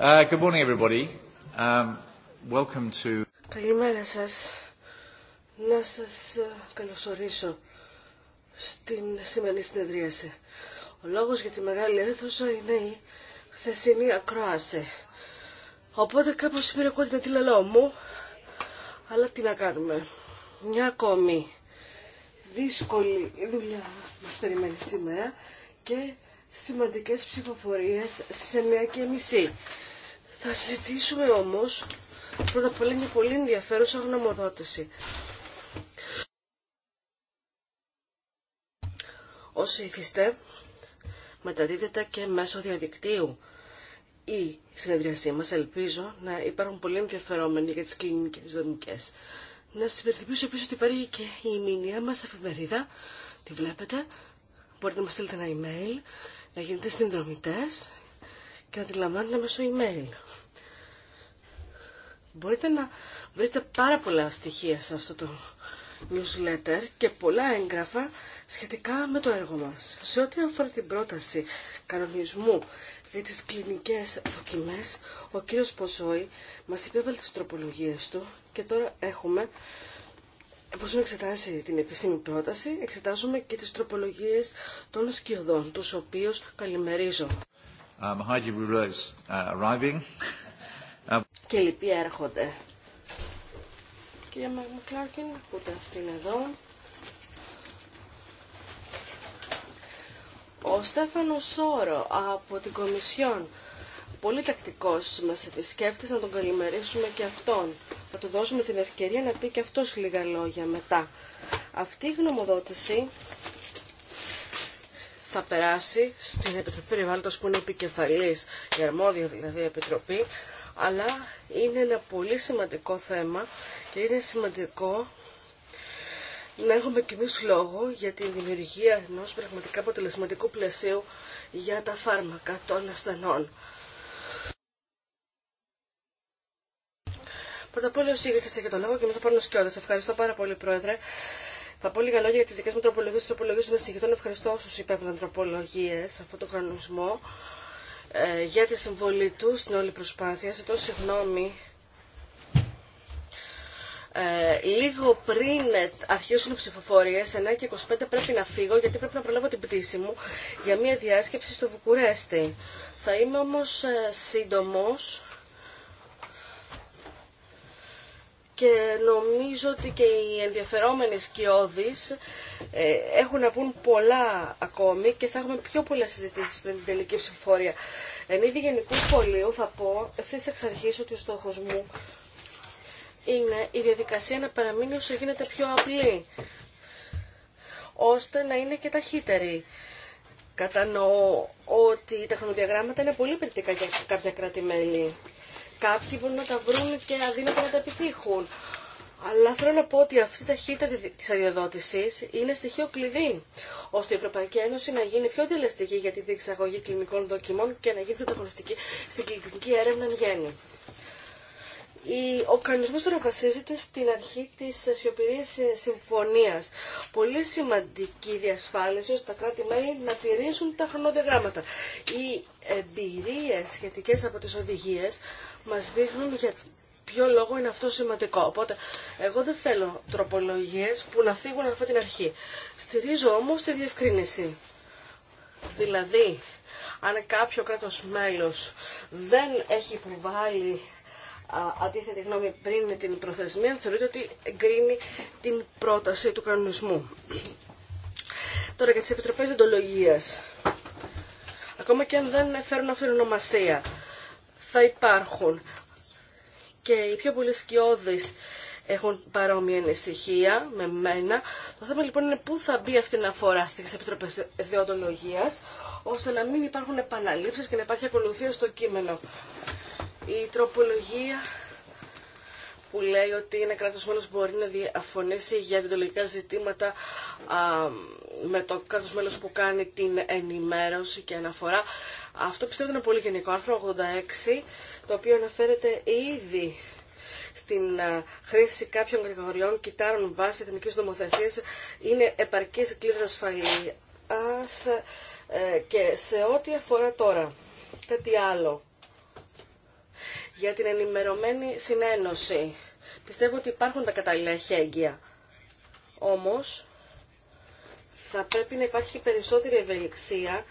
Uh, um, Καλημέρα σας. Να σας ε, καλωσορίσω στην σημερινή συνεδρίαση. Ο λόγος για τη μεγάλη αίθουσα είναι η χθεσινή ακρόαση. Οπότε κάπως σήμερα κόντυνα τη λαλό μου, αλλά τι να κάνουμε. Μια ακόμη δύσκολη δουλειά μας περιμένει σήμερα και σημαντικές ψηφοφορίες και 9.30. Θα συζητήσουμε όμως πρώτα απ' όλα μια πολύ ενδιαφέρουσα γνωμοδότηση. Όσοι ήθιστε, μεταδίδεται και μέσω διαδικτύου η συνεδριασή μας. Ελπίζω να υπάρχουν πολύ ενδιαφερόμενοι για τις κλινικές δομικές. Να σας υπενθυμίσω επίσης ότι υπάρχει και η μηνία μας εφημερίδα. Τη βλέπετε. Μπορείτε να μας στείλετε ένα email, να γίνετε συνδρομητές και να μέσω email. Μπορείτε να βρείτε πάρα πολλά στοιχεία σε αυτό το newsletter και πολλά έγγραφα σχετικά με το έργο μας. Σε ό,τι αφορά την πρόταση κανονισμού για τις κλινικές δοκιμές, ο κύριος Ποσόη μας υπέβαλε τις τροπολογίες του και τώρα έχουμε, εφόσον εξετάσει την επίσημη πρόταση, εξετάζουμε και τις τροπολογίες των σκιωδών, τους οποίους καλημερίζω. Um, uh, uh, Και λοιποί έρχονται. Κυρία Μακλάρκιν, ούτε αυτή είναι εδώ. Ο Στέφανο Σόρο από την Κομισιόν, πολύ τακτικός μα επισκέπτης, να τον καλημερίσουμε και αυτόν. Θα του δώσουμε την ευκαιρία να πει και αυτό λίγα λόγια μετά. Αυτή η γνωμοδότηση θα περάσει στην Επιτροπή Περιβάλλοντος που είναι επικεφαλής, η αρμόδια δηλαδή Επιτροπή, αλλά είναι ένα πολύ σημαντικό θέμα και είναι σημαντικό να έχουμε κι λόγο για τη δημιουργία ενό πραγματικά αποτελεσματικού πλαισίου για τα φάρμακα των ασθενών. Πρώτα απ' όλα ο για το λόγο και μετά πάνω σκιώδε. Ευχαριστώ πάρα πολύ Πρόεδρε. Θα πω λίγα λόγια για τι δικέ μου τροπολογίε. Τι τροπολογίε των εισηγητών ευχαριστώ όσου υπέβαλαν τροπολογίε αυτόν τον χρονισμό ε, για τη συμβολή του στην όλη προσπάθεια. Σε τόση γνώμη Ε, λίγο πριν αρχίσουν οι ψηφοφορίε, 9 και 25 πρέπει να φύγω γιατί πρέπει να προλάβω την πτήση μου για μια διάσκεψη στο Βουκουρέστι. Θα είμαι όμω ε, σύντομο και νομίζω ότι και οι ενδιαφερόμενοι σκιώδεις ε, έχουν να πούν πολλά ακόμη και θα έχουμε πιο πολλές συζητήσεις με την τελική ψηφόρια. Εν είδη γενικού σχολείου θα πω ευθύς εξ αρχής ότι ο στόχος μου είναι η διαδικασία να παραμείνει όσο γίνεται πιο απλή, ώστε να είναι και ταχύτερη. Κατανοώ ότι τα χρονοδιαγράμματα είναι πολύ περιττικά για κάποια κράτη-μέλη κάποιοι μπορούν να τα βρουν και αδύνατο να τα επιτύχουν. Αλλά θέλω να πω ότι αυτή η ταχύτητα τη αδειοδότηση είναι στοιχείο κλειδί, ώστε η Ευρωπαϊκή Ένωση να γίνει πιο διαλεστική για τη διεξαγωγή κλινικών δοκιμών και να γίνει πιο στην κλινική έρευνα εν γέννη ο κανονισμός τώρα βασίζεται στην αρχή της σιωπηρής ε, συμφωνίας. Πολύ σημαντική διασφάλιση ώστε τα κράτη-μέλη να τηρήσουν τα χρονοδιαγράμματα. Οι εμπειρίες σχετικές από τις οδηγίες μας δείχνουν για ποιο λόγο είναι αυτό σημαντικό. Οπότε, εγώ δεν θέλω τροπολογίες που να θίγουν αυτή την αρχή. Στηρίζω όμως τη διευκρίνηση. Δηλαδή, αν κάποιο κράτος μέλος δεν έχει υποβάλει αντίθετη γνώμη πριν την προθεσμία, θεωρείται ότι εγκρίνει την πρόταση του κανονισμού. Τώρα για τις επιτροπές διοντολογίας Ακόμα και αν δεν φέρουν αυτήν την ονομασία, θα υπάρχουν. Και οι πιο πολλοί σκιώδεις έχουν παρόμοια ανησυχία με μένα. Το θέμα λοιπόν είναι πού θα μπει αυτή η αφορά στις επιτροπές δεοντολογίας, ώστε να μην υπάρχουν επαναλήψεις και να υπάρχει ακολουθία στο κείμενο. Η τροπολογία που λέει ότι ένα κράτος μέλος μπορεί να διαφωνήσει για διδολογικά ζητήματα α, με το κράτος μέλος που κάνει την ενημέρωση και αναφορά. Αυτό πιστεύω είναι πολύ γενικό. Άρθρο 86, το οποίο αναφέρεται ήδη στην χρήση κάποιων κατηγοριών κιτάρων βάσει εθνικής νομοθεσίας, είναι επαρκής κλίδα ασφαλείας ε, και σε ό,τι αφορά τώρα κάτι άλλο για την ενημερωμένη συνένωση. Πιστεύω ότι υπάρχουν τα κατάλληλα εχέγγυα. Όμως, θα πρέπει να υπάρχει και περισσότερη ευελιξία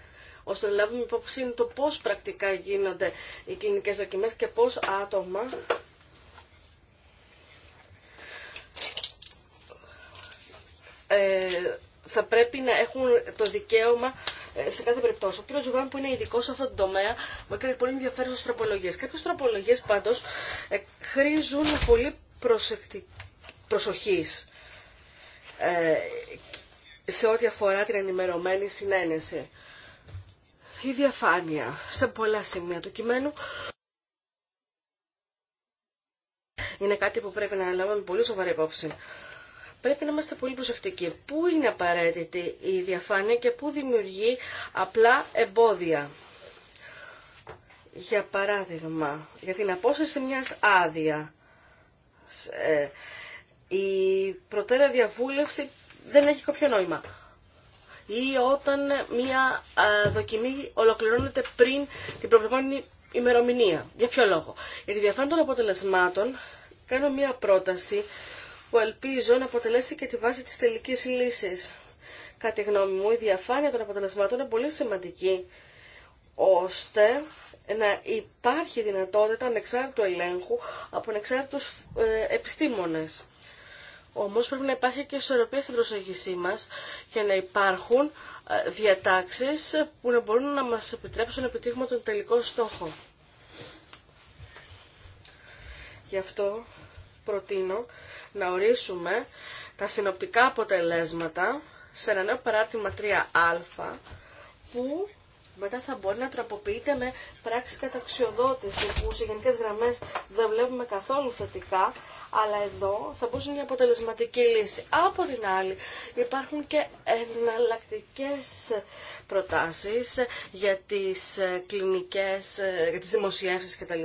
ώστε να λάβουμε υπόψη το πώς πρακτικά γίνονται οι κλινικές δοκιμές και πώς άτομα ε, θα πρέπει να έχουν το δικαίωμα ε, σε κάθε περιπτώση, ο κύριο Ζουβάν που είναι ειδικό σε αυτόν τον τομέα, μου έκανε πολύ ενδιαφέρουσε τροπολογίε. Κάποιε τροπολογίε πάντω χρήζουν πολύ προσοχή προσοχής ε, σε ό,τι αφορά την ενημερωμένη συνένεση. Η διαφάνεια σε πολλά σημεία του κειμένου είναι κάτι που πρέπει να λάβουμε πολύ σοβαρή υπόψη πρέπει να είμαστε πολύ προσεκτικοί. Πού είναι απαραίτητη η διαφάνεια και πού δημιουργεί απλά εμπόδια. Για παράδειγμα, για την απόσταση μιας άδεια. Ε, η προτέρα διαβούλευση δεν έχει κάποιο νόημα. Ή όταν μια δοκιμή ολοκληρώνεται πριν την προβλεπόμενη ημερομηνία. Για ποιο λόγο. Για τη διαφάνεια των αποτελεσμάτων κάνω μια πρόταση που ελπίζω να αποτελέσει και τη βάση της τελικής λύσης. Κατά τη γνώμη μου, η διαφάνεια των αποτελεσμάτων είναι πολύ σημαντική, ώστε να υπάρχει δυνατότητα ανεξάρτητου ελέγχου από ανεξάρτητους ε, επιστήμονες. Όμως πρέπει να υπάρχει και ισορροπία στην προσοχή μας και να υπάρχουν ε, διατάξεις που να μπορούν να μας επιτρέψουν να επιτύχουμε τον τελικό στόχο. Γι' αυτό προτείνω να ορίσουμε τα συνοπτικά αποτελέσματα σε ένα νέο παράρτημα 3α που μετά θα μπορεί να τραποποιείται με πράξεις καταξιοδότηση που σε γενικές γραμμές δεν βλέπουμε καθόλου θετικά αλλά εδώ θα μπορούσε να είναι αποτελεσματική λύση. Από την άλλη υπάρχουν και εναλλακτικέ προτάσεις για τις ε, κλινικές, ε, για τις δημοσιεύσεις κτλ.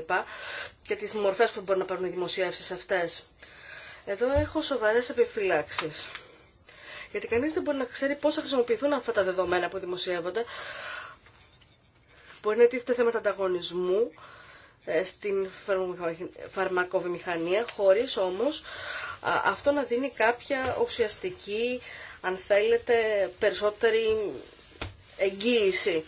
και τις μορφές που μπορούν να πάρουν οι δημοσιεύσεις αυτές. Εδώ έχω σοβαρές επιφυλάξεις. Γιατί κανείς δεν μπορεί να ξέρει πώς θα χρησιμοποιηθούν αυτά τα δεδομένα που δημοσιεύονται. Μπορεί να τίθεται θέματα ανταγωνισμού, ε, στην φαρμακοβιομηχανία, χωρίς όμως αυτό να δίνει κάποια ουσιαστική, αν θέλετε, περισσότερη εγγύηση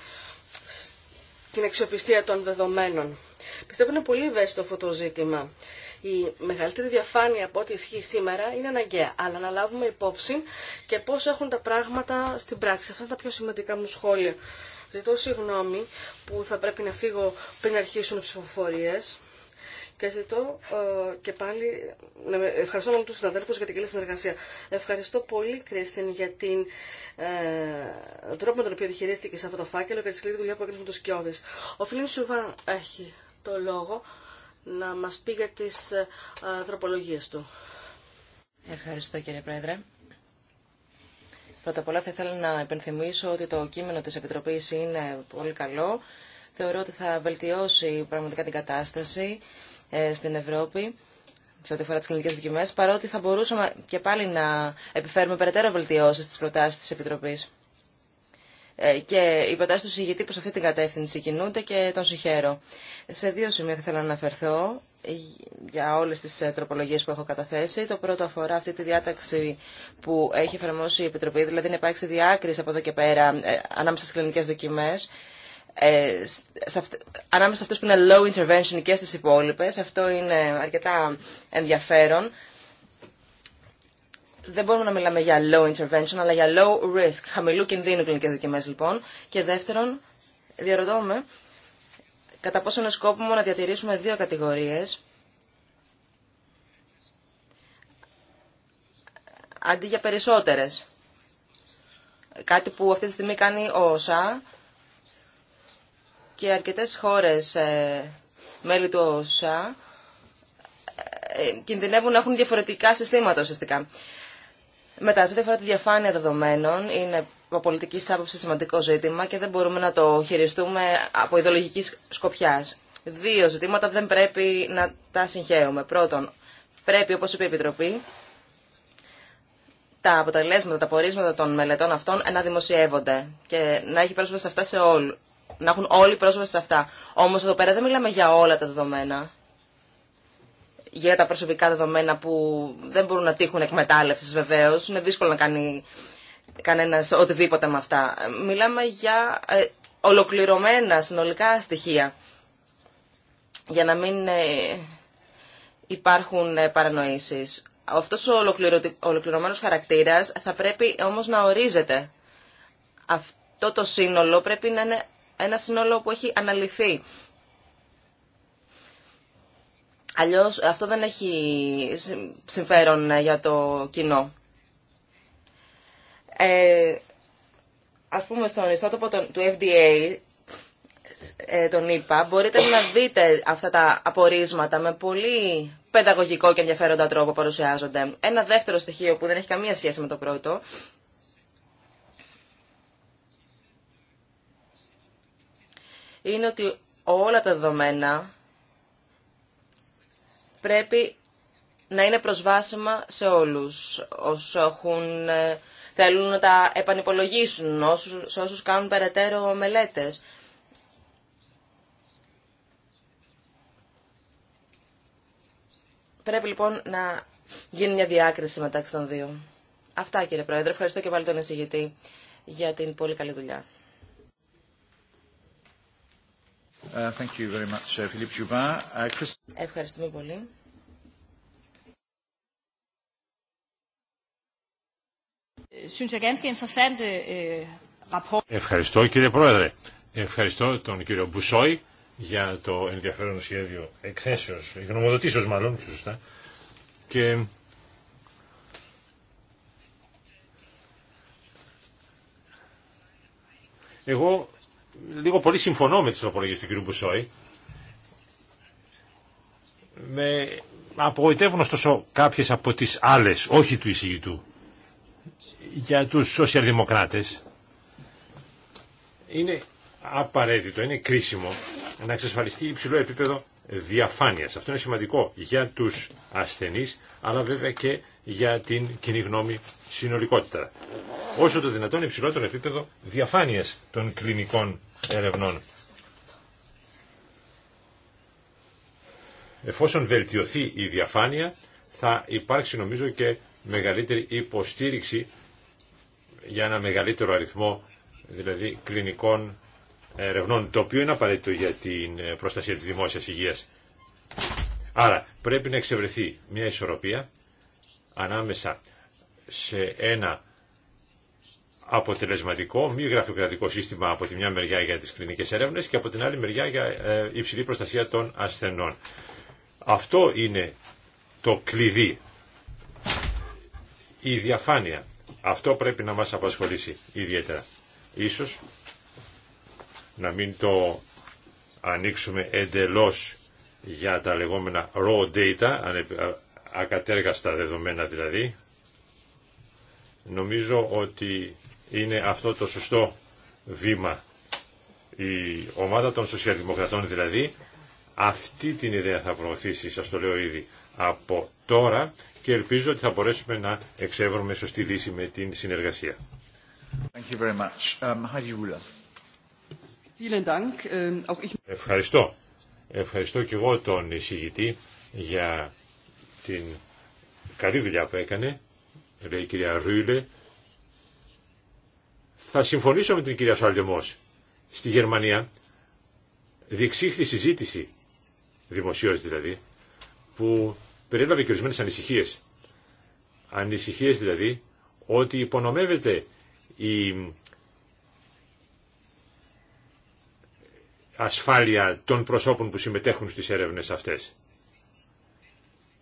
στην αξιοπιστία των δεδομένων. Πιστεύω είναι πολύ ευαίσθητο αυτό το ζήτημα. Η μεγαλύτερη διαφάνεια από ό,τι ισχύει σήμερα είναι αναγκαία. Αλλά να λάβουμε υπόψη και πώς έχουν τα πράγματα στην πράξη. Αυτά είναι τα πιο σημαντικά μου σχόλια Ζητώ συγγνώμη που θα πρέπει να φύγω πριν αρχίσουν οι ψηφοφορίες και ζητώ ε, και πάλι να ευχαριστώ όλους τους συναδέλφους για την καλή συνεργασία. Ευχαριστώ πολύ, Κρίστιν, για την ε, τρόπο με τον οποίο διχειρίστηκε σε αυτό το φάκελο και τη σκληρή δουλειά που έκανε με τους κοιόδε. Ο Φιλίν Σουβάν έχει το λόγο να μας πει για τις ε, τροπολογίες του. Ευχαριστώ, κύριε Πρόεδρε. Πρώτα απ' όλα θα ήθελα να επενθυμίσω ότι το κείμενο της Επιτροπής είναι πολύ καλό. Θεωρώ ότι θα βελτιώσει πραγματικά την κατάσταση ε, στην Ευρώπη σε ό,τι αφορά τι κλινικέ δοκιμέ, παρότι θα μπορούσαμε και πάλι να επιφέρουμε περαιτέρω βελτιώσει στι προτάσει τη Επιτροπή. Ε, και οι προτάσει του συγγητή προ αυτή την κατεύθυνση κινούνται και τον συγχαίρω. Σε δύο σημεία θα ήθελα να αναφερθώ για όλες τις ε, τροπολογίες που έχω καταθέσει. Το πρώτο αφορά αυτή τη διάταξη που έχει εφαρμόσει η Επιτροπή, δηλαδή να υπάρξει διάκριση από εδώ και πέρα ε, ανάμεσα στις κλινικές δοκιμές, ε, ανάμεσα σε αυτές που είναι low intervention και στις υπόλοιπες. Αυτό είναι αρκετά ενδιαφέρον. Δεν μπορούμε να μιλάμε για low intervention, αλλά για low risk, χαμηλού κινδύνου κλινικές δοκιμές λοιπόν. Και δεύτερον, διαρωτώ κατά πόσο είναι σκόπιμο να διατηρήσουμε δύο κατηγορίες αντί για περισσότερες. Κάτι που αυτή τη στιγμή κάνει ο ΩΣΑ και αρκετές χώρες ε, μέλη του ΩΣΑ ε, ε, κινδυνεύουν να έχουν διαφορετικά συστήματα ουσιαστικά. Μετά, σε ό,τι τη διαφάνεια δεδομένων, είναι από πολιτική άποψη σημαντικό ζήτημα και δεν μπορούμε να το χειριστούμε από ιδεολογική σκοπιά. Δύο ζητήματα δεν πρέπει να τα συγχαίουμε. Πρώτον, πρέπει, όπω είπε η Επιτροπή, τα αποτελέσματα, τα πορίσματα των μελετών αυτών να δημοσιεύονται και να έχει πρόσβαση σε αυτά σε όλου. Να έχουν όλοι πρόσβαση σε αυτά. Όμω εδώ πέρα δεν μιλάμε για όλα τα δεδομένα. Για τα προσωπικά δεδομένα που δεν μπορούν να τύχουν εκμετάλλευση βεβαίω. Είναι δύσκολο να κάνει κανένας οτιδήποτε με αυτά. Μιλάμε για ε, ολοκληρωμένα συνολικά στοιχεία για να μην ε, υπάρχουν ε, παρανοήσεις. Αυτός ο ολοκληρωμένος χαρακτήρας θα πρέπει όμως να ορίζεται. Αυτό το σύνολο πρέπει να είναι ένα σύνολο που έχει αναλυθεί. Αλλιώς αυτό δεν έχει συμφέρον για το κοινό. Ε, ας πούμε στον ιστότοπο του FDA, ε, τον είπα, μπορείτε να δείτε αυτά τα απορίσματα με πολύ παιδαγωγικό και ενδιαφέροντα τρόπο παρουσιάζονται. Ένα δεύτερο στοιχείο που δεν έχει καμία σχέση με το πρώτο, είναι ότι όλα τα δεδομένα πρέπει να είναι προσβάσιμα σε όλους όσοι έχουν ε, θέλουν να τα επανυπολογίσουν σε όσους κάνουν περαιτέρω μελέτες. Πρέπει λοιπόν να γίνει μια διάκριση μεταξύ των δύο. Αυτά κύριε Πρόεδρε. Ευχαριστώ και πάλι τον εισηγητή για την πολύ καλή δουλειά. Uh, thank you very much, uh, uh, Ευχαριστούμε πολύ. Øh, øh, Ευχαριστώ κύριε Πρόεδρε. Ευχαριστώ τον κύριο Μπουσόη για το ενδιαφέρον σχέδιο εκθέσεως, γνωμοδοτήσεως μάλλον, πιο σωστά. Και εγώ λίγο πολύ συμφωνώ με τις τροπολογίες του κύριου Μπουσόη. Με απογοητεύουν ωστόσο κάποιες από τις άλλες, όχι του εισηγητού για τους σοσιαλδημοκράτες είναι απαραίτητο, είναι κρίσιμο να εξασφαλιστεί υψηλό επίπεδο διαφάνειας. Αυτό είναι σημαντικό για τους ασθενείς, αλλά βέβαια και για την κοινή γνώμη συνολικότητα. Όσο το δυνατόν υψηλότερο επίπεδο διαφάνειας των κλινικών ερευνών. Εφόσον βελτιωθεί η διαφάνεια, θα υπάρξει νομίζω και μεγαλύτερη υποστήριξη για ένα μεγαλύτερο αριθμό δηλαδή κλινικών ερευνών, το οποίο είναι απαραίτητο για την ε, προστασία της δημόσιας υγείας. Άρα πρέπει να εξευρεθεί μια ισορροπία ανάμεσα σε ένα αποτελεσματικό, μη γραφειοκρατικό σύστημα από τη μια μεριά για τις κλινικές έρευνες και από την άλλη μεριά για ε, υψηλή προστασία των ασθενών. Αυτό είναι το κλειδί, η διαφάνεια. Αυτό πρέπει να μας απασχολήσει ιδιαίτερα. Ίσως να μην το ανοίξουμε εντελώς για τα λεγόμενα raw data, ακατέργαστα δεδομένα δηλαδή. Νομίζω ότι είναι αυτό το σωστό βήμα. Η ομάδα των σοσιαλδημοκρατών δηλαδή αυτή την ιδέα θα προωθήσει, σας το λέω ήδη, από τώρα και ελπίζω ότι θα μπορέσουμε να εξεύρουμε σωστή λύση με την συνεργασία. Um, ähm, Ευχαριστώ. Ευχαριστώ και εγώ τον εισηγητή για την καλή δουλειά που έκανε, λέει η κυρία Ρούλε. Θα συμφωνήσω με την κυρία Σουαλδιωμός Στη Γερμανία διεξήχθη συζήτηση, δημοσίως δηλαδή, που περιέλαβε και ορισμένε ανησυχίε. Ανησυχίε δηλαδή ότι υπονομεύεται η ασφάλεια των προσώπων που συμμετέχουν στις έρευνες αυτές.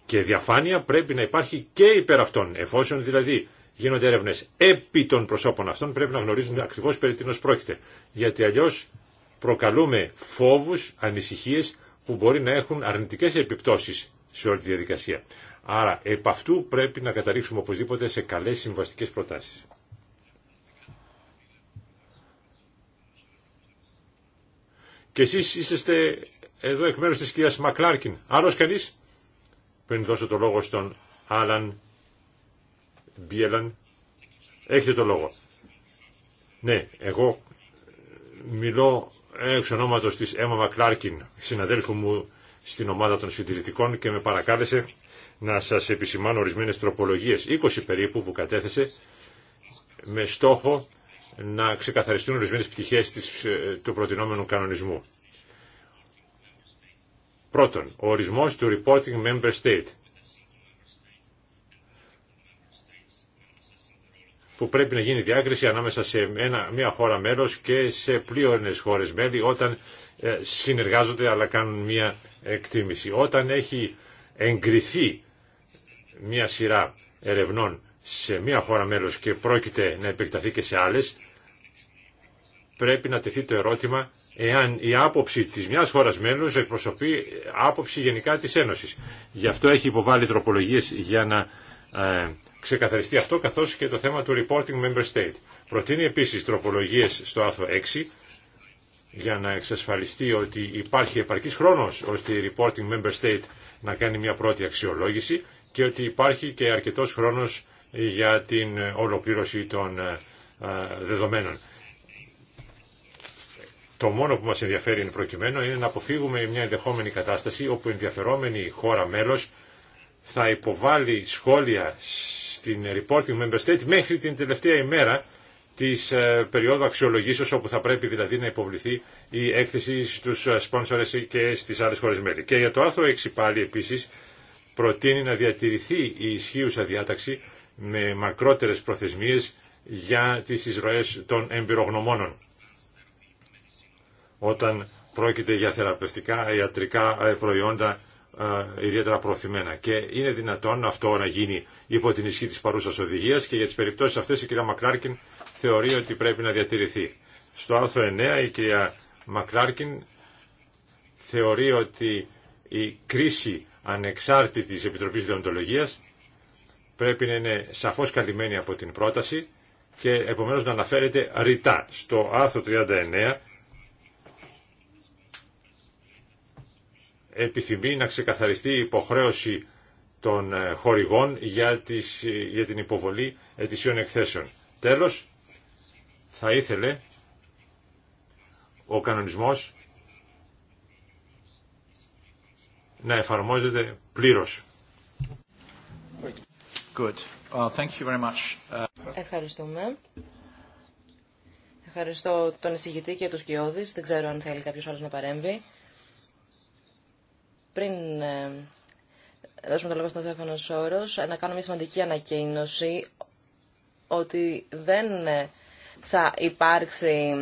Και διαφάνεια πρέπει να υπάρχει και υπέρ αυτών, εφόσον δηλαδή γίνονται έρευνες επί των προσώπων αυτών, πρέπει να γνωρίζουν ακριβώς περί τίνος πρόκειται. Γιατί αλλιώς προκαλούμε φόβους, ανησυχίες που μπορεί να έχουν αρνητικές επιπτώσεις σε όλη τη διαδικασία. Άρα, επ' αυτού πρέπει να καταλήξουμε οπωσδήποτε σε καλές συμβαστικές προτάσεις. Και εσείς είσαστε εδώ εκ μέρους της κυρίας Μακλάρκιν. Άλλος κανείς, πριν δώσω το λόγο στον Άλαν Μπιέλαν, έχετε το λόγο. Ναι, εγώ μιλώ εξ ονόματος της Έμα Μακλάρκιν, συναδέλφου μου στην ομάδα των συντηρητικών και με παρακάλεσε να σας επισημάνω ορισμένες τροπολογίες, 20 περίπου που κατέθεσε, με στόχο να ξεκαθαριστούν ορισμένες πτυχές ε, του προτινόμενου κανονισμού. Πρώτον, ο ορισμός του Reporting Member State – που πρέπει να γίνει διάκριση ανάμεσα σε ένα, μια χώρα μέλος και σε πλήρες χώρες μέλη όταν ε, συνεργάζονται αλλά κάνουν μια εκτίμηση. Όταν έχει εγκριθεί μια σειρά ερευνών σε μια χώρα μέλος και πρόκειται να επεκταθεί και σε άλλες, πρέπει να τεθεί το ερώτημα εάν η άποψη της μιας χώρας μέλους εκπροσωπεί άποψη γενικά της Ένωσης. Γι' αυτό έχει υποβάλει τροπολογίες για να ε, ξεκαθαριστεί αυτό καθώς και το θέμα του reporting member state. Προτείνει επίσης τροπολογίες στο άρθρο 6 για να εξασφαλιστεί ότι υπάρχει επαρκής χρόνος ώστε η reporting member state να κάνει μια πρώτη αξιολόγηση και ότι υπάρχει και αρκετός χρόνος για την ολοκλήρωση των ε, δεδομένων. Το μόνο που μας ενδιαφέρει είναι προκειμένου είναι να αποφύγουμε μια ενδεχόμενη κατάσταση όπου ενδιαφερόμενη χώρα μέλος θα υποβάλει σχόλια την reporting member state μέχρι την τελευταία ημέρα της ε, περίοδου αξιολογήσεως όπου θα πρέπει δηλαδή να υποβληθεί η έκθεση στους ε, sponsors και στις άλλες χώρες μέλη. Και για το άρθρο 6 πάλι επίσης προτείνει να διατηρηθεί η ισχύουσα διάταξη με μακρότερες προθεσμίες για τις εισρωές των εμπειρογνωμόνων. Όταν πρόκειται για θεραπευτικά ιατρικά ε, προϊόντα ιδιαίτερα προωθημένα. Και είναι δυνατόν αυτό να γίνει υπό την ισχύ τη παρούσα οδηγία και για τι περιπτώσει αυτέ η κυρία Μακράρκιν θεωρεί ότι πρέπει να διατηρηθεί. Στο άρθρο 9 η κυρία Μακράρκιν θεωρεί ότι η κρίση ανεξάρτητης Επιτροπής Διοντολογίας πρέπει να είναι σαφώς καλυμμένη από την πρόταση και επομένως να αναφέρεται ρητά. Στο άρθρο 39 επιθυμεί να ξεκαθαριστεί η υποχρέωση των ε, χορηγών για, τις, ε, για την υποβολή ετησίων εκθέσεων. Τέλος, θα ήθελε ο κανονισμός να εφαρμόζεται πλήρως. Good. thank you very much. Uh, Ευχαριστούμε. Ευχαριστώ τον εισηγητή και τους κοιόδης. Δεν ξέρω αν θέλει κάποιος άλλος να παρέμβει. Πριν ε, δώσουμε το λόγο στον Θεόφανο Όρος, να κάνω μια σημαντική ανακοίνωση ότι δεν ε, θα υπάρξει,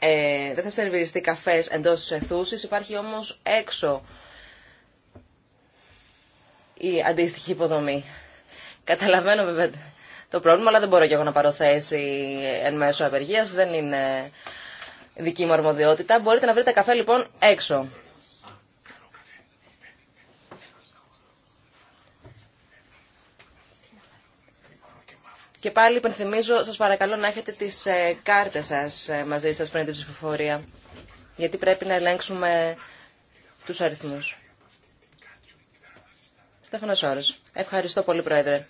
ε, δεν θα σερβιριστεί καφές εντός της αιθούσης, υπάρχει όμως έξω η αντίστοιχη υποδομή. Καταλαβαίνω βέβαια το πρόβλημα, αλλά δεν μπορώ και εγώ να πάρω θέση εν μέσω απεργίας, δεν είναι δική μου αρμοδιότητα. Μπορείτε να βρείτε καφέ λοιπόν έξω. Και πάλι υπενθυμίζω, σας παρακαλώ να έχετε τις ε, κάρτες σας ε, μαζί σας πριν την ψηφοφορία, γιατί πρέπει να ελέγξουμε τους αριθμούς. Στέφανα Σόρος, ευχαριστώ πολύ Πρόεδρε.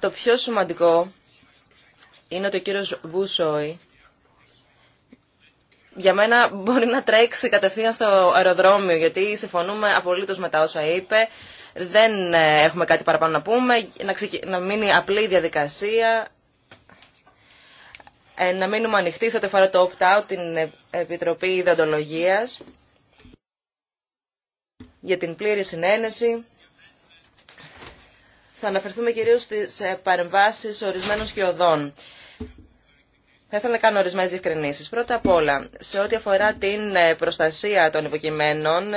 Το πιο σημαντικό είναι ότι ο κύριος Μπούσόη για μένα μπορεί να τρέξει κατευθείαν στο αεροδρόμιο, γιατί συμφωνούμε απολύτως με τα όσα είπε. Δεν ε, έχουμε κάτι παραπάνω να πούμε. Να, να μείνει απλή διαδικασία. Ε, να μείνουμε ανοιχτοί σε ό,τι αφορά το opt-out, την ε, Επιτροπή Ιδαντολογίας για την πλήρη συνένεση. Θα αναφερθούμε κυρίως στις παρεμβάσεις ορισμένων σκιωδών. Θα ήθελα να κάνω ορισμένες διευκρινήσει. Πρώτα απ' όλα, σε ό,τι αφορά την προστασία των υποκειμένων,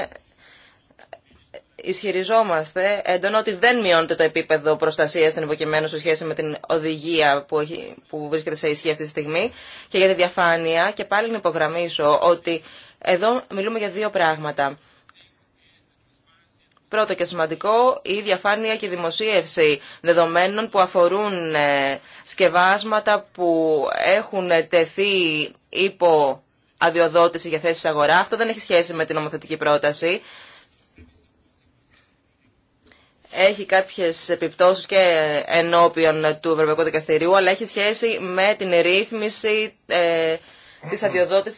ισχυριζόμαστε έντονα ότι δεν μειώνεται το επίπεδο προστασία των υποκειμένων σε σχέση με την οδηγία που, έχει, που βρίσκεται σε ισχύ αυτή τη στιγμή και για τη διαφάνεια. Και πάλι να υπογραμμίσω ότι εδώ μιλούμε για δύο πράγματα. Πρώτο και σημαντικό, η διαφάνεια και η δημοσίευση δεδομένων που αφορούν ε, σκευάσματα που έχουν τεθεί υπό αδειοδότηση για θέσεις αγορά. Αυτό δεν έχει σχέση με την νομοθετική πρόταση έχει κάποιε επιπτώσεις και ενώπιον του Ευρωπαϊκού Δικαστηρίου, αλλά έχει σχέση με την ρύθμιση ε, της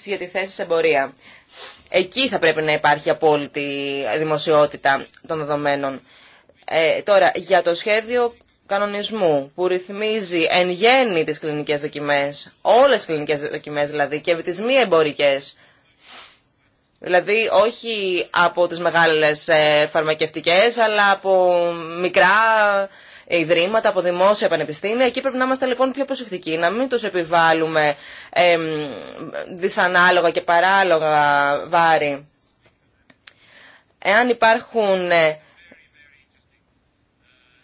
για τη θέση σε εμπορία. Εκεί θα πρέπει να υπάρχει απόλυτη δημοσιότητα των δεδομένων. Ε, τώρα, για το σχέδιο κανονισμού που ρυθμίζει εν γέννη τις κλινικές δοκιμές, όλες τις κλινικές δοκιμές δηλαδή και τις μη εμπορικές, Δηλαδή όχι από τις μεγάλες ε, φαρμακευτικές, αλλά από μικρά ιδρύματα, από δημόσια πανεπιστήμια. Εκεί πρέπει να είμαστε λοιπόν πιο προσεκτικοί, να μην τους επιβάλλουμε ε, δυσανάλογα και παράλογα βάρη. Εάν υπάρχουν ε,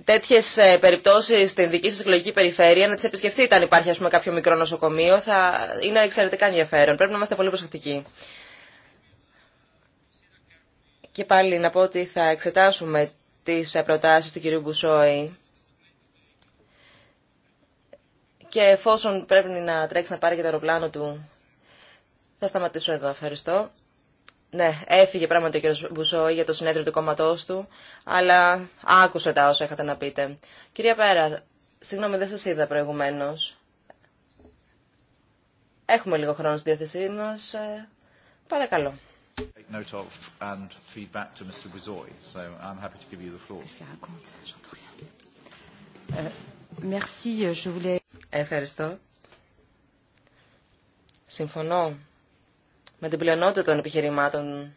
τέτοιες ε, περιπτώσεις στην δική σας εκλογική περιφέρεια, να τις επισκεφτείτε αν υπάρχει ας πούμε, κάποιο μικρό νοσοκομείο, θα είναι εξαιρετικά ενδιαφέρον. Πρέπει να είμαστε πολύ προσεκτικοί. Και πάλι να πω ότι θα εξετάσουμε τις προτάσεις του κυρίου Μπουσόη και εφόσον πρέπει να τρέξει να πάρει και το αεροπλάνο του θα σταματήσω εδώ. Ευχαριστώ. Ναι, έφυγε πράγματι ο κ. Μπουσόη για το συνέδριο του κόμματός του, αλλά άκουσε τα όσα είχατε να πείτε. Κυρία Πέρα, συγγνώμη, δεν σας είδα προηγουμένω. Έχουμε λίγο χρόνο στη διάθεσή μας. Ε, παρακαλώ. Euh, euh, Ευχαριστώ. Συμφωνώ με την πλειονότητα των επιχειρημάτων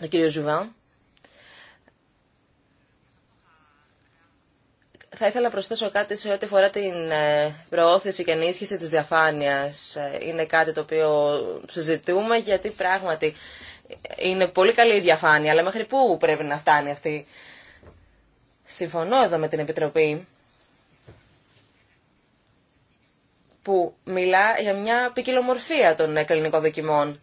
του κ. Ζουβάν. Θα ήθελα να προσθέσω κάτι σε ό,τι αφορά την ε, προώθηση και ενίσχυση της διαφάνειας. Ε, είναι κάτι το οποίο συζητούμε γιατί πράγματι είναι πολύ καλή η διαφάνεια, αλλά μέχρι πού πρέπει να φτάνει αυτή. Συμφωνώ εδώ με την Επιτροπή που μιλά για μια ποικιλομορφία των ε, κλινικών δοκιμών.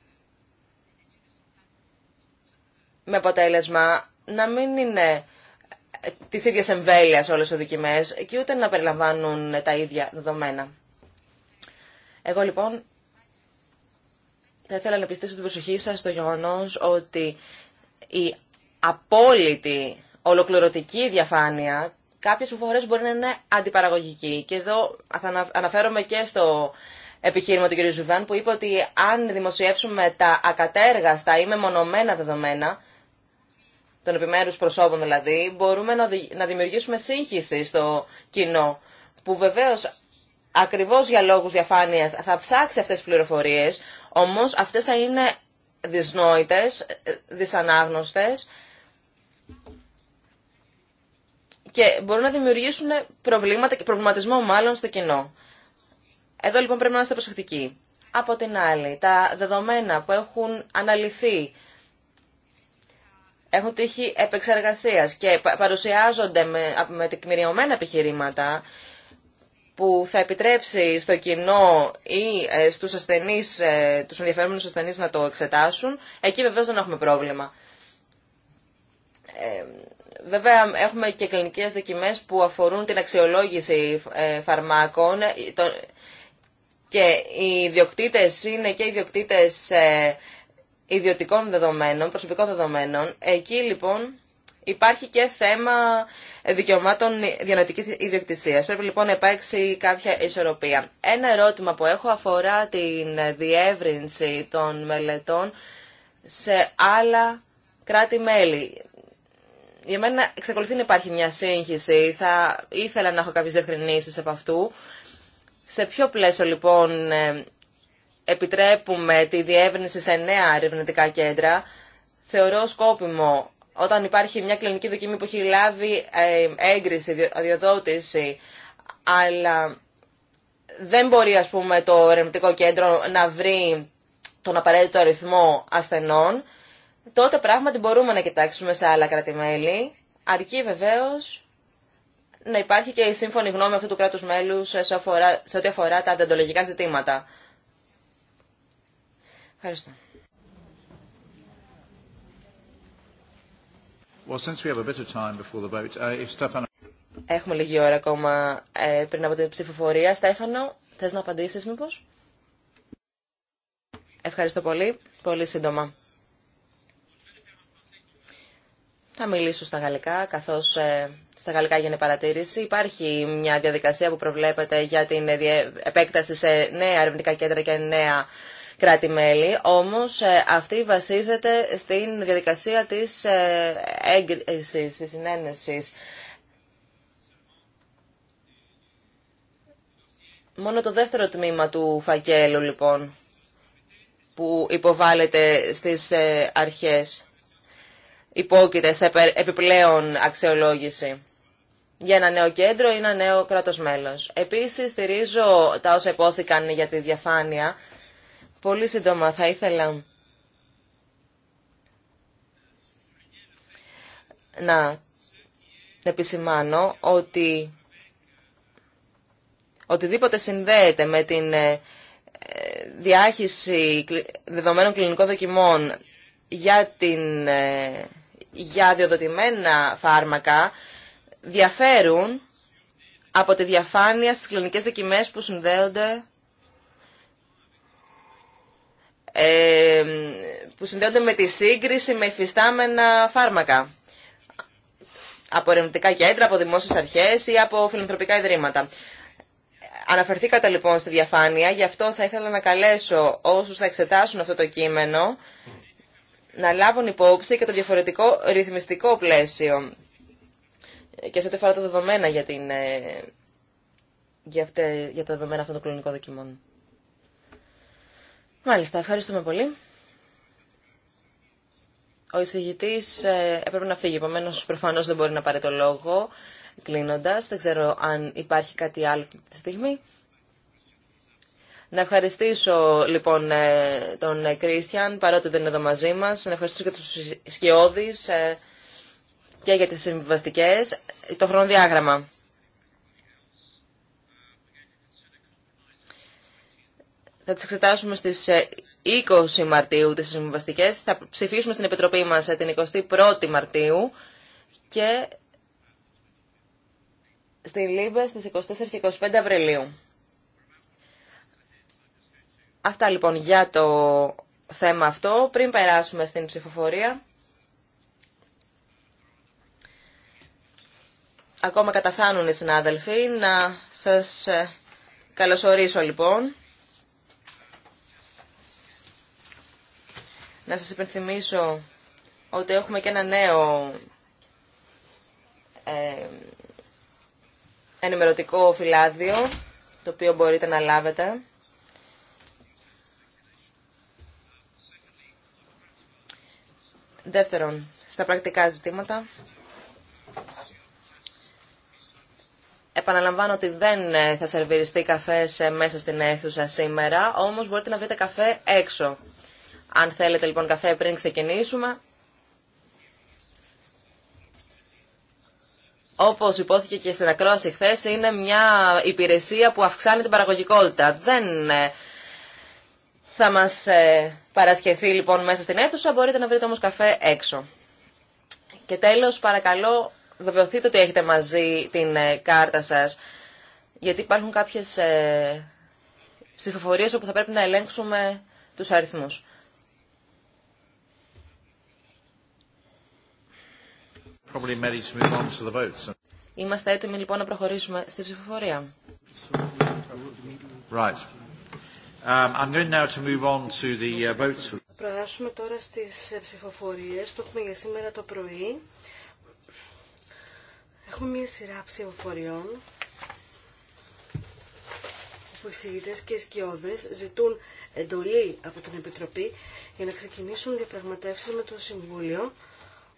Με αποτέλεσμα να μην είναι τις ίδιες εμβέλειας όλες οι δοκιμέ και ούτε να περιλαμβάνουν τα ίδια δεδομένα. Εγώ λοιπόν θα ήθελα να πιστέψω την προσοχή σας στο γεγονό ότι η απόλυτη ολοκληρωτική διαφάνεια κάποιες φορές μπορεί να είναι αντιπαραγωγική. Και εδώ θα αναφέρομαι και στο επιχείρημα του κ. Ζουβάν που είπε ότι αν δημοσιεύσουμε τα ακατέργαστα ή μεμονωμένα δεδομένα των επιμέρους προσώπων δηλαδή, μπορούμε να δημιουργήσουμε σύγχυση στο κοινό, που βεβαίως ακριβώς για λόγους διαφάνειας θα ψάξει αυτές τις πληροφορίες, όμως αυτές θα είναι δυσνόητες, δυσανάγνωστες και μπορούν να δημιουργήσουν προβλήματα και προβληματισμό μάλλον στο κοινό. Εδώ λοιπόν πρέπει να είμαστε προσεκτικοί. Από την άλλη, τα δεδομένα που έχουν αναλυθεί έχουν τύχη επεξεργασία και παρουσιάζονται με, τεκμηριωμένα επιχειρήματα που θα επιτρέψει στο κοινό ή ε, στους ασθενείς, ε, τους ενδιαφέρουμενους ασθενείς να το εξετάσουν, εκεί βεβαίως δεν έχουμε πρόβλημα. Ε, βέβαια έχουμε και κλινικές δοκιμές που αφορούν την αξιολόγηση ε, φαρμάκων και οι ιδιοκτήτες είναι και οι ιδιοκτήτες ιδιωτικών δεδομένων, προσωπικών δεδομένων. Εκεί λοιπόν υπάρχει και θέμα δικαιωμάτων διανοητικής ιδιοκτησίας. Πρέπει λοιπόν να υπάρξει κάποια ισορροπία. Ένα ερώτημα που έχω αφορά την διεύρυνση των μελετών σε άλλα κράτη-μέλη. Για μένα εξακολουθεί να υπάρχει μια σύγχυση. Θα ήθελα να έχω κάποιες διευκρινήσεις από αυτού. Σε ποιο πλαίσιο λοιπόν ε, επιτρέπουμε τη διεύρυνση σε νέα ερευνητικά κέντρα, θεωρώ σκόπιμο όταν υπάρχει μια κλινική δοκιμή που έχει λάβει ε, έγκριση, αδειοδότηση, αλλά δεν μπορεί ας πούμε το ερευνητικό κέντρο να βρει τον απαραίτητο αριθμό ασθενών, τότε πράγματι μπορούμε να κοιτάξουμε σε άλλα κρατημέλη, αρκεί βεβαίως να υπάρχει και η σύμφωνη γνώμη αυτού του κράτους μέλους σε ό,τι αφορά τα αντιοντολογικά ζητήματα. Ευχαριστώ. Well, since we have a bit of time before the vote, uh, if Έχουμε λίγη ώρα ακόμα ε, πριν από την ψηφοφορία. Στέφανο, θες να απαντήσεις μήπως? Ευχαριστώ πολύ. Πολύ σύντομα. Θα μιλήσω στα γαλλικά, καθώς ε, στα γαλλικά έγινε παρατήρηση. Υπάρχει μια διαδικασία που προβλέπεται για την ε, επέκταση σε νέα ερευνητικά κέντρα και νέα κράτη-μέλη, όμως ε, αυτή βασίζεται στην διαδικασία της ε, έγκρισης, της συνένεσης. Μόνο το δεύτερο τμήμα του φακέλου, λοιπόν, που υποβάλλεται στις ε, αρχές, υπόκειται σε επιπλέον αξιολόγηση για ένα νέο κέντρο ή ένα νέο κράτος μέλος. Επίσης, στηρίζω τα όσα υπόθηκαν για τη διαφάνεια Πολύ σύντομα θα ήθελα να επισημάνω ότι οτιδήποτε συνδέεται με την ε, διάχυση δεδομένων κλινικών δοκιμών για, την, ε, για διοδοτημένα φάρμακα διαφέρουν από τη διαφάνεια στις κλινικές δοκιμές που συνδέονται ε, που συνδέονται με τη σύγκριση με υφιστάμενα φάρμακα από ερευνητικά κέντρα, από δημόσιε αρχέ ή από φιλανθρωπικά ιδρύματα. Αναφερθήκατε λοιπόν στη διαφάνεια, γι' αυτό θα ήθελα να καλέσω όσου θα εξετάσουν αυτό το κείμενο να λάβουν υπόψη και το διαφορετικό ρυθμιστικό πλαίσιο και σε ό,τι αφορά τα δεδομένα για, την, ε, για, για τα δεδομένα αυτών των κλινικών δοκιμών. Μάλιστα, ευχαριστούμε πολύ. Ο εισηγητή ε, έπρεπε να φύγει, επομένω προφανώ δεν μπορεί να πάρει το λόγο κλείνοντα. Δεν ξέρω αν υπάρχει κάτι άλλο αυτή τη στιγμή. Να ευχαριστήσω λοιπόν ε, τον Κρίστιαν, ε, παρότι δεν είναι εδώ μαζί μα. Να ευχαριστήσω και του σκιώδει και για τι συμβιβαστικέ. Το χρονοδιάγραμμα. Θα τις εξετάσουμε στις 20 ε, Μαρτίου τις συμβαστικές. Θα ψηφίσουμε στην Επιτροπή μας ε, την 21η Μαρτίου και στη Λίμπε στις 24 και 25 Απριλίου. Αυτά λοιπόν για το θέμα αυτό. Πριν περάσουμε στην ψηφοφορία, ακόμα καταφθάνουν οι συνάδελφοι, να σας ε, καλωσορίσω λοιπόν. να σας υπενθυμίσω ότι έχουμε και ένα νέο ε, ενημερωτικό φυλάδιο, το οποίο μπορείτε να λάβετε. Δεύτερον, στα πρακτικά ζητήματα. Επαναλαμβάνω ότι δεν ε, θα σερβιριστεί καφέ ε, μέσα στην αίθουσα σήμερα, όμως μπορείτε να βρείτε καφέ έξω. Αν θέλετε λοιπόν καφέ πριν ξεκινήσουμε. Όπω υπόθηκε και στην ακρόαση χθε, είναι μια υπηρεσία που αυξάνει την παραγωγικότητα. Δεν ε, θα μα ε, παρασκευθεί λοιπόν μέσα στην αίθουσα, μπορείτε να βρείτε όμω καφέ έξω. Και τέλο, παρακαλώ, βεβαιωθείτε ότι έχετε μαζί την ε, κάρτα σα, γιατί υπάρχουν κάποιε ψηφοφορίε όπου θα πρέπει να ελέγξουμε του αριθμού. Είμαστε έτοιμοι λοιπόν να προχωρήσουμε στη ψηφοφορία. Right. Um, I'm going now to move on to the uh, votes. τώρα στις ε, ψηφοφορίες που έχουμε για σήμερα το πρωί. Έχουμε μία σειρά ψηφοφοριών που οι και οι σκιώδες ζητούν εντολή από την Επιτροπή για να ξεκινήσουν διαπραγματεύσεις με το Συμβούλιο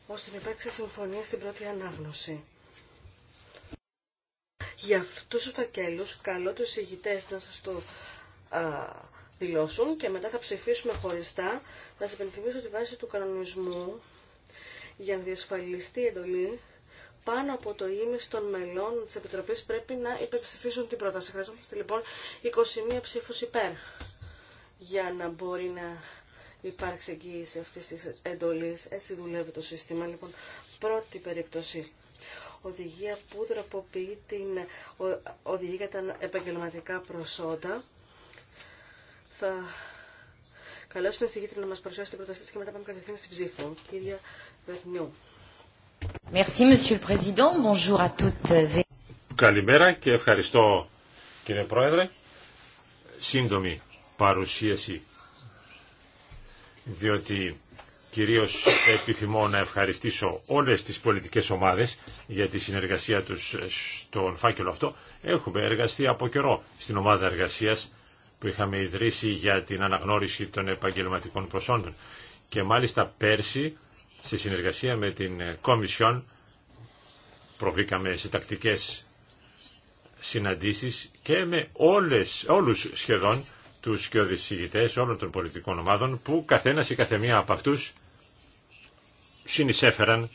ώστε να υπάρξει συμφωνία στην πρώτη ανάγνωση. Για αυτούς τους φακέλους καλώ τους ηγητές να σας το δηλώσουν και μετά θα ψηφίσουμε χωριστά. Να σας υπενθυμίσω ότι βάσει του κανονισμού για να διασφαλιστεί η εντολή πάνω από το ίμιση των μελών της Επιτροπής πρέπει να υπερψηφίσουν την πρόταση. Χρειαζόμαστε λοιπόν 21 ψήφους υπέρ για να μπορεί να υπάρξει εγγύηση αυτή τη εντολής. Έτσι δουλεύει το σύστημα. Λοιπόν, πρώτη περίπτωση. Οδηγία που τροποποιεί την οδηγία για τα επαγγελματικά προσόντα. Θα καλέσουμε την εισηγήτρια να μας παρουσιάσει την προτασία και μετά πάμε κατευθείαν στην ψήφο. Κύριε Βερνιού. Merci, Monsieur le Président. Bonjour à toutes. Καλημέρα και ευχαριστώ κύριε Πρόεδρε. Σύντομη παρουσίαση διότι κυρίως επιθυμώ να ευχαριστήσω όλες τις πολιτικές ομάδες για τη συνεργασία τους στον φάκελο αυτό. Έχουμε εργαστεί από καιρό στην ομάδα εργασίας που είχαμε ιδρύσει για την αναγνώριση των επαγγελματικών προσόντων. Και μάλιστα πέρσι, σε συνεργασία με την Κομισιόν, προβήκαμε σε τακτικές συναντήσεις και με όλες, όλους σχεδόν τους και οδησηγητές όλων των πολιτικών ομάδων που καθένας ή καθεμία από αυτούς συνεισέφεραν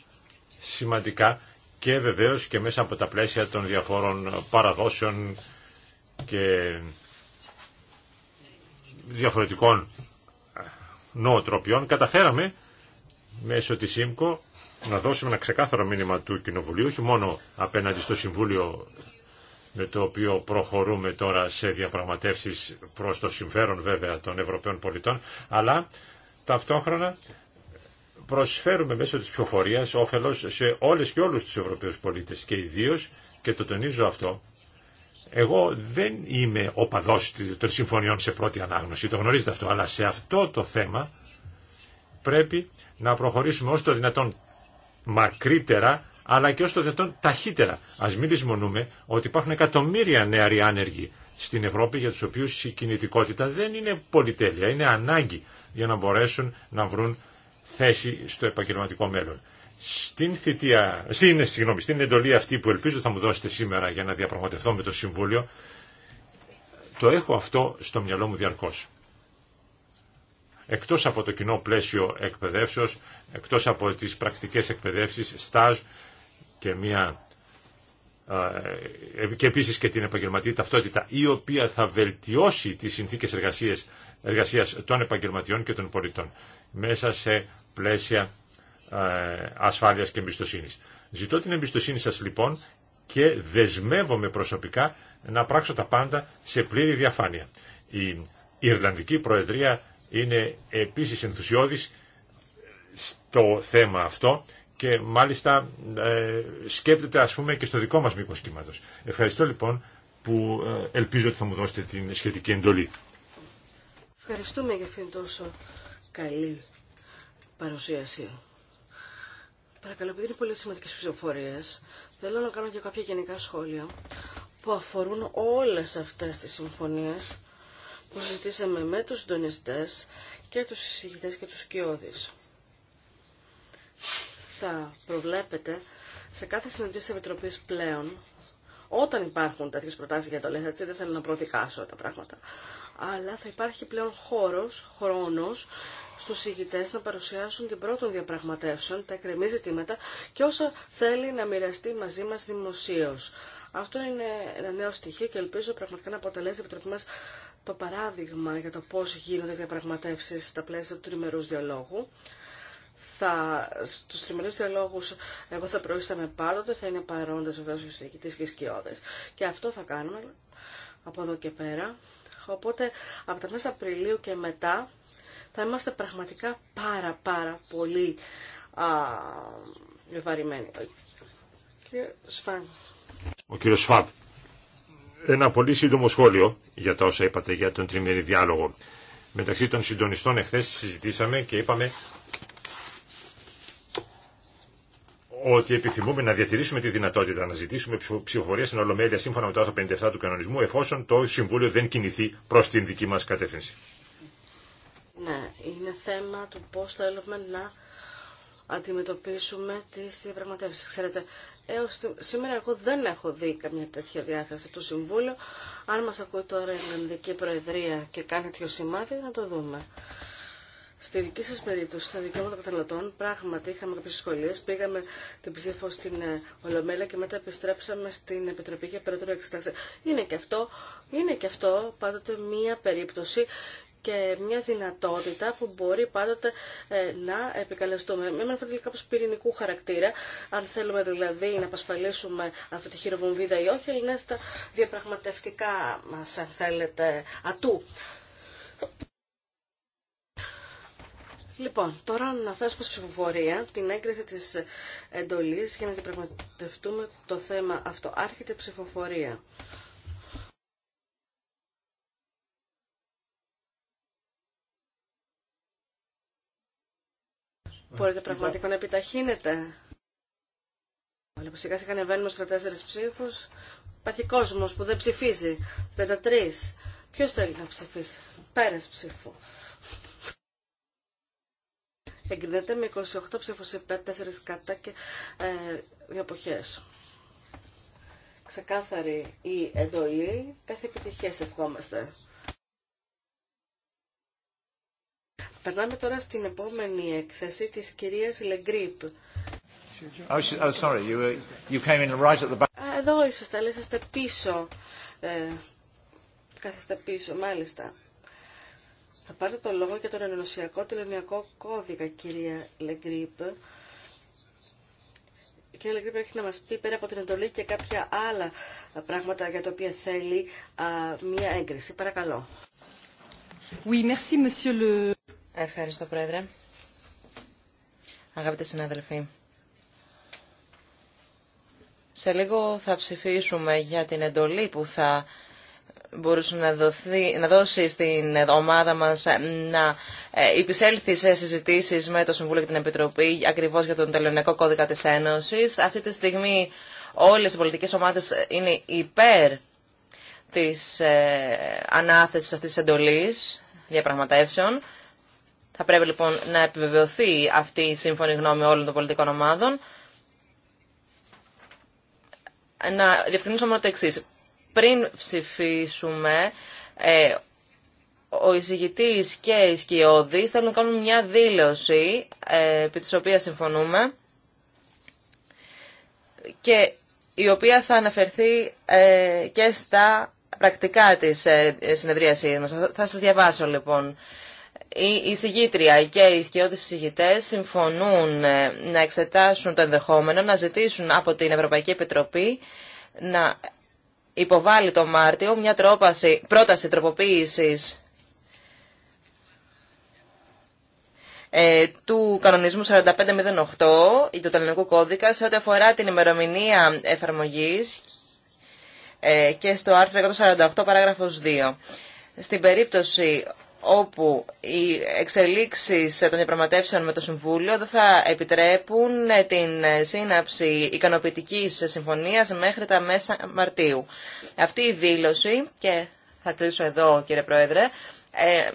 σημαντικά και βεβαίως και μέσα από τα πλαίσια των διαφόρων παραδόσεων και διαφορετικών νοοτροπιών καταφέραμε μέσω της ΣΥΜΚΟ να δώσουμε ένα ξεκάθαρο μήνυμα του Κοινοβουλίου, όχι μόνο απέναντι στο Συμβούλιο με το οποίο προχωρούμε τώρα σε διαπραγματεύσεις προς το συμφέρον βέβαια των Ευρωπαίων πολιτών, αλλά ταυτόχρονα προσφέρουμε μέσω της ψηφοφορίας όφελος σε όλες και όλους τους Ευρωπαίους πολίτες και ιδίω, και το τονίζω αυτό, εγώ δεν είμαι οπαδός των συμφωνιών σε πρώτη ανάγνωση, το γνωρίζετε αυτό, αλλά σε αυτό το θέμα πρέπει να προχωρήσουμε όσο το δυνατόν μακρύτερα αλλά και ω το δυνατόν ταχύτερα. Α μην λησμονούμε ότι υπάρχουν εκατομμύρια νεαροί άνεργοι στην Ευρώπη για του οποίου η κινητικότητα δεν είναι πολυτέλεια, είναι ανάγκη για να μπορέσουν να βρουν θέση στο επαγγελματικό μέλλον. Στην, θητεία, στην, συγγνώμη, στην εντολή αυτή που ελπίζω θα μου δώσετε σήμερα για να διαπραγματευτώ με το Συμβούλιο, το έχω αυτό στο μυαλό μου διαρκώ. Εκτό από το κοινό πλαίσιο εκπαιδεύσεω, εκτό από τι πρακτικέ εκπαιδεύσει στάζ, και μια ε, και επίσης και την επαγγελματική ταυτότητα η οποία θα βελτιώσει τις συνθήκες εργασίας, εργασίας των επαγγελματιών και των πολιτών μέσα σε πλαίσια ασφάλειας και εμπιστοσύνη. Ζητώ την εμπιστοσύνη σας λοιπόν και δεσμεύομαι προσωπικά να πράξω τα πάντα σε πλήρη διαφάνεια. Η Ιρλανδική Προεδρία είναι επίσης ενθουσιώδης στο θέμα αυτό και μάλιστα ε, σκέπτεται ας πούμε και στο δικό μας μήκος κύματος. Ευχαριστώ λοιπόν που ε, ελπίζω ότι θα μου δώσετε την σχετική εντολή. Ευχαριστούμε για αυτήν τόσο καλή παρουσίαση. Παρακαλώ, επειδή είναι πολύ σημαντικέ πληροφορίε, θέλω να κάνω και κάποια γενικά σχόλια που αφορούν όλε αυτέ τι συμφωνίε που συζητήσαμε με του συντονιστέ και του συζητητέ και του κοιόδη μάλιστα προβλέπεται σε κάθε συναντή τη Επιτροπή πλέον, όταν υπάρχουν τέτοιε προτάσει για το λέει, έτσι δεν θέλω να προδικάσω τα πράγματα, αλλά θα υπάρχει πλέον χώρο, χρόνο στου ηγητέ να παρουσιάσουν την πρώτη διαπραγματεύσεων, τα εκκρεμή ζητήματα και όσα θέλει να μοιραστεί μαζί μα δημοσίω. Αυτό είναι ένα νέο στοιχείο και ελπίζω πραγματικά να αποτελέσει η Επιτροπή μα το παράδειγμα για το πώ γίνονται διαπραγματεύσει στα πλαίσια του τριμερού διαλόγου θα, στους διαλόγου, διαλόγους εγώ θα προείσταμαι πάντοτε, θα είναι παρόντες βεβαίως ο συζητητής και σκιώδες. Και αυτό θα κάνουμε από εδώ και πέρα. Οπότε από τα μέσα Απριλίου και μετά θα είμαστε πραγματικά πάρα πάρα πολύ α, βαρημένοι. Ο κύριος Σφαν ένα πολύ σύντομο σχόλιο για τα όσα είπατε για τον τριμερή διάλογο. Μεταξύ των συντονιστών εχθές συζητήσαμε και είπαμε ότι επιθυμούμε να διατηρήσουμε τη δυνατότητα να ζητήσουμε ψηφοφορία στην Ολομέλεια σύμφωνα με το άρθρο 57 του κανονισμού εφόσον το Συμβούλιο δεν κινηθεί προ την δική μα κατεύθυνση. Ναι, είναι θέμα του πώ θέλουμε να αντιμετωπίσουμε τι διαπραγματεύσει. Ξέρετε, έως σήμερα εγώ δεν έχω δει καμιά τέτοια διάθεση του Συμβούλιο. Αν μα ακούει τώρα η Ελληνική Προεδρία και κάνει τέτοιο σημάδι, να το δούμε. Στη δική σα περίπτωση, στα δικαιώματα καταναλωτών, πράγματι είχαμε κάποιε δυσκολίε. Πήγαμε την ψήφο στην ε, Ολομέλεια και μετά επιστρέψαμε στην Επιτροπή για περαιτέρω Εξετάξεων. Είναι και αυτό, είναι και αυτό πάντοτε μία περίπτωση και μια δυνατότητα που μπορεί πάντοτε ε, να επικαλεστούμε. Με έναν φορτηγό κάπως πυρηνικού χαρακτήρα, αν θέλουμε δηλαδή να απασφαλίσουμε αυτή τη χειροβομβίδα ή όχι, είναι στα διαπραγματευτικά μας, αν θέλετε, ατού. Λοιπόν, τώρα να θέσουμε στην ψηφοφορία την έγκριση της εντολής για να διαπραγματευτούμε το θέμα αυτό. Άρχεται ψηφοφορία. Μπορείτε ε, πραγματικά να επιταχύνετε. Λοιπόν, σιγά σιγά ανεβαίνουμε στου τέσσερις ψήφου. Υπάρχει κόσμο που δεν ψηφίζει. 33. Ποιο θέλει να ψηφίσει. Πέρας ψήφου. Εγκρινέται με 28 ψήφους υπέρ, 4 κατά και ε, δύο Ξεκάθαρη η εντολή, κάθε επιτυχία σε ευχόμαστε. Περνάμε τώρα στην επόμενη έκθεση της κυρίας Λεγκρίπ. Εδώ είσαστε, αλλά είσαστε πίσω. Ε, κάθεστε πίσω, μάλιστα. Θα πάρετε το λόγο για τον ενωσιακό τηλεμιακό κώδικα, κυρία Λεγκρίπ. Η κυρία Λεγκρίπ έχει να μας πει πέρα από την εντολή και κάποια άλλα πράγματα για τα οποία θέλει μία έγκριση. Παρακαλώ. Oui, Ευχαριστώ, Πρόεδρε. Αγαπητοί συνάδελφοι, σε λίγο θα ψηφίσουμε για την εντολή που θα μπορούσε να, δοθεί, να δώσει στην ομάδα μας να ε, υπησέλθει σε συζητήσεις με το Συμβούλιο και την Επιτροπή ακριβώς για τον τελωνιακό κώδικα της Ένωσης. Αυτή τη στιγμή όλες οι πολιτικές ομάδες είναι υπέρ της ε, ανάθεσης αυτής της εντολής διαπραγματεύσεων. Θα πρέπει λοιπόν να επιβεβαιωθεί αυτή η σύμφωνη γνώμη όλων των πολιτικών ομάδων. Να διευκρινίσω μόνο το εξή πριν ψηφίσουμε, ε, ο εισηγητή και οι σκιώδη θέλουν να κάνουν μια δήλωση ε, επί της οποίας συμφωνούμε και η οποία θα αναφερθεί ε, και στα πρακτικά της ε, συνεδρίασής Θα σας διαβάσω λοιπόν. Η, εισηγήτρια και οι σκιώδεις εισηγητές συμφωνούν ε, να εξετάσουν το ενδεχόμενο να ζητήσουν από την Ευρωπαϊκή Επιτροπή να Υποβάλλει το Μάρτιο μια τρόπαση, πρόταση τροποποίησης ε, του κανονισμού 4508 του Ελληνικού Κώδικα σε ό,τι αφορά την ημερομηνία εφαρμογής ε, και στο άρθρο 148 παράγραφος 2. Στην περίπτωση όπου οι εξελίξεις των διαπραγματεύσεων με το Συμβούλιο δεν θα επιτρέπουν την σύναψη ικανοποιητικής συμφωνίας μέχρι τα μέσα Μαρτίου. Αυτή η δήλωση, και θα κλείσω εδώ κύριε Πρόεδρε, ε,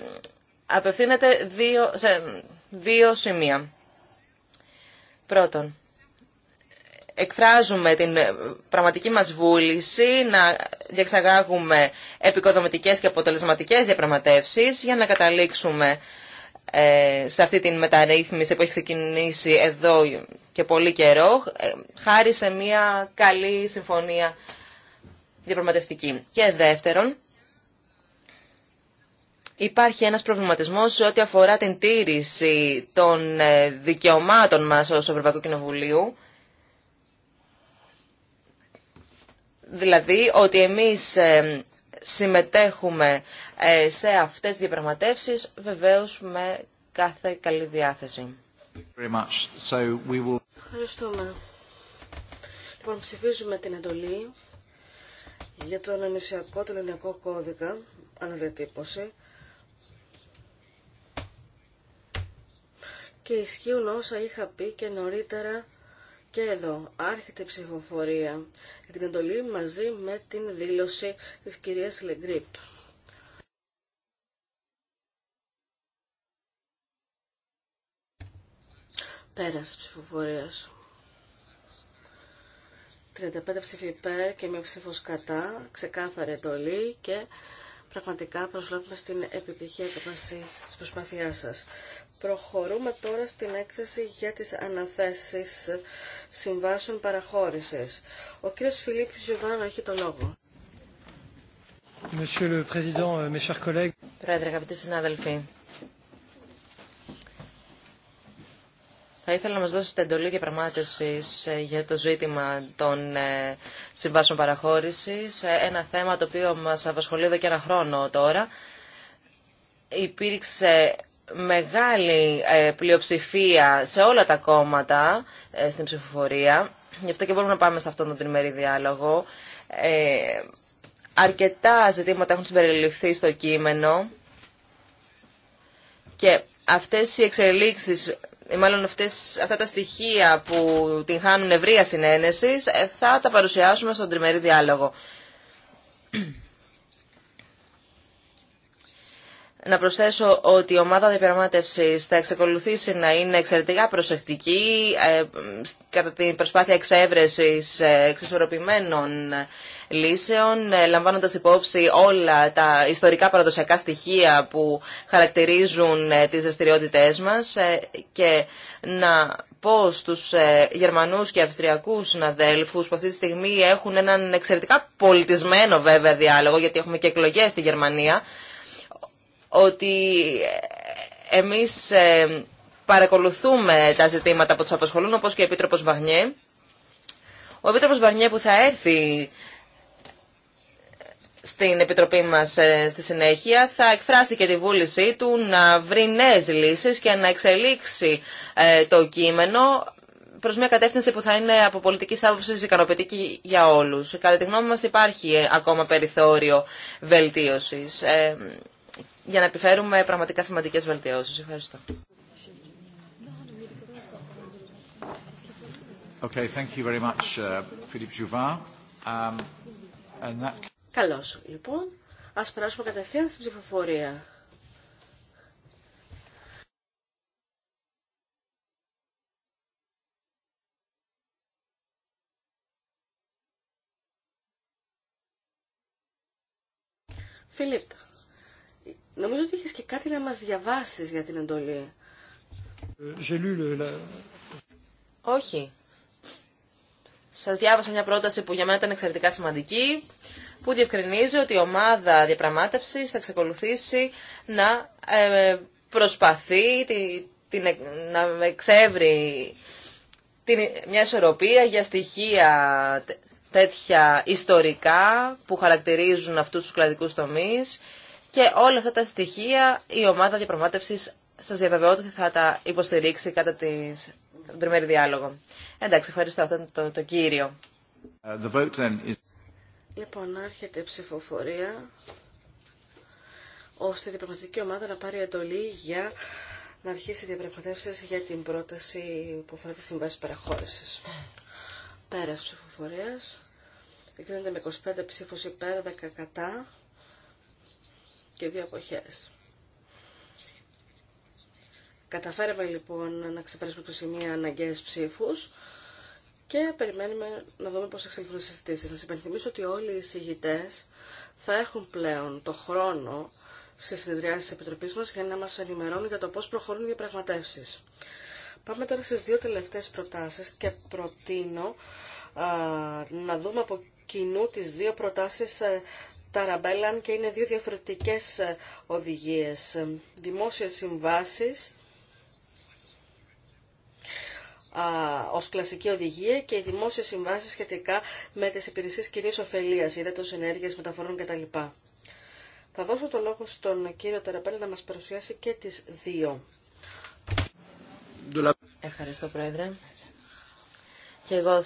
απευθύνεται δύο, σε δύο σημεία. Πρώτον, εκφράζουμε την πραγματική μας βούληση να διεξαγάγουμε επικοδομητικές και αποτελεσματικές διαπραγματεύσεις για να καταλήξουμε ε, σε αυτή την μεταρρύθμιση που έχει ξεκινήσει εδώ και πολύ καιρό, ε, χάρη σε μια καλή συμφωνία διαπραγματευτική. Και δεύτερον, υπάρχει ένας προβληματισμός σε ό,τι αφορά την τήρηση των ε, δικαιωμάτων μας ως Ευρωπαϊκού Κοινοβουλίου δηλαδή ότι εμείς συμμετέχουμε ε, σε αυτές τις διαπραγματεύσεις βεβαίως με κάθε καλή διάθεση. Ευχαριστούμε. Λοιπόν, ψηφίζουμε την εντολή για τον ενωσιακό, τον κώδικα, αναδιατύπωση και ισχύουν όσα είχα πει και νωρίτερα και εδώ άρχεται η ψηφοφορία για την εντολή μαζί με την δήλωση της κυρίας Λεγκρίπ. Πέραση ψηφοφορίας. 35 ψήφοι υπέρ και μία ψήφος κατά, ξεκάθαρη εντολή και πραγματικά προσβλέπουμε στην επιτυχία της προσπάθειάς σας. Προχωρούμε τώρα στην έκθεση για τις αναθέσεις συμβάσεων παραχώρησης. Ο κύριος Φιλίπ Ζουβάνο έχει το λόγο. Euh, Πρόεδρε, αγαπητοί συνάδελφοι, θα ήθελα να μας δώσετε εντολή και ε, για το ζήτημα των ε, συμβάσεων παραχώρησης, ε, ένα θέμα το οποίο μας απασχολεί εδώ και ένα χρόνο τώρα. Υπήρξε μεγάλη ε, πλειοψηφία σε όλα τα κόμματα ε, στην ψηφοφορία. Γι' αυτό και μπορούμε να πάμε σε αυτόν τον τριμερή διάλογο. Ε, αρκετά ζητήματα έχουν συμπεριληφθεί στο κείμενο και αυτές οι εξελίξεις μάλλον αυτές, αυτά τα στοιχεία που την χάνουν ευρεία συνένεση θα τα παρουσιάσουμε στον τριμερή διάλογο. να προσθέσω ότι η ομάδα διαπραγμάτευση θα εξακολουθήσει να είναι εξαιρετικά προσεκτική ε, κατά την προσπάθεια εξέβρεσης ε, εξισορροπημένων ε, λύσεων, λαμβάνοντας υπόψη όλα τα ιστορικά παραδοσιακά στοιχεία που χαρακτηρίζουν τις δραστηριότητε μας και να πω στους Γερμανούς και Αυστριακούς συναδέλφους που αυτή τη στιγμή έχουν έναν εξαιρετικά πολιτισμένο βέβαια διάλογο, γιατί έχουμε και εκλογές στη Γερμανία, ότι ε, εμείς ε, παρακολουθούμε τα ζητήματα που τους απασχολούν, όπως και ο Επίτροπος Βαγνιέ. Ο Επίτροπος Βαγνιέ που θα έρθει στην Επιτροπή μας ε, στη συνέχεια θα εκφράσει και τη βούλησή του να βρει νέες λύσεις και να εξελίξει το κείμενο προς μια κατεύθυνση που θα είναι από πολιτική άποψη ικανοποιητική για όλους. Κατά τη γνώμη μας υπάρχει ακόμα περιθώριο βελτίωσης για να επιφέρουμε πραγματικά σημαντικές βελτιώσεις. Ευχαριστώ. Okay, thank you very much, uh, um, Καλώς, λοιπόν. Ας περάσουμε κατευθείαν στην ψηφοφορία. Φιλίππ. Νομίζω ότι είχες και κάτι να μας διαβάσεις για την εντολή. Όχι. Σας διάβασα μια πρόταση που για μένα ήταν εξαιρετικά σημαντική, που διευκρινίζει ότι η ομάδα διαπραγμάτευσης θα εξακολουθήσει να ε, προσπαθεί την, να εξεύρει την, μια ισορροπία για στοιχεία τέτοια ιστορικά που χαρακτηρίζουν αυτούς τους κλαδικούς τομείς και όλα αυτά τα στοιχεία η ομάδα διαπραγμάτευση σα διαβεβαιώ ότι θα τα υποστηρίξει κατά τις... τον τριμερή διάλογο. Εντάξει, ευχαριστώ. Αυτό είναι το, κύριο. Uh, the vote then is... Λοιπόν, άρχεται η ψηφοφορία ώστε η διαπραγματευτική ομάδα να πάρει εντολή για να αρχίσει διαπραγματεύσει για την πρόταση που αφορά τη συμβάση παραχώρηση. Πέρα ψηφοφορία. Εγκρίνεται με 25 ψήφου υπέρ, 10 κατά και δύο εποχέ. Καταφέραμε λοιπόν να ξεπεράσουμε το σημείο αναγκαίε ψήφους και περιμένουμε να δούμε πώς εξελιχθούν οι συζητήσεις. Σας υπενθυμίσω ότι όλοι οι συγητές θα έχουν πλέον το χρόνο στι συνεδριάσει τη Επιτροπή μα για να μα ενημερώνουν για το πώ προχωρούν οι διαπραγματεύσει. Πάμε τώρα στι δύο τελευταίε προτάσει και προτείνω να δούμε από κοινού τι δύο προτάσει ε, ταραμπέλαν και είναι δύο διαφορετικές ε, οδηγίες. Δημόσιες συμβάσεις ως κλασική οδηγία και οι δημόσιες συμβάσεις σχετικά με τις υπηρεσίες κυρίως ωφελίας, ύδατος, ενέργειας, μεταφορών κτλ. Θα δώσω το λόγο στον κύριο Ταραπέλα να μας παρουσιάσει και τις δύο. Ευχαριστώ, Πρόεδρε. Και εγώ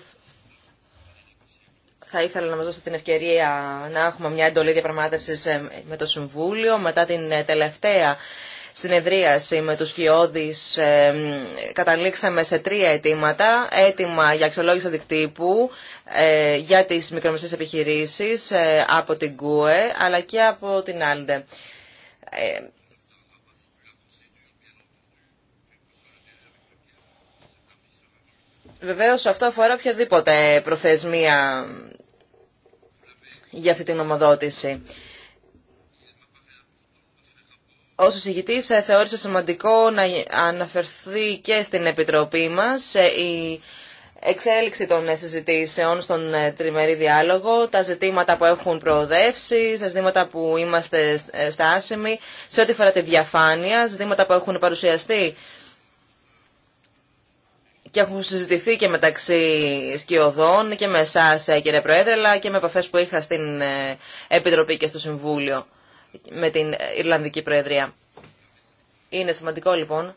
θα ήθελα να μας δώσετε την ευκαιρία να έχουμε μια εντολή διαπραγμάτευσης ε, με το Συμβούλιο μετά την ε, τελευταία συνεδρίαση με τους Κιώδης ε, καταλήξαμε σε τρία αιτήματα. Έτοιμα για αξιολόγηση αντικτύπου για τις μικρομεσαίες επιχειρήσεις από την ΚΟΕ αλλά και από την Άλντε. Βεβαίως, αυτό αφορά οποιαδήποτε προθεσμία για αυτή την ομοδότηση. Ω εισηγητή, ε, θεώρησε σημαντικό να αναφερθεί και στην Επιτροπή μας ε, η εξέλιξη των ε, συζητήσεων στον τριμερή διάλογο, τα ζητήματα που έχουν προοδεύσει, τα ζητήματα που είμαστε στάσιμοι, σε ό,τι φορά τη διαφάνεια, ζητήματα που έχουν παρουσιαστεί και έχουν συζητηθεί και μεταξύ σκιωδών και με εσά, ε, κύριε Πρόεδρε, αλλά και με επαφέ που είχα στην ε, Επιτροπή και στο Συμβούλιο με την ε, Ιρλανδική Προεδρία. Είναι σημαντικό λοιπόν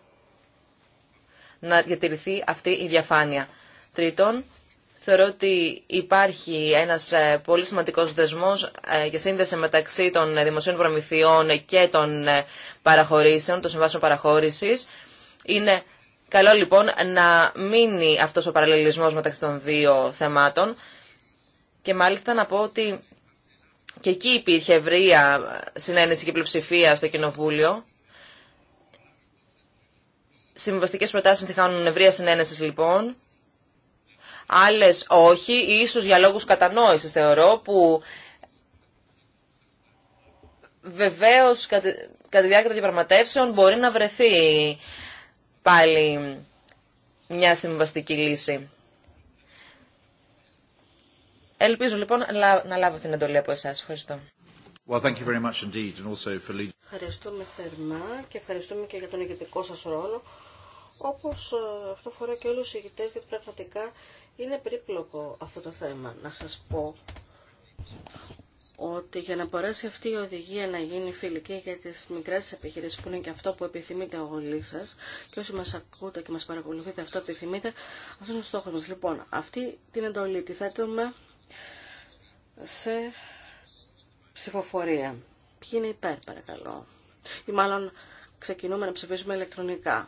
να διατηρηθεί αυτή η διαφάνεια. Τρίτον, θεωρώ ότι υπάρχει ένας πολύ σημαντικός δεσμός και σύνδεση μεταξύ των δημοσίων προμηθειών και των παραχωρήσεων, των συμβάσεων παραχώρησης. Είναι Καλό λοιπόν να μείνει αυτός ο παραλληλισμός μεταξύ των δύο θεμάτων και μάλιστα να πω ότι και εκεί υπήρχε ευρεία συνένεση και πλειοψηφία στο Κοινοβούλιο. Συμβαστικές προτάσεις τυχάνουν ευρεία συνένεση λοιπόν. Άλλες όχι, ίσως για λόγους κατανόησης θεωρώ που βεβαίως κατά τη διάρκεια των διαπραγματεύσεων μπορεί να βρεθεί πάλι μια συμβαστική λύση. Ελπίζω λοιπόν να λάβω την εντολή από εσάς. Ευχαριστώ. Well, thank Ευχαριστούμε θερμά και ευχαριστούμε και για τον ηγετικό σας ρόλο. Όπως ε, αυτό φορά και όλους οι ηγητές, γιατί πραγματικά είναι περίπλοκο αυτό το θέμα. Να σας πω ότι για να μπορέσει αυτή η οδηγία να γίνει φιλική για τις μικρές επιχειρήσεις που είναι και αυτό που επιθυμείτε όλοι σα και όσοι μας ακούτε και μας παρακολουθείτε αυτό επιθυμείτε, αυτό είναι ο στόχος μας. Λοιπόν, αυτή την εντολή τη θέτουμε σε ψηφοφορία. Ποιοι είναι υπέρ παρακαλώ. Ή μάλλον ξεκινούμε να ψηφίσουμε ηλεκτρονικά.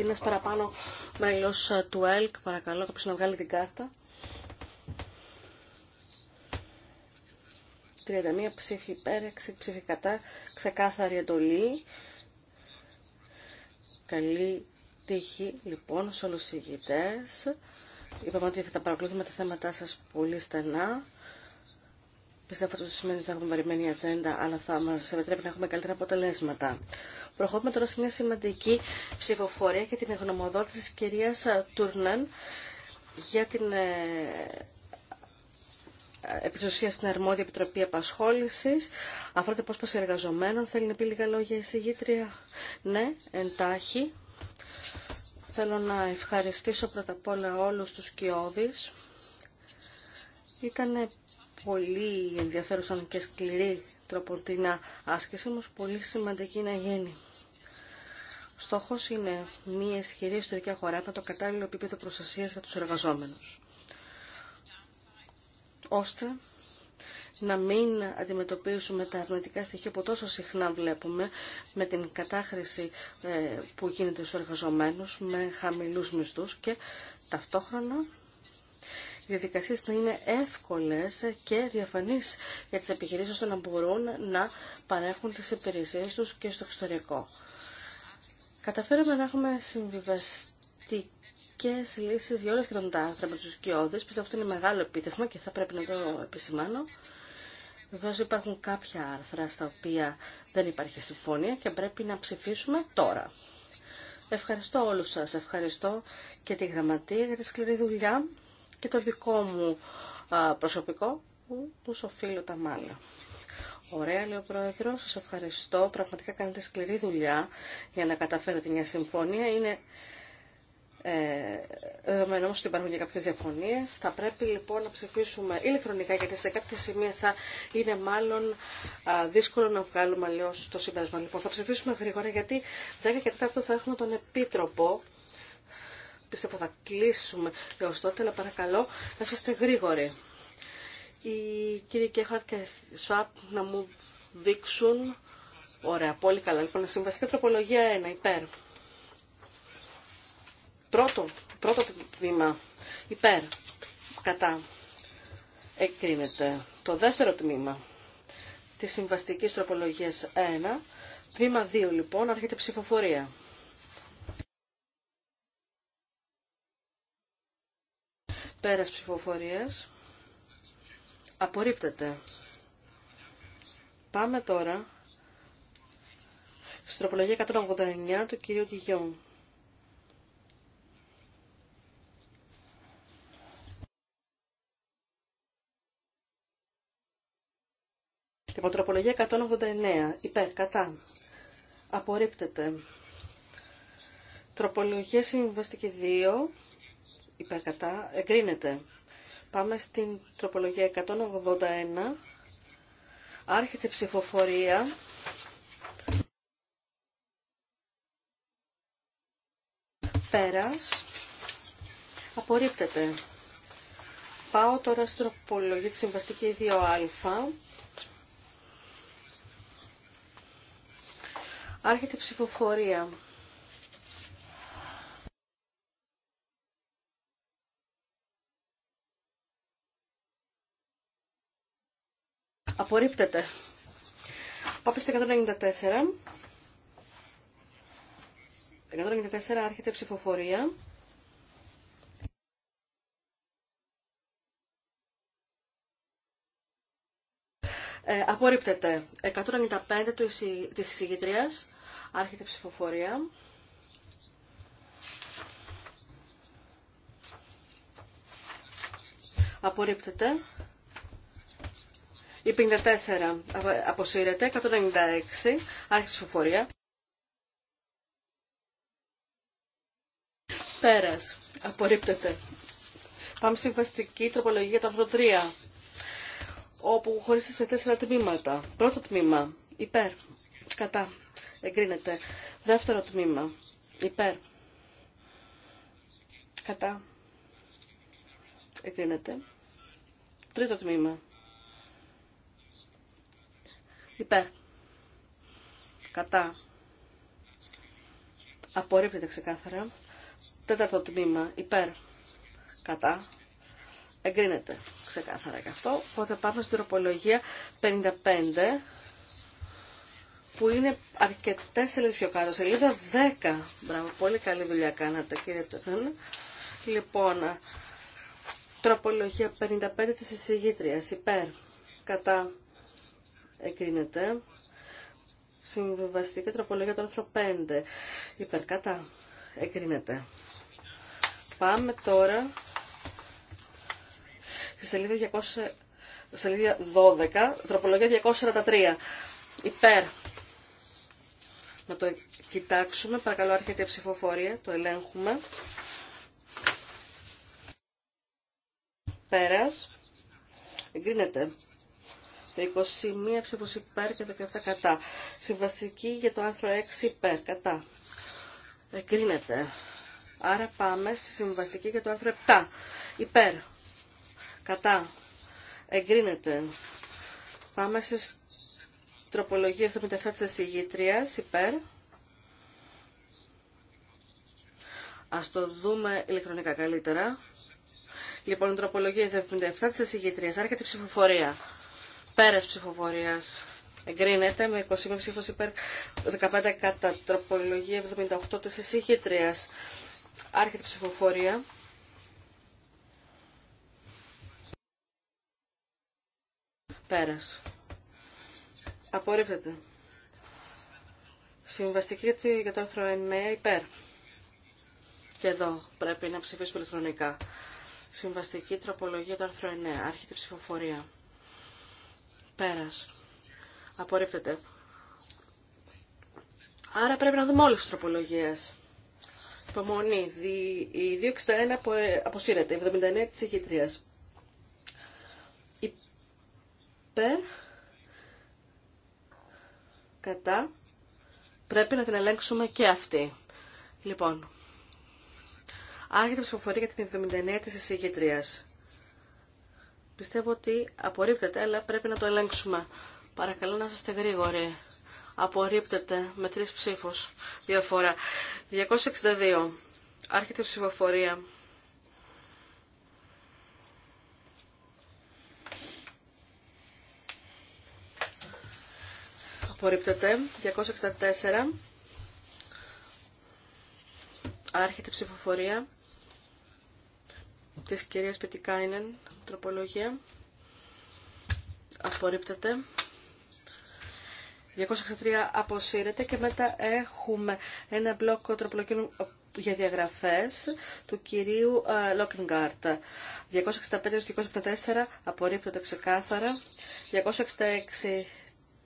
Ένα παραπάνω μέλο του ΕΛΚ, παρακαλώ, κάποιο να βγάλει την κάρτα. 31 ψήφοι υπέρ, 6 ψήφοι κατά, ξεκάθαρη εντολή. Καλή τύχη λοιπόν σε όλου του ηγητέ. Είπαμε ότι θα τα παρακολουθούμε τα θέματά σα πολύ στενά. Πιστεύω ότι σημαίνει ότι θα έχουμε περιμένει ατζέντα, αλλά θα μα επιτρέπει να έχουμε καλύτερα αποτελέσματα. Προχωρούμε τώρα σε μια σημαντική ψηφοφορία για την γνωμοδότηση τη κυρία Τούρνεν για την ε, ε, επιτροσία στην αρμόδια επιτροπή απασχόληση. Αφορά την απόσπαση εργαζομένων. Θέλει να πει λίγα λόγια η συγγήτρια. Ναι, εντάχει. Θέλω να ευχαριστήσω πρώτα απ' όλα όλους τους κοιόδης. Ήταν πολύ ενδιαφέρουσαν και σκληρή τροπορτινά άσκηση, όμως πολύ σημαντική να γίνει. Στόχο στόχος είναι μια ισχυρή ιστορική αγορά με το κατάλληλο επίπεδο προστασίας για τους εργαζόμενους, ώστε να μην αντιμετωπίσουμε τα αρνητικά στοιχεία που τόσο συχνά βλέπουμε με την κατάχρηση ε, που γίνεται στους εργαζομένους με χαμηλούς μισθούς και ταυτόχρονα διαδικασίες να είναι εύκολες και διαφανείς για τις επιχειρήσεις ώστε να μπορούν να παρέχουν τις υπηρεσίες τους και στο εξωτερικό. Καταφέραμε να έχουμε συμβιβαστική λύσεις λύσει για όλε και τον άρθρα με του κοιόδε. Πιστεύω ότι είναι μεγάλο επίτευγμα και θα πρέπει να το επισημάνω. Βεβαίω υπάρχουν κάποια άρθρα στα οποία δεν υπάρχει συμφωνία και πρέπει να ψηφίσουμε τώρα. Ευχαριστώ όλους σας. Ευχαριστώ και τη Γραμματεία για τη σκληρή δουλειά και το δικό μου προσωπικό που τους οφείλω τα μάλλα. Ωραία, λέει ο Πρόεδρο. Σα ευχαριστώ. Πραγματικά κάνετε σκληρή δουλειά για να καταφέρετε μια συμφωνία. Είναι ε, δεδομένο όμω ότι υπάρχουν και κάποιε διαφωνίε. Θα πρέπει λοιπόν να ψηφίσουμε ηλεκτρονικά, γιατί σε κάποια σημεία θα είναι μάλλον α, δύσκολο να βγάλουμε αλλιώ το συμπέρασμα. Λοιπόν, θα ψηφίσουμε γρήγορα, γιατί 10 και 4 θα έχουμε τον Επίτροπο πιστεύω θα κλείσουμε έως τότε, αλλά παρακαλώ να είστε γρήγοροι. Οι κύριοι Κέχαρτ και Σουάπ να μου δείξουν. Ωραία, πολύ καλά. Λοιπόν, συμβαστική τροπολογία 1, υπέρ. Πρώτο, πρώτο τμήμα, υπέρ, κατά, εκκρίνεται. Το δεύτερο τμήμα της συμβαστικής τροπολογίας 1, τμήμα 2 λοιπόν, αρχίζει ψηφοφορία. Πέρας ψηφοφορίας. Απορρίπτεται. Πάμε τώρα Τροπολογία 189 του κυρίου Τιγιόν. Λοιπόν, τροπολογία 189. Υπέρ, κατά. Απορρίπτεται. Τροπολογία συμβιβαστική 2 υπέρκατα, εγκρίνεται. Πάμε στην τροπολογία 181. Άρχεται ψηφοφορία. Πέρας. Απορρίπτεται. Πάω τώρα στην τροπολογία της συμβαστική 2α. Άρχεται ψηφοφορία. Απορρίπτεται. Πάμε στο 194. 194 άρχεται ψηφοφορία. Ε, απορρίπτεται. 195 του της εισηγητρίας άρχεται ψηφοφορία. Απορρίπτεται. Η 54 αποσύρεται. 196 άρχισε φοφορία. Πέρας. Απορρίπτεται. Πάμε στη βαστική τροπολογία του όπου χωρίζεται σε τέσσερα τμήματα. Πρώτο τμήμα, υπέρ, κατά, εγκρίνεται. Δεύτερο τμήμα, υπέρ, κατά, εγκρίνεται. Τρίτο τμήμα, Υπέρ. Κατά. Απορρίπτεται ξεκάθαρα. Τέταρτο τμήμα. Υπέρ. Κατά. Εγκρίνεται ξεκάθαρα και αυτό. Οπότε πάμε στην τροπολογία 55 που είναι αρκετέ σελίδε πιο κάτω. Σελίδα 10. Μπράβο, πολύ καλή δουλειά κάνατε, κύριε Τεθέλ. Λοιπόν, τροπολογία 55 της εισηγήτριας, υπέρ, κατά εγκρίνεται. και τροπολογία του άρθρου 5. Υπερκάτα. κατά. Πάμε τώρα στη σελίδα, 200, σελίδα 12, τροπολογία 243. Υπέρ. Να το κοιτάξουμε. Παρακαλώ, έρχεται η ψηφοφορία. Το ελέγχουμε. Πέρας. Εγκρίνεται. 21 ψήφους υπέρ και 17 κατά. Συμβαστική για το άρθρο 6 υπέρ κατά. Εκρίνεται. Άρα πάμε στη συμβαστική για το άρθρο 7. Υπέρ. Κατά. Εγκρίνεται. Πάμε στη τροπολογία 77 της εισηγήτριας. Υπέρ. Ας το δούμε ηλεκτρονικά καλύτερα. Λοιπόν, η τροπολογία 77 της εισηγήτριας. και τη ψηφοφορία. Πέρας ψηφοφορίας. Εγκρίνεται με 20 ψήφους υπέρ 15 κατά τροπολογία 78 της εισηγήτριας. Άρχεται ψηφοφορία. Πέρας. Απορρίπτεται. Συμβαστική για το άρθρο 9 υπέρ. Και εδώ πρέπει να ψηφίσουμε ηλεκτρονικά. Συμβαστική τροπολογία το άρθρο 9. Άρχεται ψηφοφορία. Πέρας. Απορρίπτεται. Άρα πρέπει να δούμε όλες τις τροπολογίες. Υπομονή. Η 261 αποσύρεται. 79 της ηγητρίας. Υπέρ. Κατά. Πρέπει να την ελέγξουμε και αυτή. Λοιπόν. Άρχεται η ψηφοφορία για την 79 της εισηγητρίας. Πιστεύω ότι απορρίπτεται, αλλά πρέπει να το ελέγξουμε. Παρακαλώ να είστε γρήγοροι. Απορρίπτεται με τρεις ψήφους διαφορά. 262. Άρχεται ψηφοφορία. Απορρίπτεται. 264. Άρχεται η ψηφοφορία της κυρίας Πετικάινεν, τροπολογία. Απορρίπτεται. 263 αποσύρεται και μετά έχουμε ένα μπλοκ τροπολογίων ε, για διαγραφές του κυρίου ε, Λόκενγκάρτ. 265-274 απορρίπτεται ξεκάθαρα. 266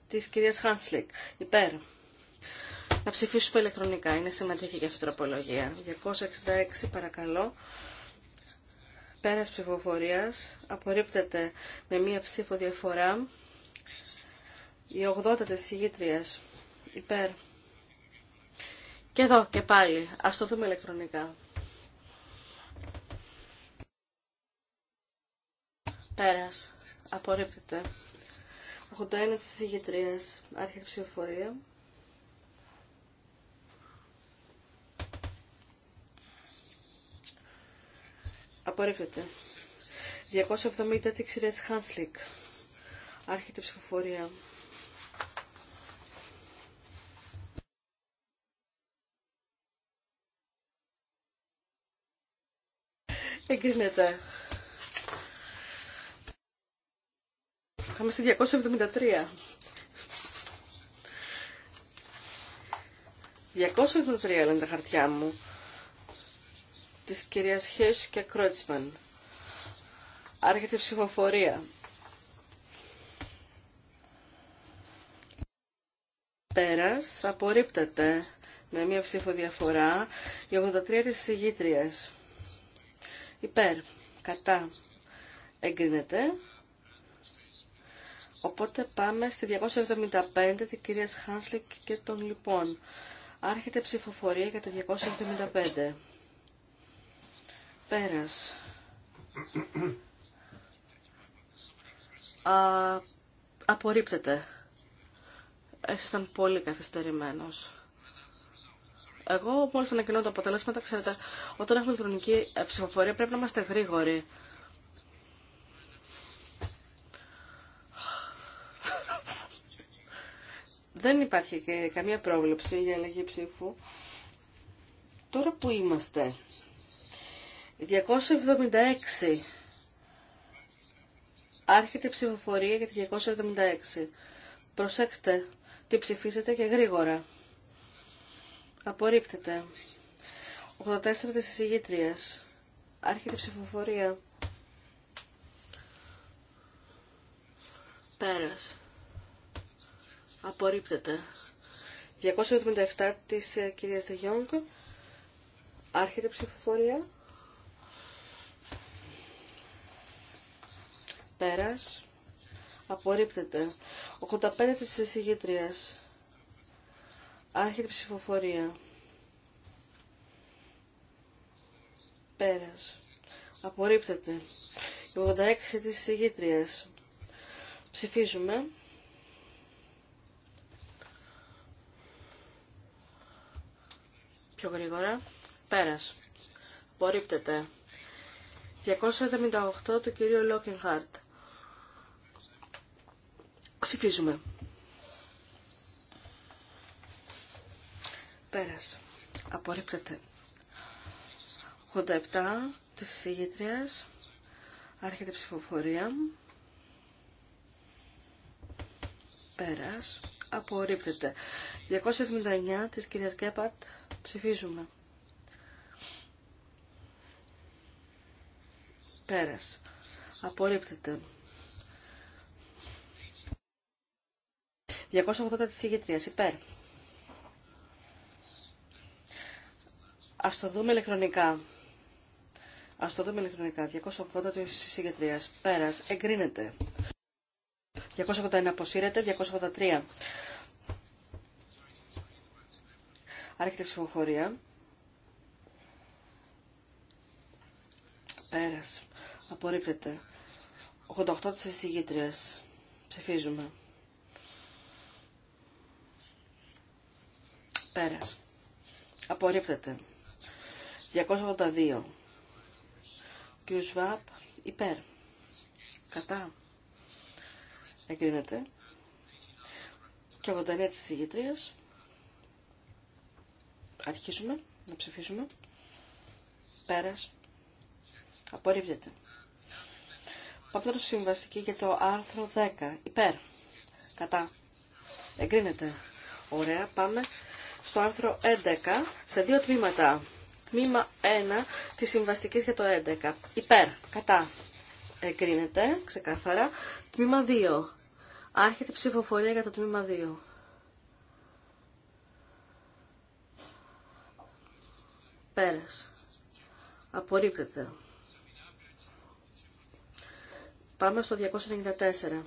της κυρίας Χάνσλικ. Υπέρ. Να ψηφίσουμε ηλεκτρονικά. Είναι σημαντική για αυτή η τροπολογία. 266 παρακαλώ. Πέρας ψηφοφορίας απορρίπτεται με μία ψήφο διαφορά η 80 της ηγήτριας υπέρ. Και εδώ και πάλι. Ας το δούμε ηλεκτρονικά. Πέρας. Απορρίπτεται. 81 της ηγητρίας. άρχιε ψηφοφορία. Απορρίπτεται. 270 της Χάνσλικ. Άρχεται ψηφοφορία. Εγκρίνεται. Θα στη 273. 273 λένε τα χαρτιά μου της κυρίας Χίρς και Κρότσμαν. Άρχεται η ψηφοφορία. Πέρας απορρίπτεται με μία ψηφοδιαφορά η 83 της συγγήτριας. Υπέρ, κατά, εγκρίνεται. Οπότε πάμε στη 275 τη κυρία Χάνσλικ και των λοιπόν. Άρχεται ψηφοφορία για το 275. Πέρας. Α, απορρίπτεται. πολύ καθυστερημένος. Εγώ, μόλι ανακοινώ τα αποτελέσματα, ξέρετε, όταν έχουμε ηλεκτρονική ε, ψηφοφορία πρέπει να είμαστε γρήγοροι. Δεν υπάρχει καμία πρόβλεψη για αλλαγή ψήφου. Τώρα που είμαστε 276. Άρχεται η ψηφοφορία για τη 276. Προσέξτε τι ψηφίσετε και γρήγορα. Απορρίπτεται. 84 της εισηγήτριας. Άρχεται η ψηφοφορία. Πέρας. Απορρίπτεται. 277 της ε, κυρίας Τεγιόγκ. Άρχεται η ψηφοφορία. Πέρας. Απορρίπτεται. 85 της εισηγήτριας. Άρχεται ψηφοφορία. Πέρας. Απορρίπτεται. 86 της εισηγήτριας. Ψηφίζουμε. Πιο γρήγορα. Πέρας. Απορρίπτεται. 278 του κυρίου Λόκενχαρτ. Ψηφίζουμε. Πέρας. Απορρίπτεται. 87 της συγγετρίας. Άρχεται ψηφοφορία. Πέρας. Απορρίπτεται. 279 της κυρίας Γκέπαρτ. Ψηφίζουμε. Πέρας. Απορρίπτεται. 280 της ηγετρίας υπέρ. Ας το δούμε ηλεκτρονικά. Ας το δούμε ηλεκτρονικά. 280 της ηγετρίας. Πέρας. Εγκρίνεται. 281 αποσύρεται. 283. Άρχεται ψηφοφορία. Πέρας. Απορρίπτεται. 88 της ηγετρίας. Ψηφίζουμε. Πέρας. Απορρίπτεται. 282. Κιουσβάπ. υπέρ. Κατά. Εγκρίνεται. Και 89 της ηγητρίας. Αρχίζουμε να ψηφίσουμε. Πέρας. Απορρίπτεται. Πάμε τώρα συμβαστική για το άρθρο 10. Υπέρ. Κατά. Εγκρίνεται. Ωραία. Πάμε στο άρθρο 11 σε δύο τμήματα. Τμήμα 1 της συμβαστικής για το 11. Υπέρ, κατά, εγκρίνεται, ξεκάθαρα. Τμήμα 2. Άρχεται η ψηφοφορία για το τμήμα 2. Πέρας. Απορρίπτεται. Πάμε στο 294.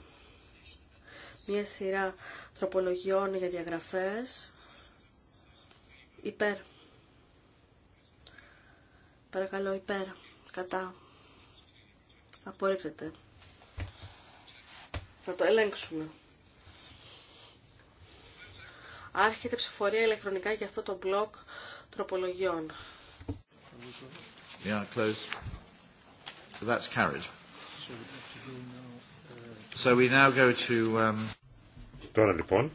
Μία σειρά τροπολογιών για διαγραφές υπέρ. Παρακαλώ, υπέρ. Κατά. Απορρίπτεται. Θα το ελέγξουμε. Άρχεται ψηφορία ηλεκτρονικά για αυτό το μπλοκ τροπολογιών. Yeah, That's carried. So we now go to, um, Τώρα λοιπόν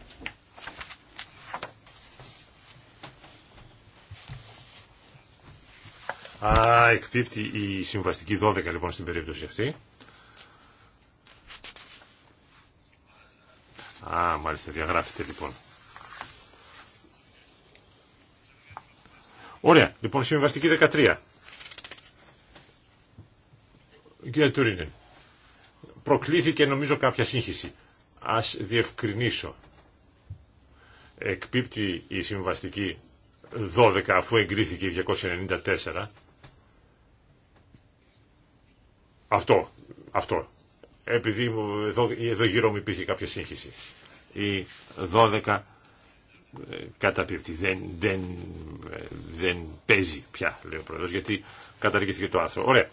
Α, εκπίπτει η συμβαστική 12 λοιπόν στην περίπτωση αυτή. Α, μάλιστα, διαγράφεται λοιπόν. Ωραία, λοιπόν συμβαστική 13. Κύριε Τουρίνεν, προκλήθηκε νομίζω κάποια σύγχυση. Ας διευκρινίσω. Εκπίπτει η συμβαστική 12 αφού εγκρίθηκε η 294 Αυτό, αυτό. Επειδή εδώ, γύρω μου υπήρχε κάποια σύγχυση. Η 12 ε, καταπίπτει, δεν, δεν, ε, δεν παίζει πια, λέει ο πρόεδρο, γιατί καταργήθηκε το άρθρο. Ωραία.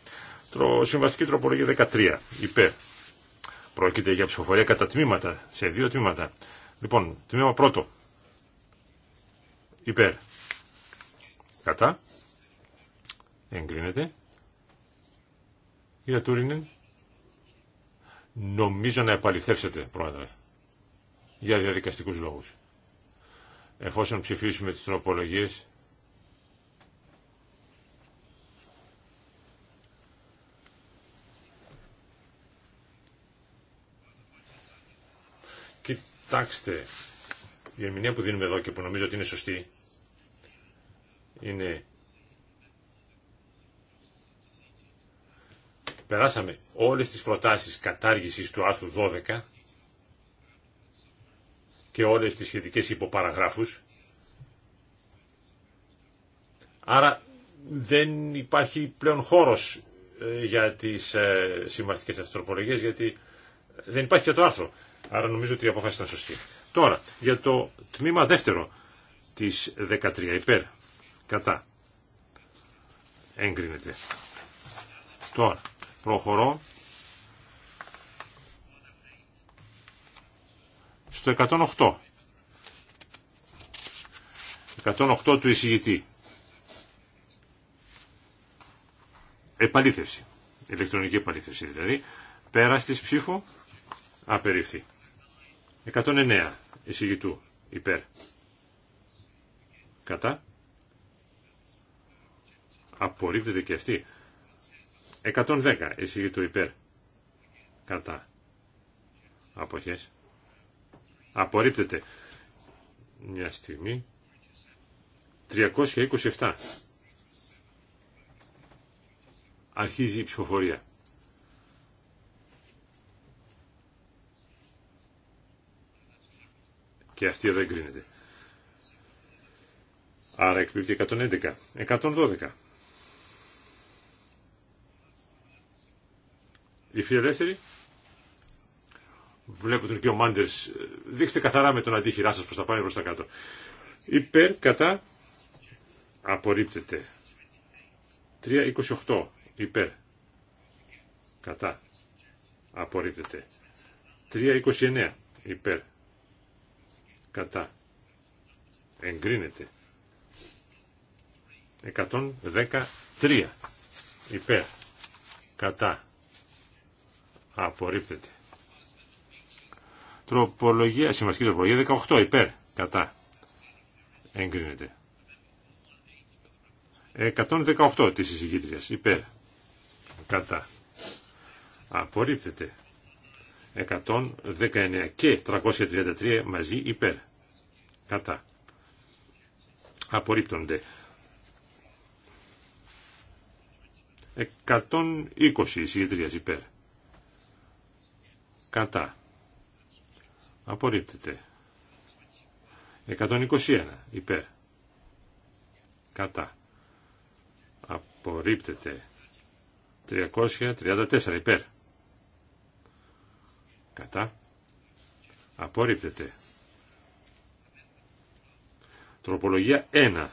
Τρο, συμβαστική τροπολογία 13, υπέρ. Πρόκειται για ψηφοφορία κατά τμήματα, σε δύο τμήματα. Λοιπόν, τμήμα πρώτο, υπέρ. Κατά. Εγκρίνεται. Κύριε Τούρινεν, νομίζω να επαληθεύσετε, πρόεδρε, για διαδικαστικούς λόγους. Εφόσον ψηφίσουμε τις τροπολογίες, Κοιτάξτε, η ερμηνεία που δίνουμε εδώ και που νομίζω ότι είναι σωστή, είναι περάσαμε όλες τις προτάσεις κατάργησης του άρθρου 12 και όλες τις σχετικές υποπαραγράφους. Άρα δεν υπάρχει πλέον χώρος ε, για τις ε, συμβαστικές γιατί δεν υπάρχει και το άρθρο. Άρα νομίζω ότι η αποφάση ήταν σωστή. Τώρα, για το τμήμα δεύτερο της 13 υπέρ κατά εγκρίνεται. Τώρα, Προχωρώ. Στο 108. 108 του εισηγητή. Επαλήθευση. Ηλεκτρονική επαλήθευση δηλαδή. Πέρα ψήφου. Απερίφθη. 109 εισηγητού. Υπέρ. Κατά. Απορρίπτεται και αυτή. 110 εσύ το υπέρ. Κατά. Αποχές. Απορρίπτεται. Μια στιγμή. 327. Αρχίζει η ψηφοφορία. Και αυτή εδώ εγκρίνεται. Άρα εκπίπτει 111. 112. Οι φιλελεύθεροι βλέπω τον κύριο Μάντερ. Ε, δείξτε καθαρά με τον αντίχειρά σα προ τα πάνω προ τα κάτω. Υπέρ, κατά, απορρίπτεται. 3.28, υπέρ, κατά, απορρίπτεται. 3.29, υπέρ, κατά, εγκρίνεται. 113, υπέρ, κατά, Απορρίπτεται. Τροπολογία, σημαντική τροπολογία 18, υπέρ, κατά. Εγκρίνεται. 118 της εισηγήτριας, υπέρ, κατά. Απορρίπτεται. 119 και 333 μαζί υπέρ. Κατά. Απορρίπτονται. 120 εισηγητρίας υπέρ κατά απορρίπτεται 121 υπέρ κατά απορρίπτεται 334 υπέρ κατά απορρίπτεται τροπολογία 1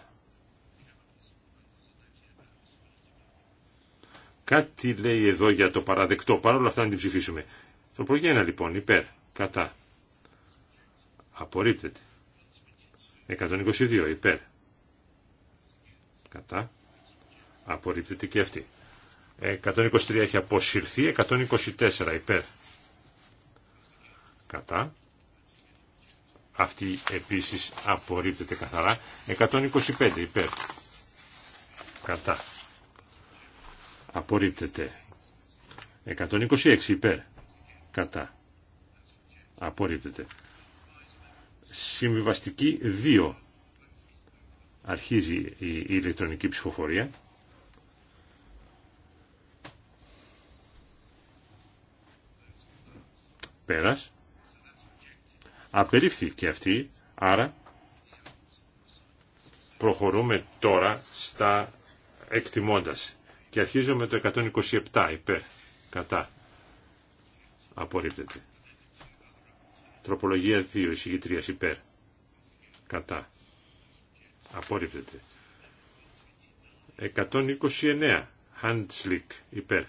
Κάτι λέει εδώ για το παραδεκτό, παρόλα αυτά να την ψηφίσουμε. Τροπολογία λοιπόν, υπέρ, κατά. Απορρίπτεται. 122 υπέρ. Κατά. Απορρίπτεται και αυτή. 123 έχει αποσυρθεί, 124 υπέρ. Κατά. Αυτή επίσης απορρίπτεται καθαρά. 125 υπέρ. Κατά. Απορρίπτεται. 126 υπέρ κατά απορρίπτεται συμβιβαστική 2 αρχίζει η ηλεκτρονική ψηφοφορία πέρας απερίφθη αυτή άρα προχωρούμε τώρα στα εκτιμώντας και αρχίζουμε το 127 υπέρ κατά Απορρίπτεται. Τροπολογία 2 εισηγητρίας υπέρ. Κατά. Απορρίπτεται. 129. Handslick υπέρ.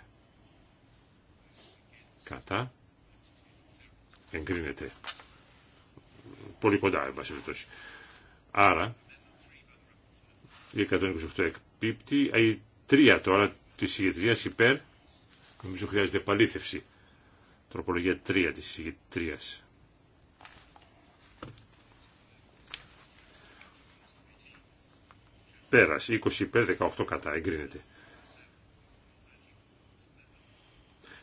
Κατά. Εγκρίνεται. Πολύ κοντά, εν πάση Άρα, η 128 εκπίπτει, η 3 τώρα τη ηγετρίας υπέρ, νομίζω χρειάζεται επαλήθευση. Τροπολογία 3 της ηγετρίας. Πέρας, 20 υπέρ, 18 κατά, εγκρίνεται.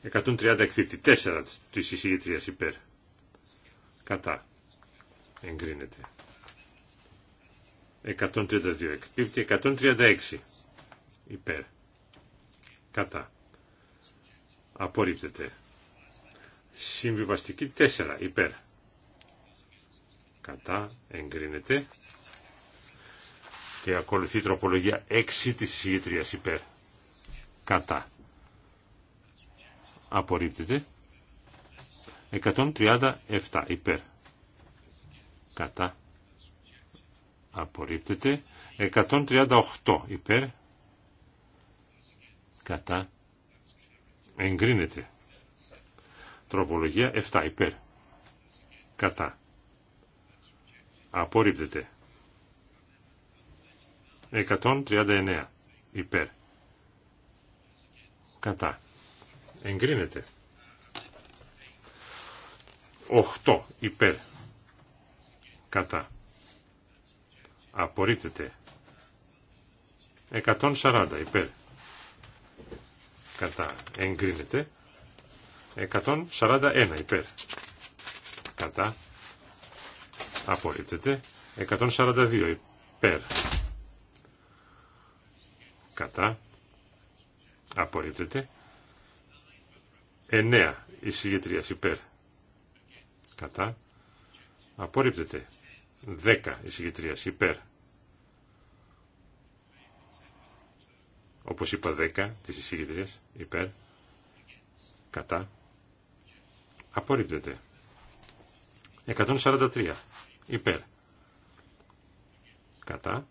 130 εκπίπτει, 4 της ηγετρίας υπέρ. Κατά, εγκρίνεται. 132 εκπίπτει, 136 υπέρ. Κατά. Απορρίπτεται. Συμβιβαστική 4 υπέρ. Κατά εγκρίνεται. Και ακολουθεί η τροπολογία 6 της συγγήτριας υπέρ. Κατά. Απορρίπτεται. 137 υπέρ. Κατά. Απορρίπτεται. 138 υπέρ. Κατά. Εγκρίνεται. Τροπολογία 7 υπέρ. Κατά. Απορρίπτεται. 139 υπέρ. Κατά. Εγκρίνεται. 8 υπέρ. Κατά. Απορρίπτεται. 140 υπέρ. Κατά. Εγκρίνεται. 141 υπέρ. Κατά. Απορρίπτεται. 142 υπέρ. Κατά. Απορρίπτεται. 9 εισηγητρίας υπέρ. Κατά. Απορρίπτεται. 10 εισηγητρίας υπέρ. Όπως είπα 10 της εισηγητρίας υπέρ. Κατά Απορρίπτεται. 143. Υπέρ. Κατά.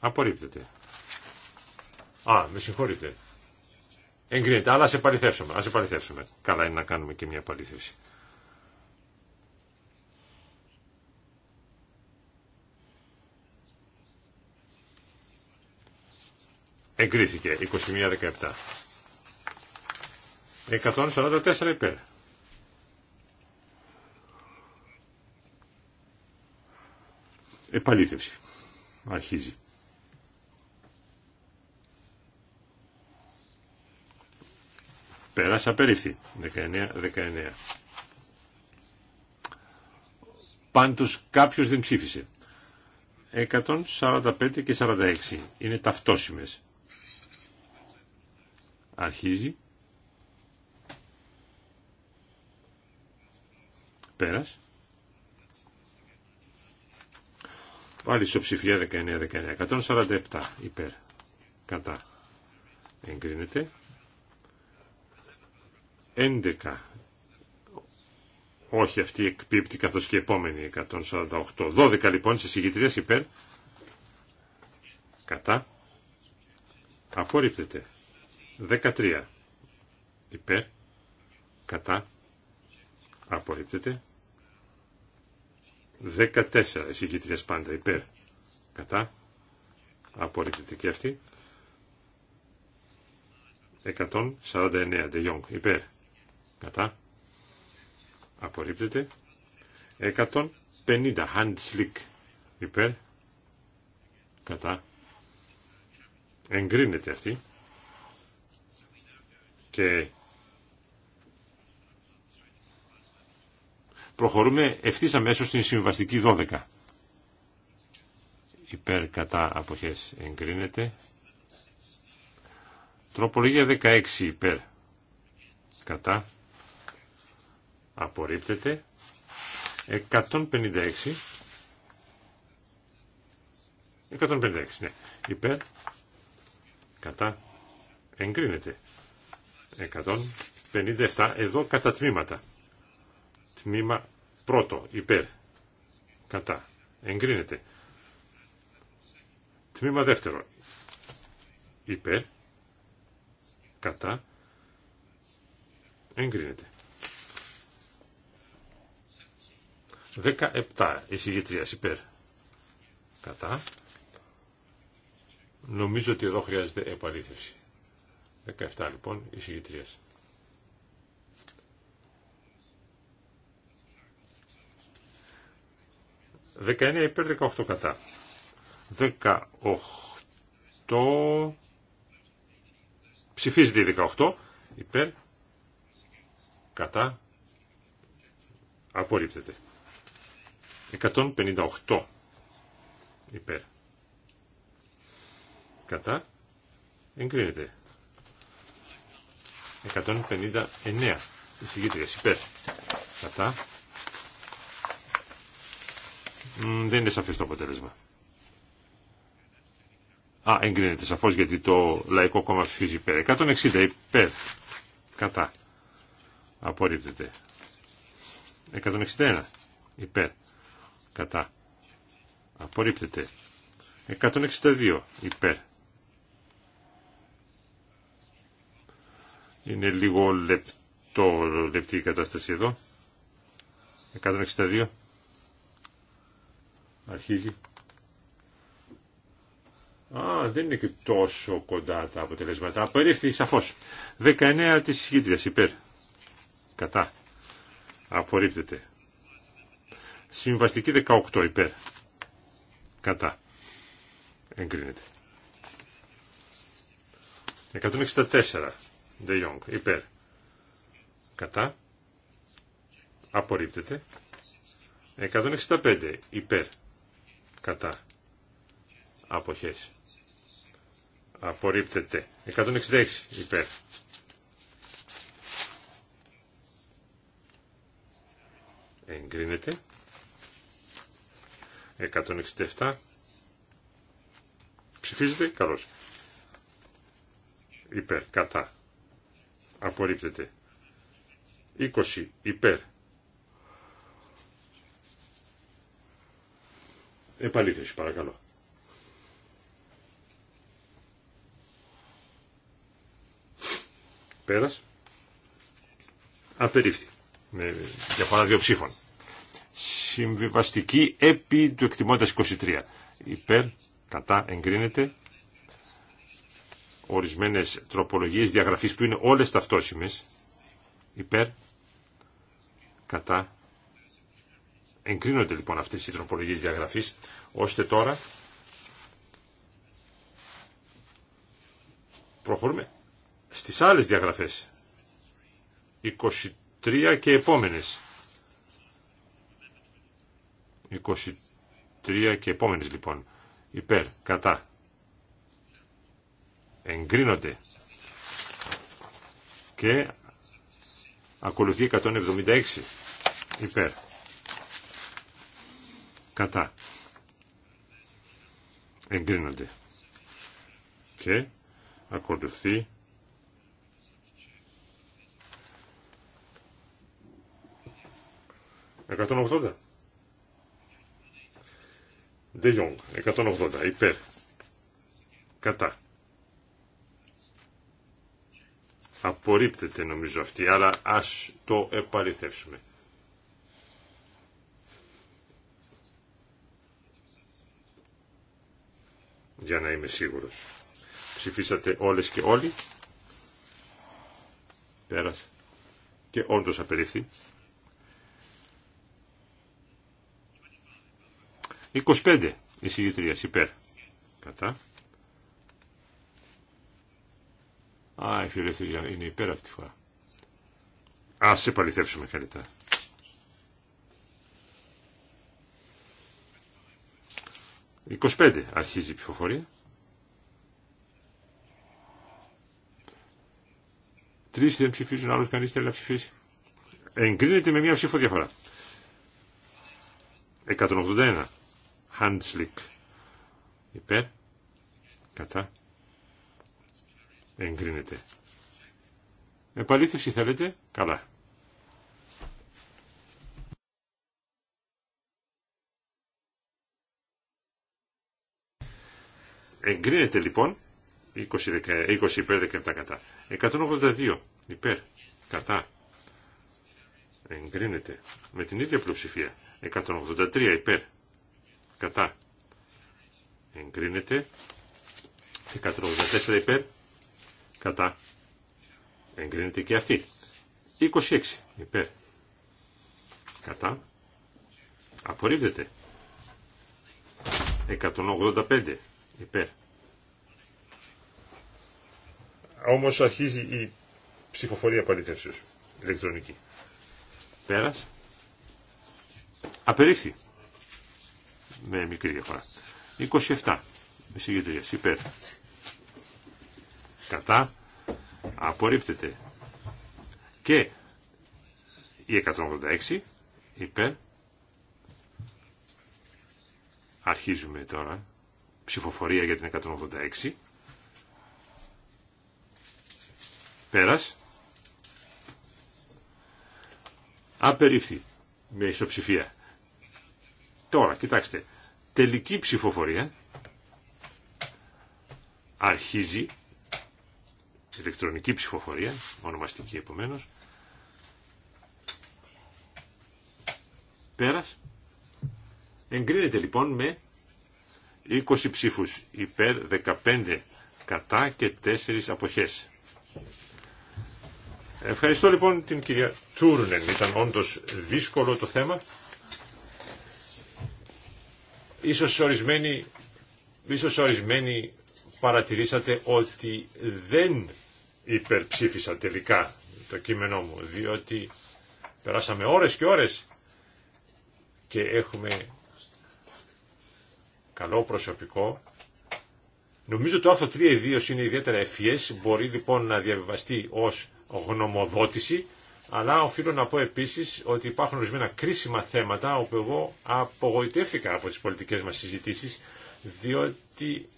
Απορρίπτεται. Α, με συγχωρείτε. Εγκρίνεται, αλλά σε επαληθεύσουμε. Ας παληθεύσουμε. Καλά είναι να κάνουμε και μια επαληθεύση. Εγκρίθηκε, 21-17. 144 υπέρ. Επαλήθευση. Αρχίζει. Πέρασα περίφθη. 19-19. Πάντως κάποιος δεν ψήφισε. 145 και 46 είναι ταυτόσιμες. Αρχίζει. Πέρας. Πάλι ισοψηφία 19-19. 147 υπέρ. Κατά. Εγκρίνεται. 11. Όχι αυτή εκπίπτει καθώς και επόμενη 148. 12 λοιπόν σε ηγητρίες υπέρ. Κατά. Απορρίπτεται. 13. Υπέρ. Κατά. Απορρίπτεται. 14 εισηγήτρια πάντα υπέρ. Κατά. Απορρίπτεται και αυτή. 149 De Jong υπέρ. Κατά. Απορρίπτεται. 150 Handslick υπέρ. Κατά. Εγκρίνεται αυτή. Και Προχωρούμε ευθύ αμέσω στην συμβαστική 12. Υπέρ κατά αποχές εγκρίνεται. Τροπολογία 16 υπέρ κατά απορρίπτεται. 156 156 ναι. υπέρ κατά εγκρίνεται 157 εδώ κατά τμήματα τμήμα πρώτο, υπέρ, κατά, εγκρίνεται. Τμήμα δεύτερο, υπέρ, κατά, εγκρίνεται. 17 εισηγητρία υπέρ, κατά. Νομίζω ότι εδώ χρειάζεται επαλήθευση. 17 λοιπόν εισηγητρία. 19 υπέρ 18 κατά. 18 ψηφίζεται 18 υπέρ κατά απορρίπτεται. 158 υπέρ κατά εγκρίνεται. 159 εισηγήτριες υπέρ κατά δεν είναι σαφές το αποτέλεσμα. Α, εγκρίνεται σαφώς γιατί το Λαϊκό Κόμμα ψηφίζει υπέρ. 160 υπέρ. Κατά. Απορρίπτεται. 161 υπέρ. Κατά. Απορρίπτεται. 162 υπέρ. Είναι λίγο λεπτό, λεπτή η κατάσταση εδώ. 162 Αρχίζει. Α, δεν είναι και τόσο κοντά τα αποτελέσματα. Απορρίφθη, σαφώς. 19 της συγκίτριας υπέρ. Κατά. Απορρίπτεται. Συμβαστική 18 υπέρ. Κατά. Εγκρίνεται. 164. Δε Jong. Υπέρ. Κατά. Απορρίπτεται. 165. Υπέρ κατά αποχές απορρίπτεται 166 υπέρ εγκρίνεται 167 ψηφίζεται καλώς υπέρ κατά απορρίπτεται 20 υπέρ Επαλήθευση παρακαλώ. Πέρας. Απερίφθη. Με διαφορά δύο ψήφων. Συμβιβαστική επί του εκτιμώντας 23. Υπέρ, κατά, εγκρίνεται. Ορισμένες τροπολογίες διαγραφής που είναι όλες ταυτόσιμες. Υπέρ, κατά, Εγκρίνονται λοιπόν αυτές οι τροπολογίες διαγραφής, ώστε τώρα προχωρούμε στις άλλες διαγραφές, 23 και επόμενες. 23 και επόμενες λοιπόν, υπέρ, κατά, εγκρίνονται και ακολουθεί 176 υπέρ κατά εγκρίνονται και ακολουθεί Εκατόν Δε De Jong, 180, υπέρ. Κατά. Απορρίπτεται νομίζω αυτή, αλλά ας το επαληθεύσουμε. για να είμαι σίγουρος. Ψηφίσατε όλες και όλοι. Πέρασε. Και όντως απερίφθη. 25 εισηγητρία υπέρ. Κατά. Α, η φιλελευθερία είναι υπέρ αυτή τη φορά. Ας επαληθεύσουμε καλύτερα. 25 αρχίζει η ψηφοφορία. Τρεις δεν ψηφίζουν, άλλος κανείς θέλει να ψηφίσει. Εγκρίνεται με μία ψήφο διαφορά. 181. Handslick. Υπέρ. Κατά. Εγκρίνεται. Επαλήθευση θέλετε. Καλά. Εγκρίνεται λοιπόν 20, υπέρ 17 κατά. 182 υπέρ κατά. Εγκρίνεται με την ίδια πλειοψηφία. 183 υπέρ κατά. Εγκρίνεται 184 υπέρ κατά. Εγκρίνεται και αυτή. 26 υπέρ κατά. Απορρίπτεται. 185 υπέρ. Όμως αρχίζει η ψηφοφορία παλήθευσης ηλεκτρονική. Πέρας. Απερίφθη. Με μικρή διαφορά. 27. Μεσηγητρίας. Υπέρ. Κατά. Απορρίπτεται. Και η 186. Υπέρ. Αρχίζουμε τώρα ψηφοφορία για την 186. Πέρας. Απερίφθη με ισοψηφία. Τώρα, κοιτάξτε, τελική ψηφοφορία αρχίζει ηλεκτρονική ψηφοφορία, ονομαστική επομένως, πέρας. Εγκρίνεται λοιπόν με 20 ψήφους υπέρ, 15 κατά και 4 αποχές. Ευχαριστώ λοιπόν την κυρία Τούρνεν. Ήταν όντως δύσκολο το θέμα. Ίσως ορισμένοι, ίσως ορισμένοι παρατηρήσατε ότι δεν υπερψήφισα τελικά το κείμενό μου, διότι περάσαμε ώρες και ώρες και έχουμε καλό προσωπικό. Νομίζω το άρθρο 3 ιδίω είναι ιδιαίτερα ευφυέ. μπορεί λοιπόν να διαβιβαστεί ω γνωμοδότηση, αλλά οφείλω να πω επίση ότι υπάρχουν ορισμένα κρίσιμα θέματα όπου εγώ απογοητεύτηκα από τι πολιτικέ μα συζητήσει, διότι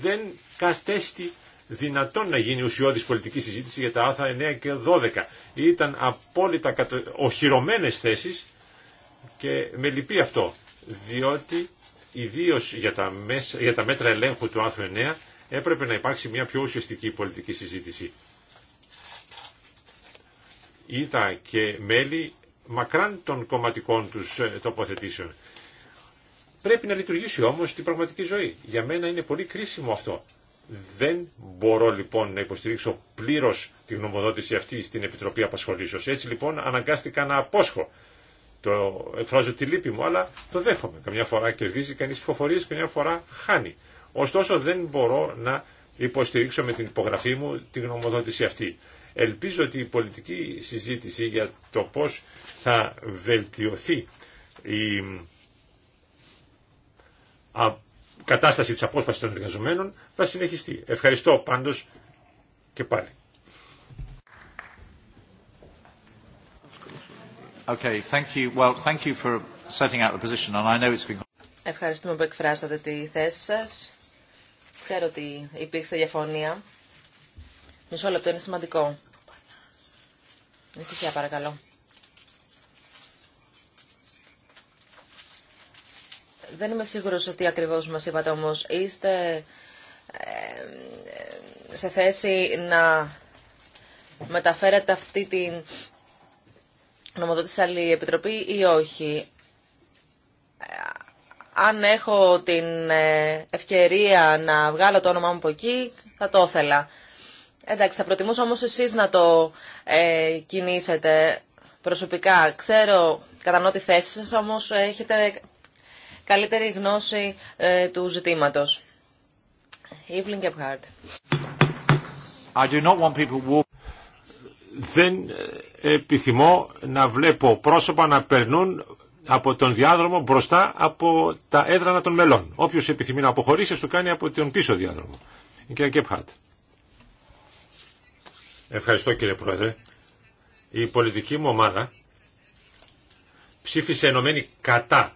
δεν κατέστη δυνατόν να γίνει ουσιώδης πολιτική συζήτηση για τα άρθρα 9 και 12. Ήταν απόλυτα οχυρωμένες θέσεις και με λυπεί αυτό, διότι Ιδίω για, τα για τα μέτρα ελέγχου του άρθρου 9 έπρεπε να υπάρξει μια πιο ουσιαστική πολιτική συζήτηση. Είδα και μέλη μακράν των κομματικών τους ε, τοποθετήσεων. Πρέπει να λειτουργήσει όμως την πραγματική ζωή. Για μένα είναι πολύ κρίσιμο αυτό. Δεν μπορώ λοιπόν να υποστηρίξω πλήρως τη γνωμοδότηση αυτή στην Επιτροπή Απασχολήσεω. Έτσι λοιπόν αναγκάστηκα να απόσχω το εκφράζω τη λύπη μου, αλλά το δέχομαι. Καμιά φορά κερδίζει κανεί ψηφοφορίε, καμιά φορά χάνει. Ωστόσο δεν μπορώ να υποστηρίξω με την υπογραφή μου τη γνωμοδότηση αυτή. Ελπίζω ότι η πολιτική συζήτηση για το πώς θα βελτιωθεί η κατάσταση της απόσπασης των εργαζομένων θα συνεχιστεί. Ευχαριστώ πάντως και πάλι. Ευχαριστούμε που εκφράσατε τη θέση σας. Ξέρω ότι υπήρξε διαφωνία. Μισό λεπτό είναι σημαντικό. Ησυχία παρακαλώ. Δεν είμαι σίγουρος ότι ακριβώς μας είπατε όμως. Είστε ε, ε, σε θέση να μεταφέρετε αυτή την νομοδότησε άλλη επιτροπή ή όχι. Αν έχω την ε, ευκαιρία να βγάλω το όνομά μου από εκεί, θα το ήθελα. Εντάξει, θα προτιμούσα όμως εσείς να το ε, κινήσετε προσωπικά. Ξέρω, κατανοώ τη θέση σας, όμως έχετε καλύτερη γνώση ε, του ζητήματος. Evelyn Gebhardt. I δεν επιθυμώ να βλέπω πρόσωπα να περνούν από τον διάδρομο μπροστά από τα έδρανα των μελών. Όποιος επιθυμεί να αποχωρήσει, το κάνει από τον πίσω διάδρομο. Η κυρία Ευχαριστώ κύριε Πρόεδρε. Η πολιτική μου ομάδα ψήφισε ενωμένη κατά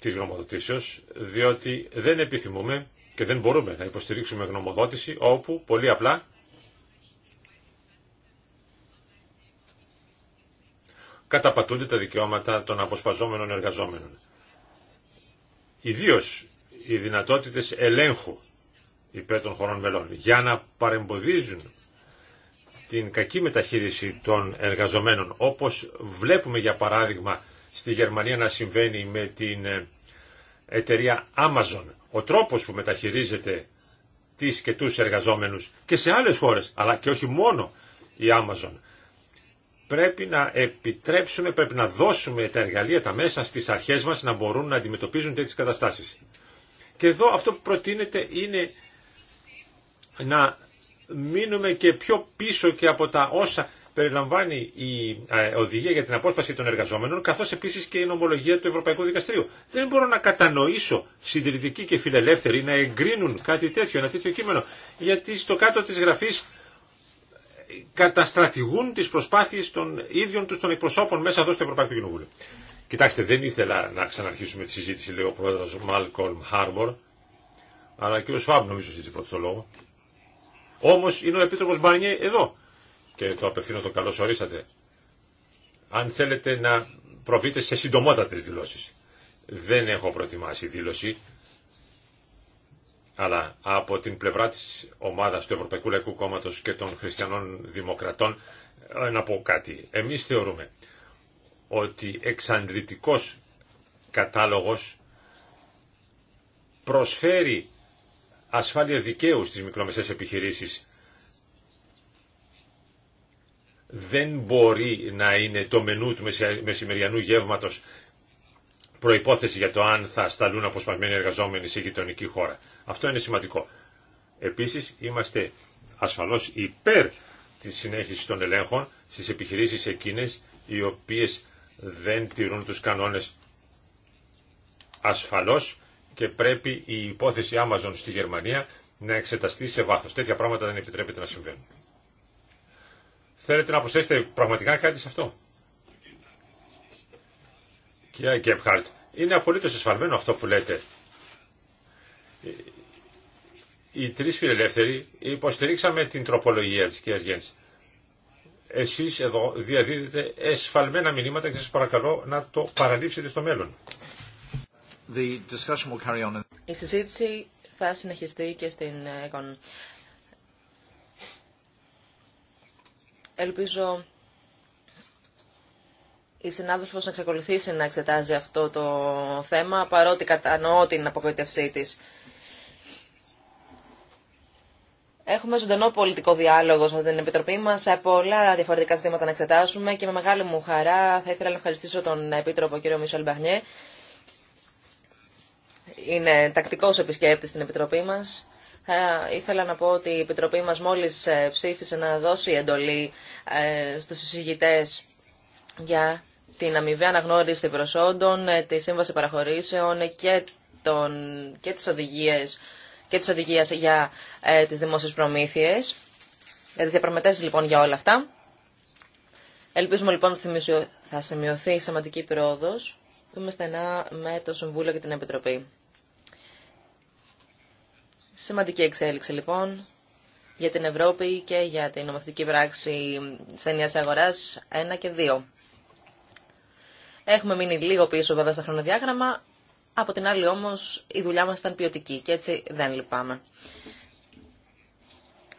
της γνωμοδοτήσεως, διότι δεν επιθυμούμε και δεν μπορούμε να υποστηρίξουμε γνωμοδότηση όπου πολύ απλά καταπατούνται τα δικαιώματα των αποσπαζόμενων εργαζόμενων. Ιδίω οι δυνατότητες ελέγχου υπέρ των χωρών μελών για να παρεμποδίζουν την κακή μεταχείριση των εργαζομένων όπως βλέπουμε για παράδειγμα στη Γερμανία να συμβαίνει με την ε, εταιρεία Amazon ο τρόπος που μεταχειρίζεται τις και τους εργαζόμενους και σε άλλες χώρες αλλά και όχι μόνο η Amazon πρέπει να επιτρέψουμε, πρέπει να δώσουμε τα εργαλεία, τα μέσα στις αρχές μας να μπορούν να αντιμετωπίζουν τέτοιες καταστάσεις. Και εδώ αυτό που προτείνεται είναι να μείνουμε και πιο πίσω και από τα όσα περιλαμβάνει η ε, οδηγία για την απόσπαση των εργαζόμενων, καθώς επίσης και η νομολογία του Ευρωπαϊκού Δικαστηρίου. Δεν μπορώ να κατανοήσω συντηρητικοί και φιλελεύθεροι να εγκρίνουν κάτι τέτοιο, ένα τέτοιο κείμενο, γιατί στο κάτω τη γραφή καταστρατηγούν τις προσπάθειες των ίδιων του των εκπροσώπων μέσα εδώ στο Ευρωπαϊκό Κοινοβούλιο. Κοιτάξτε, δεν ήθελα να ξαναρχίσουμε τη συζήτηση, λέει ο πρόεδρος Μάλκολμ Χάρμπορ, αλλά και ο Σουάμπ νομίζω ζήτησε πρώτο το λόγο. Όμως είναι ο Επίτροπος Μπαρνιέ εδώ και το απευθύνω το καλώς ορίσατε. Αν θέλετε να προβείτε σε συντομότατες δηλώσεις. Δεν έχω προετοιμάσει δήλωση, αλλά από την πλευρά της ομάδας του Ευρωπαϊκού Λαϊκού Κόμματος και των Χριστιανών Δημοκρατών ε, να πω κάτι. Εμείς θεωρούμε ότι εξαντλητικός κατάλογος προσφέρει ασφάλεια δικαίου στις μικρομεσαίες επιχειρήσεις. Δεν μπορεί να είναι το μενού του μεσημεριανού γεύματος προϋπόθεση για το αν θα σταλούν αποσπασμένοι εργαζόμενοι σε γειτονική χώρα. Αυτό είναι σημαντικό. Επίσης είμαστε ασφαλώς υπέρ της συνέχισης των ελέγχων στις επιχειρήσεις εκείνες οι οποίες δεν τηρούν τους κανόνες ασφαλώς και πρέπει η υπόθεση Amazon στη Γερμανία να εξεταστεί σε βάθος. Τέτοια πράγματα δεν επιτρέπεται να συμβαίνουν. Θέλετε να προσθέσετε πραγματικά κάτι σε αυτό. Κυρία Γκέπχαρτ, είναι απολύτως εσφαλμένο αυτό που λέτε. Οι τρει φιλελεύθεροι υποστηρίξαμε την τροπολογία της κυρία γέννη. Εσείς εδώ διαδίδετε εσφαλμένα μηνύματα και σα παρακαλώ να το παραλείψετε στο μέλλον. The will carry on. Η συζήτηση θα συνεχιστεί και στην ΕΚΟΝ. Ελπίζω η συνάδελφος να εξακολουθήσει να εξετάζει αυτό το θέμα, παρότι κατανοώ την αποκοητευσή της. Έχουμε ζωντανό πολιτικό διάλογο στην την Επιτροπή μα. Πολλά διαφορετικά ζητήματα να εξετάσουμε και με μεγάλη μου χαρά θα ήθελα να ευχαριστήσω τον Επίτροπο κ. Μισελ Είναι τακτικό επισκέπτη στην Επιτροπή μα. ήθελα να πω ότι η Επιτροπή μα μόλι ε, ψήφισε να δώσει εντολή ε, στου συζητητέ για την αμοιβή αναγνώριση προσόντων, ε, τη σύμβαση παραχωρήσεων και, τον, και τις οδηγίες τις οδηγίες για ε, τις δημόσιες προμήθειες. Για ε, τις διαπραγματεύσεις λοιπόν για όλα αυτά. Ελπίζουμε λοιπόν ότι θα σημειωθεί σημαντική πρόοδος. Δούμε στενά με το Συμβούλιο και την Επιτροπή. Σημαντική εξέλιξη λοιπόν για την Ευρώπη και για την νομοθετική πράξη της ενιαίας αγοράς 1 και 2. Έχουμε μείνει λίγο πίσω βέβαια στα χρονοδιάγραμμα. Από την άλλη όμως η δουλειά μας ήταν ποιοτική και έτσι δεν λυπάμαι.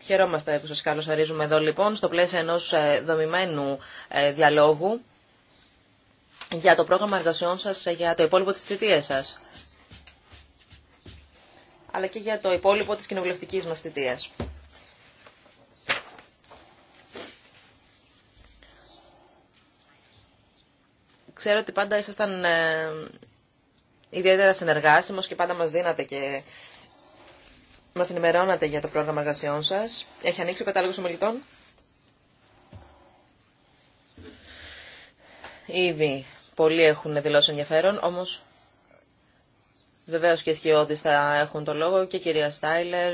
Χαιρόμαστε που σας καλωσορίζουμε εδώ λοιπόν στο πλαίσιο ενός ε, δομημένου ε, διαλόγου για το πρόγραμμα εργασιών σας ε, για το υπόλοιπο της θητείας σας αλλά και για το υπόλοιπο της κοινοβουλευτική μας θητείας. Ξέρω ότι πάντα ήσασταν ε, ιδιαίτερα συνεργάσιμος και πάντα μας δίνατε και μας ενημερώνατε για το πρόγραμμα εργασιών σας. Έχει ανοίξει ο κατάλογος ομιλητών. Ήδη πολλοί έχουν δηλώσει ενδιαφέρον, όμως βεβαίως και σκιώδεις θα έχουν το λόγο και η κυρία Στάιλερ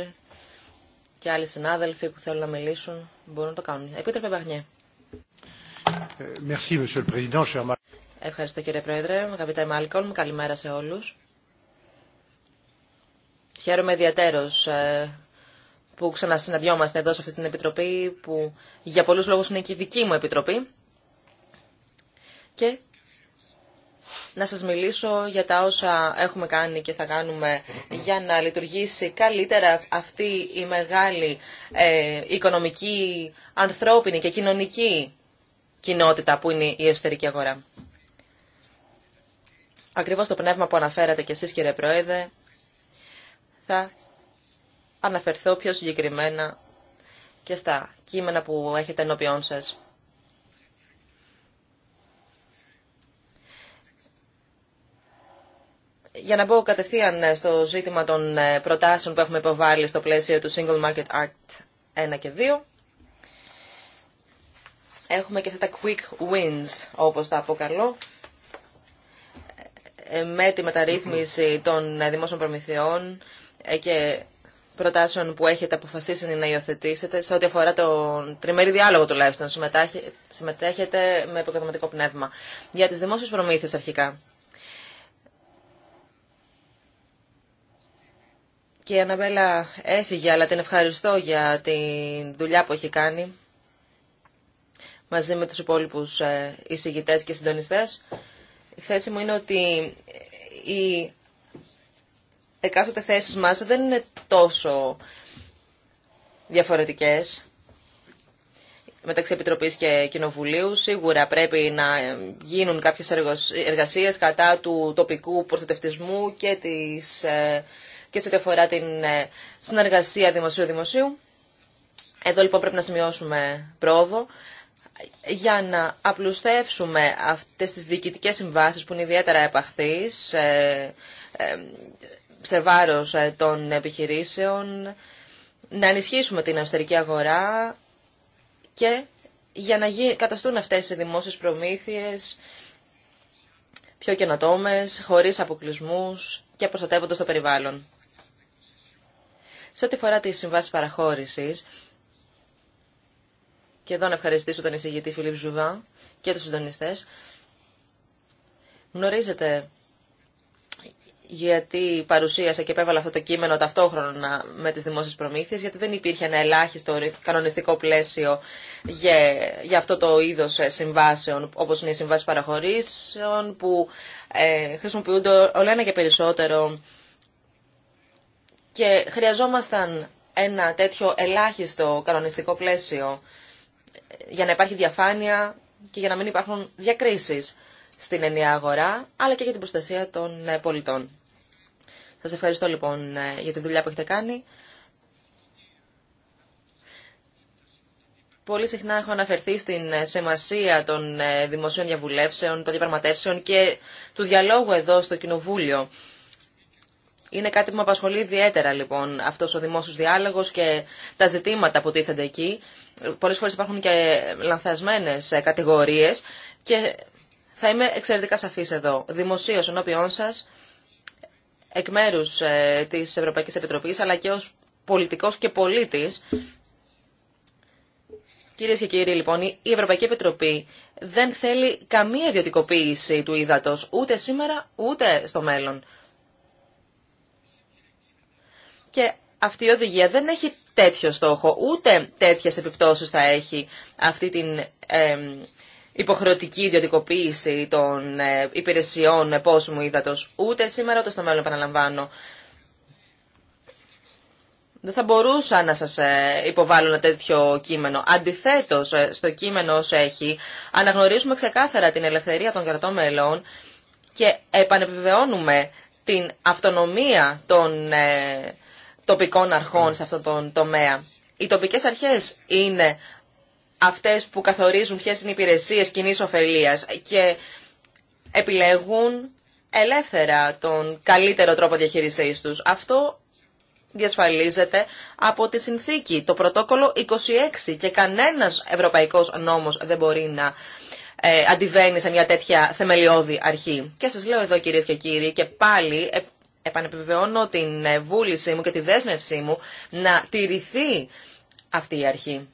και άλλοι συνάδελφοι που θέλουν να μιλήσουν μπορούν να το κάνουν. Επίτροπε Μπαγνιέ. Ε, Ευχαριστώ κύριε Πρόεδρε. Αγαπητέ Μάλκολμ, καλημέρα σε όλους. Χαίρομαι ιδιαίτερος ε, που ξανασυναντιόμαστε εδώ σε αυτή την επιτροπή που για πολλούς λόγους είναι και η δική μου επιτροπή. Και να σας μιλήσω για τα όσα έχουμε κάνει και θα κάνουμε για να λειτουργήσει καλύτερα αυτή η μεγάλη ε, οικονομική, ανθρώπινη και κοινωνική κοινότητα που είναι η εσωτερική αγορά ακριβώς το πνεύμα που αναφέρατε και εσείς κύριε Πρόεδρε, θα αναφερθώ πιο συγκεκριμένα και στα κείμενα που έχετε ενώπιόν σας. Για να μπω κατευθείαν στο ζήτημα των ε, προτάσεων που έχουμε υποβάλει στο πλαίσιο του Single Market Act 1 και 2, έχουμε και αυτά τα quick wins, όπως τα αποκαλώ, με τη μεταρρύθμιση των δημόσιων προμηθειών ε, και προτάσεων που έχετε αποφασίσει να υιοθετήσετε σε ό,τι αφορά τον τριμερή διάλογο τουλάχιστον. Συμμετέχετε με επαγγελματικό πνεύμα. Για τις δημόσιες προμήθειες αρχικά. Και η Αναβέλα έφυγε, αλλά την ευχαριστώ για τη δουλειά που έχει κάνει μαζί με τους υπόλοιπους ε, εισηγητές και συντονιστές. Η θέση μου είναι ότι οι εκάστοτε θέσεις μας δεν είναι τόσο διαφορετικές μεταξύ Επιτροπής και Κοινοβουλίου. Σίγουρα πρέπει να γίνουν κάποιες εργασίες κατά του τοπικού προστατευτισμού και, της, ε, και σε ό,τι αφορά την ε, συνεργασία δημοσίου-δημοσίου. Εδώ λοιπόν πρέπει να σημειώσουμε πρόοδο για να απλουστεύσουμε αυτές τις διοικητικές συμβάσεις που είναι ιδιαίτερα επαχθείς ε, ε, σε βάρος ε, των επιχειρήσεων, να ενισχύσουμε την ευστερική αγορά και για να καταστούν αυτές οι δημόσιες προμήθειες πιο καινοτόμες, χωρίς αποκλεισμούς και προστατεύοντας το περιβάλλον. Σε ό,τι φορά τις συμβάσεις παραχώρησης, και εδώ να ευχαριστήσω τον εισηγητή Φιλίπ Ζουβά και τους συντονιστές. Γνωρίζετε γιατί παρουσίασα και επέβαλα αυτό το κείμενο ταυτόχρονα με τις δημόσιες προμήθειες, γιατί δεν υπήρχε ένα ελάχιστο κανονιστικό πλαίσιο για, για αυτό το είδος ε, συμβάσεων, όπως είναι οι συμβάσεις παραχωρήσεων, που ε, χρησιμοποιούνται όλο ένα και περισσότερο. Και χρειαζόμασταν ένα τέτοιο ελάχιστο κανονιστικό πλαίσιο για να υπάρχει διαφάνεια και για να μην υπάρχουν διακρίσεις στην ενιαία αγορά, αλλά και για την προστασία των ε, πολιτών. Σας ευχαριστώ λοιπόν ε, για τη δουλειά που έχετε κάνει. Πολύ συχνά έχω αναφερθεί στην ε, σημασία των δημοσίων διαβουλεύσεων, των διαπραγματεύσεων και του διαλόγου εδώ στο Κοινοβούλιο είναι κάτι που με απασχολεί ιδιαίτερα λοιπόν αυτός ο δημόσιος διάλογο και τα ζητήματα που τίθενται εκεί. Πολλές φορές υπάρχουν και λανθασμένες ε, κατηγορίες και θα είμαι εξαιρετικά σαφή εδώ. Δημοσίω ενώπιόν σας, εκ μέρους ε, της Ευρωπαϊκής Επιτροπής, αλλά και ως πολιτικός και πολίτης, Κυρίε και κύριοι, λοιπόν, η Ευρωπαϊκή Επιτροπή δεν θέλει καμία ιδιωτικοποίηση του ύδατο ούτε σήμερα ούτε στο μέλλον. Και αυτή η οδηγία δεν έχει τέτοιο στόχο, ούτε τέτοιες επιπτώσεις θα έχει αυτή την ε, υποχρεωτική ιδιωτικοποίηση των ε, υπηρεσιών ε, πόσμου ύδατος, ούτε σήμερα ούτε στο μέλλον επαναλαμβάνω. Δεν θα μπορούσα να σας ε, υποβάλω ένα τέτοιο κείμενο. Αντιθέτως, στο κείμενο όσο έχει, αναγνωρίζουμε ξεκάθαρα την ελευθερία των κρατών μελών και επανεπιβεβαιώνουμε την αυτονομία των τοπικών αρχών σε αυτόν τον τομέα. Οι τοπικές αρχές είναι αυτές που καθορίζουν ποιες είναι οι υπηρεσίες κοινή ωφελία και επιλέγουν ελεύθερα τον καλύτερο τρόπο διαχείρισής τους. Αυτό διασφαλίζεται από τη συνθήκη, το πρωτόκολλο 26 και κανένας ευρωπαϊκός νόμος δεν μπορεί να ε, αντιβαίνει σε μια τέτοια θεμελιώδη αρχή. Και σας λέω εδώ κυρίες και κύριοι και πάλι ε, επανεπιβεβαιώνω την βούλησή μου και τη δέσμευσή μου να τηρηθεί αυτή η αρχή.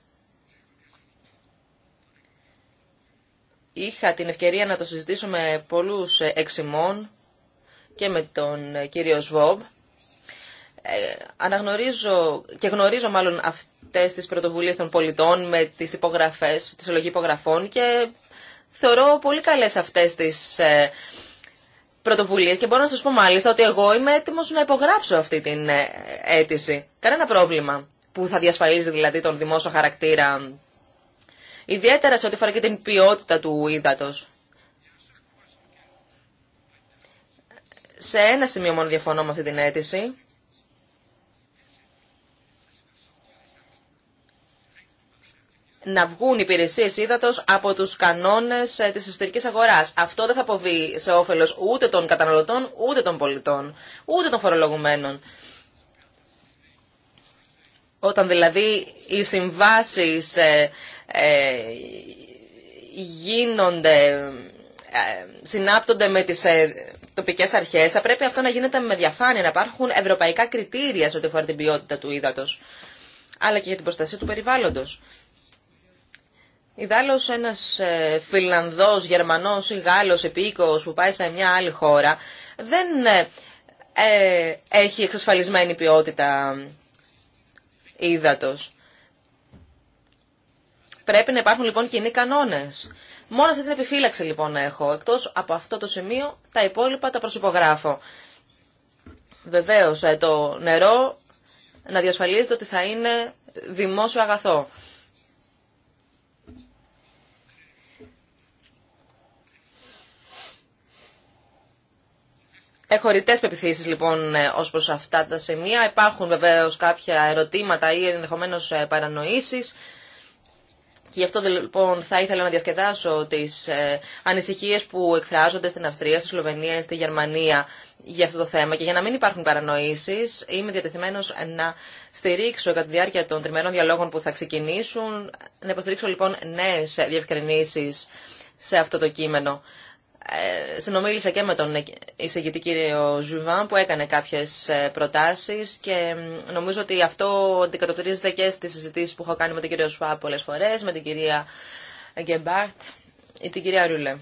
Είχα την ευκαιρία να το συζητήσω με πολλούς εξημών και με τον κύριο Σβόμπ. Ε, αναγνωρίζω και γνωρίζω μάλλον αυτές τις πρωτοβουλίες των πολιτών με τις υπογραφές, τη συλλογή υπογραφών και θεωρώ πολύ καλές αυτές τις ε, και μπορώ να σα πω μάλιστα ότι εγώ είμαι έτοιμος να υπογράψω αυτή την ε, αίτηση. Κανένα πρόβλημα που θα διασφαλίζει δηλαδή τον δημόσιο χαρακτήρα, ιδιαίτερα σε ό,τι αφορά και την ποιότητα του ύδατο. Σε ένα σημείο μόνο διαφωνώ με αυτή την αίτηση. να βγουν υπηρεσίε ύδατο από του κανόνε ε, τη εσωτερική αγορά. Αυτό δεν θα αποβεί σε όφελο ούτε των καταναλωτών, ούτε των πολιτών, ούτε των φορολογουμένων. Όταν δηλαδή οι συμβάσει ε, ε, γίνονται, ε, συνάπτονται με τις τοπικές αρχές, θα πρέπει αυτό να γίνεται με διαφάνεια, να υπάρχουν ευρωπαϊκά κριτήρια σε ό,τι αφορά την ποιότητα του ύδατο, αλλά και για την προστασία του περιβάλλοντος. Ιδάλλως ένας ε, Φιλανδό, Γερμανός ή Γάλλος επίοικο που πάει σε μια άλλη χώρα δεν ε, ε, έχει εξασφαλισμένη ποιότητα ύδατο. Πρέπει να υπάρχουν λοιπόν κοινοί κανόνε. Μόνο αυτή την επιφύλαξη λοιπόν έχω. Εκτός από αυτό το σημείο τα υπόλοιπα τα προσυπογράφω. Βεβαίως το νερό να διασφαλίζεται ότι θα είναι δημόσιο αγαθό. Ε, ρητέ πεπιθήσεις λοιπόν ε, ως προς αυτά τα σημεία. Υπάρχουν βεβαίως κάποια ερωτήματα ή ενδεχομένως ε, παρανοήσεις. Και γι' αυτό λοιπόν θα ήθελα να διασκεδάσω τις ανησυχίες που εκφράζονται στην Αυστρία, στη Σλοβενία, στη Γερμανία για αυτό το θέμα. Και για να μην υπάρχουν παρανοήσεις, είμαι διατεθειμένος να στηρίξω κατά τη διάρκεια των τριμερών διαλόγων που θα ξεκινήσουν, να υποστηρίξω λοιπόν νέες διευκρινήσεις σε αυτό το κείμενο. Ε, συνομίλησα και με τον εισηγητή κύριο Ζουβάν που έκανε κάποιες ε, προτάσεις και νομίζω ότι αυτό αντικατοπτρίζεται και στις συζητήσεις που έχω κάνει με τον κύριο Σουά πολλές φορές, με την κυρία Γκεμπάρτ ή την κυρία Ρούλε.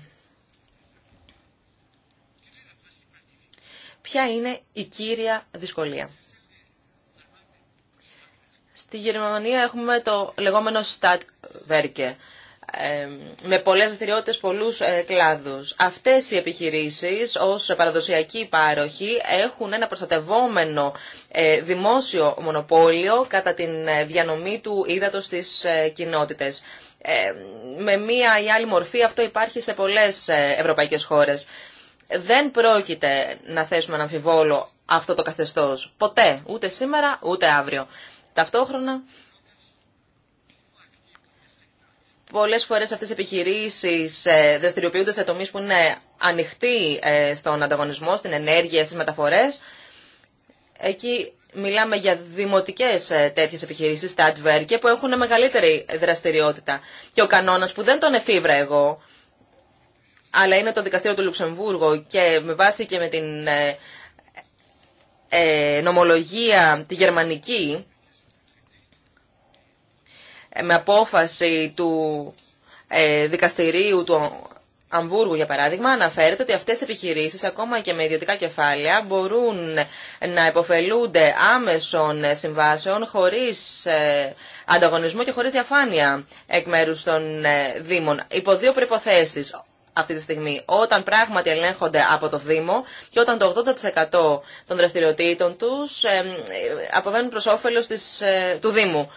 Ποια είναι η κύρια δυσκολία. Στη Γερμανία έχουμε το λεγόμενο Stadtwerke, με πολλές δραστηριότητε, πολλούς ε, κλάδους. Αυτές οι επιχειρήσεις ως παραδοσιακή πάροχοι έχουν ένα προστατευόμενο ε, δημόσιο μονοπόλιο κατά την ε, διανομή του ύδατος στις κοινότητες. Με μία ή άλλη μορφή αυτό υπάρχει σε πολλές ευρωπαϊκές χώρες. Δεν πρόκειται να θέσουμε να αμφιβόλο αυτό το καθεστώς. Ποτέ. Ούτε σήμερα, ούτε αύριο. Ταυτόχρονα Πολλέ φορές αυτές οι επιχειρήσεις ε, δραστηριοποιούνται σε τομείς που είναι ανοιχτοί ε, στον ανταγωνισμό, στην ενέργεια, στις μεταφορές. Εκεί μιλάμε για δημοτικές ε, τέτοιε επιχειρήσεις, τα και που έχουν μεγαλύτερη δραστηριότητα. Και ο κανόνας που δεν τον εφήβρα εγώ, αλλά είναι το δικαστήριο του Λουξεμβούργου και με βάση και με την νομολογία τη γερμανική, με απόφαση του ε, δικαστηρίου του Αμβούργου, για παράδειγμα, αναφέρεται ότι αυτές οι επιχειρήσεις, ακόμα και με ιδιωτικά κεφάλαια, μπορούν να υποφελούνται άμεσων συμβάσεων χωρίς ε, ανταγωνισμό και χωρίς διαφάνεια εκ μέρους των ε, Δήμων. Υπό δύο προϋποθέσεις αυτή τη στιγμή, όταν πράγματι ελέγχονται από το Δήμο και όταν το 80% των δραστηριοτήτων τους αποβαίνουν προς όφελος του Δήμου.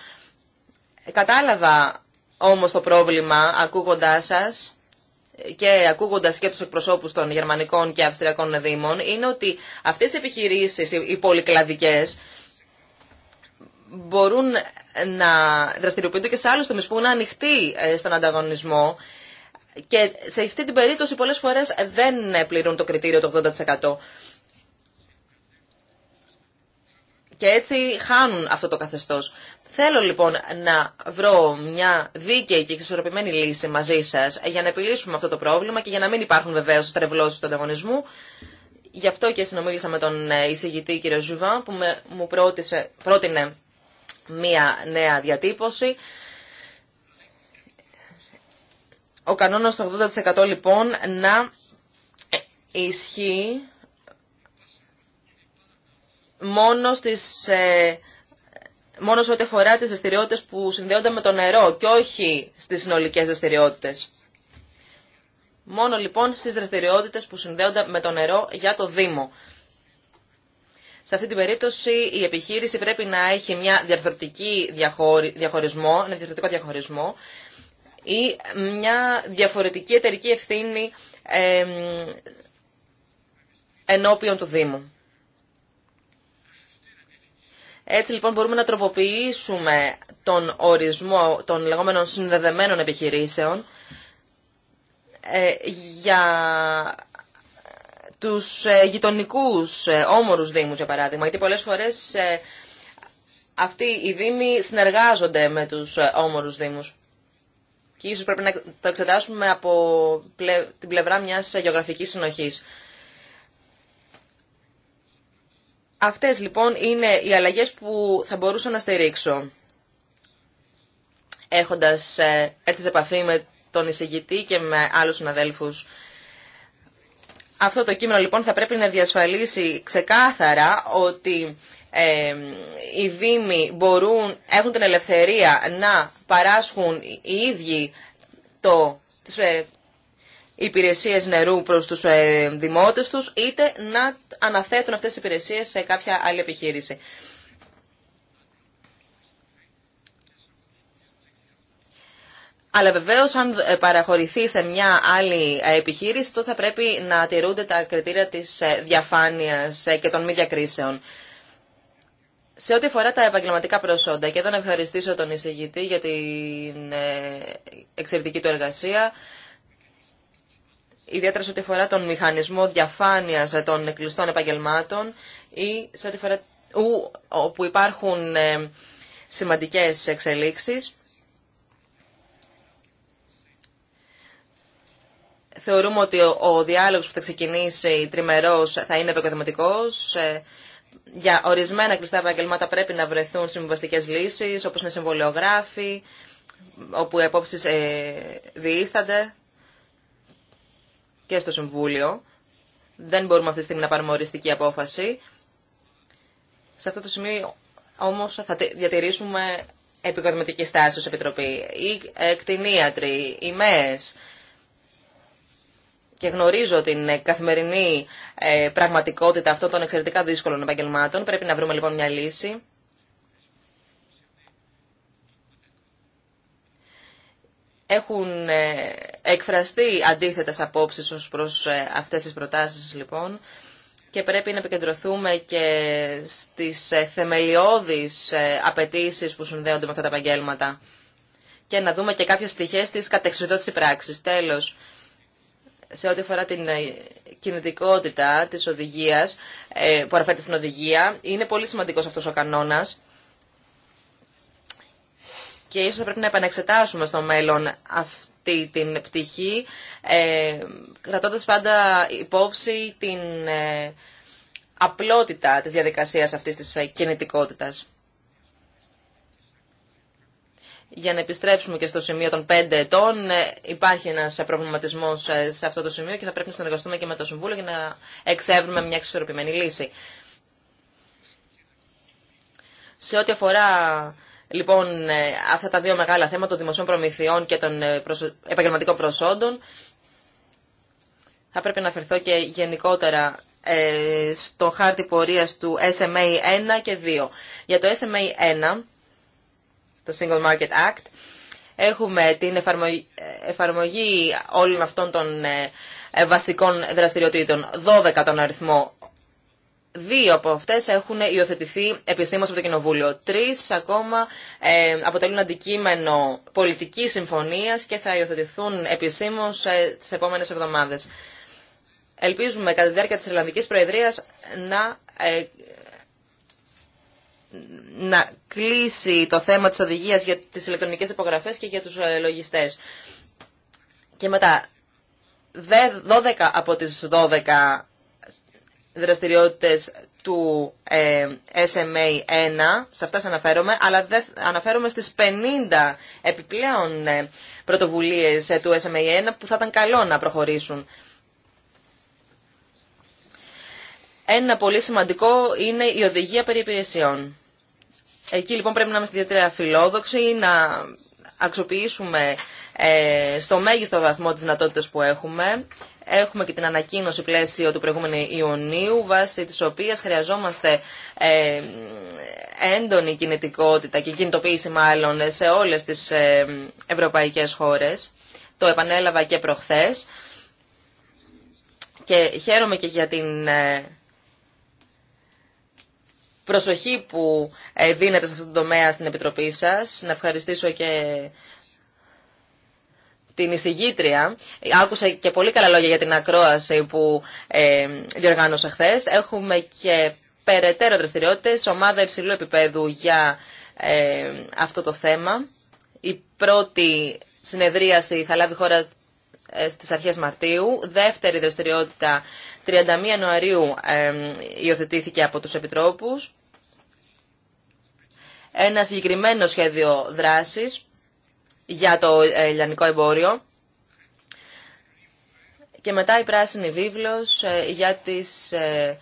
Κατάλαβα όμως το πρόβλημα ακούγοντάς σας και ακούγοντας και τους εκπροσώπους των γερμανικών και αυστριακών δήμων είναι ότι αυτές οι επιχειρήσεις, οι πολυκλαδικές, μπορούν να δραστηριοποιούνται και σε άλλους τομείς που είναι ανοιχτοί ε, στον ανταγωνισμό και σε αυτή την περίπτωση πολλές φορές δεν πληρούν το κριτήριο το 80%. Και έτσι χάνουν αυτό το καθεστώς. Θέλω λοιπόν να βρω μια δίκαιη και εξισορροπημένη λύση μαζί σα για να επιλύσουμε αυτό το πρόβλημα και για να μην υπάρχουν βεβαίω στρεβλώσει του ανταγωνισμού. Γι' αυτό και συνομίλησα με τον ε, εισηγητή κ. Ζουβά που μου πρότισε, πρότεινε μια νέα διατύπωση. Ο κανόνας του 80% λοιπόν να ε, ισχύει μόνο στις... Ε, μόνο σε ό,τι αφορά τι δραστηριότητε που συνδέονται με το νερό και όχι στις συνολικέ δραστηριότητε. Μόνο λοιπόν στις δραστηριότητε που συνδέονται με το νερό για το Δήμο. Σε αυτή την περίπτωση η επιχείρηση πρέπει να έχει μια διαφορετική διαχωρισμό, ένα διαρθρωτικό διαχωρισμό ή μια διαφορετική εταιρική ευθύνη ενώπιον του Δήμου. Έτσι λοιπόν μπορούμε να τροποποιήσουμε τον ορισμό των λεγόμενων συνδεδεμένων επιχειρήσεων ε, για τους ε, γειτονικούς ε, όμορους δήμους, για παράδειγμα, γιατί πολλές φορές αυτοί οι δήμοι συνεργάζονται με τους όμορους δήμους. Και ίσως πρέπει να το εξετάσουμε από την πλευρά μιας γεωγραφικής συνοχής. Αυτές λοιπόν είναι οι αλλαγές που θα μπορούσα να στηρίξω. Έχοντας ε, έρθει σε επαφή με τον εισηγητή και με άλλους συναδέλφους. Αυτό το κείμενο λοιπόν θα πρέπει να διασφαλίσει ξεκάθαρα ότι ε, οι Δήμοι μπορούν, έχουν την ελευθερία να παράσχουν οι ίδιοι το, ε, Υπηρεσίε νερού προς τους ε, δημότε τους, είτε να αναθέτουν αυτές τις υπηρεσίε σε κάποια άλλη επιχείρηση. Αλλά βεβαίω, αν ε, παραχωρηθεί σε μια άλλη ε, επιχείρηση, τότε θα πρέπει να τηρούνται τα κριτήρια της διαφάνειας και των μη διακρίσεων. Σε ό,τι αφορά τα επαγγελματικά προσόντα, και εδώ να ευχαριστήσω τον εισηγητή για την εξαιρετική του εργασία, ιδιαίτερα σε ό,τι αφορά τον μηχανισμό διαφάνειας των κλειστών επαγγελμάτων ή σε ό,τι όπου υπάρχουν ε, σημαντικές εξελίξεις. Θεωρούμε ότι ο διάλογος που θα ξεκινήσει τριμερός θα είναι επικοδηματικός. Ε, για ορισμένα κλειστά επαγγελμάτα πρέπει να βρεθούν συμβαστικές λύσεις, όπως είναι συμβολιογράφοι, όπου οι απόψεις ε, διείστανται και στο Συμβούλιο. Δεν μπορούμε αυτή τη στιγμή να πάρουμε οριστική απόφαση. Σε αυτό το σημείο όμως θα διατηρήσουμε επικοδηματική στάση ως Επιτροπή. Οι εκτινίατροι, οι ΜΕΕΣ και γνωρίζω την ε, καθημερινή ε, πραγματικότητα αυτών των εξαιρετικά δύσκολων επαγγελμάτων. Πρέπει να βρούμε λοιπόν μια λύση Έχουν ε, εκφραστεί αντίθετες απόψεις ως προς ε, αυτές τις προτάσεις λοιπόν και πρέπει να επικεντρωθούμε και στις ε, θεμελιώδεις απαιτήσεις που συνδέονται με αυτά τα επαγγέλματα και να δούμε και κάποιες στοιχές της κατεξοδότησης πράξης. Τέλος, σε ό,τι αφορά την κινητικότητα της οδηγίας, που αναφέρεται στην οδηγία, είναι πολύ σημαντικός αυτός ο κανόνας και ίσως θα πρέπει να επανεξετάσουμε στο μέλλον αυτή την πτυχή, ε, κρατώντας πάντα υπόψη την ε, απλότητα της διαδικασίας αυτής της ε, κινητικότητας. Για να επιστρέψουμε και στο σημείο των 5 ετών, ε, υπάρχει ένας προβληματισμός σε αυτό το σημείο και θα πρέπει να συνεργαστούμε και με το Συμβούλιο για να εξεύρουμε μια εξισορροπημένη λύση. Σε ό,τι αφορά λοιπόν ε, αυτά τα δύο μεγάλα θέματα των δημοσίων προμηθειών και των ε, επαγγελματικών προσόντων. Θα πρέπει να αφαιρθώ και γενικότερα ε, στο χάρτη πορείας του SMA 1 και 2. Για το SMA 1, το Single Market Act, έχουμε την εφαρμογή όλων αυτών των βασικών δραστηριοτήτων, 12 τον αριθμό Δύο από αυτέ έχουν υιοθετηθεί επισήμω από το Κοινοβούλιο. Τρεις ακόμα ε, αποτελούν αντικείμενο πολιτικής συμφωνίας και θα υιοθετηθούν επισήμω ε, τις επόμενες εβδομάδες. Ελπίζουμε κατά τη διάρκεια της Ιρλανδική Προεδρίας να, ε, να κλείσει το θέμα της οδηγία για τις ηλεκτρονικές υπογραφέ και για τους ε, λογιστέ. Και μετά, 12 από τις 12 δραστηριότητες του ε, SMA1, σε αυτές αναφέρομαι, αλλά δεν αναφέρομαι στις 50 επιπλέον ε, πρωτοβουλίες ε, του SMA1 που θα ήταν καλό να προχωρήσουν. Ένα πολύ σημαντικό είναι η οδηγία περί Εκεί λοιπόν πρέπει να είμαστε ιδιαίτερα φιλόδοξοι, να αξιοποιήσουμε στο μέγιστο βαθμό τις δυνατότητες που έχουμε Έχουμε και την ανακοίνωση πλαίσιο του προηγούμενου Ιουνίου, βάσει της οποίας χρειαζόμαστε ε, έντονη κινητικότητα και κινητοποίηση μάλλον σε όλες τις ε, ευρωπαϊκές χώρες. Το επανέλαβα και προχθές. Και χαίρομαι και για την ε, προσοχή που δίνετε σε αυτό το τομέα στην Επιτροπή σας. Να ευχαριστήσω και την εισηγήτρια. Άκουσα και πολύ καλά λόγια για την ακρόαση που ε, χθε. Έχουμε και περαιτέρω δραστηριότητε, ομάδα υψηλού επίπεδου για ε, αυτό το θέμα. Η πρώτη συνεδρίαση θα λάβει χώρα ε, στις αρχές Μαρτίου. Δεύτερη δραστηριότητα 31 Ιανουαρίου ε, υιοθετήθηκε από τους Επιτρόπους. Ένα συγκεκριμένο σχέδιο δράσης για το ε, ελληνικό εμπόριο. Και μετά η πράσινη βίβλος ε, για τις ε,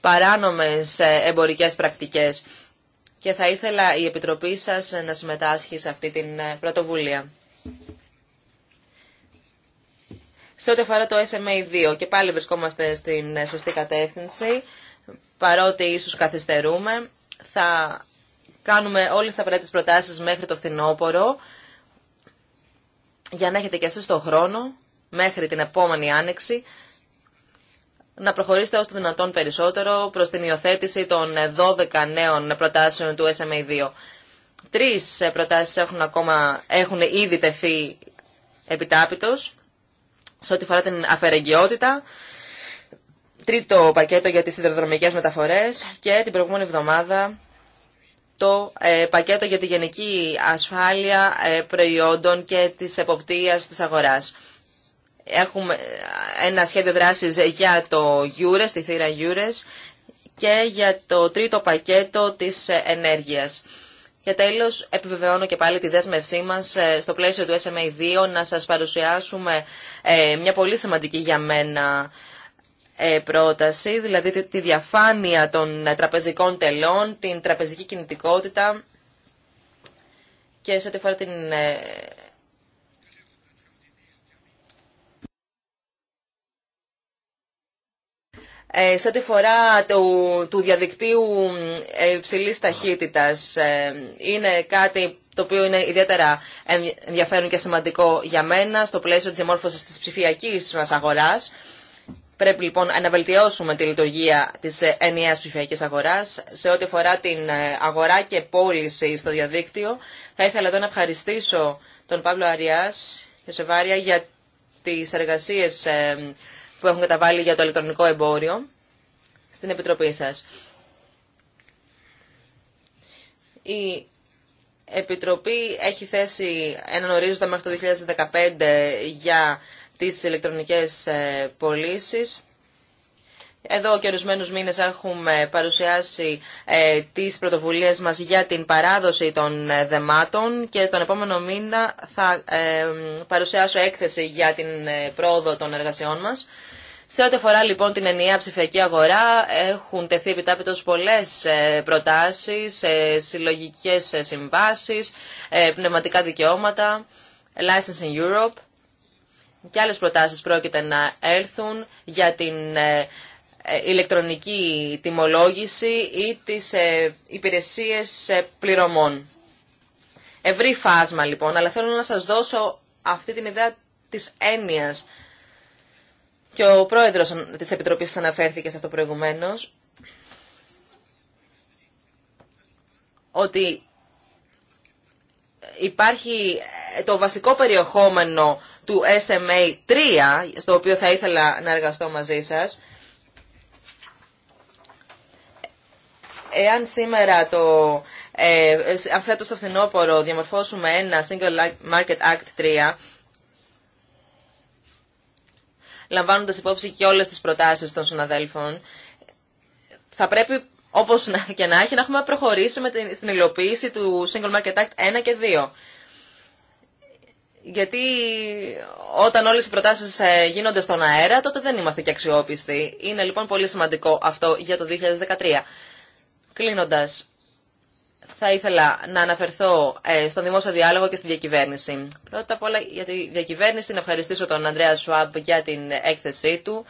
παράνομες εμπορικές πρακτικές. Και θα ήθελα η Επιτροπή σας να συμμετάσχει σε αυτή την πρωτοβουλία. Σε ό,τι αφορά το SMA2 και πάλι βρισκόμαστε στην σωστή κατεύθυνση, παρότι ίσως καθυστερούμε, θα κάνουμε όλες τις απαραίτητες προτάσεις μέχρι το φθινόπωρο για να έχετε και εσείς το χρόνο μέχρι την επόμενη άνοιξη να προχωρήσετε όσο το δυνατόν περισσότερο προς την υιοθέτηση των 12 νέων προτάσεων του SMA2. Τρεις προτάσεις έχουν, ακόμα, έχουν ήδη τεθεί επιτάπητος σε ό,τι αφορά την αφαιρεγγιότητα, τρίτο πακέτο για τις σιδηροδρομικές μεταφορές και την προηγούμενη εβδομάδα το ε, πακέτο για τη γενική ασφάλεια ε, προϊόντων και της εποπτείας της αγοράς. Έχουμε ε, ένα σχέδιο δράσης για το Eures, τη θύρα Eures και για το τρίτο πακέτο της ενέργειας. Και τέλος, επιβεβαιώνω και πάλι τη δέσμευσή μας στο πλαίσιο του SMA2 να σας παρουσιάσουμε μια πολύ σημαντική για μένα ε, πρόταση, δηλαδή τη διαφάνεια των ε, τραπεζικών τελών, την τραπεζική κινητικότητα και σε ό,τι αφορά την ε, σε φορά του, του διαδικτύου υψηλή ταχύτητα. Είναι κάτι το οποίο είναι ιδιαίτερα ενδιαφέρον και σημαντικό για μένα στο πλαίσιο τη εμόρφωση της ψηφιακής μα αγορά. Πρέπει λοιπόν να βελτιώσουμε τη λειτουργία της ενιαίας ψηφιακής αγοράς σε ό,τι αφορά την ε, αγορά και πώληση στο διαδίκτυο. Θα ήθελα εδώ να ευχαριστήσω τον Παύλο Αριάς και Σεβάρια για τις εργασίες ε, που έχουν καταβάλει για το ηλεκτρονικό εμπόριο στην Επιτροπή σας. Η Επιτροπή έχει θέσει έναν ορίζοντα μέχρι το 2015 για τις ηλεκτρονικές ε, πωλήσει. Εδώ και ορισμένου μήνες έχουμε παρουσιάσει ε, τις πρωτοβουλίες μας για την παράδοση των ε, δεμάτων και τον επόμενο μήνα θα παρουσιάσω έκθεση για την πρόοδο των εργασιών μας. Σε ό,τι αφορά λοιπόν την ενιαία ψηφιακή αγορά, έχουν τεθεί επιτάπητος πολλές προτάσεις, συλλογικές συμβάσεις, πνευματικά δικαιώματα, License in Europe και άλλες προτάσεις πρόκειται να έρθουν για την ε, ε, ηλεκτρονική τιμολόγηση ή τις ε, υπηρεσίες πληρωμών. Ευρύ φάσμα λοιπόν, αλλά θέλω να σας δώσω αυτή την ιδέα της έννοιας και ο πρόεδρος της Επιτροπής αναφέρθηκε σε αυτό προηγουμένως, ότι υπάρχει το βασικό περιεχόμενο του SMA 3, στο οποίο θα ήθελα να εργαστώ μαζί σας. Εάν σήμερα το... Ε, αν φέτος το φθινόπωρο διαμορφώσουμε ένα Single Market Act 3, λαμβάνοντας υπόψη και όλες τις προτάσεις των συναδέλφων, θα πρέπει όπως και να έχει να έχουμε προχωρήσει με την, στην υλοποίηση του Single Market Act 1 και 2. Γιατί όταν όλες οι προτάσεις ε, γίνονται στον αέρα, τότε δεν είμαστε και αξιόπιστοι. Είναι λοιπόν πολύ σημαντικό αυτό για το 2013. Κλείνοντας, θα ήθελα να αναφερθώ ε, στον δημόσιο διάλογο και στη διακυβέρνηση. Πρώτα απ' όλα για τη διακυβέρνηση, να ευχαριστήσω τον Ανδρέα Σουάμπ για την έκθεσή του,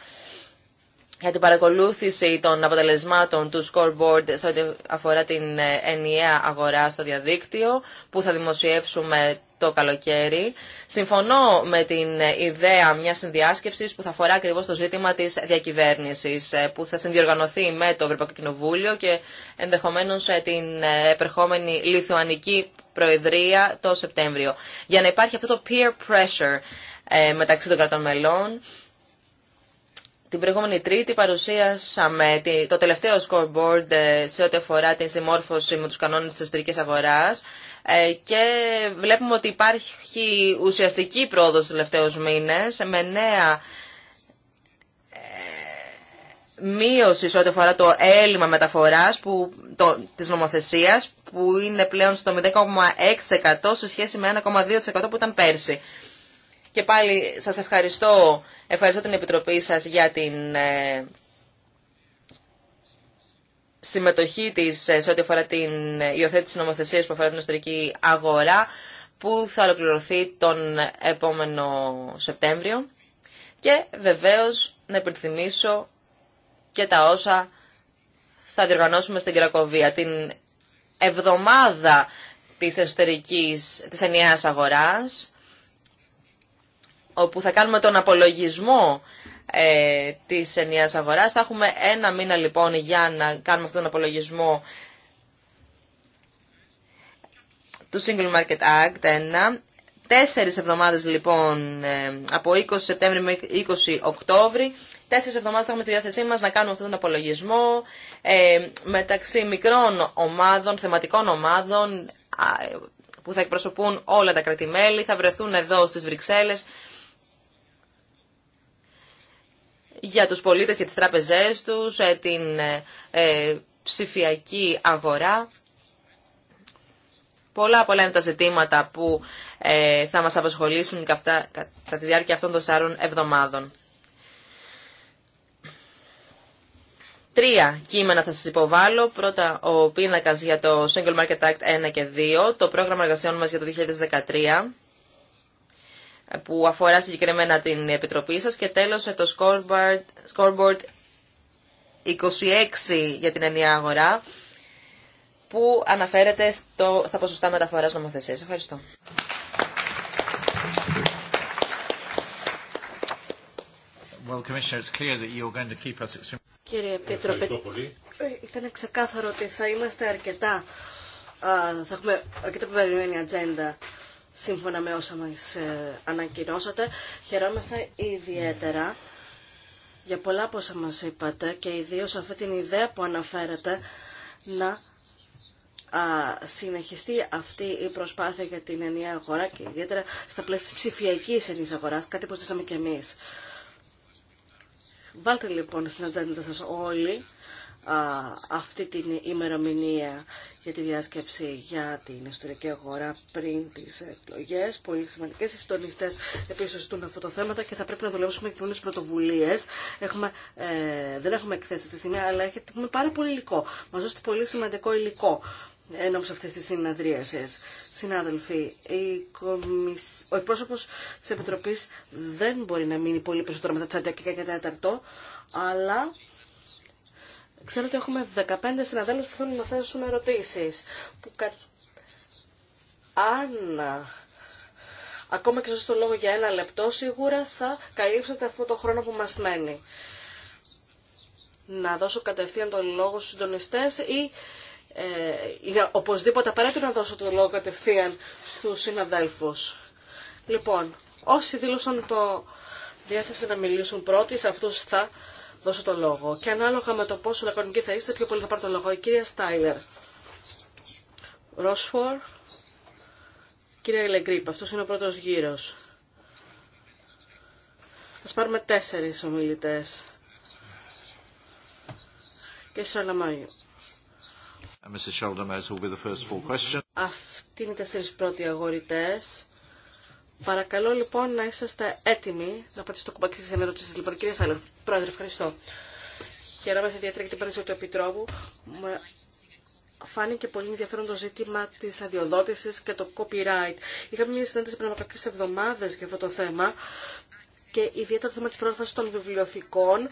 για την παρακολούθηση των αποτελεσμάτων του scoreboard σε ό,τι αφορά την ε, ενιαία αγορά στο διαδίκτυο, που θα δημοσιεύσουμε το καλοκαίρι. Συμφωνώ με την ιδέα μια συνδιάσκεψη που θα αφορά ακριβώ το ζήτημα τη διακυβέρνηση, ε, που θα συνδιοργανωθεί με το Ευρωπαϊκό Κοινοβούλιο και ενδεχομένω ε, την ε, επερχόμενη Λιθουανική Προεδρία το Σεπτέμβριο. Για να υπάρχει αυτό το peer pressure μεταξύ των κρατών μελών, την προηγούμενη Τρίτη παρουσίασαμε το τελευταίο scoreboard ε, σε ό,τι αφορά την συμμόρφωση με τους κανόνες της εσωτερικής αγοράς ε, και βλέπουμε ότι υπάρχει ουσιαστική πρόοδος στους τελευταίους μήνες με νέα ε, μείωση σε ό,τι αφορά το έλλειμμα μεταφοράς που, νομοθεσία, της νομοθεσίας που είναι πλέον στο 0,6% σε σχέση με 1,2% που ήταν πέρσι. Και πάλι σας ευχαριστώ, ευχαριστώ την Επιτροπή σας για την ε, συμμετοχή της ε, σε ό,τι αφορά την υιοθέτηση νομοθεσίας που αφορά την εσωτερική αγορά που θα ολοκληρωθεί τον επόμενο Σεπτέμβριο. Και βεβαίως να υπενθυμίσω και τα όσα θα διοργανώσουμε στην Κρακοβία. Την εβδομάδα της εσωτερικής, της ενιαίας αγοράς, όπου θα κάνουμε τον απολογισμό ε, της ενιαίας αγοράς. Θα έχουμε ένα μήνα λοιπόν για να κάνουμε αυτόν τον απολογισμό του Single Market Act 1. Τέσσερις εβδομάδες λοιπόν ε, από 20 Σεπτέμβρη με 20 Οκτώβρη. Τέσσερις εβδομάδες θα έχουμε στη διάθεσή μας να κάνουμε αυτόν τον απολογισμό ε, μεταξύ μικρών ομάδων, θεματικών ομάδων ε, που θα εκπροσωπούν όλα τα κρατημέλη, θα βρεθούν εδώ στις Βρυξέλλες για τους πολίτες και τις τράπεζές τους, ε, την ε, ε, ψηφιακή αγορά. Πολλά πολλά είναι τα ζητήματα που θα μας απασχολήσουν κατά τη διάρκεια αυτών των 4 εβδομάδων. Τρία κείμενα θα σας υποβάλω. Πρώτα ο πίνακας για το Single Market Act 1 και 2, το πρόγραμμα εργασιών μας για το 2013 που αφορά συγκεκριμένα την Επιτροπή σας και τέλος ε, το scoreboard, scoreboard 26 για την ενιαία αγορά που αναφέρεται στο, στα ποσοστά μεταφοράς νομοθεσίας. Ευχαριστώ. Well, it's clear that you're going to keep us... Κύριε Επίτροπε, ήταν ξεκάθαρο ότι θα είμαστε αρκετά, θα έχουμε αρκετά περιμένει ατζέντα σύμφωνα με όσα μας ε, ανακοινώσατε. Χαιρόμεθα ιδιαίτερα για πολλά από όσα μας είπατε και ιδίως αυτή την ιδέα που αναφέρατε να συνεχιστεί αυτή η προσπάθεια για την ενιαία αγορά και ιδιαίτερα στα πλαίσια της ψηφιακής ενιαίας αγοράς, κάτι που ζήσαμε και εμείς. Βάλτε λοιπόν στην ατζέντα σας όλοι αυτή την ημερομηνία για τη διάσκεψη για την ιστορική αγορά πριν τι εκλογέ. Πολύ σημαντικές Οι επίσης επίση ζητούν αυτό το θέμα και θα πρέπει να δουλέψουμε με πρωτοβουλίες. πρωτοβουλίε. Ε, δεν έχουμε εκθέσει αυτή τη στιγμή, αλλά έχουμε πάρα πολύ υλικό. Μα δώσετε πολύ σημαντικό υλικό ενώ σε αυτές τις Συνάδελφοι, η κομισ... ο εκπρόσωπο τη Επιτροπή δεν μπορεί να μείνει πολύ περισσότερο μετά τι 11 και 14, αλλά Ξέρω ότι έχουμε 15 συναδέλφους που θέλουν να θέσουν ερωτήσεις. Που κα... Αν ακόμα και σας το λόγο για ένα λεπτό, σίγουρα θα καλύψετε αυτό το χρόνο που μας μένει. Να δώσω κατευθείαν τον λόγο στους συντονιστές ή ε, οπωσδήποτε απαραίτητο να δώσω τον λόγο κατευθείαν στους συναδέλφους. Λοιπόν, όσοι δήλωσαν το διάθεση να μιλήσουν πρώτοι, σε αυτούς θα δώσω το λόγο. Και ανάλογα με το πόσο λακωνική θα είστε, πιο πολύ θα πάρω το λόγο. Η κυρία Στάιλερ. Ρόσφορ. Κυρία Ελεγκρίπ, αυτός είναι ο πρώτος γύρος. Ας πάρουμε τέσσερις ομιλητές. Και Σαλαμάγιο. Αυτή είναι οι τέσσερις πρώτοι αγορητές. Παρακαλώ λοιπόν να είσαστε έτοιμοι να πατήσετε το κουμπάκι τη της Λοιπόν, κύριε Σάλλον, πρόεδρε, ευχαριστώ. Χαίρομαι ιδιαίτερα για την παρουσία του Επιτρόπου. φάνηκε πολύ ενδιαφέρον το ζήτημα τη αδειοδότηση και το copyright. Είχαμε μια συνέντευξη πριν από κάποιε εβδομάδε για αυτό το θέμα και ιδιαίτερα το θέμα τη πρόσβαση των βιβλιοθηκών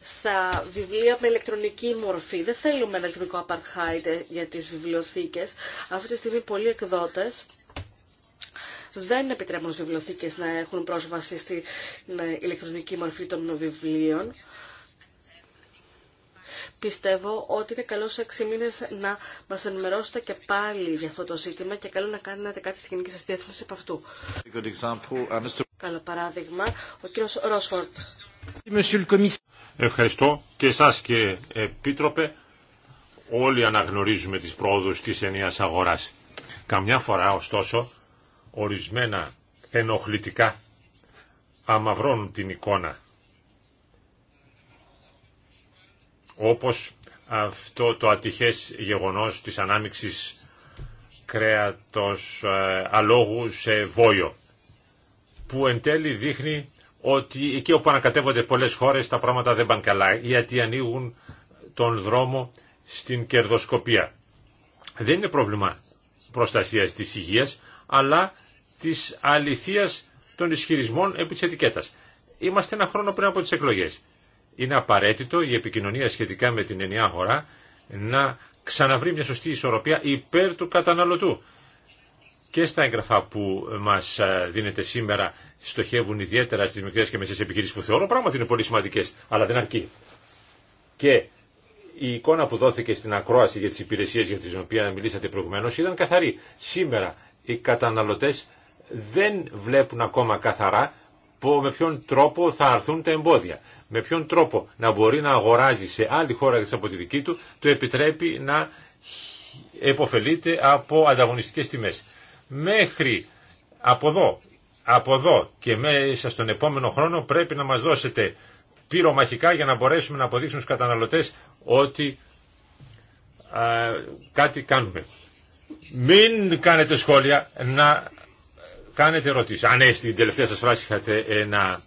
σε βιβλία με ηλεκτρονική μορφή. Δεν θέλουμε ένα ηλεκτρονικό apartheid για τι βιβλιοθήκε. Αυτή τη στιγμή πολλοί εκδότε δεν επιτρέπουν στις βιβλιοθήκες να έχουν πρόσβαση στην ε, ηλεκτρονική μορφή των βιβλίων. Πιστεύω ότι είναι καλό σε έξι μήνε να μα ενημερώσετε και πάλι για αυτό το ζήτημα και καλό να κάνετε κάτι στην κοινή σα διεύθυνση αυτού. Uh, καλό παράδειγμα, ο κύριο Ρόσφορντ. Ευχαριστώ και εσά και Επίτροπε. Όλοι αναγνωρίζουμε τις πρόοδους της ενιαίας αγοράς. Καμιά φορά, ωστόσο, ορισμένα ενοχλητικά αμαυρώνουν την εικόνα. Όπως αυτό το ατυχές γεγονός της ανάμιξης κρέατος ε, αλόγου σε βόλιο, που εν τέλει δείχνει ότι εκεί όπου ανακατεύονται πολλές χώρες τα πράγματα δεν πάνε καλά, γιατί ανοίγουν τον δρόμο στην κερδοσκοπία. Δεν είναι πρόβλημα προστασίας της υγείας, αλλά της αληθείας των ισχυρισμών επί της ετικέτας. Είμαστε ένα χρόνο πριν από τις εκλογές. Είναι απαραίτητο η επικοινωνία σχετικά με την ενιαία αγορά να ξαναβρει μια σωστή ισορροπία υπέρ του καταναλωτού. Και στα έγγραφα που μας ε, δίνεται σήμερα στοχεύουν ιδιαίτερα στις μικρές και μεσές επιχειρήσεις που θεωρώ πράγματι είναι πολύ σημαντικές, αλλά δεν αρκεί. Και η εικόνα που δόθηκε στην ακρόαση για τις υπηρεσίες για τις οποίες μιλήσατε προηγουμένω ήταν καθαρή. Σήμερα οι καταναλωτές δεν βλέπουν ακόμα καθαρά με ποιον τρόπο θα αρθούν τα εμπόδια. Με ποιον τρόπο να μπορεί να αγοράζει σε άλλη χώρα από τη δική του, του επιτρέπει να εποφελείται από ανταγωνιστικές τιμές. Μέχρι από εδώ, από εδώ και μέσα στον επόμενο χρόνο πρέπει να μας δώσετε πυρομαχικά για να μπορέσουμε να αποδείξουμε στους καταναλωτές ότι κάτι κάνουμε. Μην κάνετε σχόλια να κάνετε ερωτήσει. Αν ναι, στην τελευταία σα φράση είχατε ένα,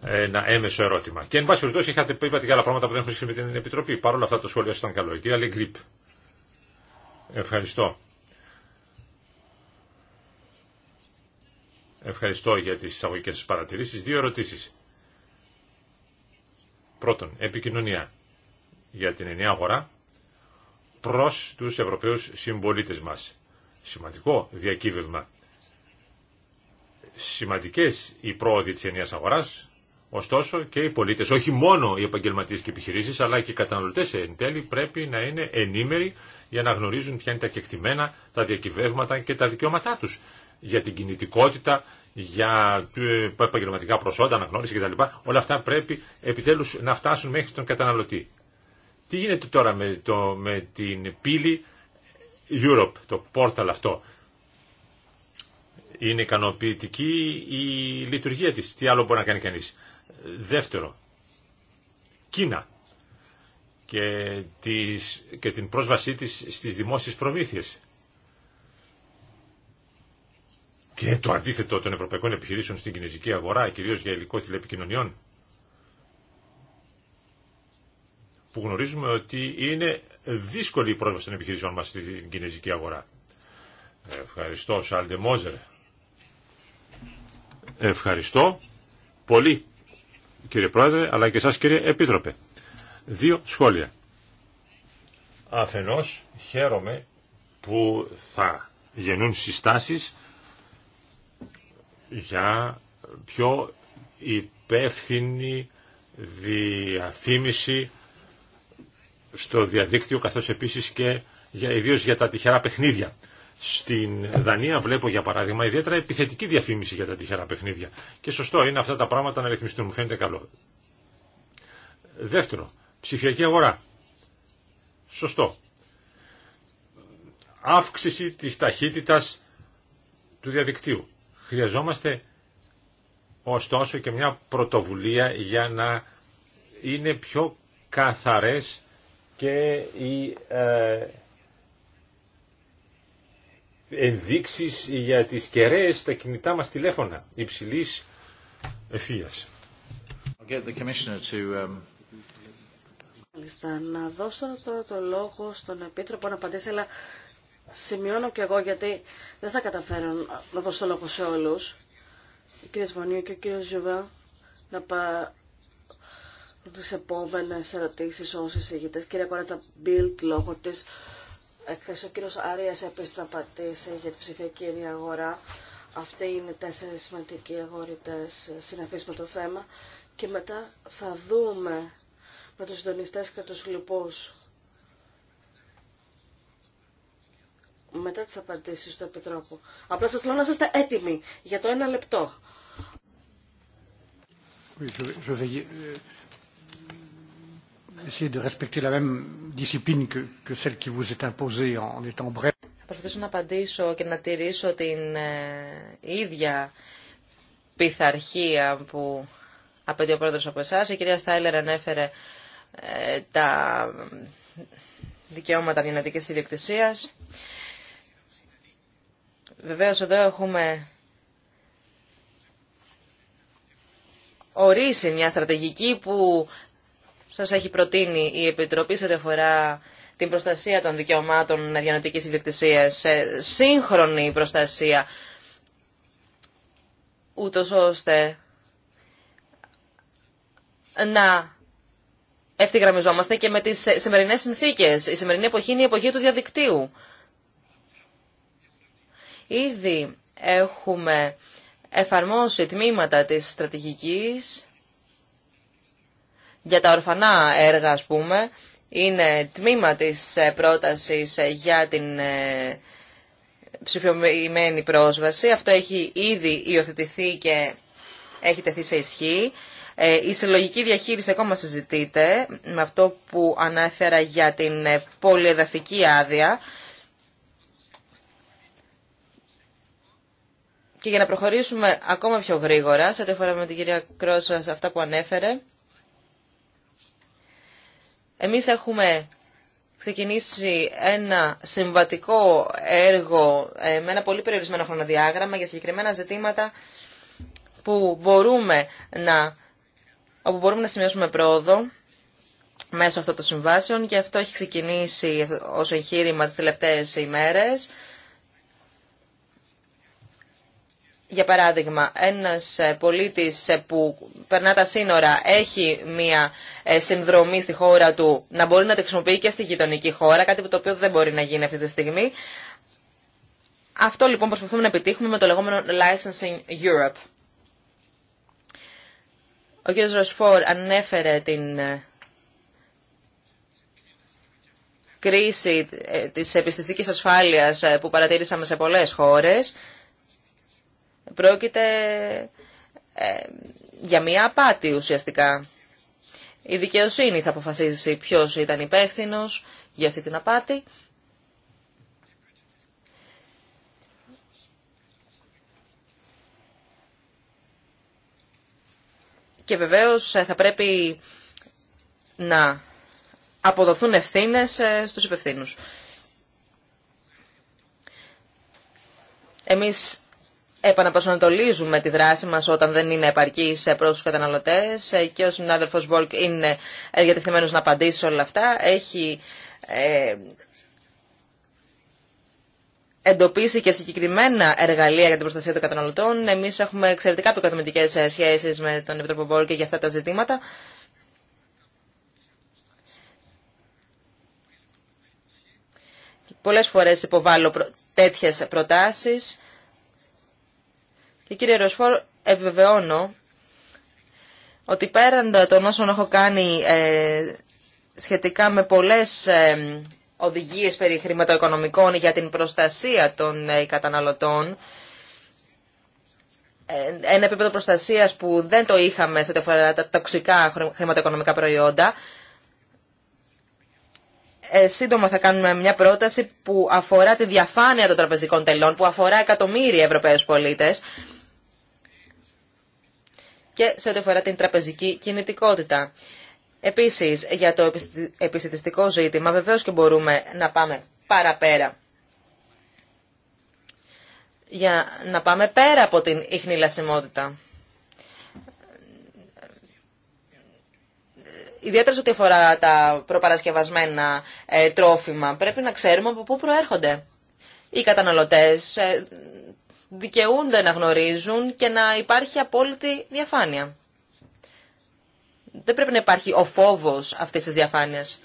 ένα έμεσο ερώτημα. Και εν πάση περιπτώσει είχατε πει και άλλα πράγματα που δεν έχουν σχέση με την Επιτροπή. Παρ' όλα αυτά το σχόλιο ήταν καλό. Κύριε κυρία Ευχαριστώ. Ευχαριστώ για τι εισαγωγικέ σα παρατηρήσει, Δύο ερωτήσει. Πρώτον, επικοινωνία για την ενιαία αγορά προς τους Ευρωπαίους συμπολίτες μας. Σημαντικό διακύβευμα Σημαντικέ οι πρόοδοι τη ενιαία αγορά, ωστόσο και οι πολίτε, όχι μόνο οι επαγγελματίε και επιχειρήσει, αλλά και οι καταναλωτέ εν τέλει πρέπει να είναι ενήμεροι για να γνωρίζουν ποια είναι τα κεκτημένα, τα διακυβεύματα και τα δικαιώματά του, για την κινητικότητα, για ε, επαγγελματικά προσόντα, αναγνώριση κτλ. Όλα αυτά πρέπει επιτέλου να φτάσουν μέχρι τον καταναλωτή. Τι γίνεται τώρα με, το, με την πύλη Europe, το πόρταλ αυτό. Είναι ικανοποιητική η λειτουργία της. Τι άλλο μπορεί να κάνει κανείς. Δεύτερο, Κίνα και, τις, και την πρόσβασή της στις δημόσιες προμήθειες. Και το αντίθετο των ευρωπαϊκών επιχειρήσεων στην κινέζικη αγορά, κυρίως για υλικό τηλεπικοινωνιών, που γνωρίζουμε ότι είναι δύσκολη η πρόσβαση των επιχειρήσεων μας στην κινέζικη αγορά. Ευχαριστώ, Σάλντε Μόζερ. Ευχαριστώ πολύ κύριε Πρόεδρε αλλά και εσάς κύριε Επίτροπε. Δύο σχόλια. Αφενός χαίρομαι που θα γεννούν συστάσεις για πιο υπεύθυνη διαφήμιση στο διαδίκτυο καθώς επίσης και για, ιδίως για τα τυχερά παιχνίδια. Στην Δανία βλέπω για παράδειγμα ιδιαίτερα επιθετική διαφήμιση για τα τυχερά παιχνίδια. Και σωστό είναι αυτά τα πράγματα να ρυθμιστούν, μου φαίνεται καλό. Δεύτερο, ψηφιακή αγορά. Σωστό. Αύξηση της ταχύτητας του διαδικτύου. Χρειαζόμαστε ωστόσο και μια πρωτοβουλία για να είναι πιο καθαρές και οι ε, ενδείξεις για τις κεραίες στα κινητά μας τηλέφωνα υψηλής ευφύειας. Um, Μάλιστα, να δώσω τώρα το λόγο στον Επίτροπο να απαντήσει, αλλά σημειώνω και εγώ γιατί δεν θα καταφέρω να δώσω το λόγο σε όλους. Ο κ. Βονίου και ο κ. Ζουβά να πα τις επόμενες ερωτήσεις όσες ηγητές. Κύριε Κορέτσα Μπίλτ, λόγω της Εχθέ Ο κύριο Άρια επίσης να πατήσει για την ψηφιακή ενιαία αγορά. Αυτοί είναι τέσσερι σημαντικοί αγορητέ συναφεί με το θέμα. Και μετά θα δούμε με του συντονιστέ και του λοιπού. μετά τι απαντήσει του Επιτρόπου. Απλά σα λέω να είστε έτοιμοι για το ένα λεπτό. Θα προσπαθήσω να απαντήσω και να τηρήσω την ε, ίδια πειθαρχία που απαιτεί ο πρόεδρος από εσάς. Η κυρία Στάιλερ ανέφερε ε, τα δικαιώματα δυνατικής ιδιοκτησίας. Βεβαίως εδώ έχουμε ορίσει μια στρατηγική που σας έχει προτείνει η Επιτροπή σε ό,τι αφορά την προστασία των δικαιωμάτων διανοητικής ιδιοκτησίας σε σύγχρονη προστασία, ούτως ώστε να ευθυγραμμιζόμαστε και με τις σημερινές συνθήκες. Η σημερινή εποχή είναι η εποχή του διαδικτύου. Ήδη έχουμε εφαρμόσει τμήματα της στρατηγικής για τα ορφανά έργα, ας πούμε, είναι τμήμα της ε, πρότασης ε, για την ε, ψηφιοποιημένη πρόσβαση. Αυτό έχει ήδη υιοθετηθεί και έχει τεθεί σε ισχύ. Η συλλογική διαχείριση ακόμα συζητείται με αυτό που ανέφερα για την πολυεδαφική άδεια. Και για να προχωρήσουμε ακόμα πιο γρήγορα, σε ό,τι αφορά με την κυρία Κρόσα αυτά που ανέφερε, εμείς έχουμε ξεκινήσει ένα συμβατικό έργο ε, με ένα πολύ περιορισμένο χρονοδιάγραμμα για συγκεκριμένα ζητήματα που μπορούμε να, όπου μπορούμε να σημειώσουμε πρόοδο μέσω αυτών των συμβάσεων και αυτό έχει ξεκινήσει ως εγχείρημα τις τελευταίες ημέρες. για παράδειγμα, ένας ε, πολίτης ε, που περνά τα σύνορα έχει μία ε, συνδρομή στη χώρα του να μπορεί να τη χρησιμοποιεί και στη γειτονική χώρα, κάτι που το οποίο δεν μπορεί να γίνει αυτή τη στιγμή. Αυτό λοιπόν προσπαθούμε να επιτύχουμε με το λεγόμενο Licensing Europe. Ο κ. Ροσφόρ ανέφερε την κρίση της επιστηστικής ασφάλειας που παρατήρησαμε σε πολλές χώρες. Πρόκειται ε, για μια απάτη ουσιαστικά. Η δικαιοσύνη θα αποφασίσει ποιος ήταν υπεύθυνο για αυτή την απάτη. Και βεβαίως ε, θα πρέπει να αποδοθούν ευθύνες ε, στους υπευθύνους. Εμείς επαναπροσανατολίζουμε τη δράση μας όταν δεν είναι επαρκής προς τους καταναλωτές ε, και ο συνάδελφος Μπόρκ είναι διατεθειμένος να απαντήσει σε όλα αυτά. Έχει ε, εντοπίσει και συγκεκριμένα εργαλεία για την προστασία των καταναλωτών. Εμείς έχουμε εξαιρετικά επικοδομητικές ε, σχέσεις με τον Επιτρόπο Μπόρκ για αυτά τα ζητήματα. Πολλές φορές υποβάλλω τέτοιες προτάσεις και κύριε Ροσφόρ, επιβεβαιώνω ότι πέραν των όσων έχω κάνει ε, σχετικά με πολλές ε, οδηγίες περί χρηματοοικονομικών για την προστασία των ε, καταναλωτών, ε, ένα επίπεδο προστασίας που δεν το είχαμε σε τα τοξικά χρηματοοικονομικά προϊόντα, ε, σύντομα θα κάνουμε μια πρόταση που αφορά τη διαφάνεια των τραπεζικών τελών, που αφορά εκατομμύρια Ευρωπαίους πολίτες, και σε ό,τι αφορά την τραπεζική κινητικότητα. Επίσης, για το επιστημιστικό ζήτημα, βεβαίως και μπορούμε να πάμε παραπέρα. Για να πάμε πέρα από την ίχνη λασιμότητα. Ιδιαίτερα σε ό,τι αφορά τα προπαρασκευασμένα ε, τρόφιμα, πρέπει να ξέρουμε από πού προέρχονται. Οι καταναλωτές ε, δικαιούνται να γνωρίζουν και να υπάρχει απόλυτη διαφάνεια. Δεν πρέπει να υπάρχει ο φόβος αυτής της διαφάνειας.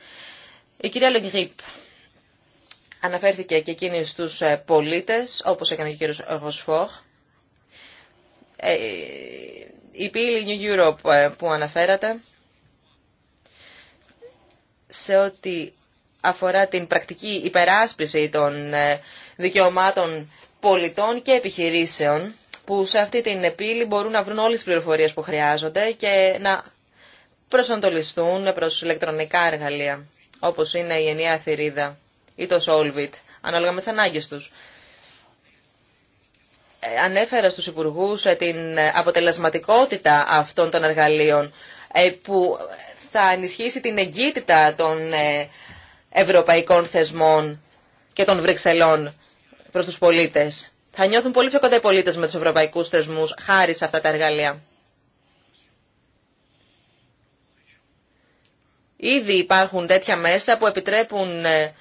Η κυρία Λεγκρίπ αναφέρθηκε και εκείνη στους ε, πολίτες, όπως έκανε και ο κύριος Ροσφόχ. Ε, η πύλη New Europe ε, που αναφέρατε, σε ό,τι αφορά την πρακτική υπεράσπιση των δικαιωμάτων πολιτών και επιχειρήσεων που σε αυτή την επίλη μπορούν να βρουν όλες τις πληροφορίες που χρειάζονται και να προσανατολιστούν προς ηλεκτρονικά εργαλεία, όπως είναι η ενιαία θηρίδα ή το Solvit, ανάλογα με τις ανάγκες τους. Ε, ανέφερα στους υπουργούς ε, την αποτελεσματικότητα αυτών των εργαλείων ε, που θα ενισχύσει την εγκύτητα των ευρωπαϊκών θεσμών και των Βρυξελών Προ του πολίτες. Θα νιώθουν πολύ πιο κοντά οι πολίτες με του Ευρωπαϊκού θεσμού χάρη σε αυτά τα εργαλεία. Ήδη υπάρχουν τέτοια μέσα που επιτρέπουν... Ε,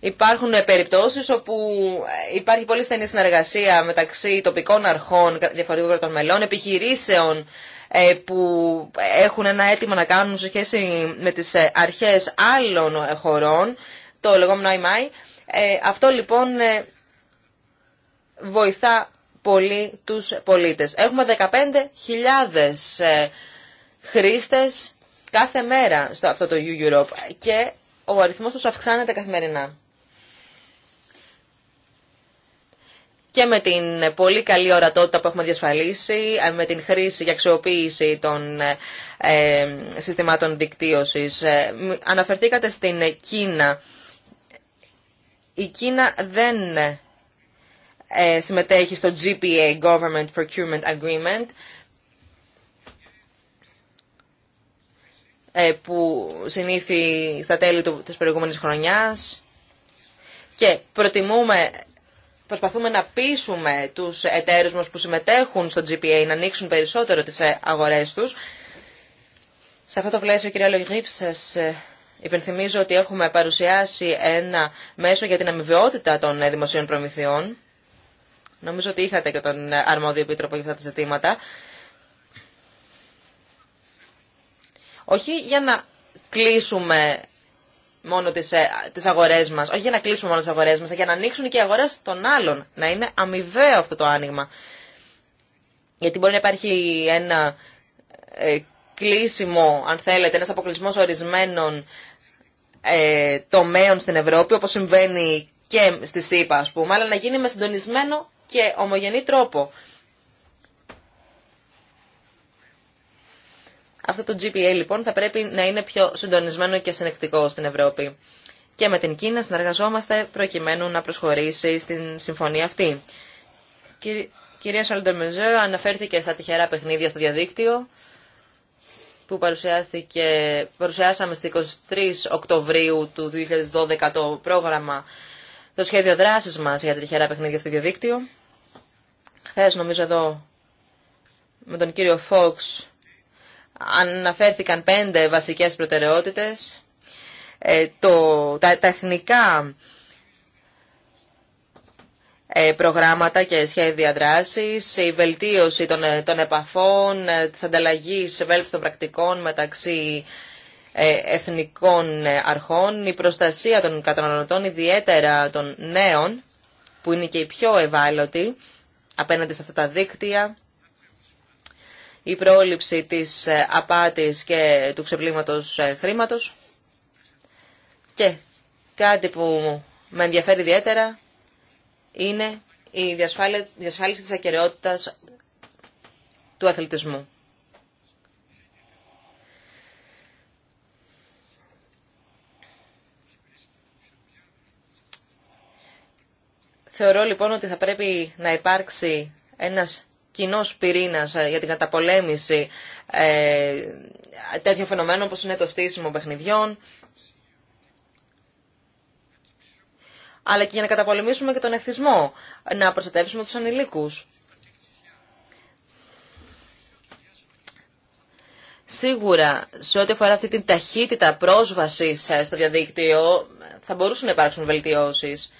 υπάρχουν ε, περιπτώσεις όπου ε, υπάρχει πολύ στενή συνεργασία μεταξύ τοπικών αρχών διαφορετικών κρατών μελών, επιχειρήσεων που έχουν ένα αίτημα να κάνουν σε σχέση με τις αρχές άλλων χωρών το λεγόμενο IMI. Ε, αυτό λοιπόν ε, βοηθά πολύ τους πολίτες. Έχουμε 15.000 ε, χρήστες κάθε μέρα στο αυτό το U-Europe και ο αριθμός τους αυξάνεται καθημερινά. και με την πολύ καλή ορατότητα που έχουμε διασφαλίσει, με την χρήση για αξιοποίηση των συστημάτων δικτύωσης. Αναφερθήκατε στην Κίνα η Κίνα δεν ε, συμμετέχει στο GPA, Government Procurement Agreement, ε, που συνήθει στα τέλη του, της προηγούμενης χρονιάς και προτιμούμε, προσπαθούμε να πείσουμε τους εταίρους μας που συμμετέχουν στο GPA να ανοίξουν περισσότερο τις ε, αγορές τους. Σε αυτό το πλαίσιο, κυρία Λογρήψ, σας Υπενθυμίζω ότι έχουμε παρουσιάσει ένα μέσο για την αμοιβαιότητα των δημοσίων προμηθειών. Νομίζω ότι είχατε και τον αρμόδιο επίτροπο για αυτά τα ζητήματα. Όχι για να κλείσουμε μόνο τις, ε, τις αγορές μας, όχι για να κλείσουμε μόνο τις αγορές μας, για να ανοίξουν και οι αγορές των άλλων, να είναι αμοιβαίο αυτό το άνοιγμα. Γιατί μπορεί να υπάρχει ένα ε, κλείσιμο, αν θέλετε, ένας αποκλεισμό ορισμένων ε, τομέων στην Ευρώπη, όπως συμβαίνει και στη ΣΥΠΑ, ας πούμε, αλλά να γίνει με συντονισμένο και ομογενή τρόπο. Αυτό το GPA λοιπόν θα πρέπει να είναι πιο συντονισμένο και συνεκτικό στην Ευρώπη. Και με την Κίνα συνεργαζόμαστε προκειμένου να προσχωρήσει στην συμφωνία αυτή. Κυρία Σαλντομεζέ αναφέρθηκε στα τυχερά παιχνίδια στο διαδίκτυο που παρουσιάστηκε, παρουσιάσαμε στις 23 Οκτωβρίου του 2012 το πρόγραμμα, το σχέδιο δράσης μας για τη τυχερά παιχνίδια στο διαδίκτυο. Χθε νομίζω εδώ με τον κύριο Φόξ αναφέρθηκαν πέντε βασικές προτεραιότητες. Ε, το, τα, τα εθνικά ε, προγράμματα και σχέδια δράσης, η βελτίωση των, ε, των επαφών, ε, της ανταλλαγής βέλτιστων πρακτικών μεταξύ εθνικών αρχών, η προστασία των καταναλωτών, ιδιαίτερα των νέων, που είναι και οι πιο ευάλωτοι απέναντι σε αυτά τα δίκτυα, η πρόληψη της απάτης και του ξεπλήματος χρήματος και κάτι που με ενδιαφέρει ιδιαίτερα είναι η διασφάλιση της ακαιρεότητας του αθλητισμού. Θεωρώ λοιπόν ότι θα πρέπει να υπάρξει ένας κοινός πυρήνας ε, για την καταπολέμηση ε, τέτοιων φαινομένων όπως είναι το στήσιμο παιχνιδιών, αλλά και για να καταπολεμήσουμε και τον εθισμό, να προστατεύσουμε τους ανηλίκους. Σίγουρα, σε ό,τι αφορά αυτή την ταχύτητα πρόσβαση στο διαδίκτυο, θα μπορούσαν να υπάρξουν βελτιώσεις.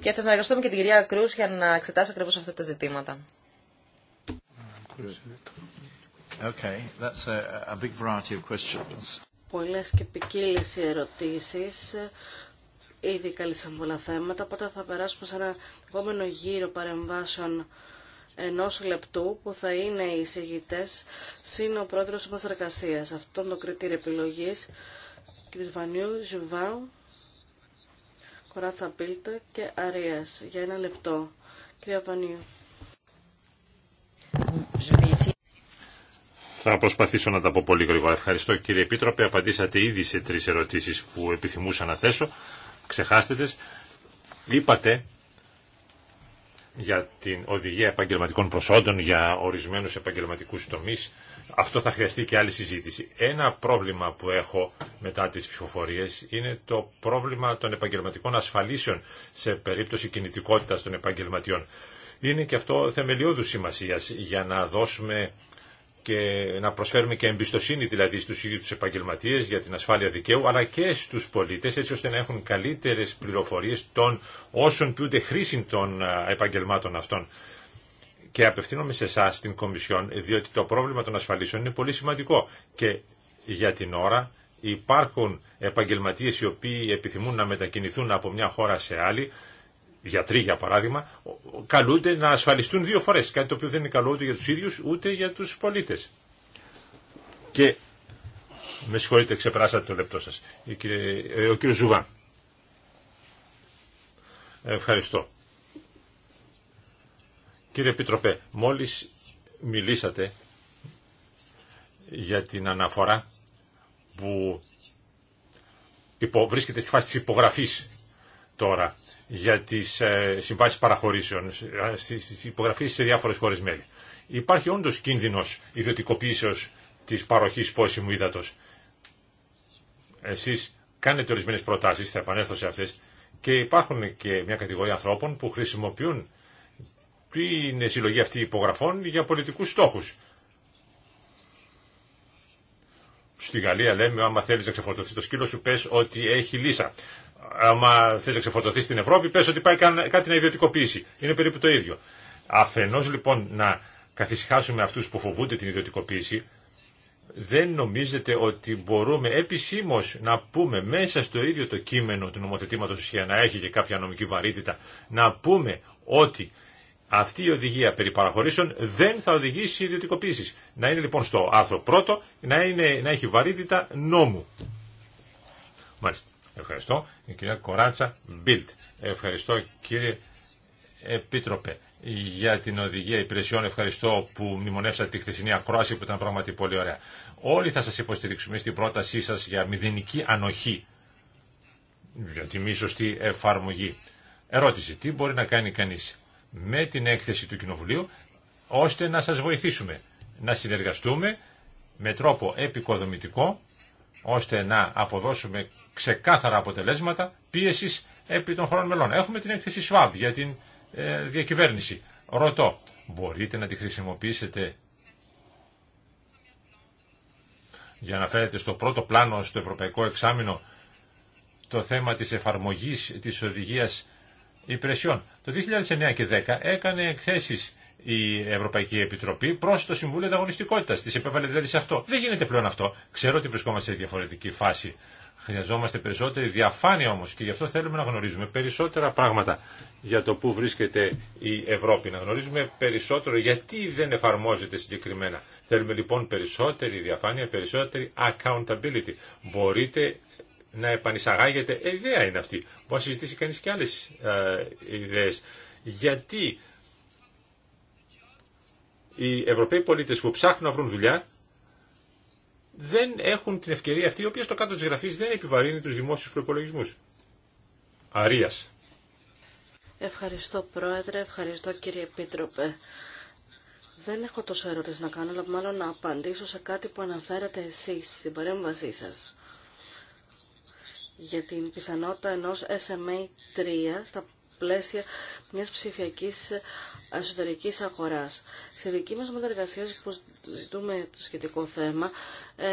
Και θα συνεργαστούμε και την κυρία Κρούς για να εξετάσει ακριβώς αυτά τα ζητήματα. Okay, that's a big variety of questions πολλές και ποικίλε ερωτήσεις. Ήδη καλύψαμε πολλά θέματα, οπότε θα περάσουμε σε ένα επόμενο γύρο παρεμβάσεων ενό λεπτού που θα είναι οι εισηγητές σύν ο πρόεδρος μας Αυτό είναι το κριτήριο επιλογή Κ. Βανιού, Ζουβάου, Κοράτσα Πίλτα και Αρία Για ένα λεπτό. Κυρία Βανιού. Ε, θα προσπαθήσω να τα πω πολύ γρήγορα. Ευχαριστώ κύριε Επίτροπε. Απαντήσατε ήδη σε τρεις ερωτήσεις που επιθυμούσα να θέσω. Ξεχάστε Είπατε για την οδηγία επαγγελματικών προσόντων, για ορισμένους επαγγελματικούς τομείς. Αυτό θα χρειαστεί και άλλη συζήτηση. Ένα πρόβλημα που έχω μετά τις ψηφοφορίες είναι το πρόβλημα των επαγγελματικών ασφαλίσεων σε περίπτωση κινητικότητας των επαγγελματιών. Είναι και αυτό θεμελιώδου σημασίας για να δώσουμε και να προσφέρουμε και εμπιστοσύνη δηλαδή στους ίδιους τους επαγγελματίες για την ασφάλεια δικαίου αλλά και στους πολίτες έτσι ώστε να έχουν καλύτερες πληροφορίες των όσων ποιούνται χρήση των επαγγελμάτων αυτών. Και απευθύνομαι σε εσά την Κομισιόν διότι το πρόβλημα των ασφαλίσεων είναι πολύ σημαντικό και για την ώρα υπάρχουν επαγγελματίες οι οποίοι επιθυμούν να μετακινηθούν από μια χώρα σε άλλη γιατροί για παράδειγμα, καλούνται να ασφαλιστούν δύο φορές, κάτι το οποίο δεν είναι καλό ούτε για τους ίδιους ούτε για τους πολίτες. Και με συγχωρείτε, ξεπεράσατε το λεπτό σας. Ε, ο κύριος Ζουβά. Ευχαριστώ. Κύριε Επιτροπέ, μόλις μιλήσατε για την αναφορά που υπο, βρίσκεται στη φάση της υπογραφής τώρα για τις ε, συμβάσει παραχωρήσεων, ε, στι υπογραφή σε διάφορε χώρε μέλη. Υπάρχει όντω κίνδυνος ιδιωτικοποίησεω της παροχής πόσιμου ύδατος. Εσεί κάνετε ορισμένε προτάσει, θα επανέλθω σε αυτέ, και υπάρχουν και μια κατηγορία ανθρώπων που χρησιμοποιούν την συλλογή αυτή υπογραφών για πολιτικού στόχου. Στη Γαλλία λέμε, άμα θέλει να ξεφορτωθεί το σκύλο σου, πε ότι έχει λύσα άμα θες να ξεφορτωθεί στην Ευρώπη, πες ότι πάει κάτι να ιδιωτικοποιήσει. Είναι περίπου το ίδιο. Αφενός λοιπόν να καθησυχάσουμε αυτούς που φοβούνται την ιδιωτικοποίηση, δεν νομίζετε ότι μπορούμε επισήμω να πούμε μέσα στο ίδιο το κείμενο του νομοθετήματος για να έχει και κάποια νομική βαρύτητα, να πούμε ότι αυτή η οδηγία περί παραχωρήσεων δεν θα οδηγήσει σε ιδιωτικοποίηση. Να είναι λοιπόν στο άρθρο πρώτο, να, είναι, να έχει βαρύτητα νόμου. Μάλιστα. Ευχαριστώ. Η κυρία Κοράτσα Μπίλτ. Ευχαριστώ κύριε Επίτροπε για την οδηγία υπηρεσιών. Ευχαριστώ που μνημονεύσατε τη χθεσινή ακρόαση που ήταν πράγματι πολύ ωραία. Όλοι θα σας υποστηρίξουμε στην πρότασή σας για μηδενική ανοχή για τη μη σωστή εφαρμογή. Ερώτηση, τι μπορεί να κάνει κανείς με την έκθεση του Κοινοβουλίου ώστε να σας βοηθήσουμε να συνεργαστούμε με τρόπο επικοδομητικό ώστε να αποδώσουμε ξεκάθαρα αποτελέσματα πίεσης επί των χρόνων μελών. Έχουμε την έκθεση ΣΟΑΜ για την ε, διακυβέρνηση. Ρωτώ, μπορείτε να τη χρησιμοποιήσετε για να φέρετε στο πρώτο πλάνο, στο ευρωπαϊκό εξάμεινο, το θέμα της εφαρμογής της οδηγίας υπηρεσιών. Το 2009 και 2010 έκανε εκθέσεις η Ευρωπαϊκή Επιτροπή προ το Συμβούλιο Ανταγωνιστικότητα. Τη επέβαλε δηλαδή σε αυτό. Δεν γίνεται πλέον αυτό. Ξέρω ότι βρισκόμαστε σε διαφορετική φάση. Χρειαζόμαστε περισσότερη διαφάνεια όμως και γι' αυτό θέλουμε να γνωρίζουμε περισσότερα πράγματα για το πού βρίσκεται η Ευρώπη. Να γνωρίζουμε περισσότερο γιατί δεν εφαρμόζεται συγκεκριμένα. Θέλουμε λοιπόν περισσότερη διαφάνεια, περισσότερη accountability. Μπορείτε να επανεισαγάγετε, ε, ιδέα είναι αυτή, μπορεί να συζητήσει κανείς και άλλες ε, ιδέες. Γιατί οι Ευρωπαίοι πολίτες που ψάχνουν να βρουν δουλειά δεν έχουν την ευκαιρία αυτή, η οποία στο κάτω της γραφής δεν επιβαρύνει τους δημόσιους προπολογισμού. Αρίας. Ευχαριστώ Πρόεδρε, ευχαριστώ κύριε Επίτροπε. Δεν έχω τόσο ερώτηση να κάνω, αλλά μάλλον να απαντήσω σε κάτι που αναφέρατε εσείς στην παρέμβασή σας για την πιθανότητα ενός SMA 3 στα πλαίσια μιας ψηφιακής Εσωτερική αγορά. Στη δική μα ομάδα εργασία που ζητούμε το σχετικό θέμα, ε,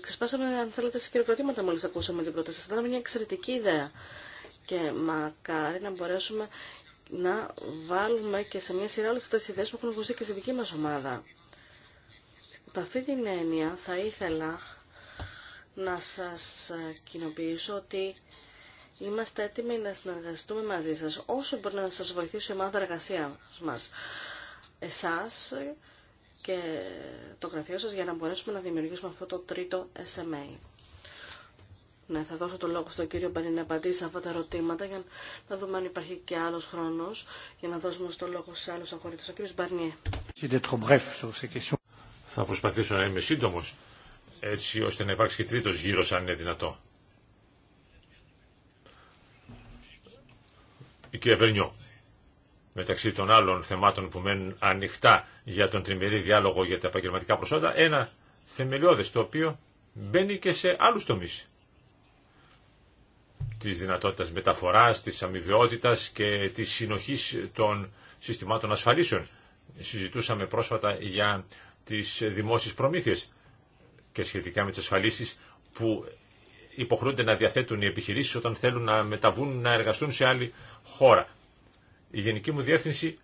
ξεσπάσαμε αν θέλετε σε χειροκροτήματα μόλι ακούσαμε την πρόταση. Θα ήταν μια εξαιρετική ιδέα και μακάρι να μπορέσουμε να βάλουμε και σε μια σειρά όλε αυτέ τι ιδέε που έχουν ακουστεί και στη δική μα ομάδα. Υπ' αυτή την έννοια θα ήθελα να σας κοινοποιήσω ότι Είμαστε έτοιμοι να συνεργαστούμε μαζί σας, όσο μπορεί να σας βοηθήσει η ομάδα εργασία μας. Εσάς και το γραφείο σας για να μπορέσουμε να δημιουργήσουμε αυτό το τρίτο SMA. Ναι, θα δώσω το λόγο στον κύριο Μπαρή να απαντήσει σε αυτά τα ερωτήματα για να δούμε αν υπάρχει και άλλο χρόνο για να δώσουμε το λόγο σε άλλου αγχωρητέ. Ο κύριο Μπαρνιέ. Θα προσπαθήσω να είμαι σύντομο, έτσι ώστε να υπάρξει και τρίτο γύρο, αν είναι δυνατό. η κυρία Βερνιό. Μεταξύ των άλλων θεμάτων που μένουν ανοιχτά για τον τριμερή διάλογο για τα επαγγελματικά προσόντα, ένα θεμελιώδες το οποίο μπαίνει και σε άλλους τομείς της δυνατότητας μεταφοράς, της αμοιβαιότητας και της συνοχής των συστημάτων ασφαλίσεων. Συζητούσαμε πρόσφατα για τις δημόσιες προμήθειες και σχετικά με τις ασφαλίσεις που υποχρεούνται να διαθέτουν οι επιχειρήσει όταν θέλουν να μεταβούν να εργαστούν σε άλλη χώρα. Η Γενική μου Διεύθυνση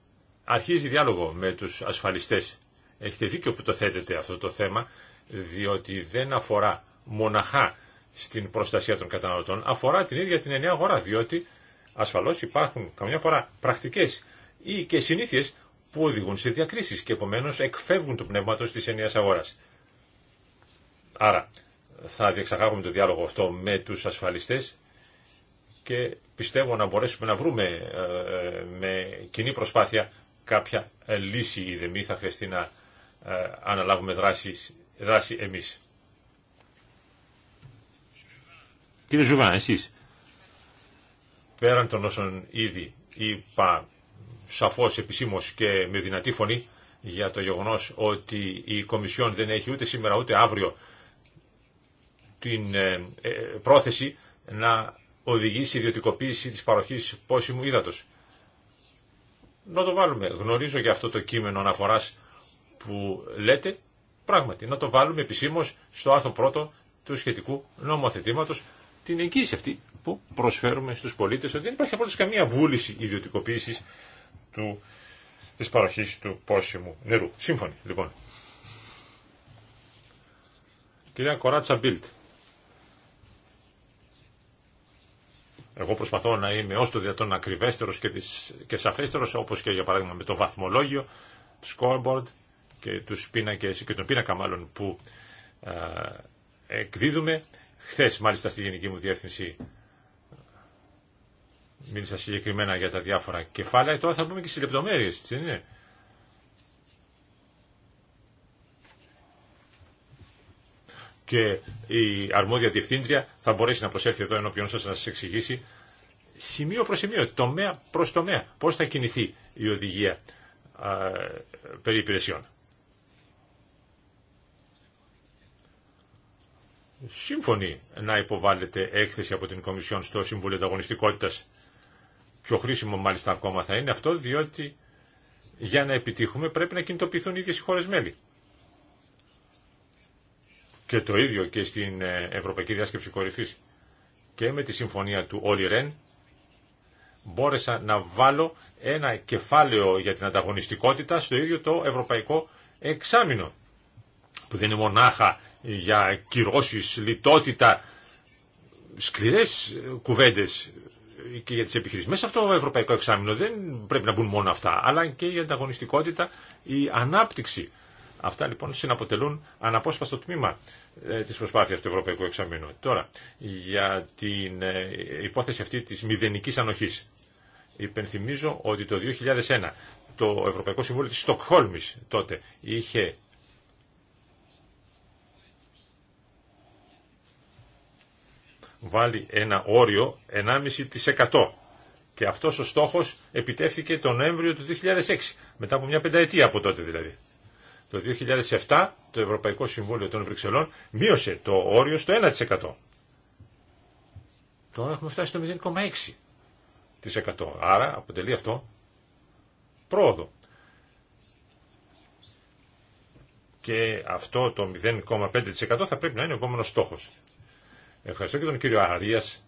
αρχίζει διάλογο με τους ασφαλιστές. Έχετε δίκιο που το θέτετε αυτό το θέμα, διότι δεν αφορά μοναχά στην προστασία των καταναλωτών, αφορά την ίδια την ενιαία αγορά, διότι ασφαλώς υπάρχουν καμιά φορά πρακτικές ή και συνήθειες που οδηγούν σε διακρίσεις και επομένως εκφεύγουν το πνεύματος της ενιαίας αγοράς. Άρα, θα διεξαγάγουμε το διάλογο αυτό με τους ασφαλιστές και πιστεύω να μπορέσουμε να βρούμε ε, ε, με κοινή προσπάθεια κάποια ε, λύση ή δεμή θα χρειαστεί να αναλάβουμε δράση, δράση εμείς. Κύριε Ζουβά, εσείς, πέραν των όσων ήδη είπα σαφώς επισήμως και με δυνατή φωνή για το γεγονός ότι η Κομισιόν δεν έχει ούτε σήμερα ούτε αύριο την ε, ε, πρόθεση να οδηγήσει η ιδιωτικοποίηση της παροχής πόσιμου ύδατος. Να το βάλουμε. Γνωρίζω για αυτό το κείμενο αναφοράς που λέτε πράγματι να το βάλουμε επισήμως στο άρθρο πρώτο του σχετικού νομοθετήματος την εγγύηση αυτή που προσφέρουμε στους πολίτες ότι δεν υπάρχει απλώς καμία βούληση ιδιωτικοποίησης του, της παροχής του πόσιμου νερού. Σύμφωνοι λοιπόν. Κυρία Κοράτσα Μπίλτ. Εγώ προσπαθώ να είμαι όσο το δυνατόν ακριβέστερος και, τις, και σαφέστερος, όπως και για παράδειγμα με το βαθμολόγιο, scoreboard και, τους πίνακες, και τον πίνακα μάλλον που ε, εκδίδουμε. Χθε μάλιστα στη Γενική μου Διεύθυνση μίλησα συγκεκριμένα για τα διάφορα κεφάλαια. Τώρα θα πούμε και στις λεπτομέρειες, έτσι είναι. και η αρμόδια διευθύντρια θα μπορέσει να προσέλθει εδώ ενώπιον σας να σας εξηγήσει σημείο προς σημείο, τομέα προς τομέα, πώς θα κινηθεί η οδηγία α, περί υπηρεσιών. Σύμφωνοι να υποβάλλεται έκθεση από την Κομισιόν στο Συμβούλιο Ανταγωνιστικότητας. Πιο χρήσιμο μάλιστα ακόμα θα είναι αυτό, διότι για να επιτύχουμε πρέπει να κινητοποιηθούν οι ίδιες οι χώρες μέλη. Και το ίδιο και στην ε, Ευρωπαϊκή Διάσκεψη Κορυφής και με τη συμφωνία του Όλι Ρεν μπόρεσα να βάλω ένα κεφάλαιο για την ανταγωνιστικότητα στο ίδιο το ευρωπαϊκό εξάμεινο που δεν είναι μονάχα για κυρώσεις, λιτότητα, σκληρές κουβέντες και για τις επιχειρήσεις. Μέσα αυτό το ευρωπαϊκό εξάμεινο δεν πρέπει να μπουν μόνο αυτά, αλλά και η ανταγωνιστικότητα, η ανάπτυξη Αυτά λοιπόν συναποτελούν αναπόσπαστο τμήμα ε, της προσπάθειας του Ευρωπαϊκού Εξαμήνου. Τώρα, για την ε, υπόθεση αυτή της μηδενικής ανοχής. Υπενθυμίζω ότι το 2001 το Ευρωπαϊκό Συμβούλιο της Στοκχόλμης τότε είχε βάλει ένα όριο 1,5% και αυτός ο στόχος επιτεύθηκε τον Νοέμβριο του 2006, μετά από μια πενταετία από τότε δηλαδή. Το 2007 το Ευρωπαϊκό Συμβούλιο των Βρυξελών μείωσε το όριο στο 1%. Τώρα έχουμε φτάσει στο 0,6%. Άρα αποτελεί αυτό πρόοδο. Και αυτό το 0,5% θα πρέπει να είναι ο επόμενος στόχος. Ευχαριστώ και τον κύριο Αρίας.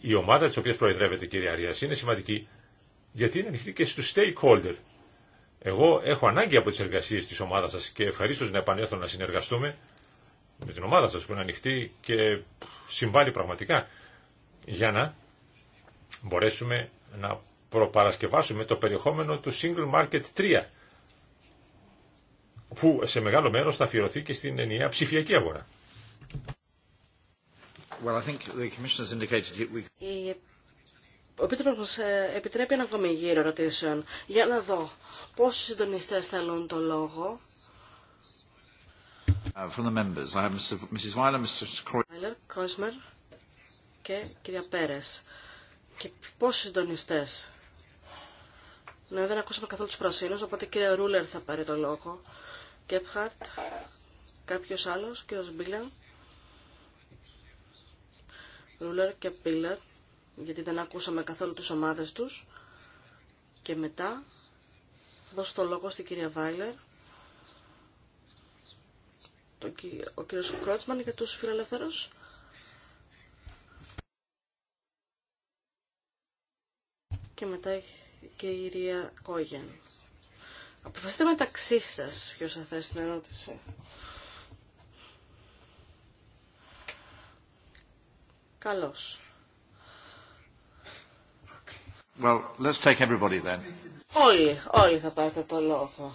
Η ομάδα της οποίας προεδρεύεται κύριε κυρία Αρίας είναι σημαντική γιατί είναι ανοιχτή και στους stakeholder εγώ έχω ανάγκη από τις εργασίε τη ομάδα σας και ευχαρίστω να επανέλθω να συνεργαστούμε με την ομάδα σας που είναι ανοιχτή και συμβάλλει πραγματικά για να μπορέσουμε να προπαρασκευάσουμε το περιεχόμενο του Single Market 3 που σε μεγάλο μέρος θα αφιερωθεί και στην ενιαία ψηφιακή αγορά. Well, I think the indicated... Ο Επίτροπος ε, επιτρέπει ένα ακόμη γύρο ερωτήσεων. Για να δω πόσοι συντονιστές θέλουν το λόγο. Uh, from the members. I have Mrs. Weiler, Mr. και κυρία Πέρες. Και πόσοι συντονιστές. Ναι, δεν ακούσαμε καθόλου τους πρασίνου, οπότε κυρία Ρούλερ θα πάρει το λόγο. Κέπχαρτ, κάποιος άλλος, κύριος Μπίλερ. Ρούλερ και Μπίλερ γιατί δεν ακούσαμε καθόλου τις ομάδες τους. Και μετά δώσω το λόγο στην κυρία Βάιλερ, ο κύριος Κρότσμαν και τους φιλελεύθερους. Και μετά η κυρία Κόγεν. Αποφασίστε μεταξύ σας ποιος θα θέσει την ερώτηση. Καλώς. Well, let's take everybody then. Όλοι, όλοι θα πάρετε το λόγο.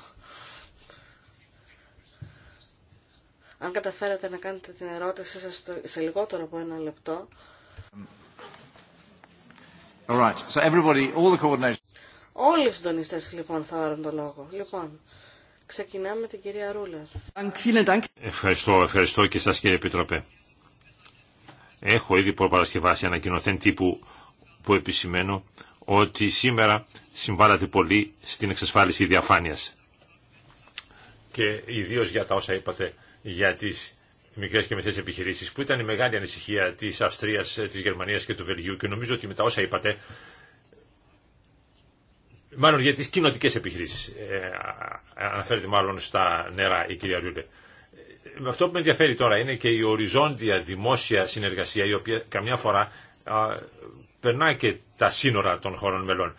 Αν καταφέρετε να κάνετε την ερώτησή σας σε λιγότερο από ένα λεπτό. All right. So everybody, all the coordination... Όλοι οι συντονιστές λοιπόν θα πάρουν το λόγο. Λοιπόν, ξεκινάμε με την κυρία Ρούλερ. Ευχαριστώ, ευχαριστώ και σας κύριε Επιτροπέ. Έχω ήδη προπαρασκευάσει ανακοινωθέν τύπου που επισημαίνω ότι σήμερα συμβάλλατε πολύ στην εξασφάλιση διαφάνειας. Και ιδίω για τα όσα είπατε για τις μικρές και μεσαίες επιχειρήσεις, που ήταν η μεγάλη ανησυχία της Αυστρίας, της Γερμανίας και του Βελγίου και νομίζω ότι με τα όσα είπατε, μάλλον για τις κοινοτικές επιχειρήσεις, ε, αναφέρεται μάλλον στα νερά η κυρία Ρούλε. Με αυτό που με ενδιαφέρει τώρα είναι και η οριζόντια δημόσια συνεργασία, η οποία καμιά φορά περνάει και τα σύνορα των χωρών μελών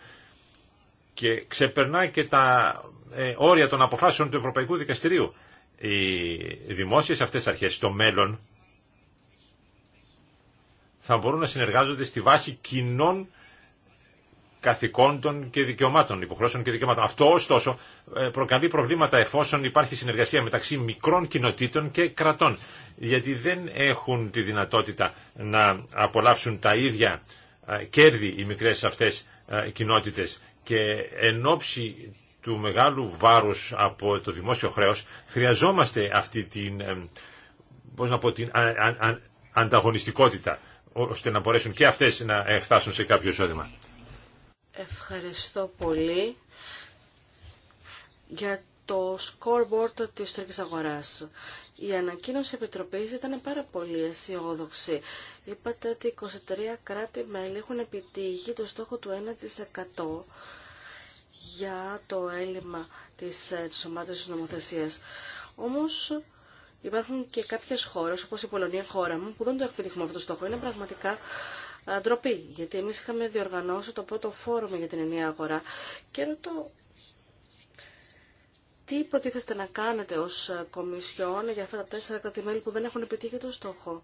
και ξεπερνάει και τα ε, όρια των αποφάσεων του Ευρωπαϊκού Δικαστηρίου. Οι δημόσιες αυτές αρχές στο μέλλον θα μπορούν να συνεργάζονται στη βάση κοινών καθηκόντων και δικαιωμάτων, υποχρεώσεων και δικαιωμάτων. Αυτό ωστόσο ε, προκαλεί προβλήματα εφόσον υπάρχει συνεργασία μεταξύ μικρών κοινοτήτων και κρατών, γιατί δεν έχουν τη δυνατότητα να απολαύσουν τα ίδια κέρδη οι μικρές αυτές κοινότητες και εν ώψη του μεγάλου βάρους από το δημόσιο χρέος χρειαζόμαστε αυτή την, ε, πώς να πω, την ανταγωνιστικότητα ώστε να μπορέσουν και αυτές να ε, φτάσουν σε κάποιο εισόδημα. Ευχαριστώ πολύ για το scoreboard της τουρκικής αγοράς. Η ανακοίνωση επιτροπής ήταν πάρα πολύ αισιόδοξη. Είπατε ότι 23 κράτη-μέλη έχουν επιτύχει το στόχο του 1% για το έλλειμμα της ε, της νομοθεσίας. Όμως υπάρχουν και κάποιες χώρες, όπως η Πολωνία χώρα μου, που δεν το επιτυχούμε αυτό το στόχο. Είναι πραγματικά ντροπή, γιατί εμείς είχαμε διοργανώσει το πρώτο φόρουμ για την ενιαία αγορά και ρωτώ τι προτίθεστε να κάνετε ως Κομισιόν για αυτά τα τέσσερα κρατημέλη που δεν έχουν επιτύχει τον στόχο.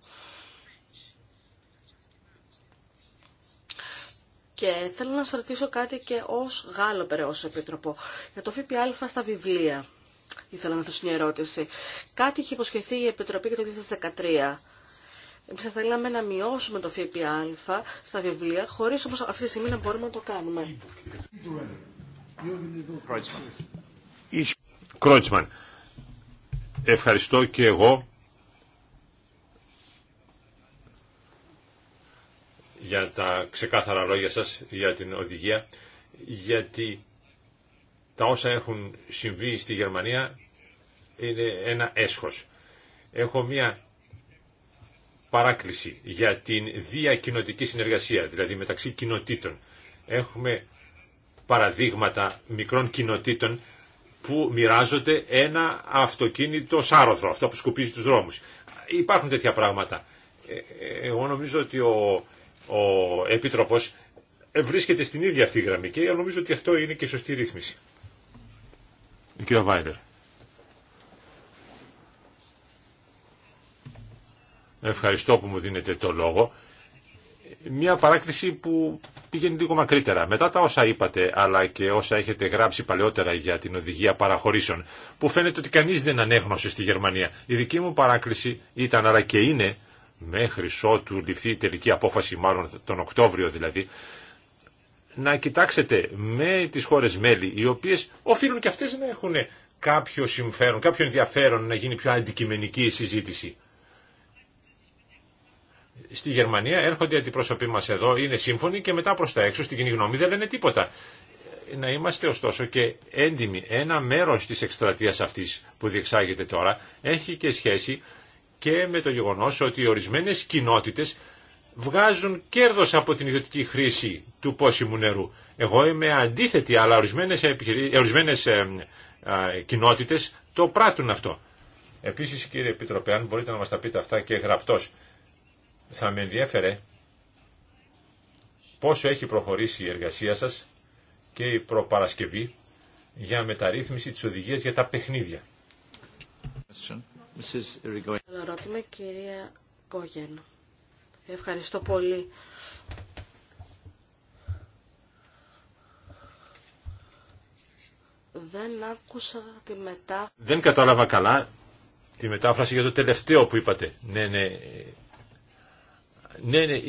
Και θέλω να σας ρωτήσω κάτι και ως Γάλλο ως Επίτροπο. Για το ΦΠΑ στα βιβλία. Ήθελα να θέσω μια ερώτηση. Κάτι είχε υποσχεθεί η Επιτροπή και το 2013. Εμείς θα θέλαμε να μειώσουμε το ΦΠΑ στα βιβλία, χωρίς όμως αυτή τη στιγμή να μπορούμε να το κάνουμε. Κρότσμαν. Ευχαριστώ και εγώ για τα ξεκάθαρα λόγια σας για την οδηγία, γιατί τα όσα έχουν συμβεί στη Γερμανία είναι ένα έσχος. Έχω μία παράκληση για την διακοινοτική συνεργασία, δηλαδή μεταξύ κοινοτήτων. Έχουμε παραδείγματα μικρών κοινοτήτων που μοιράζονται ένα αυτοκίνητο σάρωθρο, αυτό που σκουπίζει τους δρόμους. Υπάρχουν τέτοια πράγματα. Ε, ε, εγώ νομίζω ότι ο, ο Επίτροπος βρίσκεται στην ίδια αυτή γραμμή και νομίζω ότι αυτό είναι και σωστή ρύθμιση. κ. Βάιντερ. Ευχαριστώ που μου δίνετε το λόγο μια παράκριση που πήγαινε λίγο μακρύτερα. Μετά τα όσα είπατε, αλλά και όσα έχετε γράψει παλαιότερα για την οδηγία παραχωρήσεων, που φαίνεται ότι κανείς δεν ανέγνωσε στη Γερμανία. Η δική μου παράκριση ήταν, αλλά και είναι, μέχρι ότου ληφθεί η τελική απόφαση, μάλλον τον Οκτώβριο δηλαδή, να κοιτάξετε με τις χώρες μέλη, οι οποίες οφείλουν και αυτές να έχουν κάποιο συμφέρον, κάποιο ενδιαφέρον να γίνει πιο αντικειμενική η συζήτηση στη Γερμανία έρχονται οι αντιπρόσωποι μα εδώ, είναι σύμφωνοι και μετά προ τα έξω στην κοινή γνώμη δεν λένε τίποτα. Να είμαστε ωστόσο και έντιμοι. Ένα μέρο τη εκστρατεία αυτή που διεξάγεται τώρα έχει και σχέση και με το γεγονό ότι ορισμένε κοινότητε βγάζουν κέρδο από την ιδιωτική χρήση του πόσιμου νερού. Εγώ είμαι αντίθετη, αλλά ορισμένε ορισμένες ε, ε, κοινότητες το πράττουν αυτό. Επίσης κύριε Επίτροπε, αν μπορείτε να μας τα πείτε αυτά και γραπτός, θα με ενδιέφερε πόσο έχει προχωρήσει η εργασία σας και η προπαρασκευή για μεταρρύθμιση της οδηγίας για τα παιχνίδια. κυρία Κόγεν. Ευχαριστώ πολύ. Δεν άκουσα τη μετά... Δεν κατάλαβα καλά τη μετάφραση για το τελευταίο που είπατε. Ναι, ναι, ναι, ναι,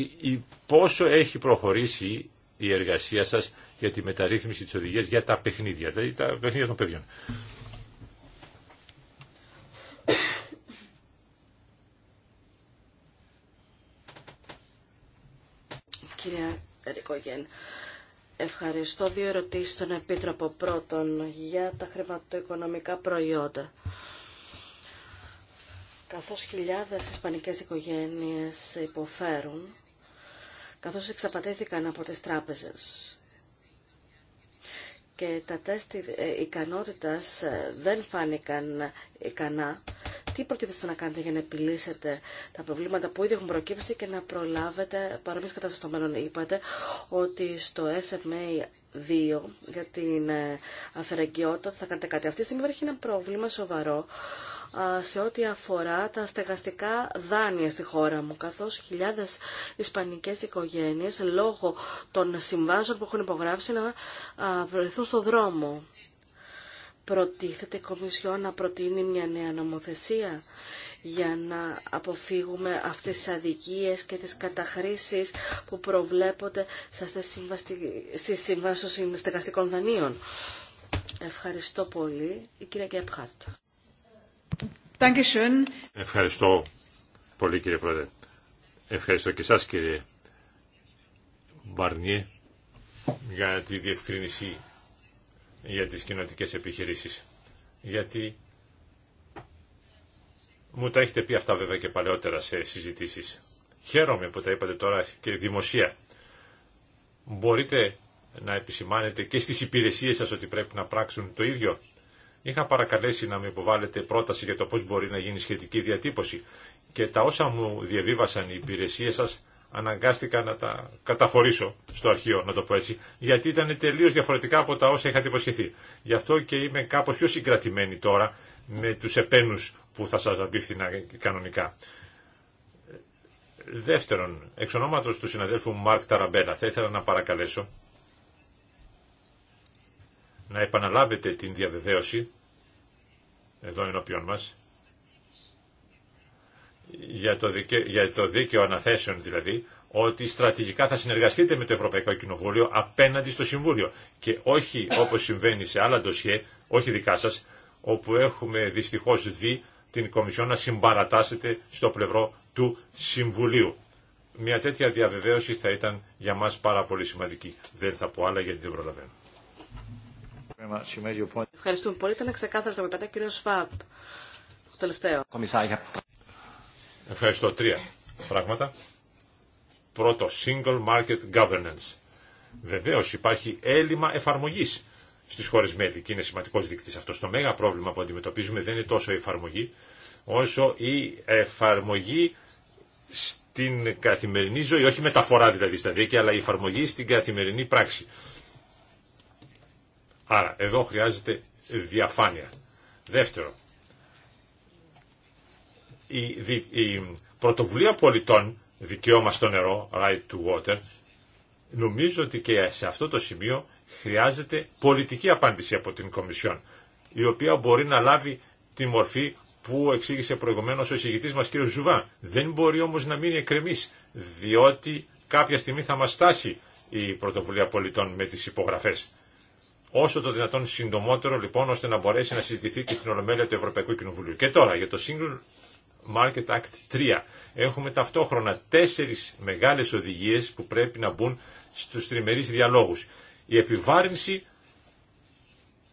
πόσο έχει προχωρήσει η εργασία σας για τη μεταρρύθμιση της οδηγίας για τα παιχνίδια, δηλαδή τα παιχνίδια των παιδιών. Κύριε Ρικογέν, ευχαριστώ. Δύο ερωτήσεις στον Επίτροπο πρώτον για τα χρηματοοικονομικά προϊόντα καθώς χιλιάδες ισπανικές οικογένειες υποφέρουν, καθώς εξαπατήθηκαν από τις τράπεζες. Και τα τεστ ε, ικανότητας ε, δεν φάνηκαν ικανά. Τι προτίθεστε να κάνετε για να επιλύσετε τα προβλήματα που ήδη έχουν προκύψει και να προλάβετε παρόμοιες κατάσταση Είπατε ότι στο SMA 2 για την ε, αφαιρεγγιότητα θα κάνετε κάτι. Αυτή τη στιγμή υπάρχει ένα πρόβλημα σοβαρό σε ό,τι αφορά τα στεγαστικά δάνεια στη χώρα μου, καθώς χιλιάδες ισπανικές οικογένειες λόγω των συμβάσεων που έχουν υπογράψει να βρεθούν στο δρόμο. Προτίθεται η Κομισιό να προτείνει μια νέα νομοθεσία για να αποφύγουμε αυτές τις αδικίες και τις καταχρήσεις που προβλέπονται στις συμβάσεις των στεγαστικών δανείων. Ευχαριστώ πολύ. Η κυρία Γκέπχαρτ. Ευχαριστώ πολύ κύριε Πρόεδρε. Ευχαριστώ και εσάς κύριε Μπαρνιέ για τη διευκρίνηση για τις κοινωτικές επιχειρήσεις. Γιατί μου τα έχετε πει αυτά βέβαια και παλαιότερα σε συζητήσεις. Χαίρομαι που τα είπατε τώρα και δημοσία. Μπορείτε να επισημάνετε και στις υπηρεσίες σας ότι πρέπει να πράξουν το ίδιο. Είχα παρακαλέσει να με υποβάλλετε πρόταση για το πώς μπορεί να γίνει σχετική διατύπωση και τα όσα μου διαβίβασαν οι υπηρεσίες σας αναγκάστηκα να τα καταφορήσω στο αρχείο, να το πω έτσι, γιατί ήταν τελείως διαφορετικά από τα όσα είχατε υποσχεθεί. Γι' αυτό και είμαι κάπως πιο συγκρατημένη τώρα με τους επένους που θα σας απίφθηνα κανονικά. Δεύτερον, εξ του συναδέλφου Μάρκ Ταραμπέλα, θα ήθελα να παρακαλέσω να επαναλάβετε την διαβεβαίωση εδώ ενώπιον μας για το, δικαί... για το δίκαιο αναθέσεων δηλαδή ότι στρατηγικά θα συνεργαστείτε με το Ευρωπαϊκό Κοινοβούλιο απέναντι στο Συμβούλιο και όχι όπως συμβαίνει σε άλλα ντοσιέ, όχι δικά σας, όπου έχουμε δυστυχώς δει την Κομισιό να συμπαρατάσετε στο πλευρό του Συμβουλίου. Μια τέτοια διαβεβαίωση θα ήταν για μας πάρα πολύ σημαντική. Δεν θα πω άλλα γιατί δεν προλαβαίνω. Ευχαριστούμε πολύ. Ήταν ξεκάθαρο το μετά, κύριο Σφαπ. Το τελευταίο. Ευχαριστώ. Τρία πράγματα. Πρώτο, single market governance. Βεβαίω υπάρχει έλλειμμα εφαρμογή στι χώρε μέλη και είναι σημαντικό δείκτη αυτό. Το μέγα πρόβλημα που αντιμετωπίζουμε δεν είναι τόσο η εφαρμογή, όσο η εφαρμογή στην καθημερινή ζωή, όχι μεταφορά δηλαδή στα δίκαια, αλλά η εφαρμογή στην καθημερινή πράξη. Άρα εδώ χρειάζεται διαφάνεια. Δεύτερο, η, πρωτοβουλία πολιτών δικαίωμα στο νερό, right to water, νομίζω ότι και σε αυτό το σημείο χρειάζεται πολιτική απάντηση από την Κομισιόν, η οποία μπορεί να λάβει τη μορφή που εξήγησε προηγουμένως ο εισηγητής μας κ. Ζουβά. Δεν μπορεί όμως να μείνει εκκρεμής, διότι κάποια στιγμή θα μας στάσει η πρωτοβουλία πολιτών με τις υπογραφές όσο το δυνατόν συντομότερο λοιπόν ώστε να μπορέσει να συζητηθεί και στην Ολομέλεια του Ευρωπαϊκού Κοινοβουλίου. Και τώρα για το Single Market Act 3 έχουμε ταυτόχρονα τέσσερις μεγάλες οδηγίες που πρέπει να μπουν στους τριμερείς διαλόγους. Η επιβάρυνση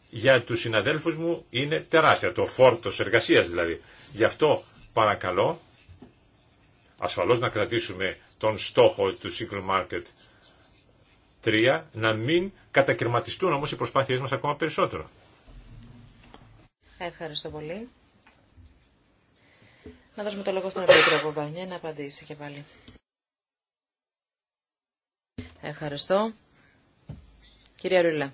για τους συναδέλφους μου είναι τεράστια, το φόρτο, εργασίας δηλαδή. Γι' αυτό παρακαλώ ασφαλώς να κρατήσουμε τον στόχο του Single Market Τρία, να μην κατακαιρματιστούν όμως οι προσπάθειές μας ακόμα περισσότερο. Ευχαριστώ πολύ. Να δώσουμε το λόγο στον Επίτροπο Μπανιέ, να απαντήσει και πάλι. Ευχαριστώ. Κυρία Ρούλα,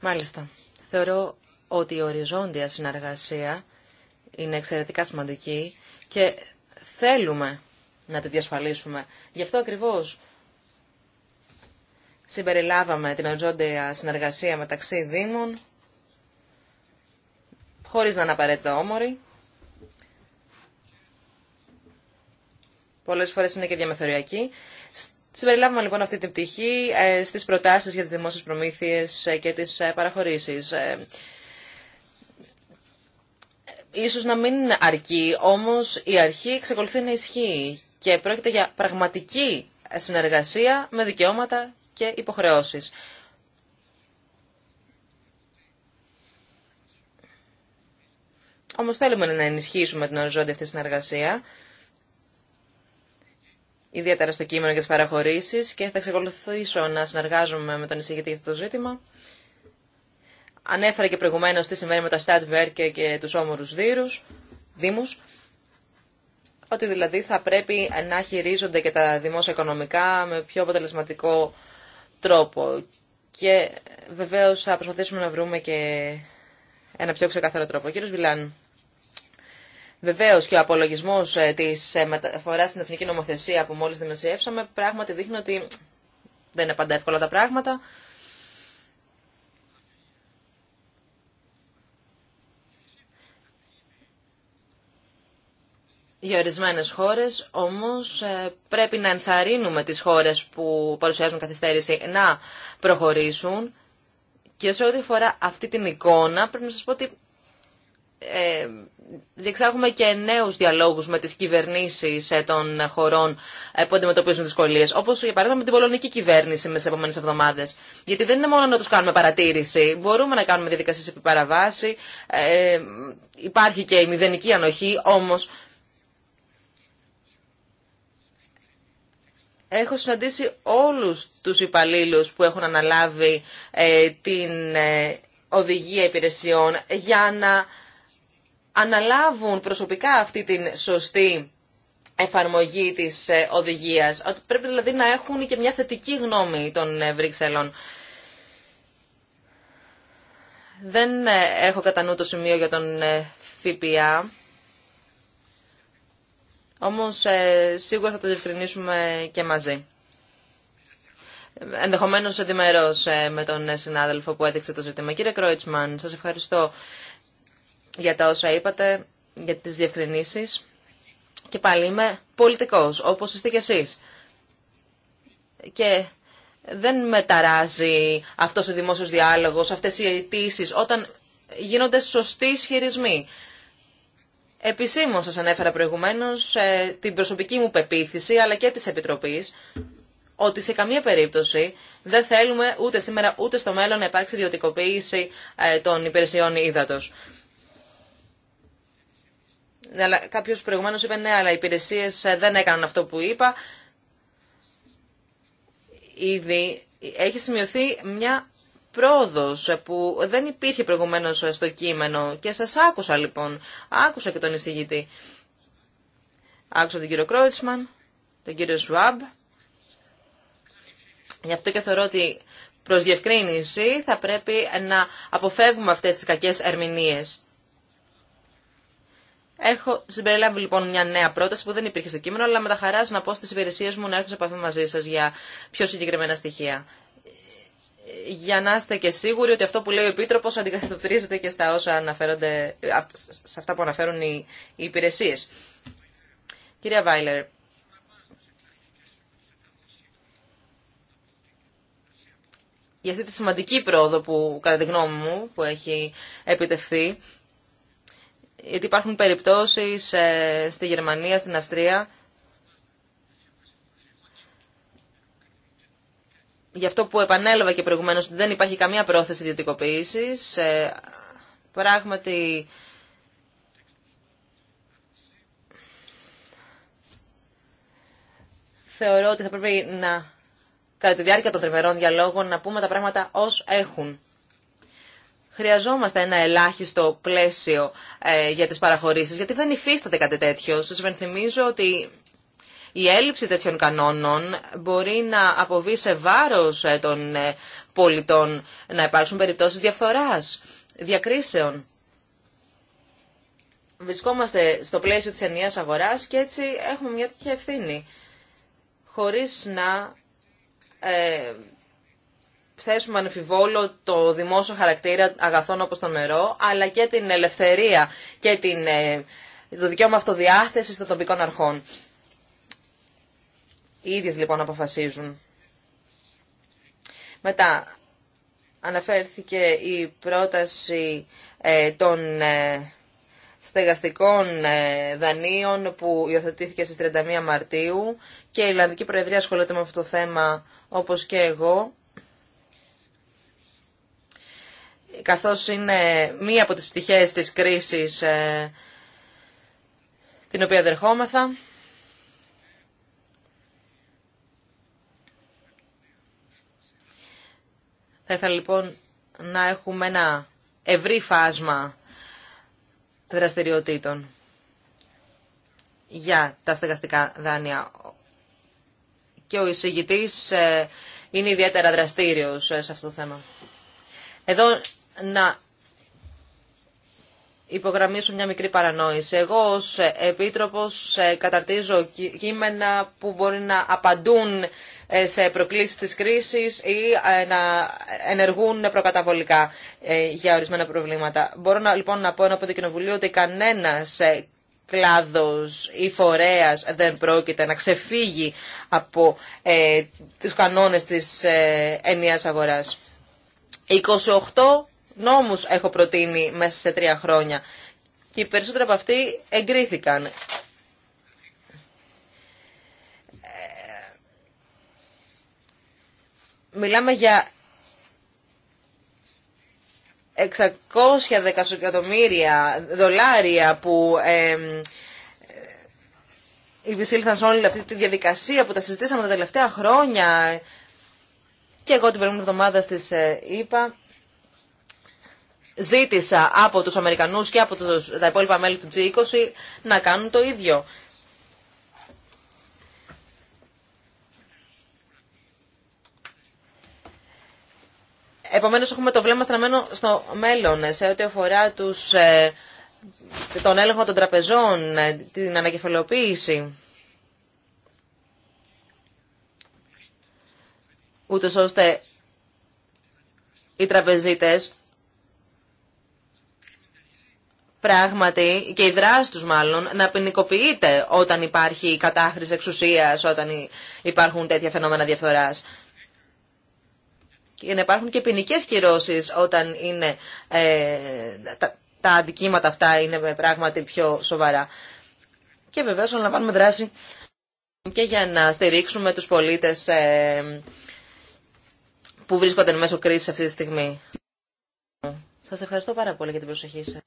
μάλιστα, θεωρώ ότι η οριζόντια συνεργασία είναι εξαιρετικά σημαντική και θέλουμε να τη διασφαλίσουμε. Γι' αυτό ακριβώς συμπεριλάβαμε την οριζόντια συνεργασία μεταξύ Δήμων, χωρίς να είναι απαραίτητα Πολλές φορές είναι και διαμεθοριακή. Συμπεριλάβουμε λοιπόν αυτή την πτυχή ε, στις προτάσεις για τις δημόσιες προμήθειες ε, και τις ε, παραχωρήσεις. Ίσως να μην αρκεί, όμως η αρχή εξακολουθεί να ισχύει και πρόκειται για πραγματική συνεργασία με δικαιώματα και υποχρεώσεις. Όμως θέλουμε να ενισχύσουμε την οριζόντια αυτή συνεργασία, ιδιαίτερα στο κείμενο για τις παραχωρήσεις και θα εξακολουθήσω να συνεργάζομαι με τον εισηγητή για αυτό το ζήτημα. Ανέφερα και προηγουμένω τι συμβαίνει με τα Stadtwerke και του όμορου Δήμου. Ότι δηλαδή θα πρέπει να χειρίζονται και τα δημόσια οικονομικά με πιο αποτελεσματικό τρόπο. Και βεβαίω θα προσπαθήσουμε να βρούμε και ένα πιο ξεκαθαρό τρόπο. κύριο, Βιλάν, βεβαίω και ο απολογισμό ε, τη ε, μεταφορά στην εθνική νομοθεσία που μόλι δημοσιεύσαμε πράγματι δείχνει ότι δεν είναι πάντα εύκολα τα πράγματα. για ορισμένε χώρε, όμω ε, πρέπει να ενθαρρύνουμε τι χώρε που παρουσιάζουν καθυστέρηση να προχωρήσουν. Και σε ό,τι αφορά αυτή την εικόνα, πρέπει να σα πω ότι ε, διεξάγουμε και νέου διαλόγου με τι κυβερνήσει ε, των χωρών ε, που αντιμετωπίζουν δυσκολίε. Όπω για παράδειγμα με την πολωνική κυβέρνηση με τι επόμενε εβδομάδε. Γιατί δεν είναι μόνο να του κάνουμε παρατήρηση. Μπορούμε να κάνουμε διαδικασίε επί παραβάση. υπάρχει και η μηδενική ανοχή, όμω Έχω συναντήσει όλους τους υπαλλήλους που έχουν αναλάβει ε, την ε, οδηγία υπηρεσιών για να αναλάβουν προσωπικά αυτή την σωστή εφαρμογή της ε, οδηγίας. Πρέπει δηλαδή να έχουν και μια θετική γνώμη των Βρυξελών. Δεν έχω κατά νου το σημείο για τον ΦΠΑ. Όμως ε, σίγουρα θα το διευκρινίσουμε και μαζί. Ενδεχομένως ε, με τον ε, συνάδελφο που έδειξε το ζήτημα. Κύριε Κρόιτσμαν, σας ευχαριστώ για τα όσα είπατε, για τις διευκρινίσεις. Και πάλι είμαι πολιτικός, όπως είστε κι εσείς. Και δεν μεταράζει ταράζει αυτός ο δημόσιο διάλογος, αυτές οι αιτήσει, όταν γίνονται σωστοί ισχυρισμοί. Επισήμως σας ανέφερα προηγουμένως ε, την προσωπική μου πεποίθηση αλλά και της Επιτροπής ότι σε καμία περίπτωση δεν θέλουμε ούτε σήμερα ούτε στο μέλλον να υπάρξει ιδιωτικοποίηση ε, των υπηρεσιών ύδατος. Αλλά κάποιος προηγουμένως είπε ναι, αλλά οι υπηρεσίες ε, δεν έκαναν αυτό που είπα. Ήδη έχει σημειωθεί μια πρόοδος ε, που δεν υπήρχε προηγουμένως ε, στο κείμενο και σας άκουσα λοιπόν, άκουσα και τον εισηγητή. Άκουσα τον κύριο Κρόιτσμαν, τον κύριο Σουάμπ. Γι' αυτό και θεωρώ ότι προς διευκρίνηση θα πρέπει να αποφεύγουμε αυτές τις κακές ερμηνείες. Έχω συμπεριλάβει λοιπόν μια νέα πρόταση που δεν υπήρχε στο κείμενο, αλλά με τα χαρά να πω στι υπηρεσίε μου να έρθω σε επαφή μαζί σα για πιο συγκεκριμένα στοιχεία για να είστε και σίγουροι ότι αυτό που λέει ο Επίτροπος αντικατοπτρίζεται και στα όσα αναφέρονται, σε αυτά που αναφέρουν οι, οι υπηρεσίες. Κυρία Βάιλερ. Για αυτή τη σημαντική πρόοδο που, κατά τη γνώμη μου, που έχει επιτευχθεί, γιατί υπάρχουν περιπτώσεις ε, στη Γερμανία, στην Αυστρία, Γι' αυτό που επανέλαβα και προηγουμένως ότι δεν υπάρχει καμία πρόθεση ιδιωτικοποίησης. Ε, πράγματι, θεωρώ ότι θα πρέπει να, κατά τη διάρκεια των τριμερών διαλόγων, να πούμε τα πράγματα ως έχουν. Χρειαζόμαστε ένα ελάχιστο πλαίσιο ε, για τις παραχωρήσεις, γιατί δεν υφίσταται κάτι τέτοιο. Σας υπενθυμίζω ότι η έλλειψη τέτοιων κανόνων μπορεί να αποβεί σε βάρος ε, των ε, πολιτών, να υπάρξουν περιπτώσεις διαφθοράς, διακρίσεων. Βρισκόμαστε στο πλαίσιο της ενιαίας αγοράς και έτσι έχουμε μια τέτοια ευθύνη, χωρίς να ε, θέσουμε ανεφιβόλο το δημόσιο χαρακτήρα αγαθών όπως το νερό, αλλά και την ελευθερία και την, ε, το δικαίωμα αυτοδιάθεσης των τοπικών αρχών. Οι ίδιες λοιπόν αποφασίζουν. Μετά αναφέρθηκε η πρόταση ε, των ε, στεγαστικών ε, δανείων που υιοθετήθηκε στις 31 Μαρτίου και η Ιρλανδική Προεδρία ασχολείται με αυτό το θέμα όπως και εγώ. Καθώς είναι μία από τις πτυχές της κρίσης την οποία δερχόμεθα. Θα ήθελα λοιπόν να έχουμε ένα ευρύ φάσμα δραστηριοτήτων για τα στεγαστικά δάνεια. Και ο εισηγητής ε, είναι ιδιαίτερα δραστήριος ε, σε αυτό το θέμα. Εδώ να υπογραμμίσω μια μικρή παρανόηση. Εγώ ως Επίτροπος ε, καταρτίζω κείμενα που μπορεί να απαντούν ε, σε προκλήσεις της κρίσης ή ε, να ενεργούν προκαταβολικά ε, για ορισμένα προβλήματα. Μπορώ να, λοιπόν να πω ένα από το Κοινοβουλίο ότι κανένας κλάδος ή φορέας δεν πρόκειται να ξεφύγει από ε, τους κανόνες της ε, ενιαίας αγοράς. 28 νόμους έχω προτείνει μέσα σε τρία χρόνια και οι περισσότεροι από αυτοί εγκρίθηκαν. Μιλάμε για 610 εκατομμύρια δολάρια που ε, σε όλη αυτή τη διαδικασία που τα συζητήσαμε τα τελευταία χρόνια και εγώ την προηγούμενη εβδομάδα στις ε, είπα, ζήτησα από τους Αμερικανούς και από τους, τα υπόλοιπα μέλη του G20 να κάνουν το ίδιο. Επομένως έχουμε το βλέμμα στραμμένο στο μέλλον ε, σε ό,τι αφορά τους, ε, τον έλεγχο των τραπεζών, ε, την ανακεφαλοποίηση. Ούτως ώστε οι τραπεζίτες πράγματι και η δράση τους μάλλον να ποινικοποιείται όταν υπάρχει κατάχρηση εξουσίας, όταν υπάρχουν τέτοια φαινόμενα διαφθοράς και να υπάρχουν και ποινικέ κυρώσει όταν είναι, ε, τα, τα αντικείμενα αυτά είναι πράγματι πιο σοβαρά. Και βεβαίω να λαμβάνουμε δράση και για να στηρίξουμε τους πολίτες ε, που βρίσκονται εν μέσω κρίση αυτή τη στιγμή. Σα ευχαριστώ πάρα πολύ για την προσοχή σα.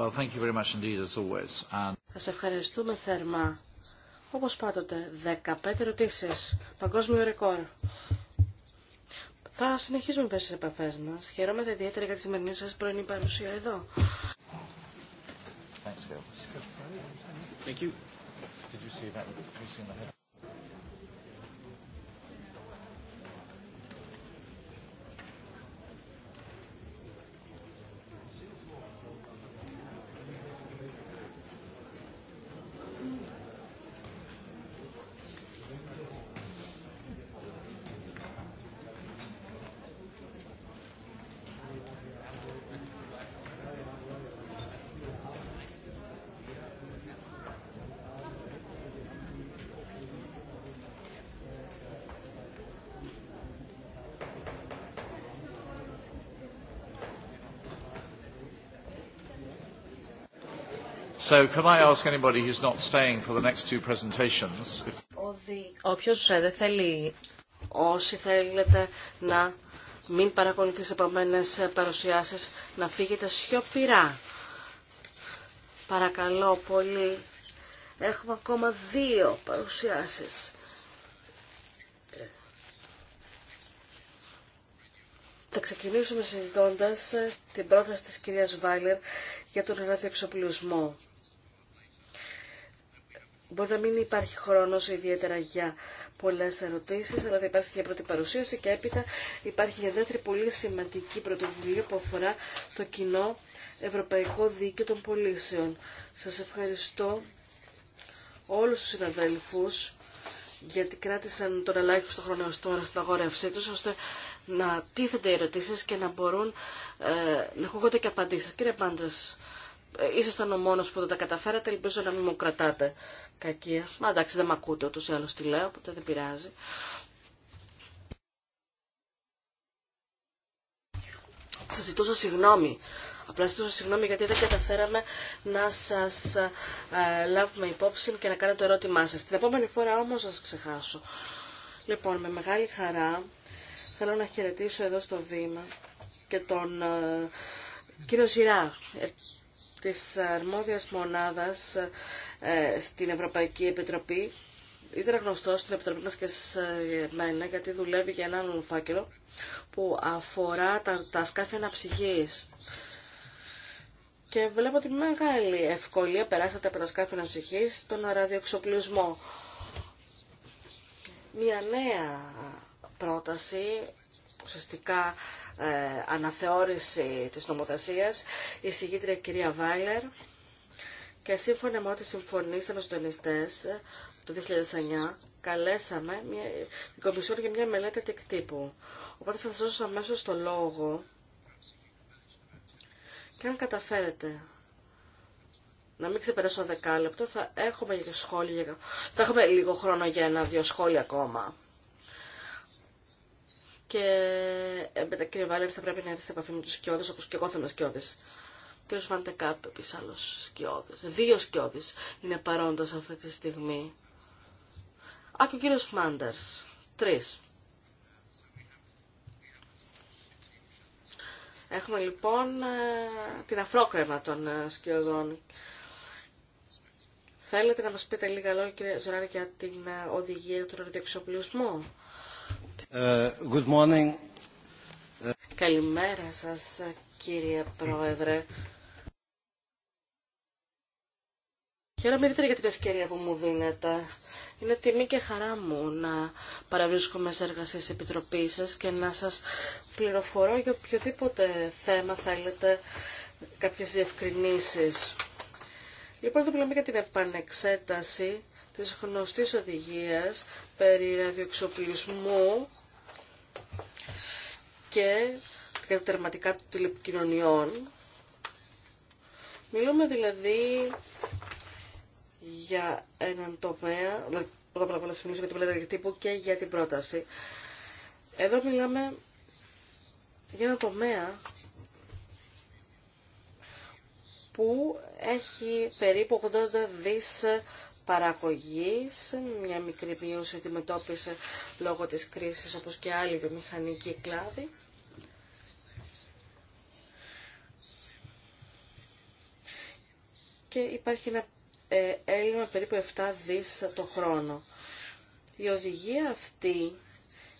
Well, thank you very much as always. Σας ευχαριστούμε θερμά. Όπως πάντοτε, 15 ερωτήσει. Παγκόσμιο ρεκόρ. Θα συνεχίσουμε πέσει στις επαφές μας. Χαιρόμαι ιδιαίτερα για τη σημερινή σας πρωινή παρουσία εδώ. Thank you. Did you see that? you So I ask anybody who's not staying for the next two presentations... If... Όποιος ε, δεν θέλει, όσοι θέλετε να μην παρακολουθείς τις επόμενες ε, παρουσιάσεις, να φύγετε σιωπηρά. Παρακαλώ πολύ. Έχουμε ακόμα δύο παρουσιάσεις. Θα ξεκινήσουμε συζητώντα ε, την πρόταση της κυρίας Βάιλερ για τον εξοπλισμό. Μπορεί να μην υπάρχει χρόνος ιδιαίτερα για πολλές ερωτήσεις, αλλά θα υπάρξει μια πρώτη παρουσίαση και έπειτα υπάρχει μια δεύτερη πολύ σημαντική πρωτοβουλία που αφορά το κοινό Ευρωπαϊκό Δίκαιο των Πολίσεων. Σας ευχαριστώ όλους τους συναδέλφους γιατί κράτησαν τον ελάχιστο χρόνο ως τώρα στην αγορεύσή τους, ώστε να τίθενται ερωτήσεις και να μπορούν ε, να ακούγονται και απαντήσεις. Κύριε ήσασταν ο μόνο που δεν τα καταφέρατε, ελπίζω να μην μου κρατάτε κακία. Μα εντάξει δεν με ακούτε ούτω ή άλλω τι λέω, οπότε δεν πειράζει. Σας ζητούσα συγγνώμη. Απλά ζητούσα συγγνώμη γιατί δεν καταφέραμε να σας ε, λάβουμε υπόψη και να κάνετε το ερώτημά σα. Την επόμενη φορά όμως θα σας ξεχάσω. Λοιπόν, με μεγάλη χαρά θέλω να χαιρετήσω εδώ στο βήμα και τον ε, κύριο Ζηρά της αρμόδιας μονάδας ε, στην Ευρωπαϊκή Επιτροπή ήταν γνωστό στην Επιτροπή μας και σε μένα γιατί δουλεύει για έναν φάκελο που αφορά τα, τα σκάφη αναψυχής. Και βλέπω ότι μεγάλη ευκολία περάσατε από τα σκάφη αναψυχής στον ραδιοξοπλισμό. Μια νέα πρόταση ουσιαστικά ε, αναθεώρηση της νομοθεσίας, η συγγήτρια κυρία Βάιλερ και σύμφωνα με ό,τι συμφωνήσαμε στους τονιστές ε, το 2009, καλέσαμε μια, την Κομισιόν για μια μελέτη τεκτύπου. Οπότε θα σας δώσω αμέσω το λόγο και αν καταφέρετε να μην ξεπεράσω δεκάλεπτο, θα έχουμε, σχόλια, θα έχουμε λίγο χρόνο για ένα-δύο σχόλια ακόμα και ε, μετά κύριε Βάλερ θα πρέπει να έρθει σε επαφή με του σκιώδε, όπω και εγώ θέλω σκιώδες. Κύριο Βαντεκάπ επίσης άλλο σκιώδες. Δύο σκιώδες είναι παρόντο αυτή τη στιγμή. Α, και ο κύριο Μάντερ. Τρει. Έχουμε λοιπόν ε, την αφρόκρεμα των ε, σκιωδών. Θέλετε να μας πείτε λίγα λόγια, κύριε Ζωράρη, για την οδηγία του ροδιοξοπλισμού. Καλημέρα σας κύριε Πρόεδρε. Χαίρομαι ιδιαίτερα για την ευκαιρία που μου δίνετε. Είναι τιμή και χαρά μου να παραβρίσκομαι σε εργασίες της Επιτροπής σας και να σας πληροφορώ για οποιοδήποτε θέμα θέλετε κάποιες διευκρινήσεις. Λοιπόν, εδώ μιλάμε για την επανεξέταση της γνωστής οδηγίας περί ραδιοεξοπλισμού και τερματικά του τηλεπικοινωνιών. Μιλούμε δηλαδή για έναν τομέα, πρώτα απ' όλα θα για την πλέον τύπου και για την πρόταση. Εδώ μιλάμε για έναν τομέα που έχει περίπου 80 δις παραγωγής, μια μικρή μείωση αντιμετώπισε λόγω της κρίσης όπως και άλλη βιομηχανική κλάδη. Και υπάρχει ένα ε, έλλειμμα περίπου 7 δις το χρόνο. Η οδηγία αυτή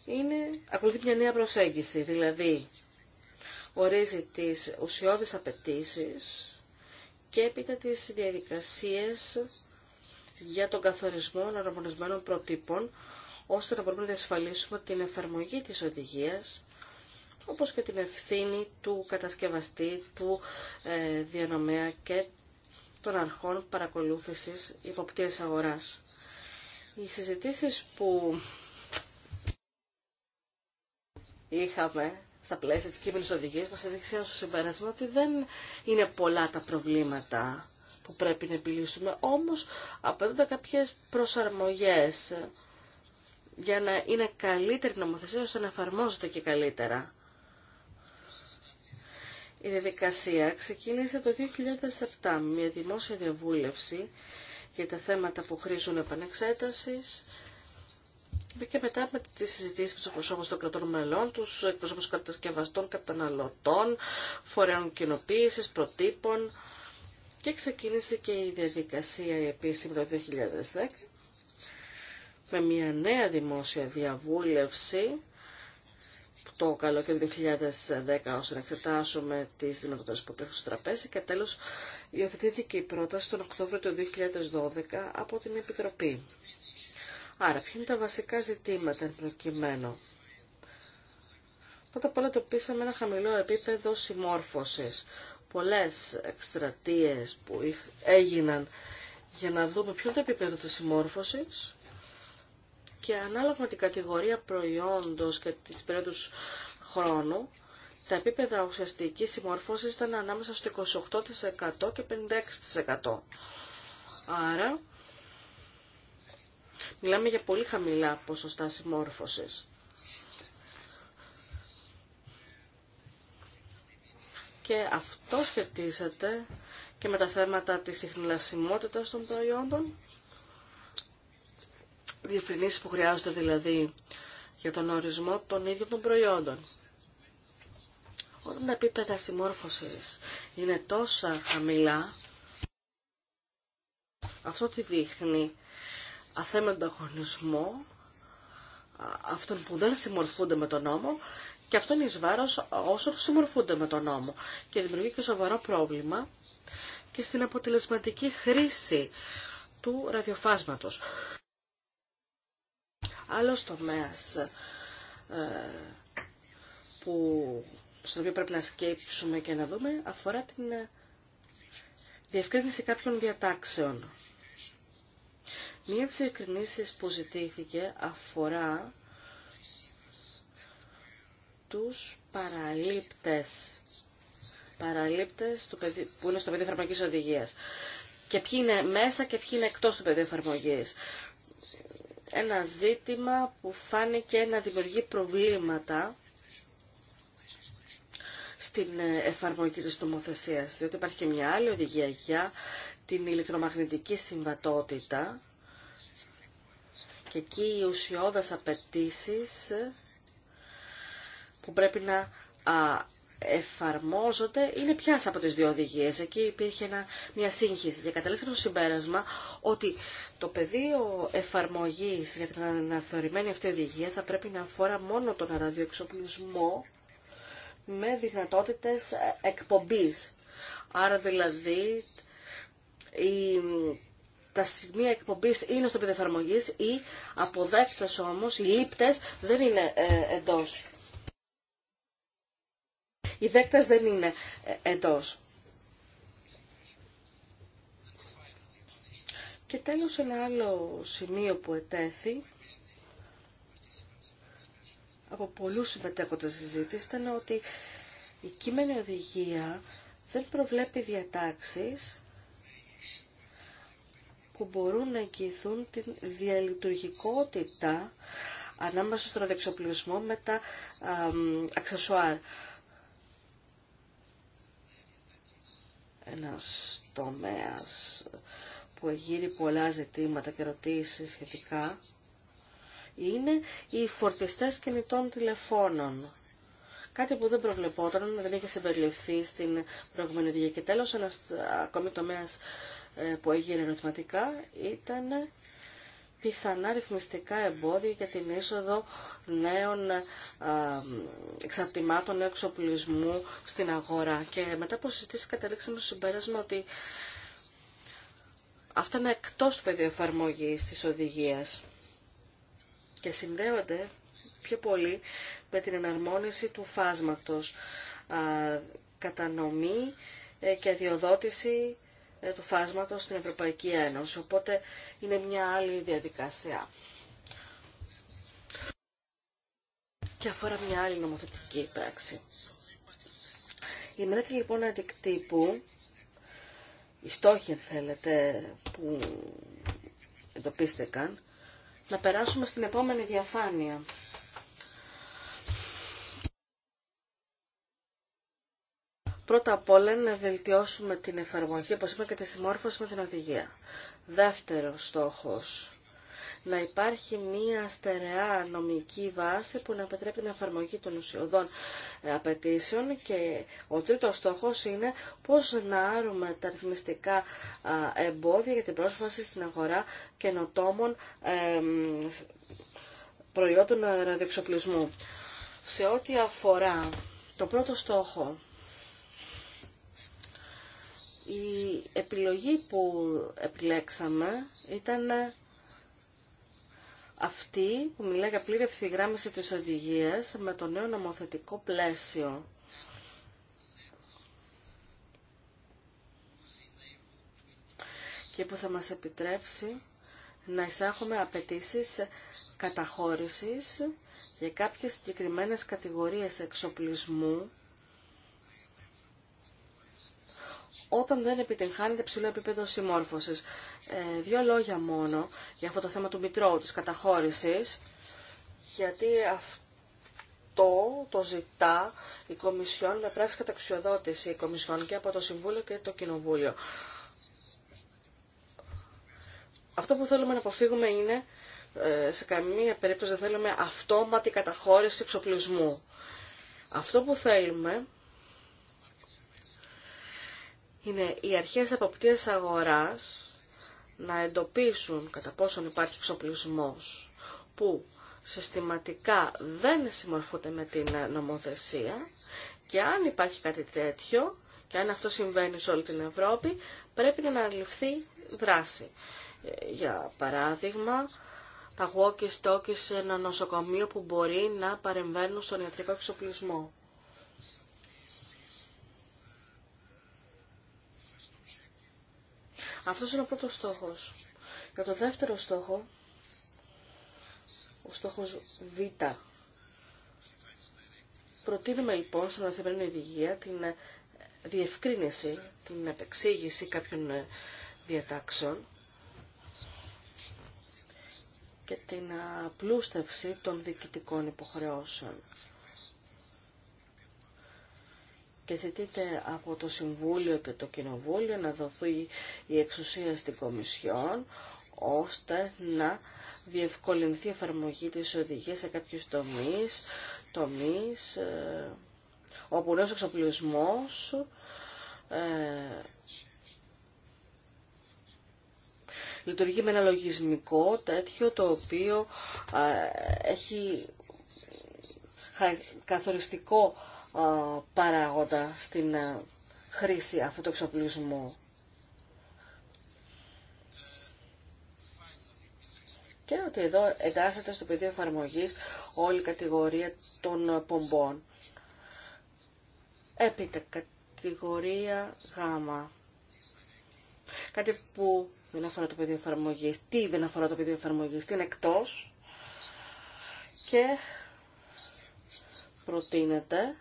είναι, ακολουθεί μια νέα προσέγγιση, δηλαδή ορίζει τις ουσιώδεις απαιτήσει και έπειτα τις διαδικασίες για τον καθορισμό αναρμονισμένων προτύπων, ώστε να μπορούμε να διασφαλίσουμε την εφαρμογή της οδηγίας, όπως και την ευθύνη του κατασκευαστή, του ε, διανομέα και των αρχών παρακολούθησης υποπτήρες αγοράς. Οι συζητήσεις που είχαμε στα πλαίσια της κείμενης οδηγίας μας έδειξαν στο συμπέρασμα ότι δεν είναι πολλά τα προβλήματα που πρέπει να επιλύσουμε, όμως απαιτούνται κάποιες προσαρμογές για να είναι καλύτερη η νομοθεσία ώστε να εφαρμόζεται και καλύτερα. Η διαδικασία ξεκίνησε το 2007 μια δημόσια διαβούλευση για τα θέματα που χρήζουν επανεξέτασης και μετά με τι συζητήσει με του εκπροσώπου των κρατών μελών, του εκπροσώπου κατασκευαστών, καταναλωτών, φορέων κοινοποίηση, προτύπων, και ξεκίνησε και η διαδικασία η επίσημη το 2010 με μια νέα δημόσια διαβούλευση το και το 2010 ώστε να εξετάσουμε τις δυνατότητες που υπήρχαν στο τραπέζι και τέλος υιοθετήθηκε η πρόταση τον Οκτώβριο του 2012 από την Επιτροπή. Άρα, ποια είναι τα βασικά ζητήματα εν προκειμένου. Πρώτα απ' όλα το πείσαμε ένα χαμηλό επίπεδο συμμόρφωσης πολλές εκστρατείες που έγιναν για να δούμε ποιο το επίπεδο της συμμόρφωσης και ανάλογα με την κατηγορία προϊόντος και τις περίοδους χρόνου, τα επίπεδα ουσιαστικής συμμόρφωσης ήταν ανάμεσα στο 28% και 56%. Άρα, μιλάμε για πολύ χαμηλά ποσοστά συμμόρφωσης. και αυτό σχετίζεται και με τα θέματα της συχνηλασιμότητας των προϊόντων. Διευκρινήσεις που χρειάζονται δηλαδή για τον ορισμό των ίδιων των προϊόντων. Όταν τα επίπεδα συμμόρφωσης είναι τόσα χαμηλά, αυτό τι δείχνει αθέμεντο αγωνισμό αυτών που δεν συμμορφούνται με τον νόμο και αυτό είναι εις βάρος όσων συμμορφούνται με τον νόμο. Και δημιουργεί και σοβαρό πρόβλημα και στην αποτελεσματική χρήση του ραδιοφάσματος. Άλλος τομέας ε, που, στον οποίο πρέπει να σκέψουμε και να δούμε αφορά την ε, διευκρίνηση κάποιων διατάξεων. Μία από τις που ζητήθηκε αφορά τους παραλήπτες. Παραλήπτες που είναι στο πεδίο εφαρμογή οδηγίας. Και ποιοι είναι μέσα και ποιοι είναι εκτός του πεδίου εφαρμογή. Ένα ζήτημα που φάνηκε να δημιουργεί προβλήματα στην ε, εφαρμογή της νομοθεσίας, διότι υπάρχει και μια άλλη οδηγία για την ηλεκτρομαγνητική συμβατότητα και εκεί οι ουσιώδες απαιτήσει που πρέπει να εφαρμόζονται είναι πια από τις δύο οδηγίες. Εκεί υπήρχε μια σύγχυση και καταλήξαμε στο συμπέρασμα ότι το πεδίο εφαρμογής για την αναθεωρημένη αυτή οδηγία θα πρέπει να αφορά μόνο τον αραδιοεξοπλισμό με δυνατότητες εκπομπής. Άρα δηλαδή η, τα σημεία εκπομπής είναι στο πεδίο εφαρμογής ή αποδέκτες όμως, οι λήπτες δεν είναι ε, εντός η δέκτας δεν είναι ε, εντός. Και τέλος ένα άλλο σημείο που ετέθη από πολλούς συμμετέχοντες συζήτηση ήταν ότι η κείμενη οδηγία δεν προβλέπει διατάξεις που μπορούν να εγγυηθούν τη διαλειτουργικότητα ανάμεσα στον αδεξοπλισμό με τα ένας τομέας που εγείρει πολλά ζητήματα και ερωτήσει σχετικά είναι οι φορτιστές κινητών τηλεφώνων. Κάτι που δεν προβλεπόταν, δεν είχε συμπεριληφθεί στην προηγούμενη Και Τέλος, ένας ακόμη τομέας ε, που έγινε ερωτηματικά ήταν πιθανά ρυθμιστικά εμπόδια για την είσοδο νέων ε, εξαρτημάτων νέου εξοπλισμού στην αγορά. Και μετά από συζητήσει καταλήξαμε στο συμπέρασμα ότι αυτά είναι εκτός του πεδίου εφαρμογή της οδηγίας και συνδέονται πιο πολύ με την εναρμόνιση του φάσματος, κατανομή ε, και αδειοδότηση ε, του φάσματος στην Ευρωπαϊκή Ένωση. Οπότε είναι μια άλλη διαδικασία. Και αφορά μια άλλη νομοθετική πράξη. Η μελέτη λοιπόν αντικτύπου, οι στόχοι αν θέλετε που εντοπίστηκαν, να περάσουμε στην επόμενη διαφάνεια. Πρώτα απ' όλα να βελτιώσουμε την εφαρμογή, όπως είπα, και τη συμμόρφωση με την οδηγία. Δεύτερο στόχος, να υπάρχει μία στερεά νομική βάση που να επιτρέπει την εφαρμογή των ουσιοδών ε, απαιτήσεων και ο τρίτος στόχος είναι πώς να άρουμε τα ρυθμιστικά εμπόδια για την πρόσβαση στην αγορά καινοτόμων προϊόντων ε, ραδιοξοπλισμού. Σε ό,τι αφορά το πρώτο στόχο, η επιλογή που επιλέξαμε ήταν αυτή που μιλάει για πλήρη ευθυγράμμιση της οδηγίας με το νέο νομοθετικό πλαίσιο. και που θα μας επιτρέψει να εισάγουμε απαιτήσει καταχώρησης για κάποιες συγκεκριμένες κατηγορίες εξοπλισμού όταν δεν επιτυγχάνεται ψηλό επίπεδο συμμόρφωση. Ε, δύο λόγια μόνο για αυτό το θέμα του Μητρώου, της καταχώρηση, γιατί αυτό το ζητά η Κομισιόν με πράξη καταξιοδότηση η Κομισιόν και από το Συμβούλιο και το Κοινοβούλιο. Αυτό που θέλουμε να αποφύγουμε είναι ε, σε καμία περίπτωση δεν θέλουμε αυτόματη καταχώρηση εξοπλισμού. Αυτό που θέλουμε είναι οι αρχές αποπτήρες αγοράς να εντοπίσουν κατά πόσον υπάρχει εξοπλισμός που συστηματικά δεν συμμορφούνται με την νομοθεσία και αν υπάρχει κάτι τέτοιο και αν αυτό συμβαίνει σε όλη την Ευρώπη πρέπει να αναλυφθεί δράση. Για παράδειγμα, τα walkie-talkies σε ένα νοσοκομείο που μπορεί να παρεμβαίνουν στον ιατρικό εξοπλισμό. Αυτό είναι ο πρώτος στόχος. Για το δεύτερο στόχο, ο στόχος Β. Προτείνουμε λοιπόν στην Αθημένη Οδηγία την ε, διευκρίνηση, την επεξήγηση κάποιων ε, διατάξεων και την απλούστευση των διοικητικών υποχρεώσεων. και ζητείται από το Συμβούλιο και το Κοινοβούλιο να δοθεί η εξουσία στην Κομισιόν ώστε να διευκολυνθεί η εφαρμογή της οδηγίας σε κάποιους τομείς, τομείς ε, όπου νέος εξοπλισμός ε, λειτουργεί με ένα λογισμικό τέτοιο το οποίο ε, έχει καθοριστικό παράγοντα στην χρήση αυτού του εξοπλισμού. Και ότι εδώ εντάσσεται στο πεδίο εφαρμογή όλη η κατηγορία των πομπών. Έπειτα, κατηγορία Γ. Κάτι που δεν αφορά το πεδίο εφαρμογή. Τι δεν αφορά το πεδίο εφαρμογή, τι είναι εκτό. Και προτείνεται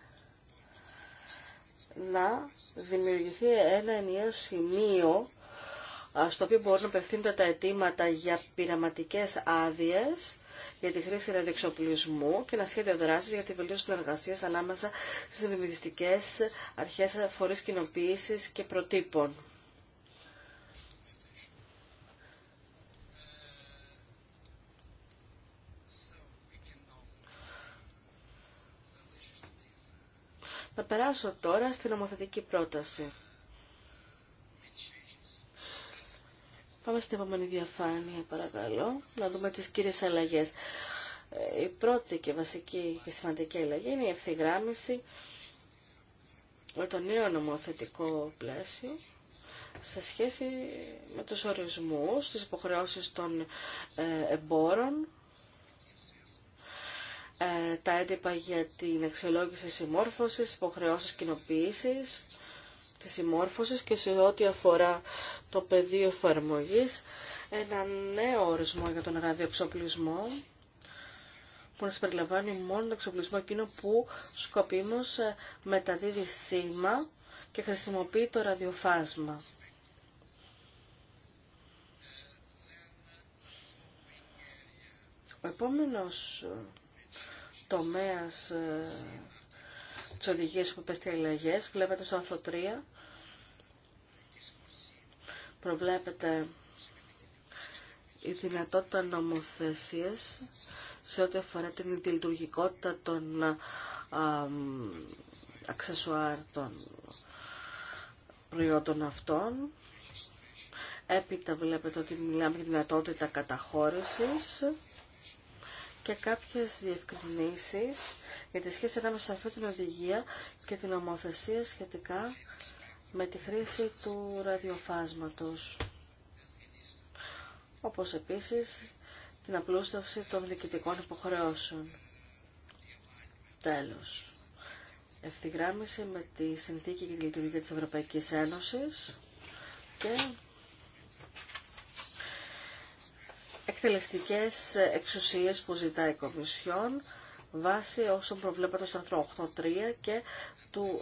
να δημιουργηθεί ένα ενιαίο σημείο στο οποίο μπορούν να απευθύνονται τα αιτήματα για πειραματικές άδειε για τη χρήση ραδιοξοπλισμού και ένα σχέδιο δράση για τη βελτίωση των εργασία ανάμεσα στι ρυθμιστικέ αρχέ φορείς κοινοποίηση και προτύπων. Θα περάσω τώρα στην νομοθετική πρόταση. Πάμε στην επόμενη διαφάνεια, παρακαλώ, να δούμε τις κύριες αλλαγές. Ε, η πρώτη και βασική και σημαντική αλλαγή είναι η ευθυγράμμιση με το νέο νομοθετικό πλαίσιο σε σχέση με τους ορισμούς, τις υποχρεώσεις των ε, εμπόρων ε, τα έντυπα για την αξιολόγηση συμμόρφωσης, υποχρεώσει κοινοποίηση τη συμμόρφωσης και σε ό,τι αφορά το πεδίο εφαρμογή, ένα νέο ορισμό για τον ραδιοξοπλισμό που να συμπεριλαμβάνει μόνο τον εξοπλισμό εκείνο που σκοπίμως ε, μεταδίδει σήμα και χρησιμοποιεί το ραδιοφάσμα. Ο επόμενος ε, τομέας ε, τη οδηγία που στι αλλαγέ. Βλέπετε στο άρθρο 3 προβλέπετε η δυνατότητα νομοθεσίας σε ό,τι αφορά την λειτουργικότητα των αξεσουάρτων ε, αξεσουάρ των προϊόντων αυτών. Έπειτα βλέπετε ότι μιλάμε για δυνατότητα καταχώρησης και κάποιες διευκρινήσεις για τη σχέση ανάμεσα σε αυτή την οδηγία και την ομοθεσία σχετικά με τη χρήση του ραδιοφάσματος. Όπως επίσης την απλούστευση των διοικητικών υποχρεώσεων. Τέλος. Ευθυγράμμιση με τη συνθήκη και τη λειτουργία της Ευρωπαϊκής Ένωσης και εκτελεστικές εξουσίες που ζητάει η Κομισιόν βάσει όσων προβλέπεται στο άρθρο 8.3 και του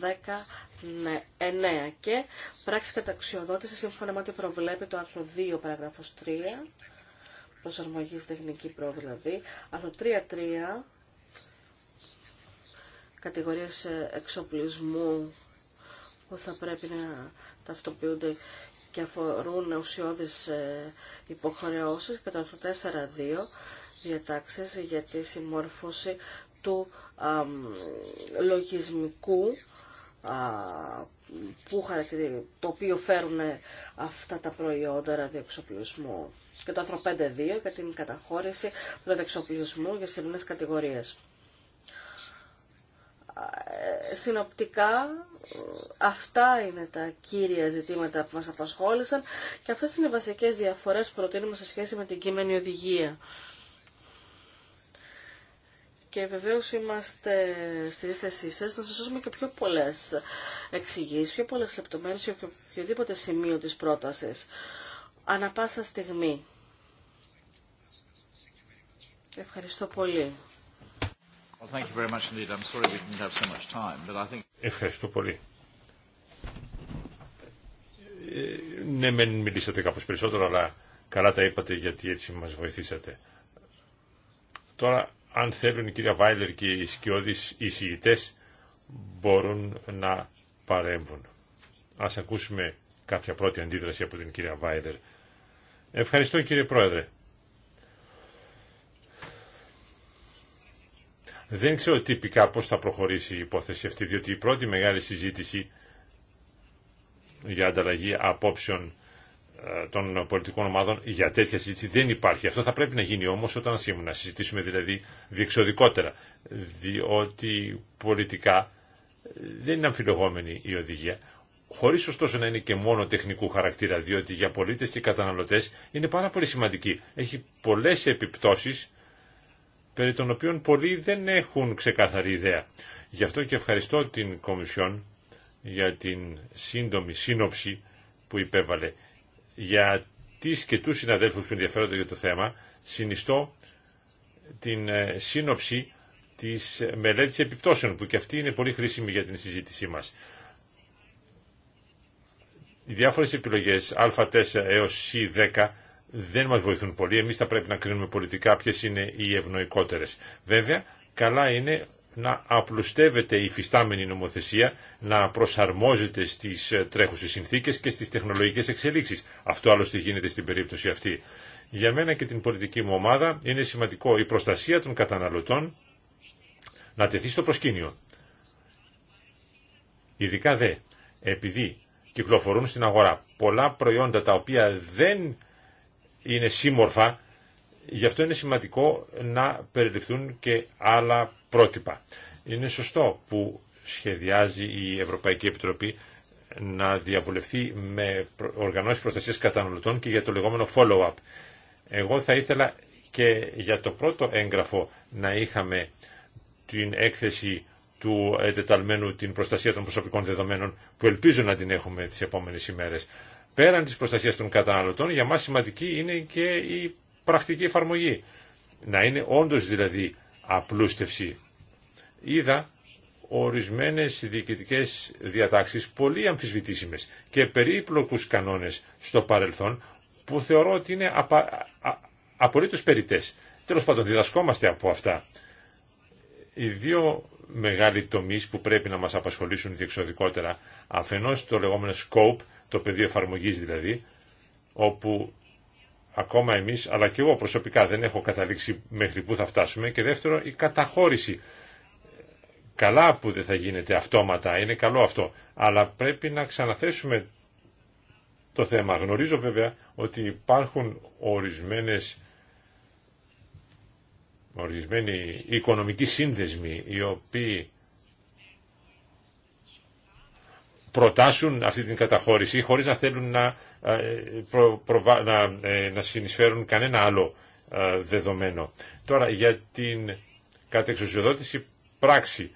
19 ε, ναι, ε, και πράξη καταξιοδότηση σύμφωνα με ό,τι προβλέπει το άρθρο 2 παραγράφος 3 προσαρμογή τεχνική πρόοδο δηλαδή άρθρο 3.3 κατηγορίες ε, εξοπλισμού που θα πρέπει να ταυτοποιούνται και αφορούν ουσιώδεις ε, υποχρεώσεις και το 4.2 διατάξεις για τη συμμόρφωση του λογισμικού α, που το οποίο φέρουν ε, αυτά τα προϊόντα ραδιοξοπλισμού και το άρθρο 5.2 για την καταχώρηση του ραδιοεξοπλισμού για σημερινές κατηγορίες. Ε, συνοπτικά αυτά είναι τα κύρια ζητήματα που μας απασχόλησαν και αυτές είναι οι βασικές διαφορές που προτείνουμε σε σχέση με την κείμενη οδηγία. Και βεβαίως είμαστε στη θέση σας να σας δώσουμε και πιο πολλές εξηγήσεις, πιο πολλές λεπτομέρειες για οποιοδήποτε σημείο της πρότασης. Ανά πάσα στιγμή. Ευχαριστώ πολύ. Ευχαριστώ πολύ. Ε, ναι, μεν μιλήσατε κάπως περισσότερο, αλλά καλά τα είπατε γιατί έτσι μας βοηθήσατε. Τώρα, αν θέλουν η κυρία Βάιλερ και οι σκιώδεις εισηγητέ μπορούν να παρέμβουν. Ας ακούσουμε κάποια πρώτη αντίδραση από την κυρία Βάιλερ. Ευχαριστώ κύριε Πρόεδρε. Δεν ξέρω τυπικά πώς θα προχωρήσει η υπόθεση αυτή, διότι η πρώτη μεγάλη συζήτηση για ανταλλαγή απόψεων ε, των πολιτικών ομάδων για τέτοια συζήτηση δεν υπάρχει. Αυτό θα πρέπει να γίνει όμως όταν σήμερα να συζητήσουμε δηλαδή διεξοδικότερα, διότι πολιτικά ε, δεν είναι αμφιλογόμενη η οδηγία, χωρίς ωστόσο να είναι και μόνο τεχνικού χαρακτήρα, διότι για πολίτες και καταναλωτές είναι πάρα πολύ σημαντική. Έχει πολλές επιπτώσεις περί των οποίων πολλοί δεν έχουν ξεκάθαρη ιδέα. Γι' αυτό και ευχαριστώ την Κομισιόν για την σύντομη σύνοψη που υπέβαλε. Για τις και τους συναδέλφους που ενδιαφέρονται για το θέμα, συνιστώ την ε, σύνοψη της μελέτης επιπτώσεων, που και αυτή είναι πολύ χρήσιμη για την συζήτησή μας. Οι διάφορες επιλογές α4 έως c10 δεν μας βοηθούν πολύ. Εμείς θα πρέπει να κρίνουμε πολιτικά ποιες είναι οι ευνοϊκότερες. Βέβαια, καλά είναι να απλουστεύεται η φυστάμενη νομοθεσία, να προσαρμόζεται στις ε, τρέχουσες συνθήκες και στις τεχνολογικές εξελίξεις. Αυτό άλλωστε γίνεται στην περίπτωση αυτή. Για μένα και την πολιτική μου ομάδα είναι σημαντικό η προστασία των καταναλωτών να τεθεί στο προσκήνιο. Ειδικά δε, επειδή κυκλοφορούν στην αγορά πολλά προϊόντα τα οποία δεν είναι σύμμορφα, γι' αυτό είναι σημαντικό να περιληφθούν και άλλα πρότυπα. Είναι σωστό που σχεδιάζει η Ευρωπαϊκή Επιτροπή να διαβουλευτεί με οργανώσεις προστασίας καταναλωτών και για το λεγόμενο follow-up. Εγώ θα ήθελα και για το πρώτο έγγραφο να είχαμε την έκθεση του εντεταλμένου την προστασία των προσωπικών δεδομένων που ελπίζω να την έχουμε τις επόμενες ημέρες. Πέραν της προστασίας των καταναλωτών, για μας σημαντική είναι και η πρακτική εφαρμογή. Να είναι όντως δηλαδή απλούστευση. Είδα ορισμένες διοικητικές διατάξεις πολύ αμφισβητήσιμες και περίπλοκους κανόνες στο παρελθόν που θεωρώ ότι είναι απα... απολύτως περιτές. Τέλος πάντων διδασκόμαστε από αυτά. Οι δύο μεγάλοι τομείς που πρέπει να μας απασχολήσουν διεξοδικότερα αφενός το λεγόμενο scope, το πεδίο εφαρμογή δηλαδή, όπου ακόμα εμεί, αλλά και εγώ προσωπικά δεν έχω καταλήξει μέχρι πού θα φτάσουμε και δεύτερο η καταχώρηση. Καλά που δεν θα γίνεται αυτόματα, είναι καλό αυτό, αλλά πρέπει να ξαναθέσουμε το θέμα. Γνωρίζω βέβαια ότι υπάρχουν ορισμένες ορισμένοι οικονομικοί σύνδεσμοι οι οποίοι προτάσουν αυτή την καταχώρηση χωρίς να θέλουν να, ε, προ, ε, να, συνεισφέρουν κανένα άλλο ε, δεδομένο. Τώρα για την κατεξουσιοδότηση πράξη.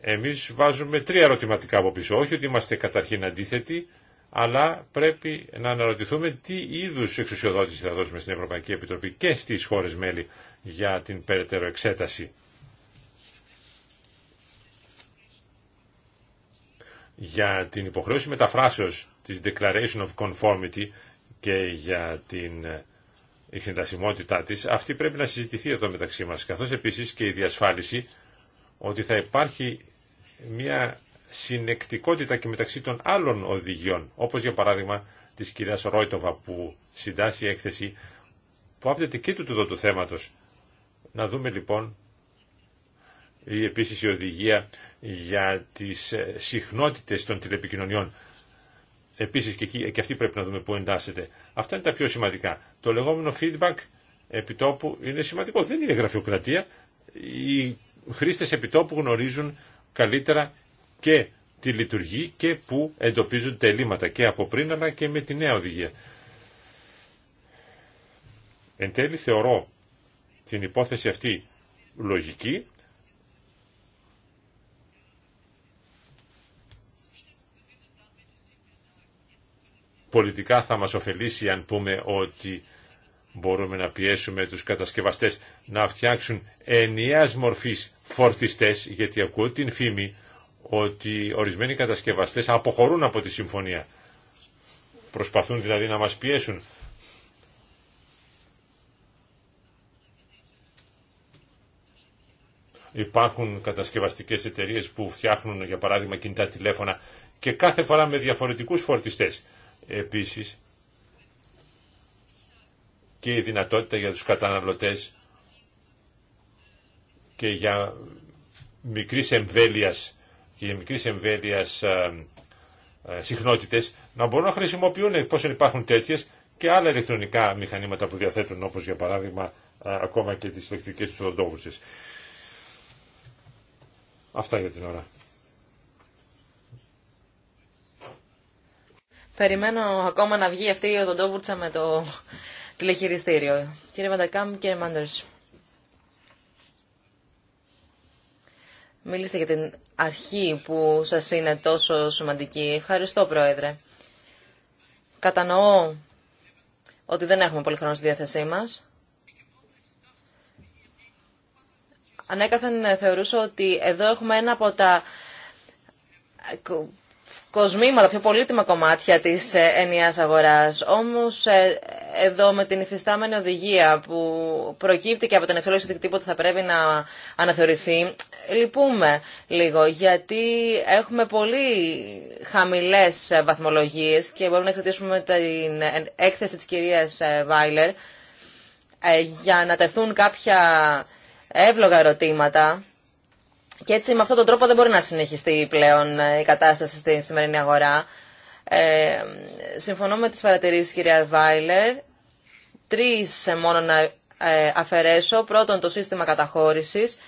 Εμείς βάζουμε τρία ερωτηματικά από πίσω. Όχι ότι είμαστε καταρχήν αντίθετοι, αλλά πρέπει να αναρωτηθούμε τι είδους εξουσιοδότηση θα δώσουμε στην Ευρωπαϊκή Επιτροπή και στις χώρες μέλη για την περαιτέρω εξέταση. για την υποχρέωση μεταφράσεως της Declaration of Conformity και για την ιχνηλασιμότητά ε, της, αυτή πρέπει να συζητηθεί εδώ μεταξύ μας, καθώς επίσης και η διασφάλιση ότι θα υπάρχει μια συνεκτικότητα και μεταξύ των άλλων οδηγιών, όπως για παράδειγμα της κυρίας Ρόιτοβα που συντάσσει έκθεση που άπτεται και του το του θέματος. Να δούμε λοιπόν ή επίσης η οδηγία για τις ε, συχνότητες των τηλεπικοινωνιών. Επίσης και, ε, και αυτή πρέπει να δούμε που εντάσσεται. Αυτά είναι τα πιο σημαντικά. Το λεγόμενο feedback επιτόπου είναι σημαντικό. Δεν είναι γραφειοκρατία. Οι χρήστες επιτόπου γνωρίζουν καλύτερα και τη λειτουργή και που εντοπίζουν τα ελλείμματα και από πριν αλλά και με τη νέα οδηγία. Εν τέλει θεωρώ την υπόθεση αυτή λογική πολιτικά θα μας ωφελήσει αν πούμε ότι μπορούμε να πιέσουμε τους κατασκευαστές να φτιάξουν ενιαίας μορφής φορτιστές, γιατί ακούω την φήμη ότι ορισμένοι κατασκευαστές αποχωρούν από τη συμφωνία. Προσπαθούν δηλαδή να μας πιέσουν. Υπάρχουν κατασκευαστικές εταιρείες που φτιάχνουν για παράδειγμα κινητά τηλέφωνα και κάθε φορά με διαφορετικούς φορτιστές επίσης και η δυνατότητα για τους καταναλωτές και για μικρής εμβέλειας και μικρής εμβέλειας συχνότητες να μπορούν να χρησιμοποιούν πόσο υπάρχουν τέτοιες και άλλα ηλεκτρονικά μηχανήματα που διαθέτουν όπως για παράδειγμα ακόμα και τις ηλεκτρικές τους οδοντόβουρσες. Αυτά για την ώρα. Περιμένω ακόμα να βγει αυτή η οδοντόβουρτσα με το τηλεχειριστήριο. Κύριε Βαντακάμ, κύριε Μάντερς. Μιλήστε για την αρχή που σας είναι τόσο σημαντική. Ευχαριστώ, Πρόεδρε. Κατανοώ ότι δεν έχουμε πολύ χρόνο στη διάθεσή μας. Ανέκαθεν θεωρούσα ότι εδώ έχουμε ένα από τα κοσμήματα, πιο πολύτιμα κομμάτια της ε, ενιαίας αγοράς. Όμως ε, εδώ με την υφιστάμενη οδηγία που προκύπτει και από την εξόλυση δικτύπου ότι θα πρέπει να αναθεωρηθεί, λυπούμε λίγο γιατί έχουμε πολύ χαμηλές ε, βαθμολογίες και μπορούμε να εξετήσουμε την έκθεση της κυρίας Βάιλερ για να τεθούν κάποια εύλογα ερωτήματα και έτσι με αυτόν τον τρόπο δεν μπορεί να συνεχιστεί πλέον ε, η κατάσταση στη σημερινή αγορά. Ε, συμφωνώ με τις παρατηρήσεις κυρία Βάιλερ. Τρεις μόνο να ε, αφαιρέσω. Πρώτον το σύστημα καταχώρησης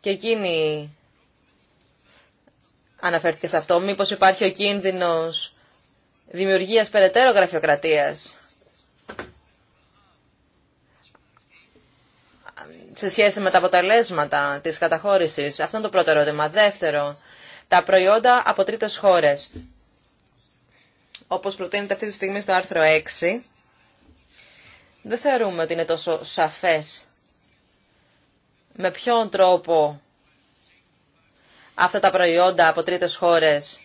και εκείνη αναφέρθηκε σε αυτό. Μήπως υπάρχει ο κίνδυνος δημιουργίας περαιτέρω γραφειοκρατίας σε σχέση με τα αποτελέσματα της καταχώρησης. Αυτό είναι το πρώτο ερώτημα. Δεύτερο, τα προϊόντα από τρίτες χώρες. Όπως προτείνεται αυτή τη στιγμή στο άρθρο 6, δεν θεωρούμε ότι είναι τόσο σαφές με ποιον τρόπο αυτά τα προϊόντα από τρίτες χώρες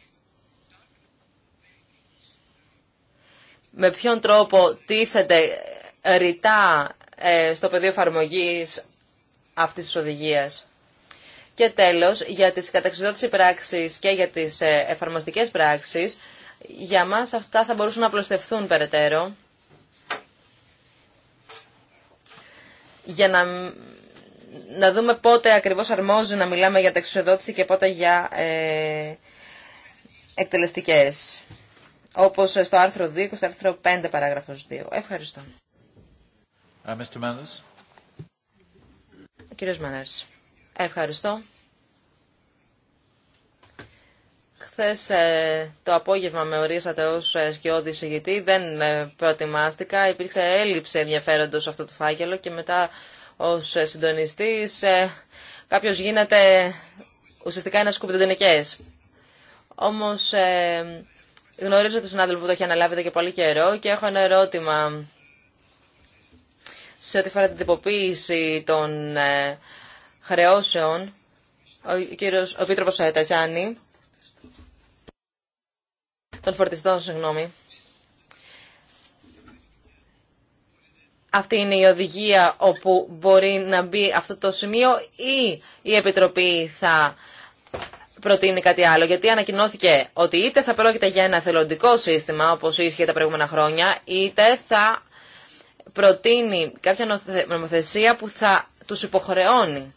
με ποιον τρόπο τίθεται ρητά ε, στο πεδίο εφαρμογή αυτής της οδηγίας. Και τέλος, για τις καταξιδότηση πράξεις και για τις ε, εφαρμοστικές πράξεις, για μας αυτά θα μπορούσαν να απλωστευθούν περαιτέρω, για να, να δούμε πότε ακριβώς αρμόζει να μιλάμε για ταξιδότηση και πότε για ε, εκτελεστικές. Όπως στο άρθρο 2 και στο άρθρο 5 παράγραφος 2. Ευχαριστώ. Ε, κύριος Μανέρς. Ευχαριστώ. Χθες ε, το απόγευμα με ορίσατε ως ε, σκιώδη συγητή, δεν ε, προετοιμάστηκα, υπήρξε έλλειψη ενδιαφέροντος αυτό το φάκελο και μετά ως συντονιστής κάποιος γίνεται ουσιαστικά ένα σκουπιδεντενικές. Όμως γνωρίζω τον συνάδελφο που το έχει αναλάβει και πολύ καιρό και έχω ένα ερώτημα σε ό,τι φορά την τυποποίηση των ε, χρεώσεων, ο, κύριος, ο Πίτροπος Σαϊτατζάνη, ε, των φορτιστών, συγγνώμη. Αυτή είναι η οδηγία όπου μπορεί να μπει αυτό το σημείο ή η Επιτροπή θα προτείνει κάτι άλλο. Γιατί ανακοινώθηκε ότι είτε θα πρόκειται για ένα θελοντικό σύστημα όπως ίσχυε τα προηγούμενα χρόνια, είτε θα προτείνει κάποια νομοθεσία που θα τους υποχρεώνει.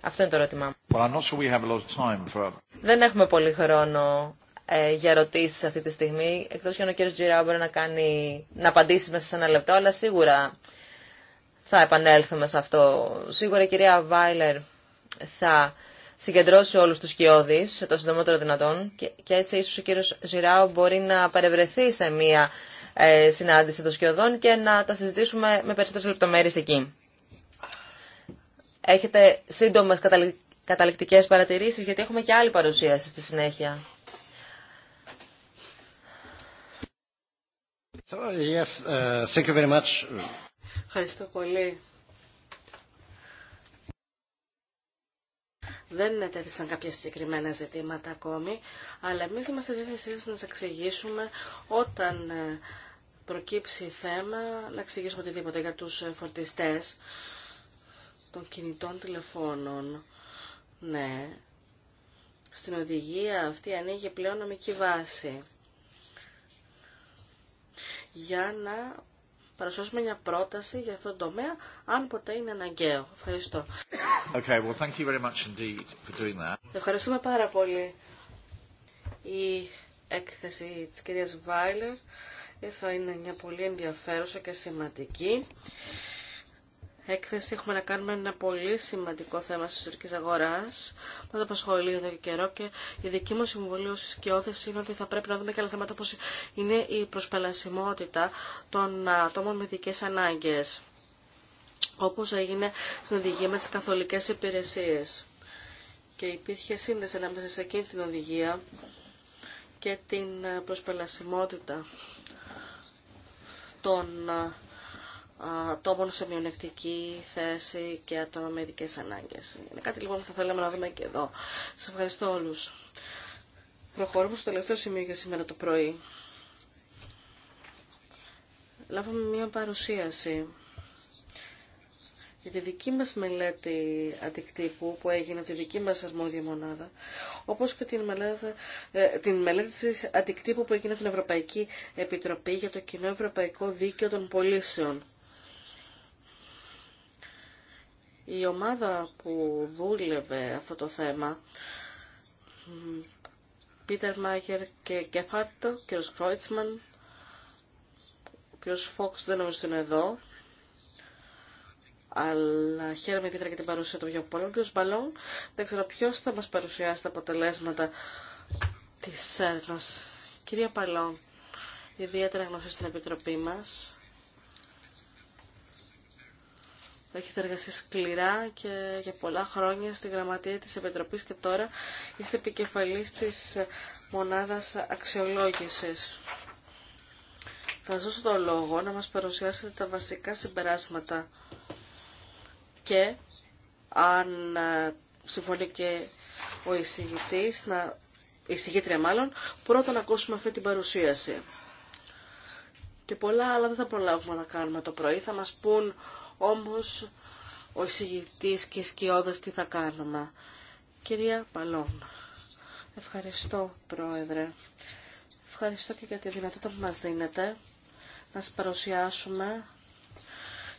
Αυτό είναι το ερώτημά μου. Δεν έχουμε πολύ χρόνο ε, για ερωτήσει αυτή τη στιγμή, εκτός και αν ο κ. Τζιράου μπορεί να, κάνει, να απαντήσει μέσα σε ένα λεπτό, αλλά σίγουρα θα επανέλθουμε σε αυτό. Σίγουρα η κυρία Βάιλερ θα συγκεντρώσει όλους τους κοιόδης σε το συντομότερο δυνατόν και, έτσι ίσως ο κύριος Ζηράου μπορεί να παρευρεθεί σε μία ε, συνάντηση των σκιωδών και να τα συζητήσουμε με περισσότερες λεπτομέρειες εκεί. Έχετε σύντομες καταληκτικές παρατηρήσεις γιατί έχουμε και άλλη παρουσίαση στη συνέχεια. Uh, Ευχαριστώ πολύ. Δεν σαν κάποια συγκεκριμένα ζητήματα ακόμη, αλλά εμείς είμαστε διάθεσοι να σας εξηγήσουμε όταν ε, προκύψει θέμα, να εξηγήσουμε οτιδήποτε για τους ε, φορτιστές των κινητών τηλεφώνων. Ναι, στην οδηγία αυτή ανοίγει πλέον νομική βάση για να παρουσιάσουμε μια πρόταση για αυτό το τομέα, αν ποτέ είναι αναγκαίο. Ευχαριστώ. Okay, well, thank you very much indeed for doing that. Ευχαριστούμε πάρα πολύ. Η έκθεση της κυρίας Βάιλερ θα είναι μια πολύ ενδιαφέρουσα και σημαντική έκθεση έχουμε να κάνουμε ένα πολύ σημαντικό θέμα στις τουρκικές αγοράς. που το απασχολεί εδώ και καιρό και η δική μου συμβολή ως σκιώθεση είναι ότι θα πρέπει να δούμε και άλλα θέματα όπως είναι η προσπελασιμότητα των ατόμων με ειδικές ανάγκες όπως έγινε στην οδηγία με τις καθολικές υπηρεσίες. Και υπήρχε σύνδεση ανάμεσα σε εκείνη την οδηγία και την προσπελασιμότητα των ατόμων σε μειονεκτική θέση και άτομα με ειδικέ ανάγκε. Είναι κάτι λοιπόν που θα θέλαμε να δούμε και εδώ. Σα ευχαριστώ όλου. Προχωρούμε στο τελευταίο σημείο για σήμερα το πρωί. Λάβαμε μια παρουσίαση για τη δική μας μελέτη αντικτύπου που έγινε από τη δική μας αρμόδια μονάδα, όπως και την μελέτη, ε, την μελέτη της αντικτύπου που έγινε από την Ευρωπαϊκή Επιτροπή για το Κοινό Ευρωπαϊκό Δίκαιο των Πολίσεων. Η ομάδα που δούλευε αυτό το θέμα, Πίτερ Μάγερ και Κεφάρτο, κ. Κρόιτσμαν, κ. Φόξ δεν νομίζω ότι είναι εδώ, αλλά χαίρομαι ιδιαίτερα για την παρουσία του Γιώργου Πολών. Κ. Μπαλόν, δεν ξέρω ποιο θα μα παρουσιάσει τα αποτελέσματα τη έρευνα. Κυρία Παλόν, ιδιαίτερα γνωστή στην Επιτροπή μας, Θα έχετε εργαστεί σκληρά και για πολλά χρόνια στη γραμματεία της Επιτροπής και τώρα είστε επικεφαλής της μονάδας αξιολόγησης. Θα σας δώσω το λόγο να μας παρουσιάσετε τα βασικά συμπεράσματα και αν ε, συμφωνεί και ο εισηγητής, να, η εισηγήτρια μάλλον, πρώτα να ακούσουμε αυτή την παρουσίαση. Και πολλά άλλα δεν θα προλάβουμε να κάνουμε το πρωί. Θα μας πούν όμως ο εισηγητής και σκιώδας τι θα κάνουμε. Κυρία Παλών, ευχαριστώ Πρόεδρε. Ευχαριστώ και για τη δυνατότητα που μας δίνετε να σας παρουσιάσουμε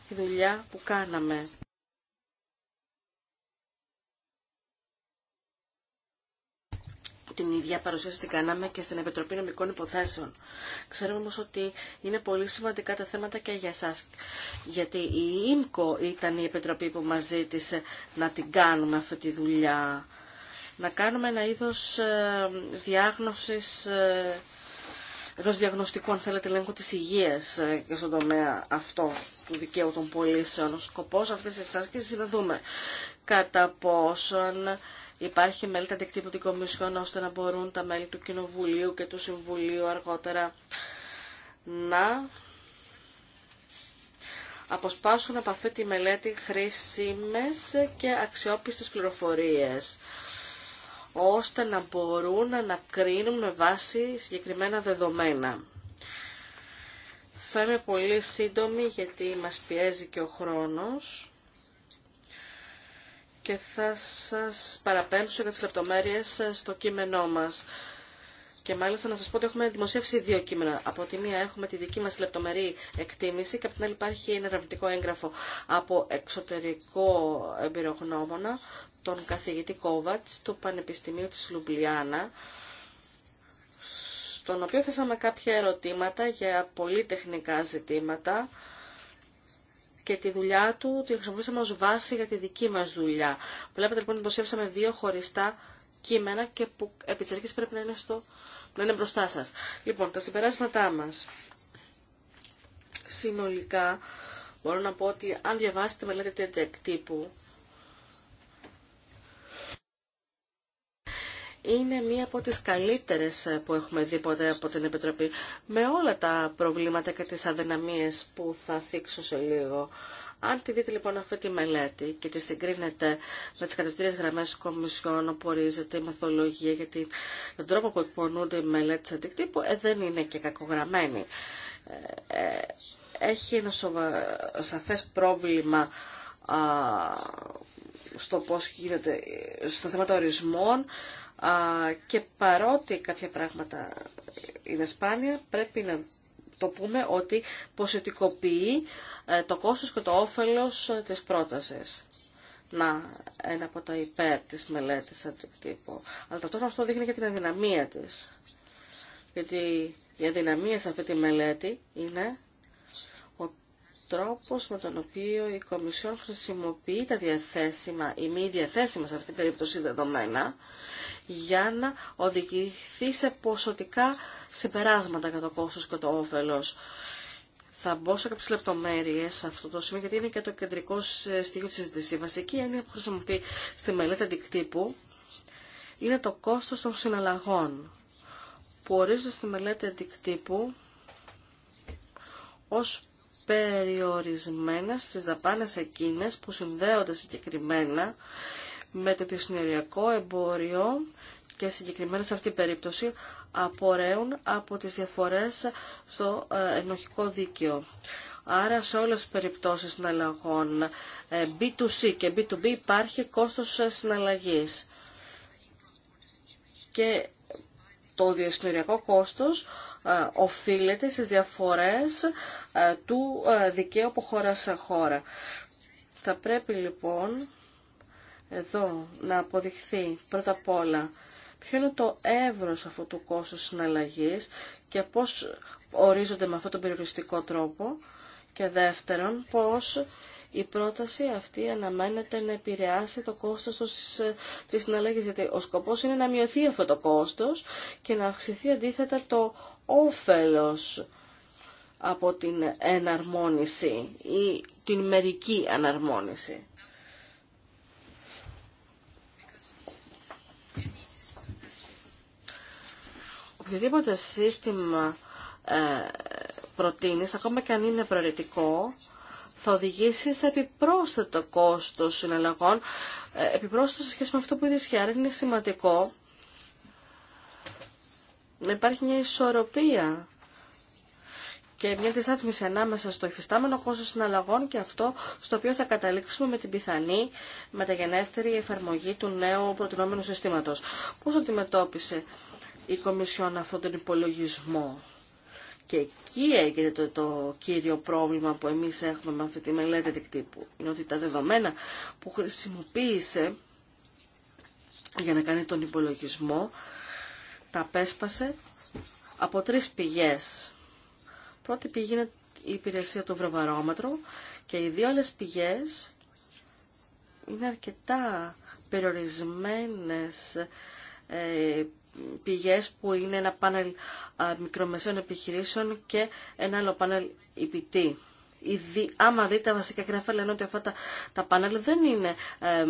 τη δουλειά που κάναμε Την ίδια παρουσίαση την κάναμε και στην Επιτροπή Νομικών Υποθέσεων. Ξέρουμε όμως ότι είναι πολύ σημαντικά τα θέματα και για εσάς. Γιατί η ΙΜΚΟ ήταν η Επιτροπή που μας ζήτησε να την κάνουμε αυτή τη δουλειά. Να κάνουμε ένα είδος ε, διάγνωσης ε, ενό διαγνωστικού, αν θέλετε, ελέγχου τη υγεία ε, και στον τομέα αυτό του δικαίου των πολίσεων. Ο σκοπό αυτή τη άσκηση είναι να δούμε κατά πόσον υπάρχει τα αντικτύπου αντικτύπωτη Κομισιόν ώστε να μπορούν τα μέλη του Κοινοβουλίου και του Συμβουλίου αργότερα να αποσπάσουν από αυτή τη μελέτη χρήσιμες και αξιόπιστες πληροφορίες ώστε να μπορούν να κρίνουν με βάση συγκεκριμένα δεδομένα. Θα είμαι πολύ σύντομη γιατί μας πιέζει και ο χρόνος και θα σας παραπέμψω για τις λεπτομέρειες ε, στο κείμενό μας. Και μάλιστα να σας πω ότι έχουμε δημοσιεύσει δύο κείμενα. Από τη μία έχουμε τη δική μας λεπτομερή εκτίμηση και από την άλλη υπάρχει ένα ερευνητικό έγγραφο από εξωτερικό εμπειρογνώμονα, τον καθηγητή Κόβατς του Πανεπιστημίου της Λουμπλιάνα, στον οποίο θέσαμε κάποια ερωτήματα για πολύ τεχνικά ζητήματα και τη δουλειά του τη χρησιμοποιήσαμε ως βάση για τη δική μας δουλειά. Βλέπετε λοιπόν ότι δημοσίευσαμε δύο χωριστά κείμενα και που επί της πρέπει να είναι, στο, να μπροστά σας. Λοιπόν, τα συμπεράσματά μας. Συνολικά μπορώ να πω ότι αν διαβάσετε μελέτη τύπου, είναι μία από τις καλύτερες ε, που έχουμε δει ποτέ από την Επιτροπή με όλα τα προβλήματα και τις αδυναμίες που θα θίξω σε λίγο. Αν τη δείτε λοιπόν αυτή τη μελέτη και τη συγκρίνετε με τις κατευθύνες γραμμές της Κομισιόν όπου ορίζεται η μεθολογία για τον τρόπο που εκπονούνται οι μελέτες αντικτύπου, ε, δεν είναι και κακογραμμένη. Ε, ε, έχει ένα σοβα... σαφές πρόβλημα α, στο πώς γίνεται, στο θέμα των ορισμών, και παρότι κάποια πράγματα είναι σπάνια, πρέπει να το πούμε ότι ποσοτικοποιεί ε, το κόστος και το όφελος ε, της πρότασης. Να, ένα από τα υπέρ της μελέτης αντικτύπου. Αλλά ταυτόχρονα αυτό δείχνει και την αδυναμία της. Γιατί η αδυναμία σε αυτή τη μελέτη είναι ο τρόπος με τον οποίο η Κομισιόν χρησιμοποιεί τα διαθέσιμα ή μη διαθέσιμα σε αυτή την περίπτωση δεδομένα για να οδηγηθεί σε ποσοτικά συμπεράσματα για το κόστος και το όφελο. Θα μπω σε κάποιε λεπτομέρειε σε αυτό το σημείο, γιατί είναι και το κεντρικό στοιχείο τη συζήτηση. Η βασική έννοια που χρησιμοποιεί στη μελέτη αντικτύπου είναι το κόστος των συναλλαγών, που ορίζονται στη μελέτη αντικτύπου ως περιορισμένα στις δαπάνες εκείνες που συνδέονται συγκεκριμένα με το διασυνοριακό εμπόριο και συγκεκριμένα σε αυτή την περίπτωση απορρέουν από τις διαφορές στο ε, ενοχικό δίκαιο. Άρα σε όλες τις περιπτώσεις συναλλαγών B2C ε, και B2B υπάρχει κόστος συναλλαγής. Και το διασυνοριακό κόστος ε, οφείλεται στις διαφορές του δικαίου που χώρα σε χώρα. Θα πρέπει λοιπόν εδώ να αποδειχθεί πρώτα απ' όλα ποιο είναι το εύρος αυτού του κόστου συναλλαγής και πώς ορίζονται με αυτόν τον περιοριστικό τρόπο και δεύτερον πώς η πρόταση αυτή αναμένεται να επηρεάσει το κόστος της συναλλαγής, γιατί ο σκοπός είναι να μειωθεί αυτό το κόστος και να αυξηθεί αντίθετα το όφελος από την εναρμόνιση ή την μερική αναρμόνιση. οποιοδήποτε σύστημα ε, προτείνεις, ακόμα και αν είναι προαιρετικό, θα οδηγήσει σε επιπρόσθετο κόστος συναλλαγών, ε, επιπρόσθετο σε σχέση με αυτό που και Άρα είναι σημαντικό να υπάρχει μια ισορροπία και μια δυσάτμιση ανάμεσα στο υφιστάμενο κόστος συναλλαγών και αυτό στο οποίο θα καταλήξουμε με την πιθανή μεταγενέστερη εφαρμογή του νέου προτινόμενου συστήματος. Πώς αντιμετώπισε η Κομισιόν αυτόν τον υπολογισμό. Και εκεί έγινε το, το κύριο πρόβλημα που εμείς έχουμε με αυτή τη μελέτη δικτύπου. Είναι ότι τα δεδομένα που χρησιμοποίησε για να κάνει τον υπολογισμό τα απέσπασε από τρεις πηγές. Πρώτη πηγή είναι η υπηρεσία του βρεβαρόμετρου και οι δύο άλλες πηγές είναι αρκετά περιορισμένες ε, πηγές που είναι ένα πάνελ μικρομεσαίων επιχειρήσεων και ένα άλλο πάνελ υπητή. E άμα δείτε τα βασικά γράφα λένε ότι αυτά τα, τα πάνελ δεν είναι ε,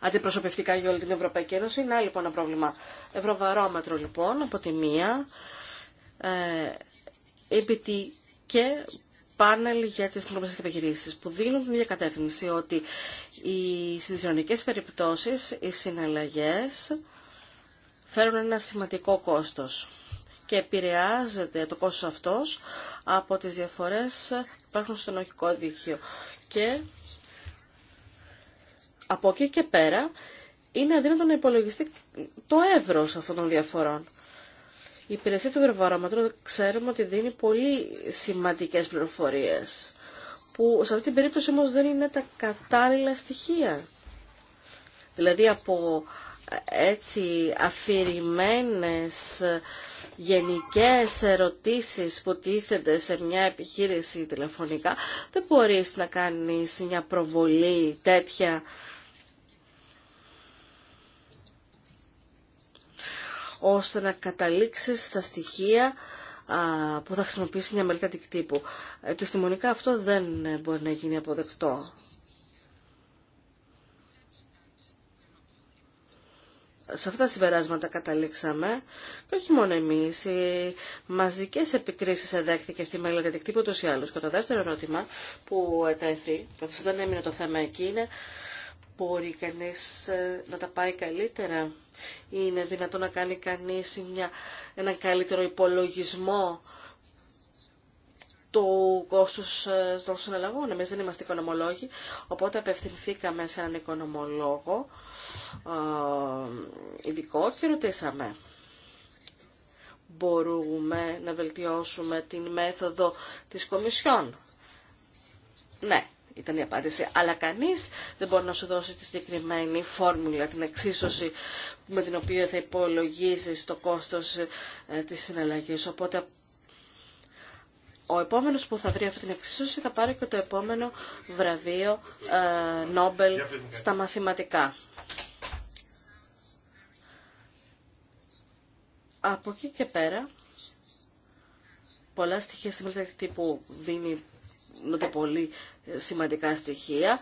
αντιπροσωπευτικά για όλη την Ευρωπαϊκή Ένωση. Είναι άλλο λοιπόν ένα πρόβλημα. Ευρωβαρόμετρο λοιπόν από τη μία, ε, e και πάνελ για τις μικρομεσαίες επιχειρήσεις που δίνουν την ίδια κατεύθυνση ότι οι συνδυσιονικές περιπτώσεις, οι συναλλαγές φέρουν ένα σημαντικό κόστος και επηρεάζεται το κόστος αυτός από τις διαφορές που υπάρχουν στο νοχικό δίκαιο. Και από εκεί και πέρα είναι αδύνατο να υπολογιστεί το εύρος αυτών των διαφορών. Η υπηρεσία του υπερβαρόμετρου ξέρουμε ότι δίνει πολύ σημαντικές πληροφορίες, που σε αυτή την περίπτωση όμως δεν είναι τα κατάλληλα στοιχεία. Δηλαδή από έτσι αφηρημένες γενικές ερωτήσεις που τίθενται σε μια επιχείρηση τηλεφωνικά, δεν μπορείς να κάνεις μια προβολή τέτοια ώστε να καταλήξεις στα στοιχεία που θα χρησιμοποιήσει μια μελέτη τύπου. Επιστημονικά αυτό δεν μπορεί να γίνει αποδεκτό. σε αυτά τα συμπεράσματα καταλήξαμε και όχι μόνο εμείς, οι μαζικές επικρίσεις εδέχθηκε στη μελλοντική ούτως ή άλλως. Και το δεύτερο ερώτημα που ετέθη, καθώς δεν έμεινε το θέμα εκεί, είναι μπορεί κανείς ε, να τα πάει καλύτερα. Είναι δυνατό να κάνει κανείς μια, έναν καλύτερο υπολογισμό του κόστου ε, των συναλλαγών. Εμεί δεν είμαστε οικονομολόγοι, οπότε απευθυνθήκαμε σε έναν οικονομολόγο, ειδικό και ρωτήσαμε. Μπορούμε να βελτιώσουμε την μέθοδο της Κομισιόν. Ναι, ήταν η απάντηση. Αλλά κανείς δεν μπορεί να σου δώσει τη συγκεκριμένη φόρμουλα, την εξίσωση με την οποία θα υπολογίσεις το κόστος ε, της συναλλαγής. Οπότε ο επόμενος που θα βρει αυτή την εξίσωση θα πάρει και το επόμενο βραβείο ε, Νόμπελ στα μαθηματικά. Από εκεί και πέρα, πολλά στοιχεία στην πλήρη που δίνει πολύ σημαντικά στοιχεία.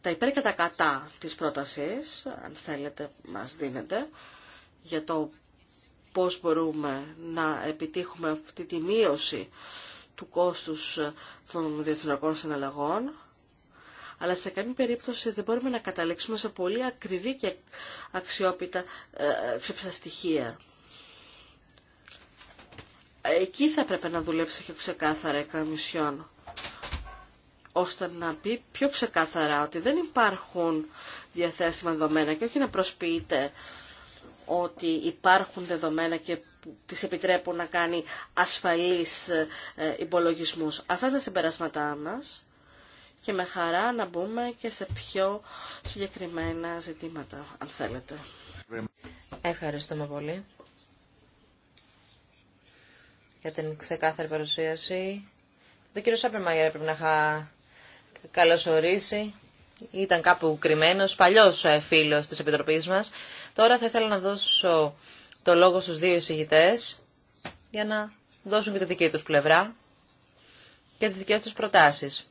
Τα υπέρ και τα κατά της πρότασης, αν θέλετε, μας δίνεται για το πώς μπορούμε να επιτύχουμε αυτή τη μείωση του κόστους των διεθνωτικών συναλλαγών, αλλά σε καμία περίπτωση δεν μπορούμε να καταλήξουμε σε πολύ ακριβή και αξιόπιτα ε, στοιχεία. Εκεί θα πρέπει να δουλέψει και ξεκάθαρα η Καμισιόν, ώστε να πει πιο ξεκάθαρα ότι δεν υπάρχουν διαθέσιμα δεδομένα και όχι να προσποιείται ότι υπάρχουν δεδομένα και τις επιτρέπουν να κάνει ασφαλείς ε, υπολογισμούς. Αυτά είναι τα συμπεράσματά μας και με χαρά να μπούμε και σε πιο συγκεκριμένα ζητήματα, αν θέλετε. Ευχαριστούμε πολύ για την ξεκάθαρη παρουσίαση. Δεν κύριο Σάπερμα πρέπει να είχα καλωσορίσει ήταν κάπου κρυμμένος, παλιός ε, φίλος της Επιτροπής μας. Τώρα θα ήθελα να δώσω το λόγο στους δύο εισηγητές για να δώσουν και τη δική τους πλευρά και τις δικές τους προτάσεις.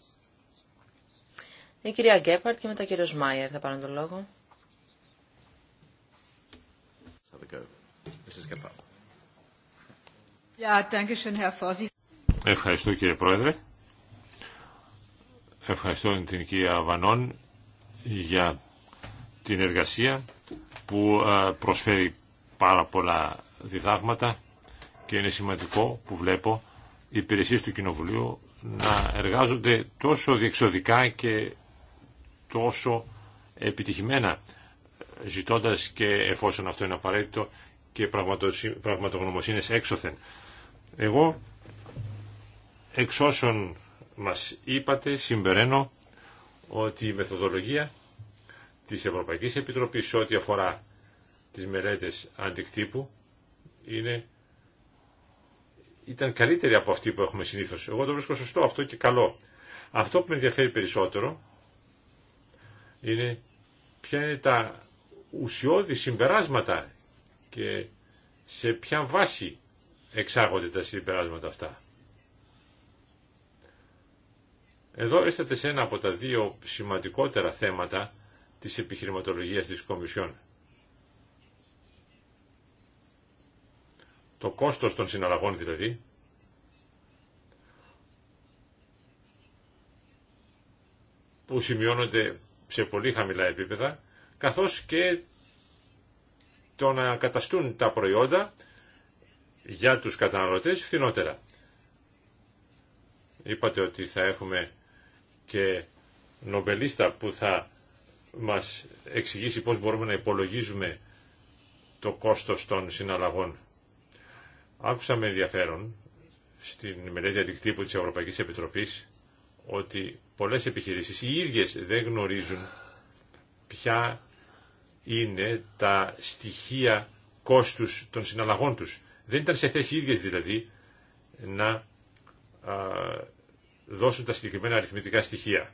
Η κυρία Γκέπαρτ και μετά ο κύριος Μάιερ θα πάρουν το λόγο. Ευχαριστώ κύριε Πρόεδρε. Ευχαριστώ την κυρία Βανών για την εργασία που ε, προσφέρει πάρα πολλά διδάγματα και είναι σημαντικό που βλέπω οι υπηρεσίε του Κοινοβουλίου να εργάζονται τόσο διεξοδικά και τόσο επιτυχημένα ζητώντας και εφόσον αυτό είναι απαραίτητο και πραγματογνωμοσύνες έξωθεν. Εγώ εξ όσων μας είπατε, συμπεραίνω, ότι η μεθοδολογία της Ευρωπαϊκής Επιτροπής σε ό,τι αφορά τις μελέτες αντικτύπου είναι... ήταν καλύτερη από αυτή που έχουμε συνήθως. Εγώ το βρίσκω σωστό αυτό και καλό. Αυτό που με ενδιαφέρει περισσότερο είναι ποια είναι τα ουσιώδη συμπεράσματα και σε ποια βάση εξάγονται τα συμπεράσματα αυτά. Εδώ έρχεται σε ένα από τα δύο σημαντικότερα θέματα της επιχειρηματολογίας της Κομισιόν. Το κόστος των συναλλαγών δηλαδή, που σημειώνονται σε πολύ χαμηλά επίπεδα, καθώς και το να καταστούν τα προϊόντα για τους καταναλωτές φθηνότερα. Είπατε ότι θα έχουμε και νομπελίστα που θα μας εξηγήσει πώς μπορούμε να υπολογίζουμε το κόστος των συναλλαγών. Άκουσα με ενδιαφέρον στην μελέτη αντικτύπου της Ευρωπαϊκής Επιτροπής ότι πολλές επιχειρήσεις οι ίδιες δεν γνωρίζουν ποια είναι τα στοιχεία κόστους των συναλλαγών τους. Δεν ήταν σε θέση οι ίδιες δηλαδή να δώσουν τα συγκεκριμένα αριθμητικά στοιχεία.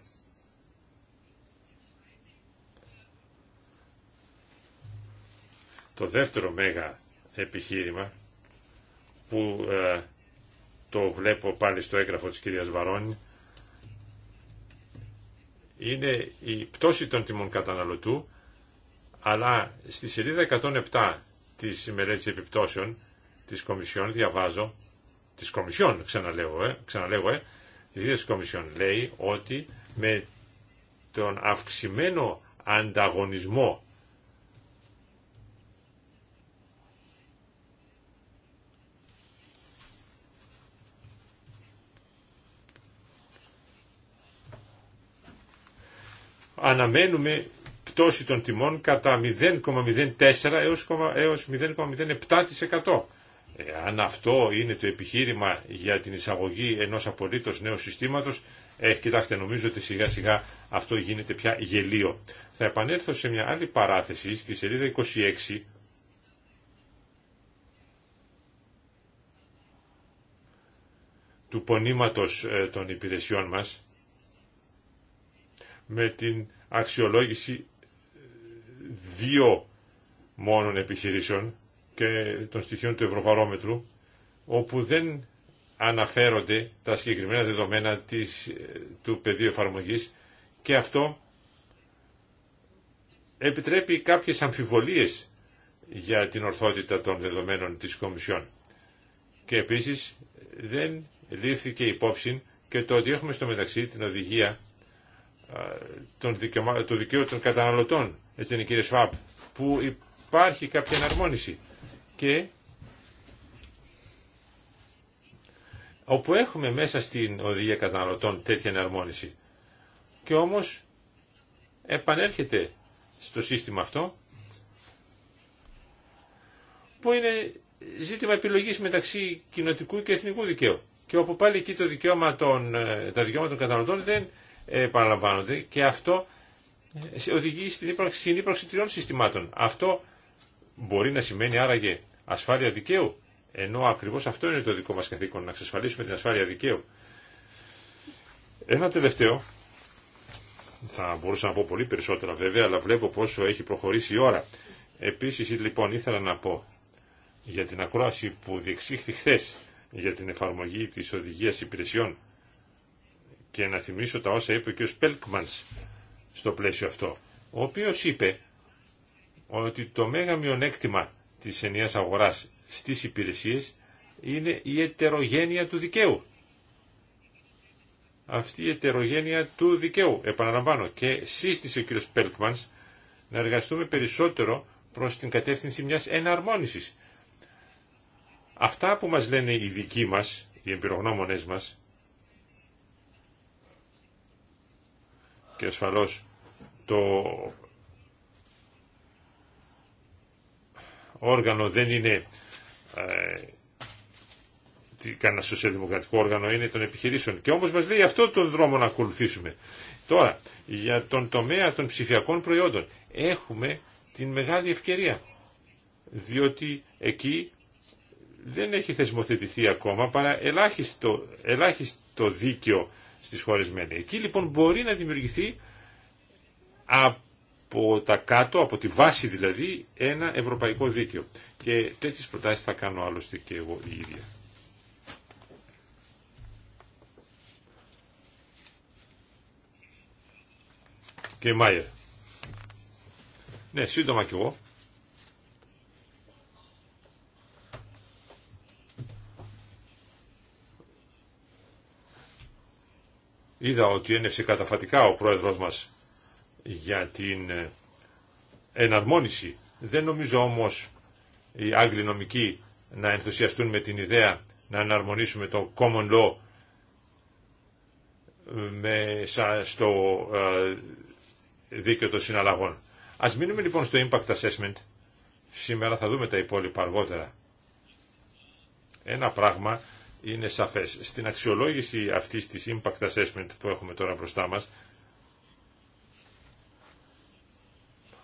Το δεύτερο μέγα επιχείρημα που ε, το βλέπω πάλι στο έγγραφο της κυρίας Βαρώνη είναι η πτώση των τιμών καταναλωτού αλλά στη σελίδα 107 της μελέτης επιπτώσεων της Κομισιόν διαβάζω της Κομισιόν ξαναλέγω, ε, ξαναλέγω ε, η Διευθυντική Κομισιόν λέει ότι με τον αυξημένο ανταγωνισμό αναμένουμε πτώση των τιμών κατά 0,04 έως 0,07%. Αν αυτό είναι το επιχείρημα για την εισαγωγή ενός απολύτως νέου συστήματος, ε, κοιτάξτε, νομίζω ότι σιγά σιγά αυτό γίνεται πια γελίο. Θα επανέλθω σε μια άλλη παράθεση, στη σελίδα 26, του πονήματος ε, των υπηρεσιών μας με την αξιολόγηση ε, δύο μόνων επιχειρήσεων και των στοιχείων του Ευρωβαρόμετρου, όπου δεν αναφέρονται τα συγκεκριμένα δεδομένα της, του πεδίου εφαρμογής και αυτό επιτρέπει κάποιες αμφιβολίες για την ορθότητα των δεδομένων της Κομισιόν. Και επίσης δεν λήφθηκε υπόψη και το ότι έχουμε στο μεταξύ την οδηγία των δικαιωμα... του δικαίου των καταναλωτών, έτσι είναι κύριε Σφάπ, που υπάρχει κάποια εναρμόνιση και όπου έχουμε μέσα στην οδηγία καταναλωτών τέτοια εναρμόνιση και όμως επανέρχεται στο σύστημα αυτό που είναι ζήτημα επιλογής μεταξύ κοινοτικού και εθνικού δικαίου και όπου πάλι εκεί το δικαίωμα των, ε, τα δικαιώματα των καταναλωτών δεν παραλαμβάνονται και αυτό οδηγεί στην ύπαρξη, τριών συστημάτων. Αυτό μπορεί να σημαίνει άραγε ασφάλεια δικαίου, ενώ ακριβώς αυτό είναι το δικό μας καθήκον, να εξασφαλίσουμε την ασφάλεια δικαίου. Ένα τελευταίο, θα μπορούσα να πω πολύ περισσότερα βέβαια, αλλά βλέπω πόσο έχει προχωρήσει η ώρα. Επίσης λοιπόν ήθελα να πω για την ακρόαση που διεξήχθη χθε για την εφαρμογή της οδηγίας υπηρεσιών και να θυμίσω τα όσα είπε ο κ. Πέλκμανς στο πλαίσιο αυτό, ο οποίος είπε ότι το μέγα μειονέκτημα της ενιαίας αγοράς στις υπηρεσίες είναι η ετερογένεια του δικαίου. Αυτή η ετερογένεια του δικαίου, επαναλαμβάνω, και σύστησε ο κ. Πέλκμανς να εργαστούμε περισσότερο προς την κατεύθυνση μιας εναρμόνισης. Αυτά που μας λένε οι δικοί μας, οι εμπειρογνώμονές μας, και ασφαλώς το όργανο δεν είναι ε, κανένα σοσιαλδημοκρατικό όργανο, είναι των επιχειρήσεων. Και όμως μας λέει αυτό τον δρόμο να ακολουθήσουμε. Τώρα, για τον τομέα των ψηφιακών προϊόντων έχουμε την μεγάλη ευκαιρία. Διότι εκεί δεν έχει θεσμοθετηθεί ακόμα παρά ελάχιστο, ελάχιστο δίκαιο στις χώρες Εκεί λοιπόν μπορεί να δημιουργηθεί από τα κάτω, από τη βάση δηλαδή, ένα ευρωπαϊκό δίκαιο. Και τέτοιες προτάσεις θα κάνω άλλωστε και εγώ η ίδια. Και Μάιερ. Ναι, σύντομα κι εγώ. Είδα ότι ένευσε καταφατικά ο πρόεδρος μας για την ε, εναρμόνιση. Δεν νομίζω όμως οι Άγγλοι νομικοί να ενθουσιαστούν με την ιδέα να εναρμονίσουμε το common law ε, μέσα στο ε, δίκαιο των συναλλαγών. Ας μείνουμε λοιπόν στο impact assessment. Σήμερα θα δούμε τα υπόλοιπα αργότερα. Ένα πράγμα είναι σαφές. Στην αξιολόγηση αυτής της impact assessment που έχουμε τώρα μπροστά μας,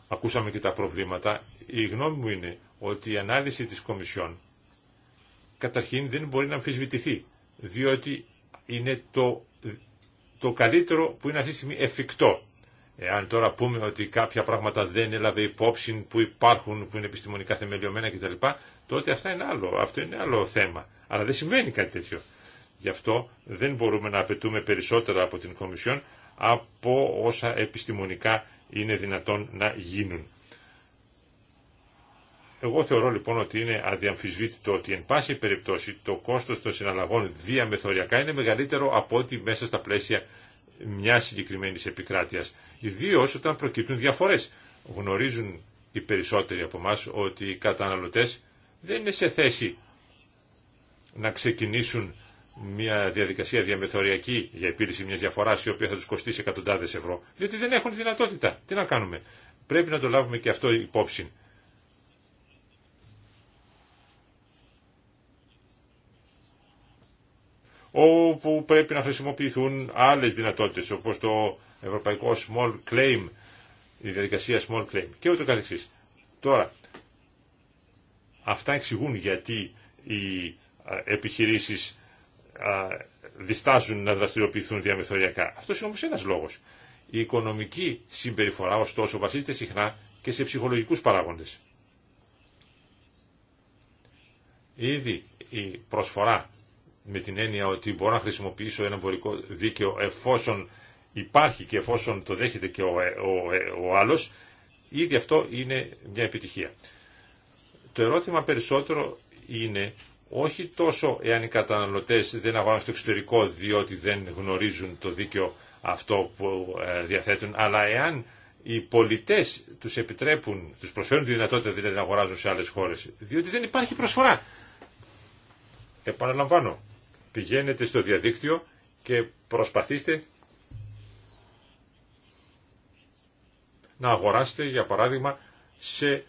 ακούσαμε και τα προβλήματα. Η γνώμη μου είναι ότι η ανάλυση της Κομισιόν καταρχήν δεν μπορεί να αμφισβητηθεί, διότι είναι το, το καλύτερο που είναι αυτή τη στιγμή εφικτό. Εάν τώρα πούμε ότι κάποια πράγματα δεν έλαβε υπόψη που υπάρχουν, που είναι επιστημονικά θεμελιωμένα κτλ., τότε αυτά είναι άλλο. Αυτό είναι άλλο θέμα. Αλλά δεν συμβαίνει κάτι τέτοιο. Γι' αυτό δεν μπορούμε να απαιτούμε περισσότερα από την Κομισιόν από όσα επιστημονικά είναι δυνατόν να γίνουν. Εγώ θεωρώ λοιπόν ότι είναι αδιαμφισβήτητο ότι εν πάση περιπτώσει το κόστος των συναλλαγών διαμεθοριακά είναι μεγαλύτερο από ότι μέσα στα πλαίσια μια συγκεκριμένη επικράτεια. Ιδίω όταν προκύπτουν διαφορέ. Γνωρίζουν οι περισσότεροι από εμά ότι οι καταναλωτέ δεν είναι σε θέση να ξεκινήσουν μια διαδικασία διαμεθοριακή για επίλυση μια διαφορά η οποία θα του κοστίσει εκατοντάδε ευρώ, διότι δεν έχουν δυνατότητα. Τι να κάνουμε. Πρέπει να το λάβουμε και αυτό υπόψη. όπου πρέπει να χρησιμοποιηθούν άλλες δυνατότητες όπως το ευρωπαϊκό small claim, η διαδικασία small claim και ούτω καθεξής. Τώρα, αυτά εξηγούν γιατί οι ε, επιχειρήσεις διστάζουν να δραστηριοποιηθούν διαμεθοριακά. Αυτό είναι όμω ένα λόγο. Η οικονομική συμπεριφορά, ωστόσο, βασίζεται συχνά και σε ψυχολογικού παράγοντε. Ήδη η προσφορά με την έννοια ότι μπορώ να χρησιμοποιήσω ένα εμπορικό δίκαιο εφόσον υπάρχει και εφόσον το δέχεται και ο, ε, ο, ε, ο άλλος, ήδη αυτό είναι μια επιτυχία. Το ερώτημα περισσότερο είναι όχι τόσο εάν οι καταναλωτές δεν αγοράζουν στο εξωτερικό διότι δεν γνωρίζουν το δίκαιο αυτό που ε, διαθέτουν, αλλά εάν οι πολιτές τους επιτρέπουν, τους προσφέρουν τη δυνατότητα δηλαδή να αγοράζουν σε άλλες χώρες, διότι δεν υπάρχει προσφορά. Επαναλαμβάνω, πηγαίνετε στο διαδίκτυο και προσπαθήστε να αγοράσετε, για παράδειγμα, σε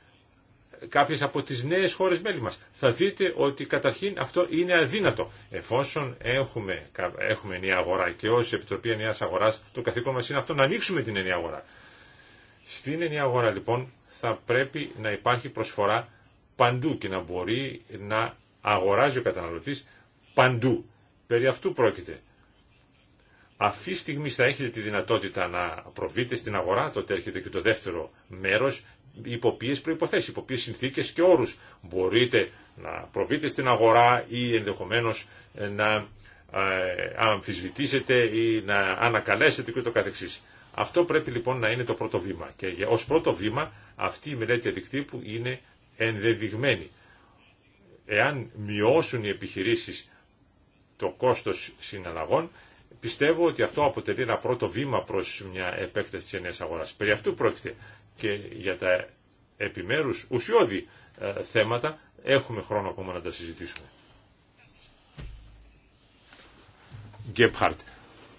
κάποιες από τις νέες χώρες μέλη μας. Θα δείτε ότι καταρχήν αυτό είναι αδύνατο. Εφόσον έχουμε, έχουμε νέα αγορά και ως Επιτροπή Ενιαίας Αγοράς το καθήκον μας είναι αυτό να ανοίξουμε την ενιαία αγορά. Στην ενιαία αγορά λοιπόν θα πρέπει να υπάρχει προσφορά παντού και να μπορεί να αγοράζει ο καταναλωτής παντού. Περί αυτού πρόκειται. Αυτή τη στιγμή θα έχετε τη δυνατότητα να προβείτε στην αγορά, τότε έρχεται και το δεύτερο μέρος, υπό ποιε προϋποθέσεις, υπό ποιε συνθήκες και όρους μπορείτε να προβείτε στην αγορά ή ενδεχομένως ε, να ε, αμφισβητήσετε ή να ανακαλέσετε και το Αυτό πρέπει λοιπόν να είναι το πρώτο βήμα και ως πρώτο βήμα αυτή η μελέτη αντικτύπου είναι ενδεδειγμένη. Εάν μειώσουν οι επιχειρήσεις το κόστος συναλλαγών, Πιστεύω ότι αυτό αποτελεί ένα πρώτο βήμα προς μια επέκταση της ενέας αγοράς. Περί αυτού πρόκειται και για τα επιμέρους ουσιώδη ε, θέματα έχουμε χρόνο ακόμα να τα συζητήσουμε.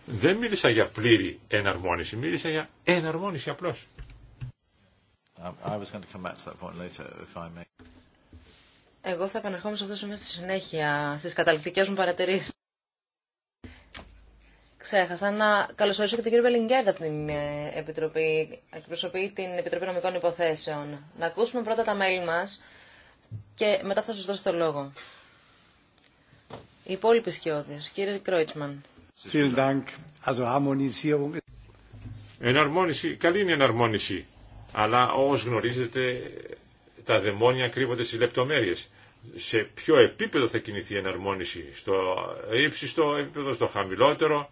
δεν μίλησα για πλήρη εναρμόνιση, μίλησα για εναρμόνιση απλώς. Εγώ θα επανερχόμουν σε αυτό το σημείο στη συνέχεια, στις καταληκτικές μου παρατηρήσεις ξέχασα να καλωσορίσω και τον κύριο Μπελιγκέρντ από την ε, Επιτροπή, εκπροσωπεί την Επιτροπή Νομικών Υποθέσεων. Να ακούσουμε πρώτα τα μέλη μα και μετά θα σα δώσω το λόγο. Οι υπόλοιποι σκιώδει, Κύριε Κρόιτσμαν. Εναρμόνιση, καλή είναι η εναρμόνιση, αλλά όπως γνωρίζετε τα δαιμόνια κρύβονται στι λεπτομέρειε. σε ποιο επίπεδο θα κινηθεί η εναρμόνιση, στο ύψιστο επίπεδο, στο χαμηλότερο,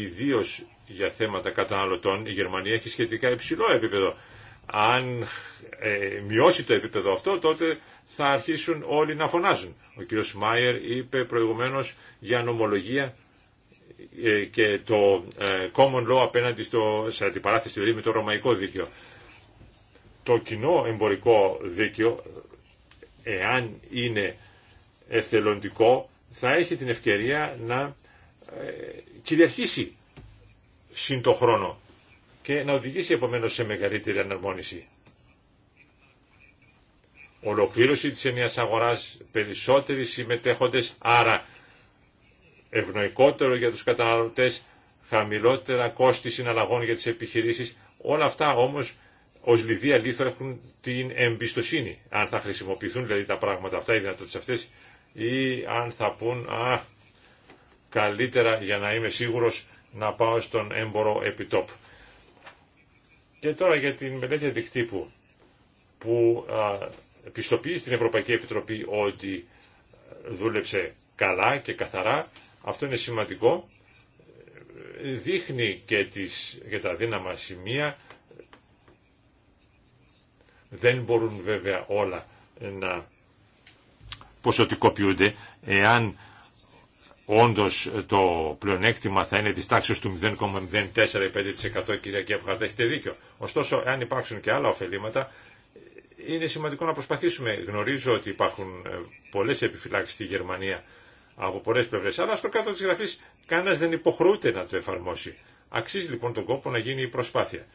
ιδίω για θέματα καταναλωτών, η Γερμανία έχει σχετικά υψηλό επίπεδο. Αν ε, μειώσει το επίπεδο αυτό, τότε θα αρχίσουν όλοι να φωνάζουν. Ο κύριος Μάιερ είπε προηγουμένως για νομολογία ε, και το ε, common law απέναντι στο, σε αντιπαράθεση δηλαδή με το ρωμαϊκό δίκαιο. Το κοινό εμπορικό δίκαιο, εάν είναι εθελοντικό, θα έχει την ευκαιρία να ε, κυριαρχήσει συν το χρόνο και να οδηγήσει επομένως σε μεγαλύτερη αναρμόνιση. Ολοκλήρωση της ενιαίας αγοράς, περισσότεροι συμμετέχοντες, άρα ευνοϊκότερο για τους καταναλωτές, χαμηλότερα κόστη συναλλαγών για τις επιχειρήσεις. Όλα αυτά όμως ως λιδία λίθο έχουν την εμπιστοσύνη. Αν θα χρησιμοποιηθούν δηλαδή τα πράγματα αυτά, οι δυνατότητες αυτές, ή αν θα πούν, α, καλύτερα για να είμαι σίγουρος να πάω στον έμπορο επιτόπ. Και τώρα για την μελέτη αντικτύπου που πιστοποιεί στην Ευρωπαϊκή Επιτροπή ότι δούλεψε καλά και καθαρά. Αυτό είναι σημαντικό. Δείχνει και, τις, και τα δύναμα σημεία. Δεν μπορούν βέβαια όλα να ποσοτικοποιούνται εάν όντως το πλεονέκτημα θα είναι της τάξης του 0,045% κυρία Κέπχαρτ, έχετε δίκιο. Ωστόσο, αν υπάρξουν και άλλα ωφελήματα, είναι σημαντικό να προσπαθήσουμε. Γνωρίζω ότι υπάρχουν ε, πολλές επιφυλάξεις στη Γερμανία από πολλές πλευρές, αλλά στο κάτω της γραφής κανένας δεν υποχρεούται να το εφαρμόσει. Αξίζει λοιπόν τον κόπο να γίνει η προσπάθεια.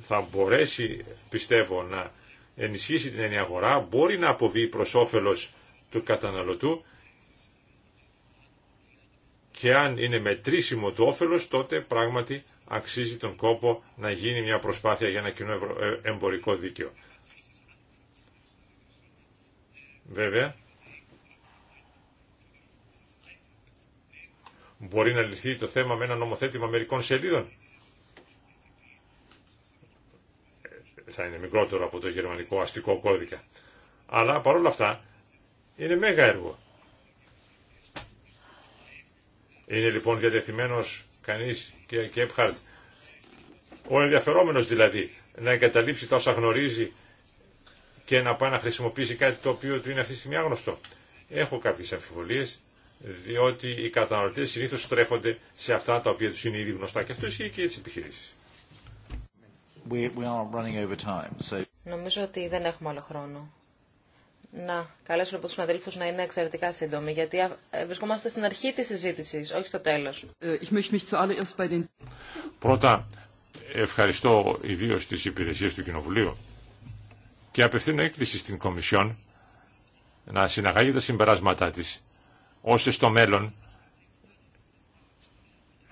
Θα μπορέσει, πιστεύω, να ενισχύσει την ενιαγορά, μπορεί να αποβεί προς όφελος του καταναλωτού και αν είναι μετρήσιμο το όφελος, τότε πράγματι αξίζει τον κόπο να γίνει μια προσπάθεια για ένα κοινό ε, εμπορικό δίκαιο. Βέβαια, μπορεί να λυθεί το θέμα με ένα νομοθέτημα μερικών σελίδων. Θα είναι μικρότερο από το γερμανικό αστικό κώδικα. Αλλά παρόλα αυτά είναι μέγα έργο. Είναι λοιπόν διατεθειμένος κανείς, και Επχαρτ, ο ενδιαφερόμενος δηλαδή, να εγκαταλείψει τα όσα γνωρίζει και να πάει να χρησιμοποιήσει κάτι το οποίο του είναι αυτή τη στιγμή άγνωστο. Έχω κάποιες αμφιβολίες, διότι οι καταναλωτές συνήθως στρέφονται σε αυτά τα οποία τους είναι ήδη γνωστά και αυτό ισχύει και για τις επιχειρήσεις. Νομίζω ότι δεν έχουμε άλλο χρόνο να καλέσω από του συναδέλφου να είναι εξαιρετικά σύντομοι, γιατί ε, βρισκόμαστε στην αρχή της συζήτηση, όχι στο τέλος. Ε, Πρώτα, ευχαριστώ ιδίω τι υπηρεσίες του Κοινοβουλίου και απευθύνω έκκληση στην Κομισιόν να συναγάγει τα συμπεράσματά της, ώστε στο μέλλον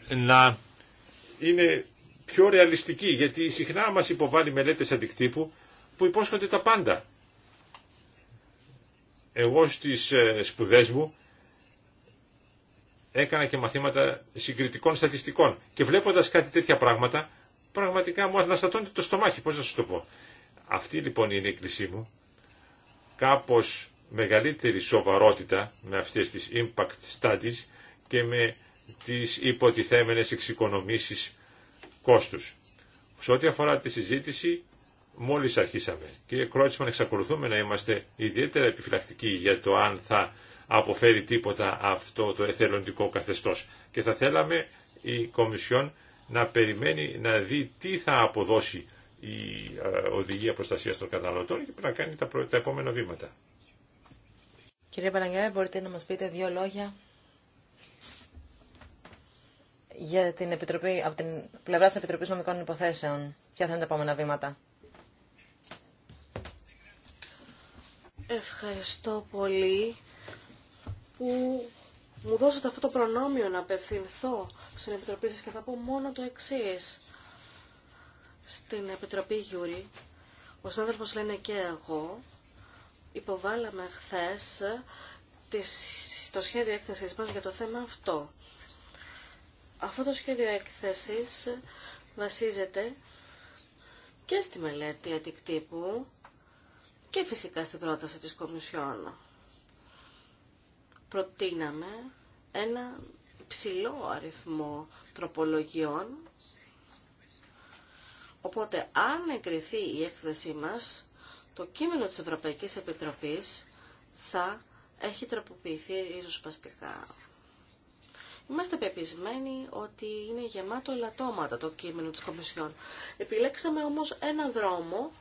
να είναι πιο ρεαλιστική, γιατί συχνά μας υποβάλλει μελέτες αντικτύπου που υπόσχονται τα πάντα εγώ στις ε, σπουδές μου έκανα και μαθήματα συγκριτικών στατιστικών και βλέποντας κάτι τέτοια πράγματα πραγματικά μου αναστατώνεται το στομάχι, πώς να σου το πω. Αυτή λοιπόν είναι η κρίση μου, κάπως μεγαλύτερη σοβαρότητα με αυτές τις impact studies και με τις υποτιθέμενες εξοικονομήσεις κόστους. Σε ό,τι αφορά τη συζήτηση, μόλις αρχίσαμε. Κύριε Κρότσμαν, εξακολουθούμε να είμαστε ιδιαίτερα επιφυλακτικοί για το αν θα αποφέρει τίποτα αυτό το εθελοντικό καθεστώς. Και θα θέλαμε η Κομισιόν να περιμένει να δει τι θα αποδώσει η ε, Οδηγία Προστασίας των Καταναλωτών και να κάνει τα, επόμενα βήματα. Κύριε Παναγιά, μπορείτε να μας πείτε δύο λόγια για την Επιτροπή, από την πλευρά της Επιτροπής Νομικών Υποθέσεων. Ποια θα είναι τα επόμενα βήματα. Ευχαριστώ πολύ που μου δώσατε αυτό το προνόμιο να απευθυνθώ στην Επιτροπή σας και θα πω μόνο το εξή Στην Επιτροπή Γιούρη, ο συνάδελφος λένε και εγώ, υποβάλαμε χθες το σχέδιο έκθεσης μας για το θέμα αυτό. Αυτό το σχέδιο έκθεσης βασίζεται και στη μελέτη αντικτύπου και φυσικά στην πρόταση της Κομισιόν. Προτείναμε ένα ψηλό αριθμό τροπολογιών, οπότε αν εγκριθεί η έκθεσή μας, το κείμενο της Ευρωπαϊκής Επιτροπής θα έχει τροποποιηθεί ριζοσπαστικά. Είμαστε πεπισμένοι ότι είναι γεμάτο λατώματα το κείμενο της Κομισιόν. Επιλέξαμε όμως ένα δρόμο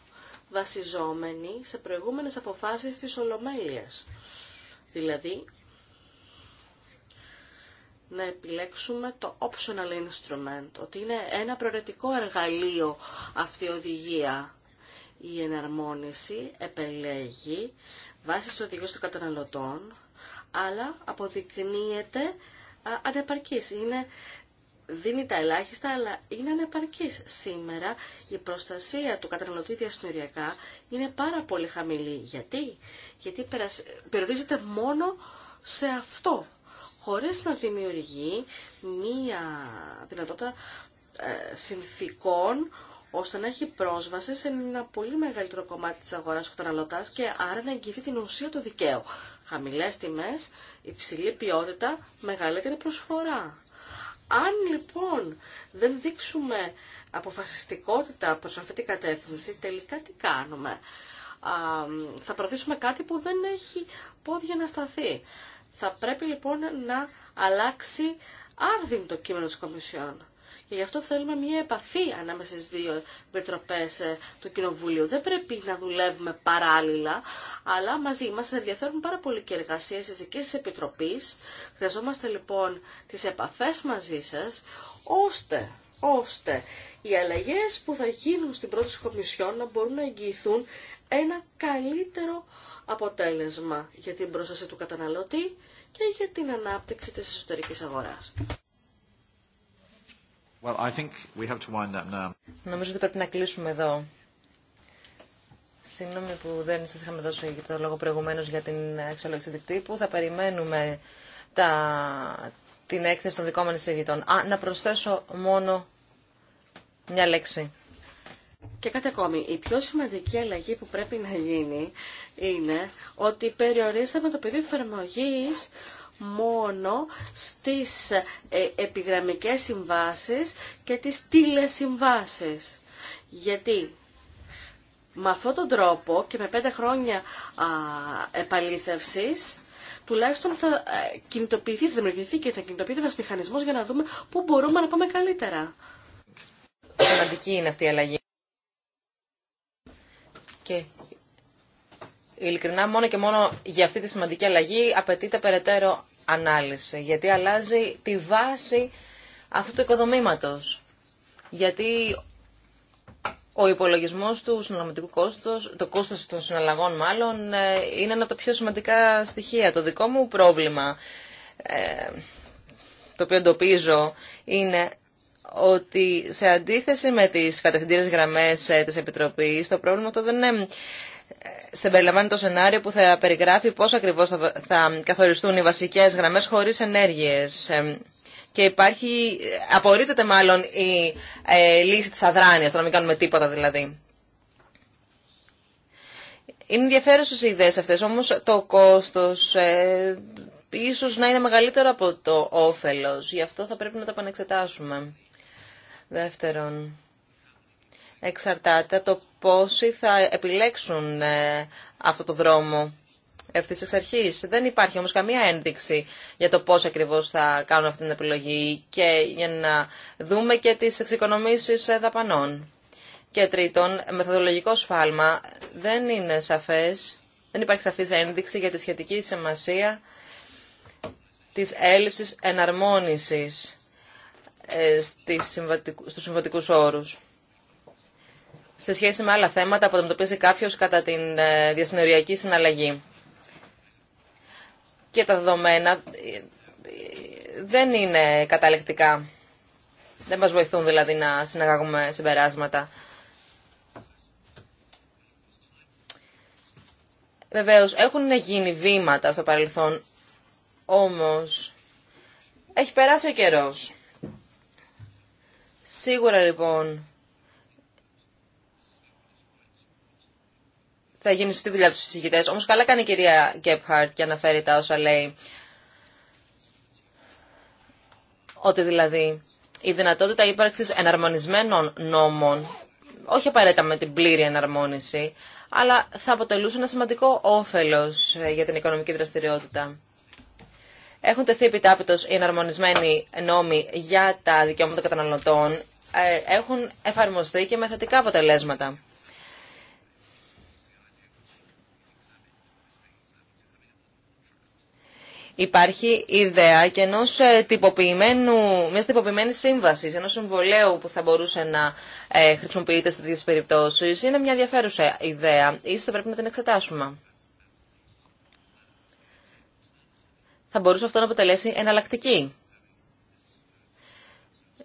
βασιζόμενοι σε προηγούμενες αποφάσεις της Ολομέλειας. Δηλαδή, να επιλέξουμε το optional instrument, ότι είναι ένα προαιρετικό εργαλείο αυτή η οδηγία. Η εναρμόνιση επελέγει βάσει του οδηγού των καταναλωτών, αλλά αποδεικνύεται ανεπαρκής. Είναι δίνει τα ελάχιστα, αλλά είναι ανεπαρκής. Σήμερα η προστασία του καταναλωτή διασυνοριακά είναι πάρα πολύ χαμηλή. Γιατί? Γιατί περιορίζεται μόνο σε αυτό, χωρίς να δημιουργεί μία δυνατότητα ε, συνθήκων ώστε να έχει πρόσβαση σε ένα πολύ μεγαλύτερο κομμάτι της αγοράς του καταναλωτάς και άρα να εγγυηθεί την ουσία του δικαίου. Χαμηλές τιμές, υψηλή ποιότητα, μεγαλύτερη προσφορά. Αν λοιπόν δεν δείξουμε αποφασιστικότητα προς αυτή την κατεύθυνση, τελικά τι κάνουμε. θα προωθήσουμε κάτι που δεν έχει πόδια να σταθεί. Θα πρέπει λοιπόν να αλλάξει άρδιν το κείμενο της Κομισιόν. Και γι' αυτό θέλουμε μια επαφή ανάμεσα στις δύο Επιτροπές ε, του Κοινοβουλίου. Δεν πρέπει να δουλεύουμε παράλληλα, αλλά μαζί μας ενδιαφέρουν πάρα πολύ και εργασίες της δικής της Επιτροπής. Χρειαζόμαστε λοιπόν τις επαφές μαζί σας, ώστε οι αλλαγές που θα γίνουν στην πρώτη Κομισιόν να μπορούν να εγγυηθούν ένα καλύτερο αποτέλεσμα για την πρόσταση του καταναλωτή και για την ανάπτυξη της εσωτερικής αγοράς. Νομίζω ότι πρέπει να κλείσουμε εδώ. Συγγνώμη που δεν σας είχαμε δώσει το λόγο προηγουμένως για την αξιολόγηση δικτύπου. Θα περιμένουμε τα... την έκθεση των δικών μας εισηγητών. Α, να προσθέσω μόνο μια λέξη. Και κάτι ακόμη. Η πιο σημαντική αλλαγή που πρέπει να γίνει είναι ότι περιορίσαμε το πεδίο εφαρμογή μόνο στις ε, επιγραμμικές συμβάσεις και τις τηλεσυμβάσεις. Γιατί με αυτόν τον τρόπο και με πέντε χρόνια α, επαλήθευσης τουλάχιστον θα ε, κινητοποιηθεί, θα δημιουργηθεί και θα κινητοποιηθεί ένας μηχανισμός για να δούμε πού μπορούμε να πάμε καλύτερα. Σημαντική είναι αυτή η αλλαγή. Και ειλικρινά μόνο και μόνο για αυτή τη σημαντική αλλαγή απαιτείται περαιτέρω ανάλυση, γιατί αλλάζει τη βάση αυτού του οικοδομήματος. Γιατί ο υπολογισμός του συναλλαγματικού κόστος, το κόστος των συναλλαγών μάλλον, ε, είναι ένα από τα πιο σημαντικά στοιχεία. Το δικό μου πρόβλημα, ε, το οποίο εντοπίζω, είναι ότι σε αντίθεση με τις κατευθυντήρες γραμμές ε, της Επιτροπής, το πρόβλημα αυτό δεν είναι συμπεριλαμβάνει το σενάριο που θα περιγράφει πώς ακριβώς θα, καθοριστούν οι βασικές γραμμές χωρίς ενέργειες. Και υπάρχει, απορρίπτεται μάλλον η ε, λύση της αδράνειας, το να μην κάνουμε τίποτα δηλαδή. Είναι ενδιαφέρουσε οι ιδέες αυτές, όμως το κόστος ε, ίσως να είναι μεγαλύτερο από το όφελος. Γι' αυτό θα πρέπει να τα επανεξετάσουμε. Δεύτερον, εξαρτάται το πόσοι θα επιλέξουν ε, αυτό το δρόμο ευθύ εξ αρχή. Δεν υπάρχει όμω καμία ένδειξη για το πώ ακριβώ θα κάνουν αυτή την επιλογή και για να δούμε και τι εξοικονομήσει ε, δαπανών. Και τρίτον, μεθοδολογικό σφάλμα δεν είναι σαφέ, δεν υπάρχει σαφή ένδειξη για τη σχετική σημασία της έλλειψης εναρμόνισης ε, στους συμβατικούς όρους σε σχέση με άλλα θέματα που αντιμετωπίζει κάποιο κατά τη ε, διασυνοριακή συναλλαγή. Και τα δεδομένα ε, ε, δεν είναι καταλεκτικά. Δεν μας βοηθούν δηλαδή να συναγάγουμε συμπεράσματα. Βεβαίως έχουν γίνει βήματα στο παρελθόν, όμως έχει περάσει ο καιρός. Σίγουρα λοιπόν θα γίνει στη δουλειά του συζητητέ. Όμω καλά κάνει η κυρία Γκέπχαρτ και αναφέρει τα όσα λέει. Ότι δηλαδή η δυνατότητα ύπαρξης εναρμονισμένων νόμων, όχι απαραίτητα με την πλήρη εναρμόνιση, αλλά θα αποτελούσε ένα σημαντικό όφελος ε, για την οικονομική δραστηριότητα. Έχουν τεθεί επιτάπητος οι εναρμονισμένοι νόμοι για τα δικαιώματα καταναλωτών, ε, έχουν εφαρμοστεί και με θετικά αποτελέσματα. Υπάρχει ιδέα και ενό ε, τυποποιημένου, μιας τυποποιημένης σύμβασης, ενός συμβολέου που θα μπορούσε να ε, χρησιμοποιείται σε τέτοιες περιπτώσεις. Είναι μια ενδιαφέρουσα ιδέα. Ίσως θα πρέπει να την εξετάσουμε. Θα μπορούσε αυτό να αποτελέσει εναλλακτική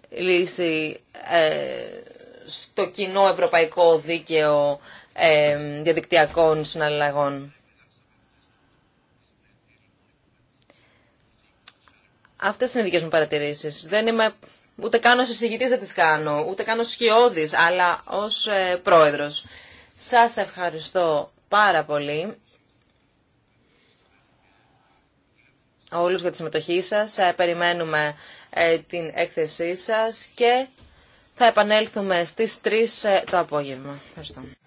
λύση ε, στο κοινό ευρωπαϊκό δίκαιο ε, διαδικτυακών συναλλαγών. Αυτέ είναι οι δικές μου παρατηρήσεις. Δεν είμαι ούτε καν ω εισηγητή, δεν τις κάνω, ούτε καν ω σκιώδη, αλλά ως ε, πρόεδρος. Σας ευχαριστώ πάρα πολύ. Όλους για τη συμμετοχή σας. Ε, περιμένουμε ε, την έκθεσή σας και θα επανέλθουμε στις 3 ε, το απόγευμα. Ευχαριστώ.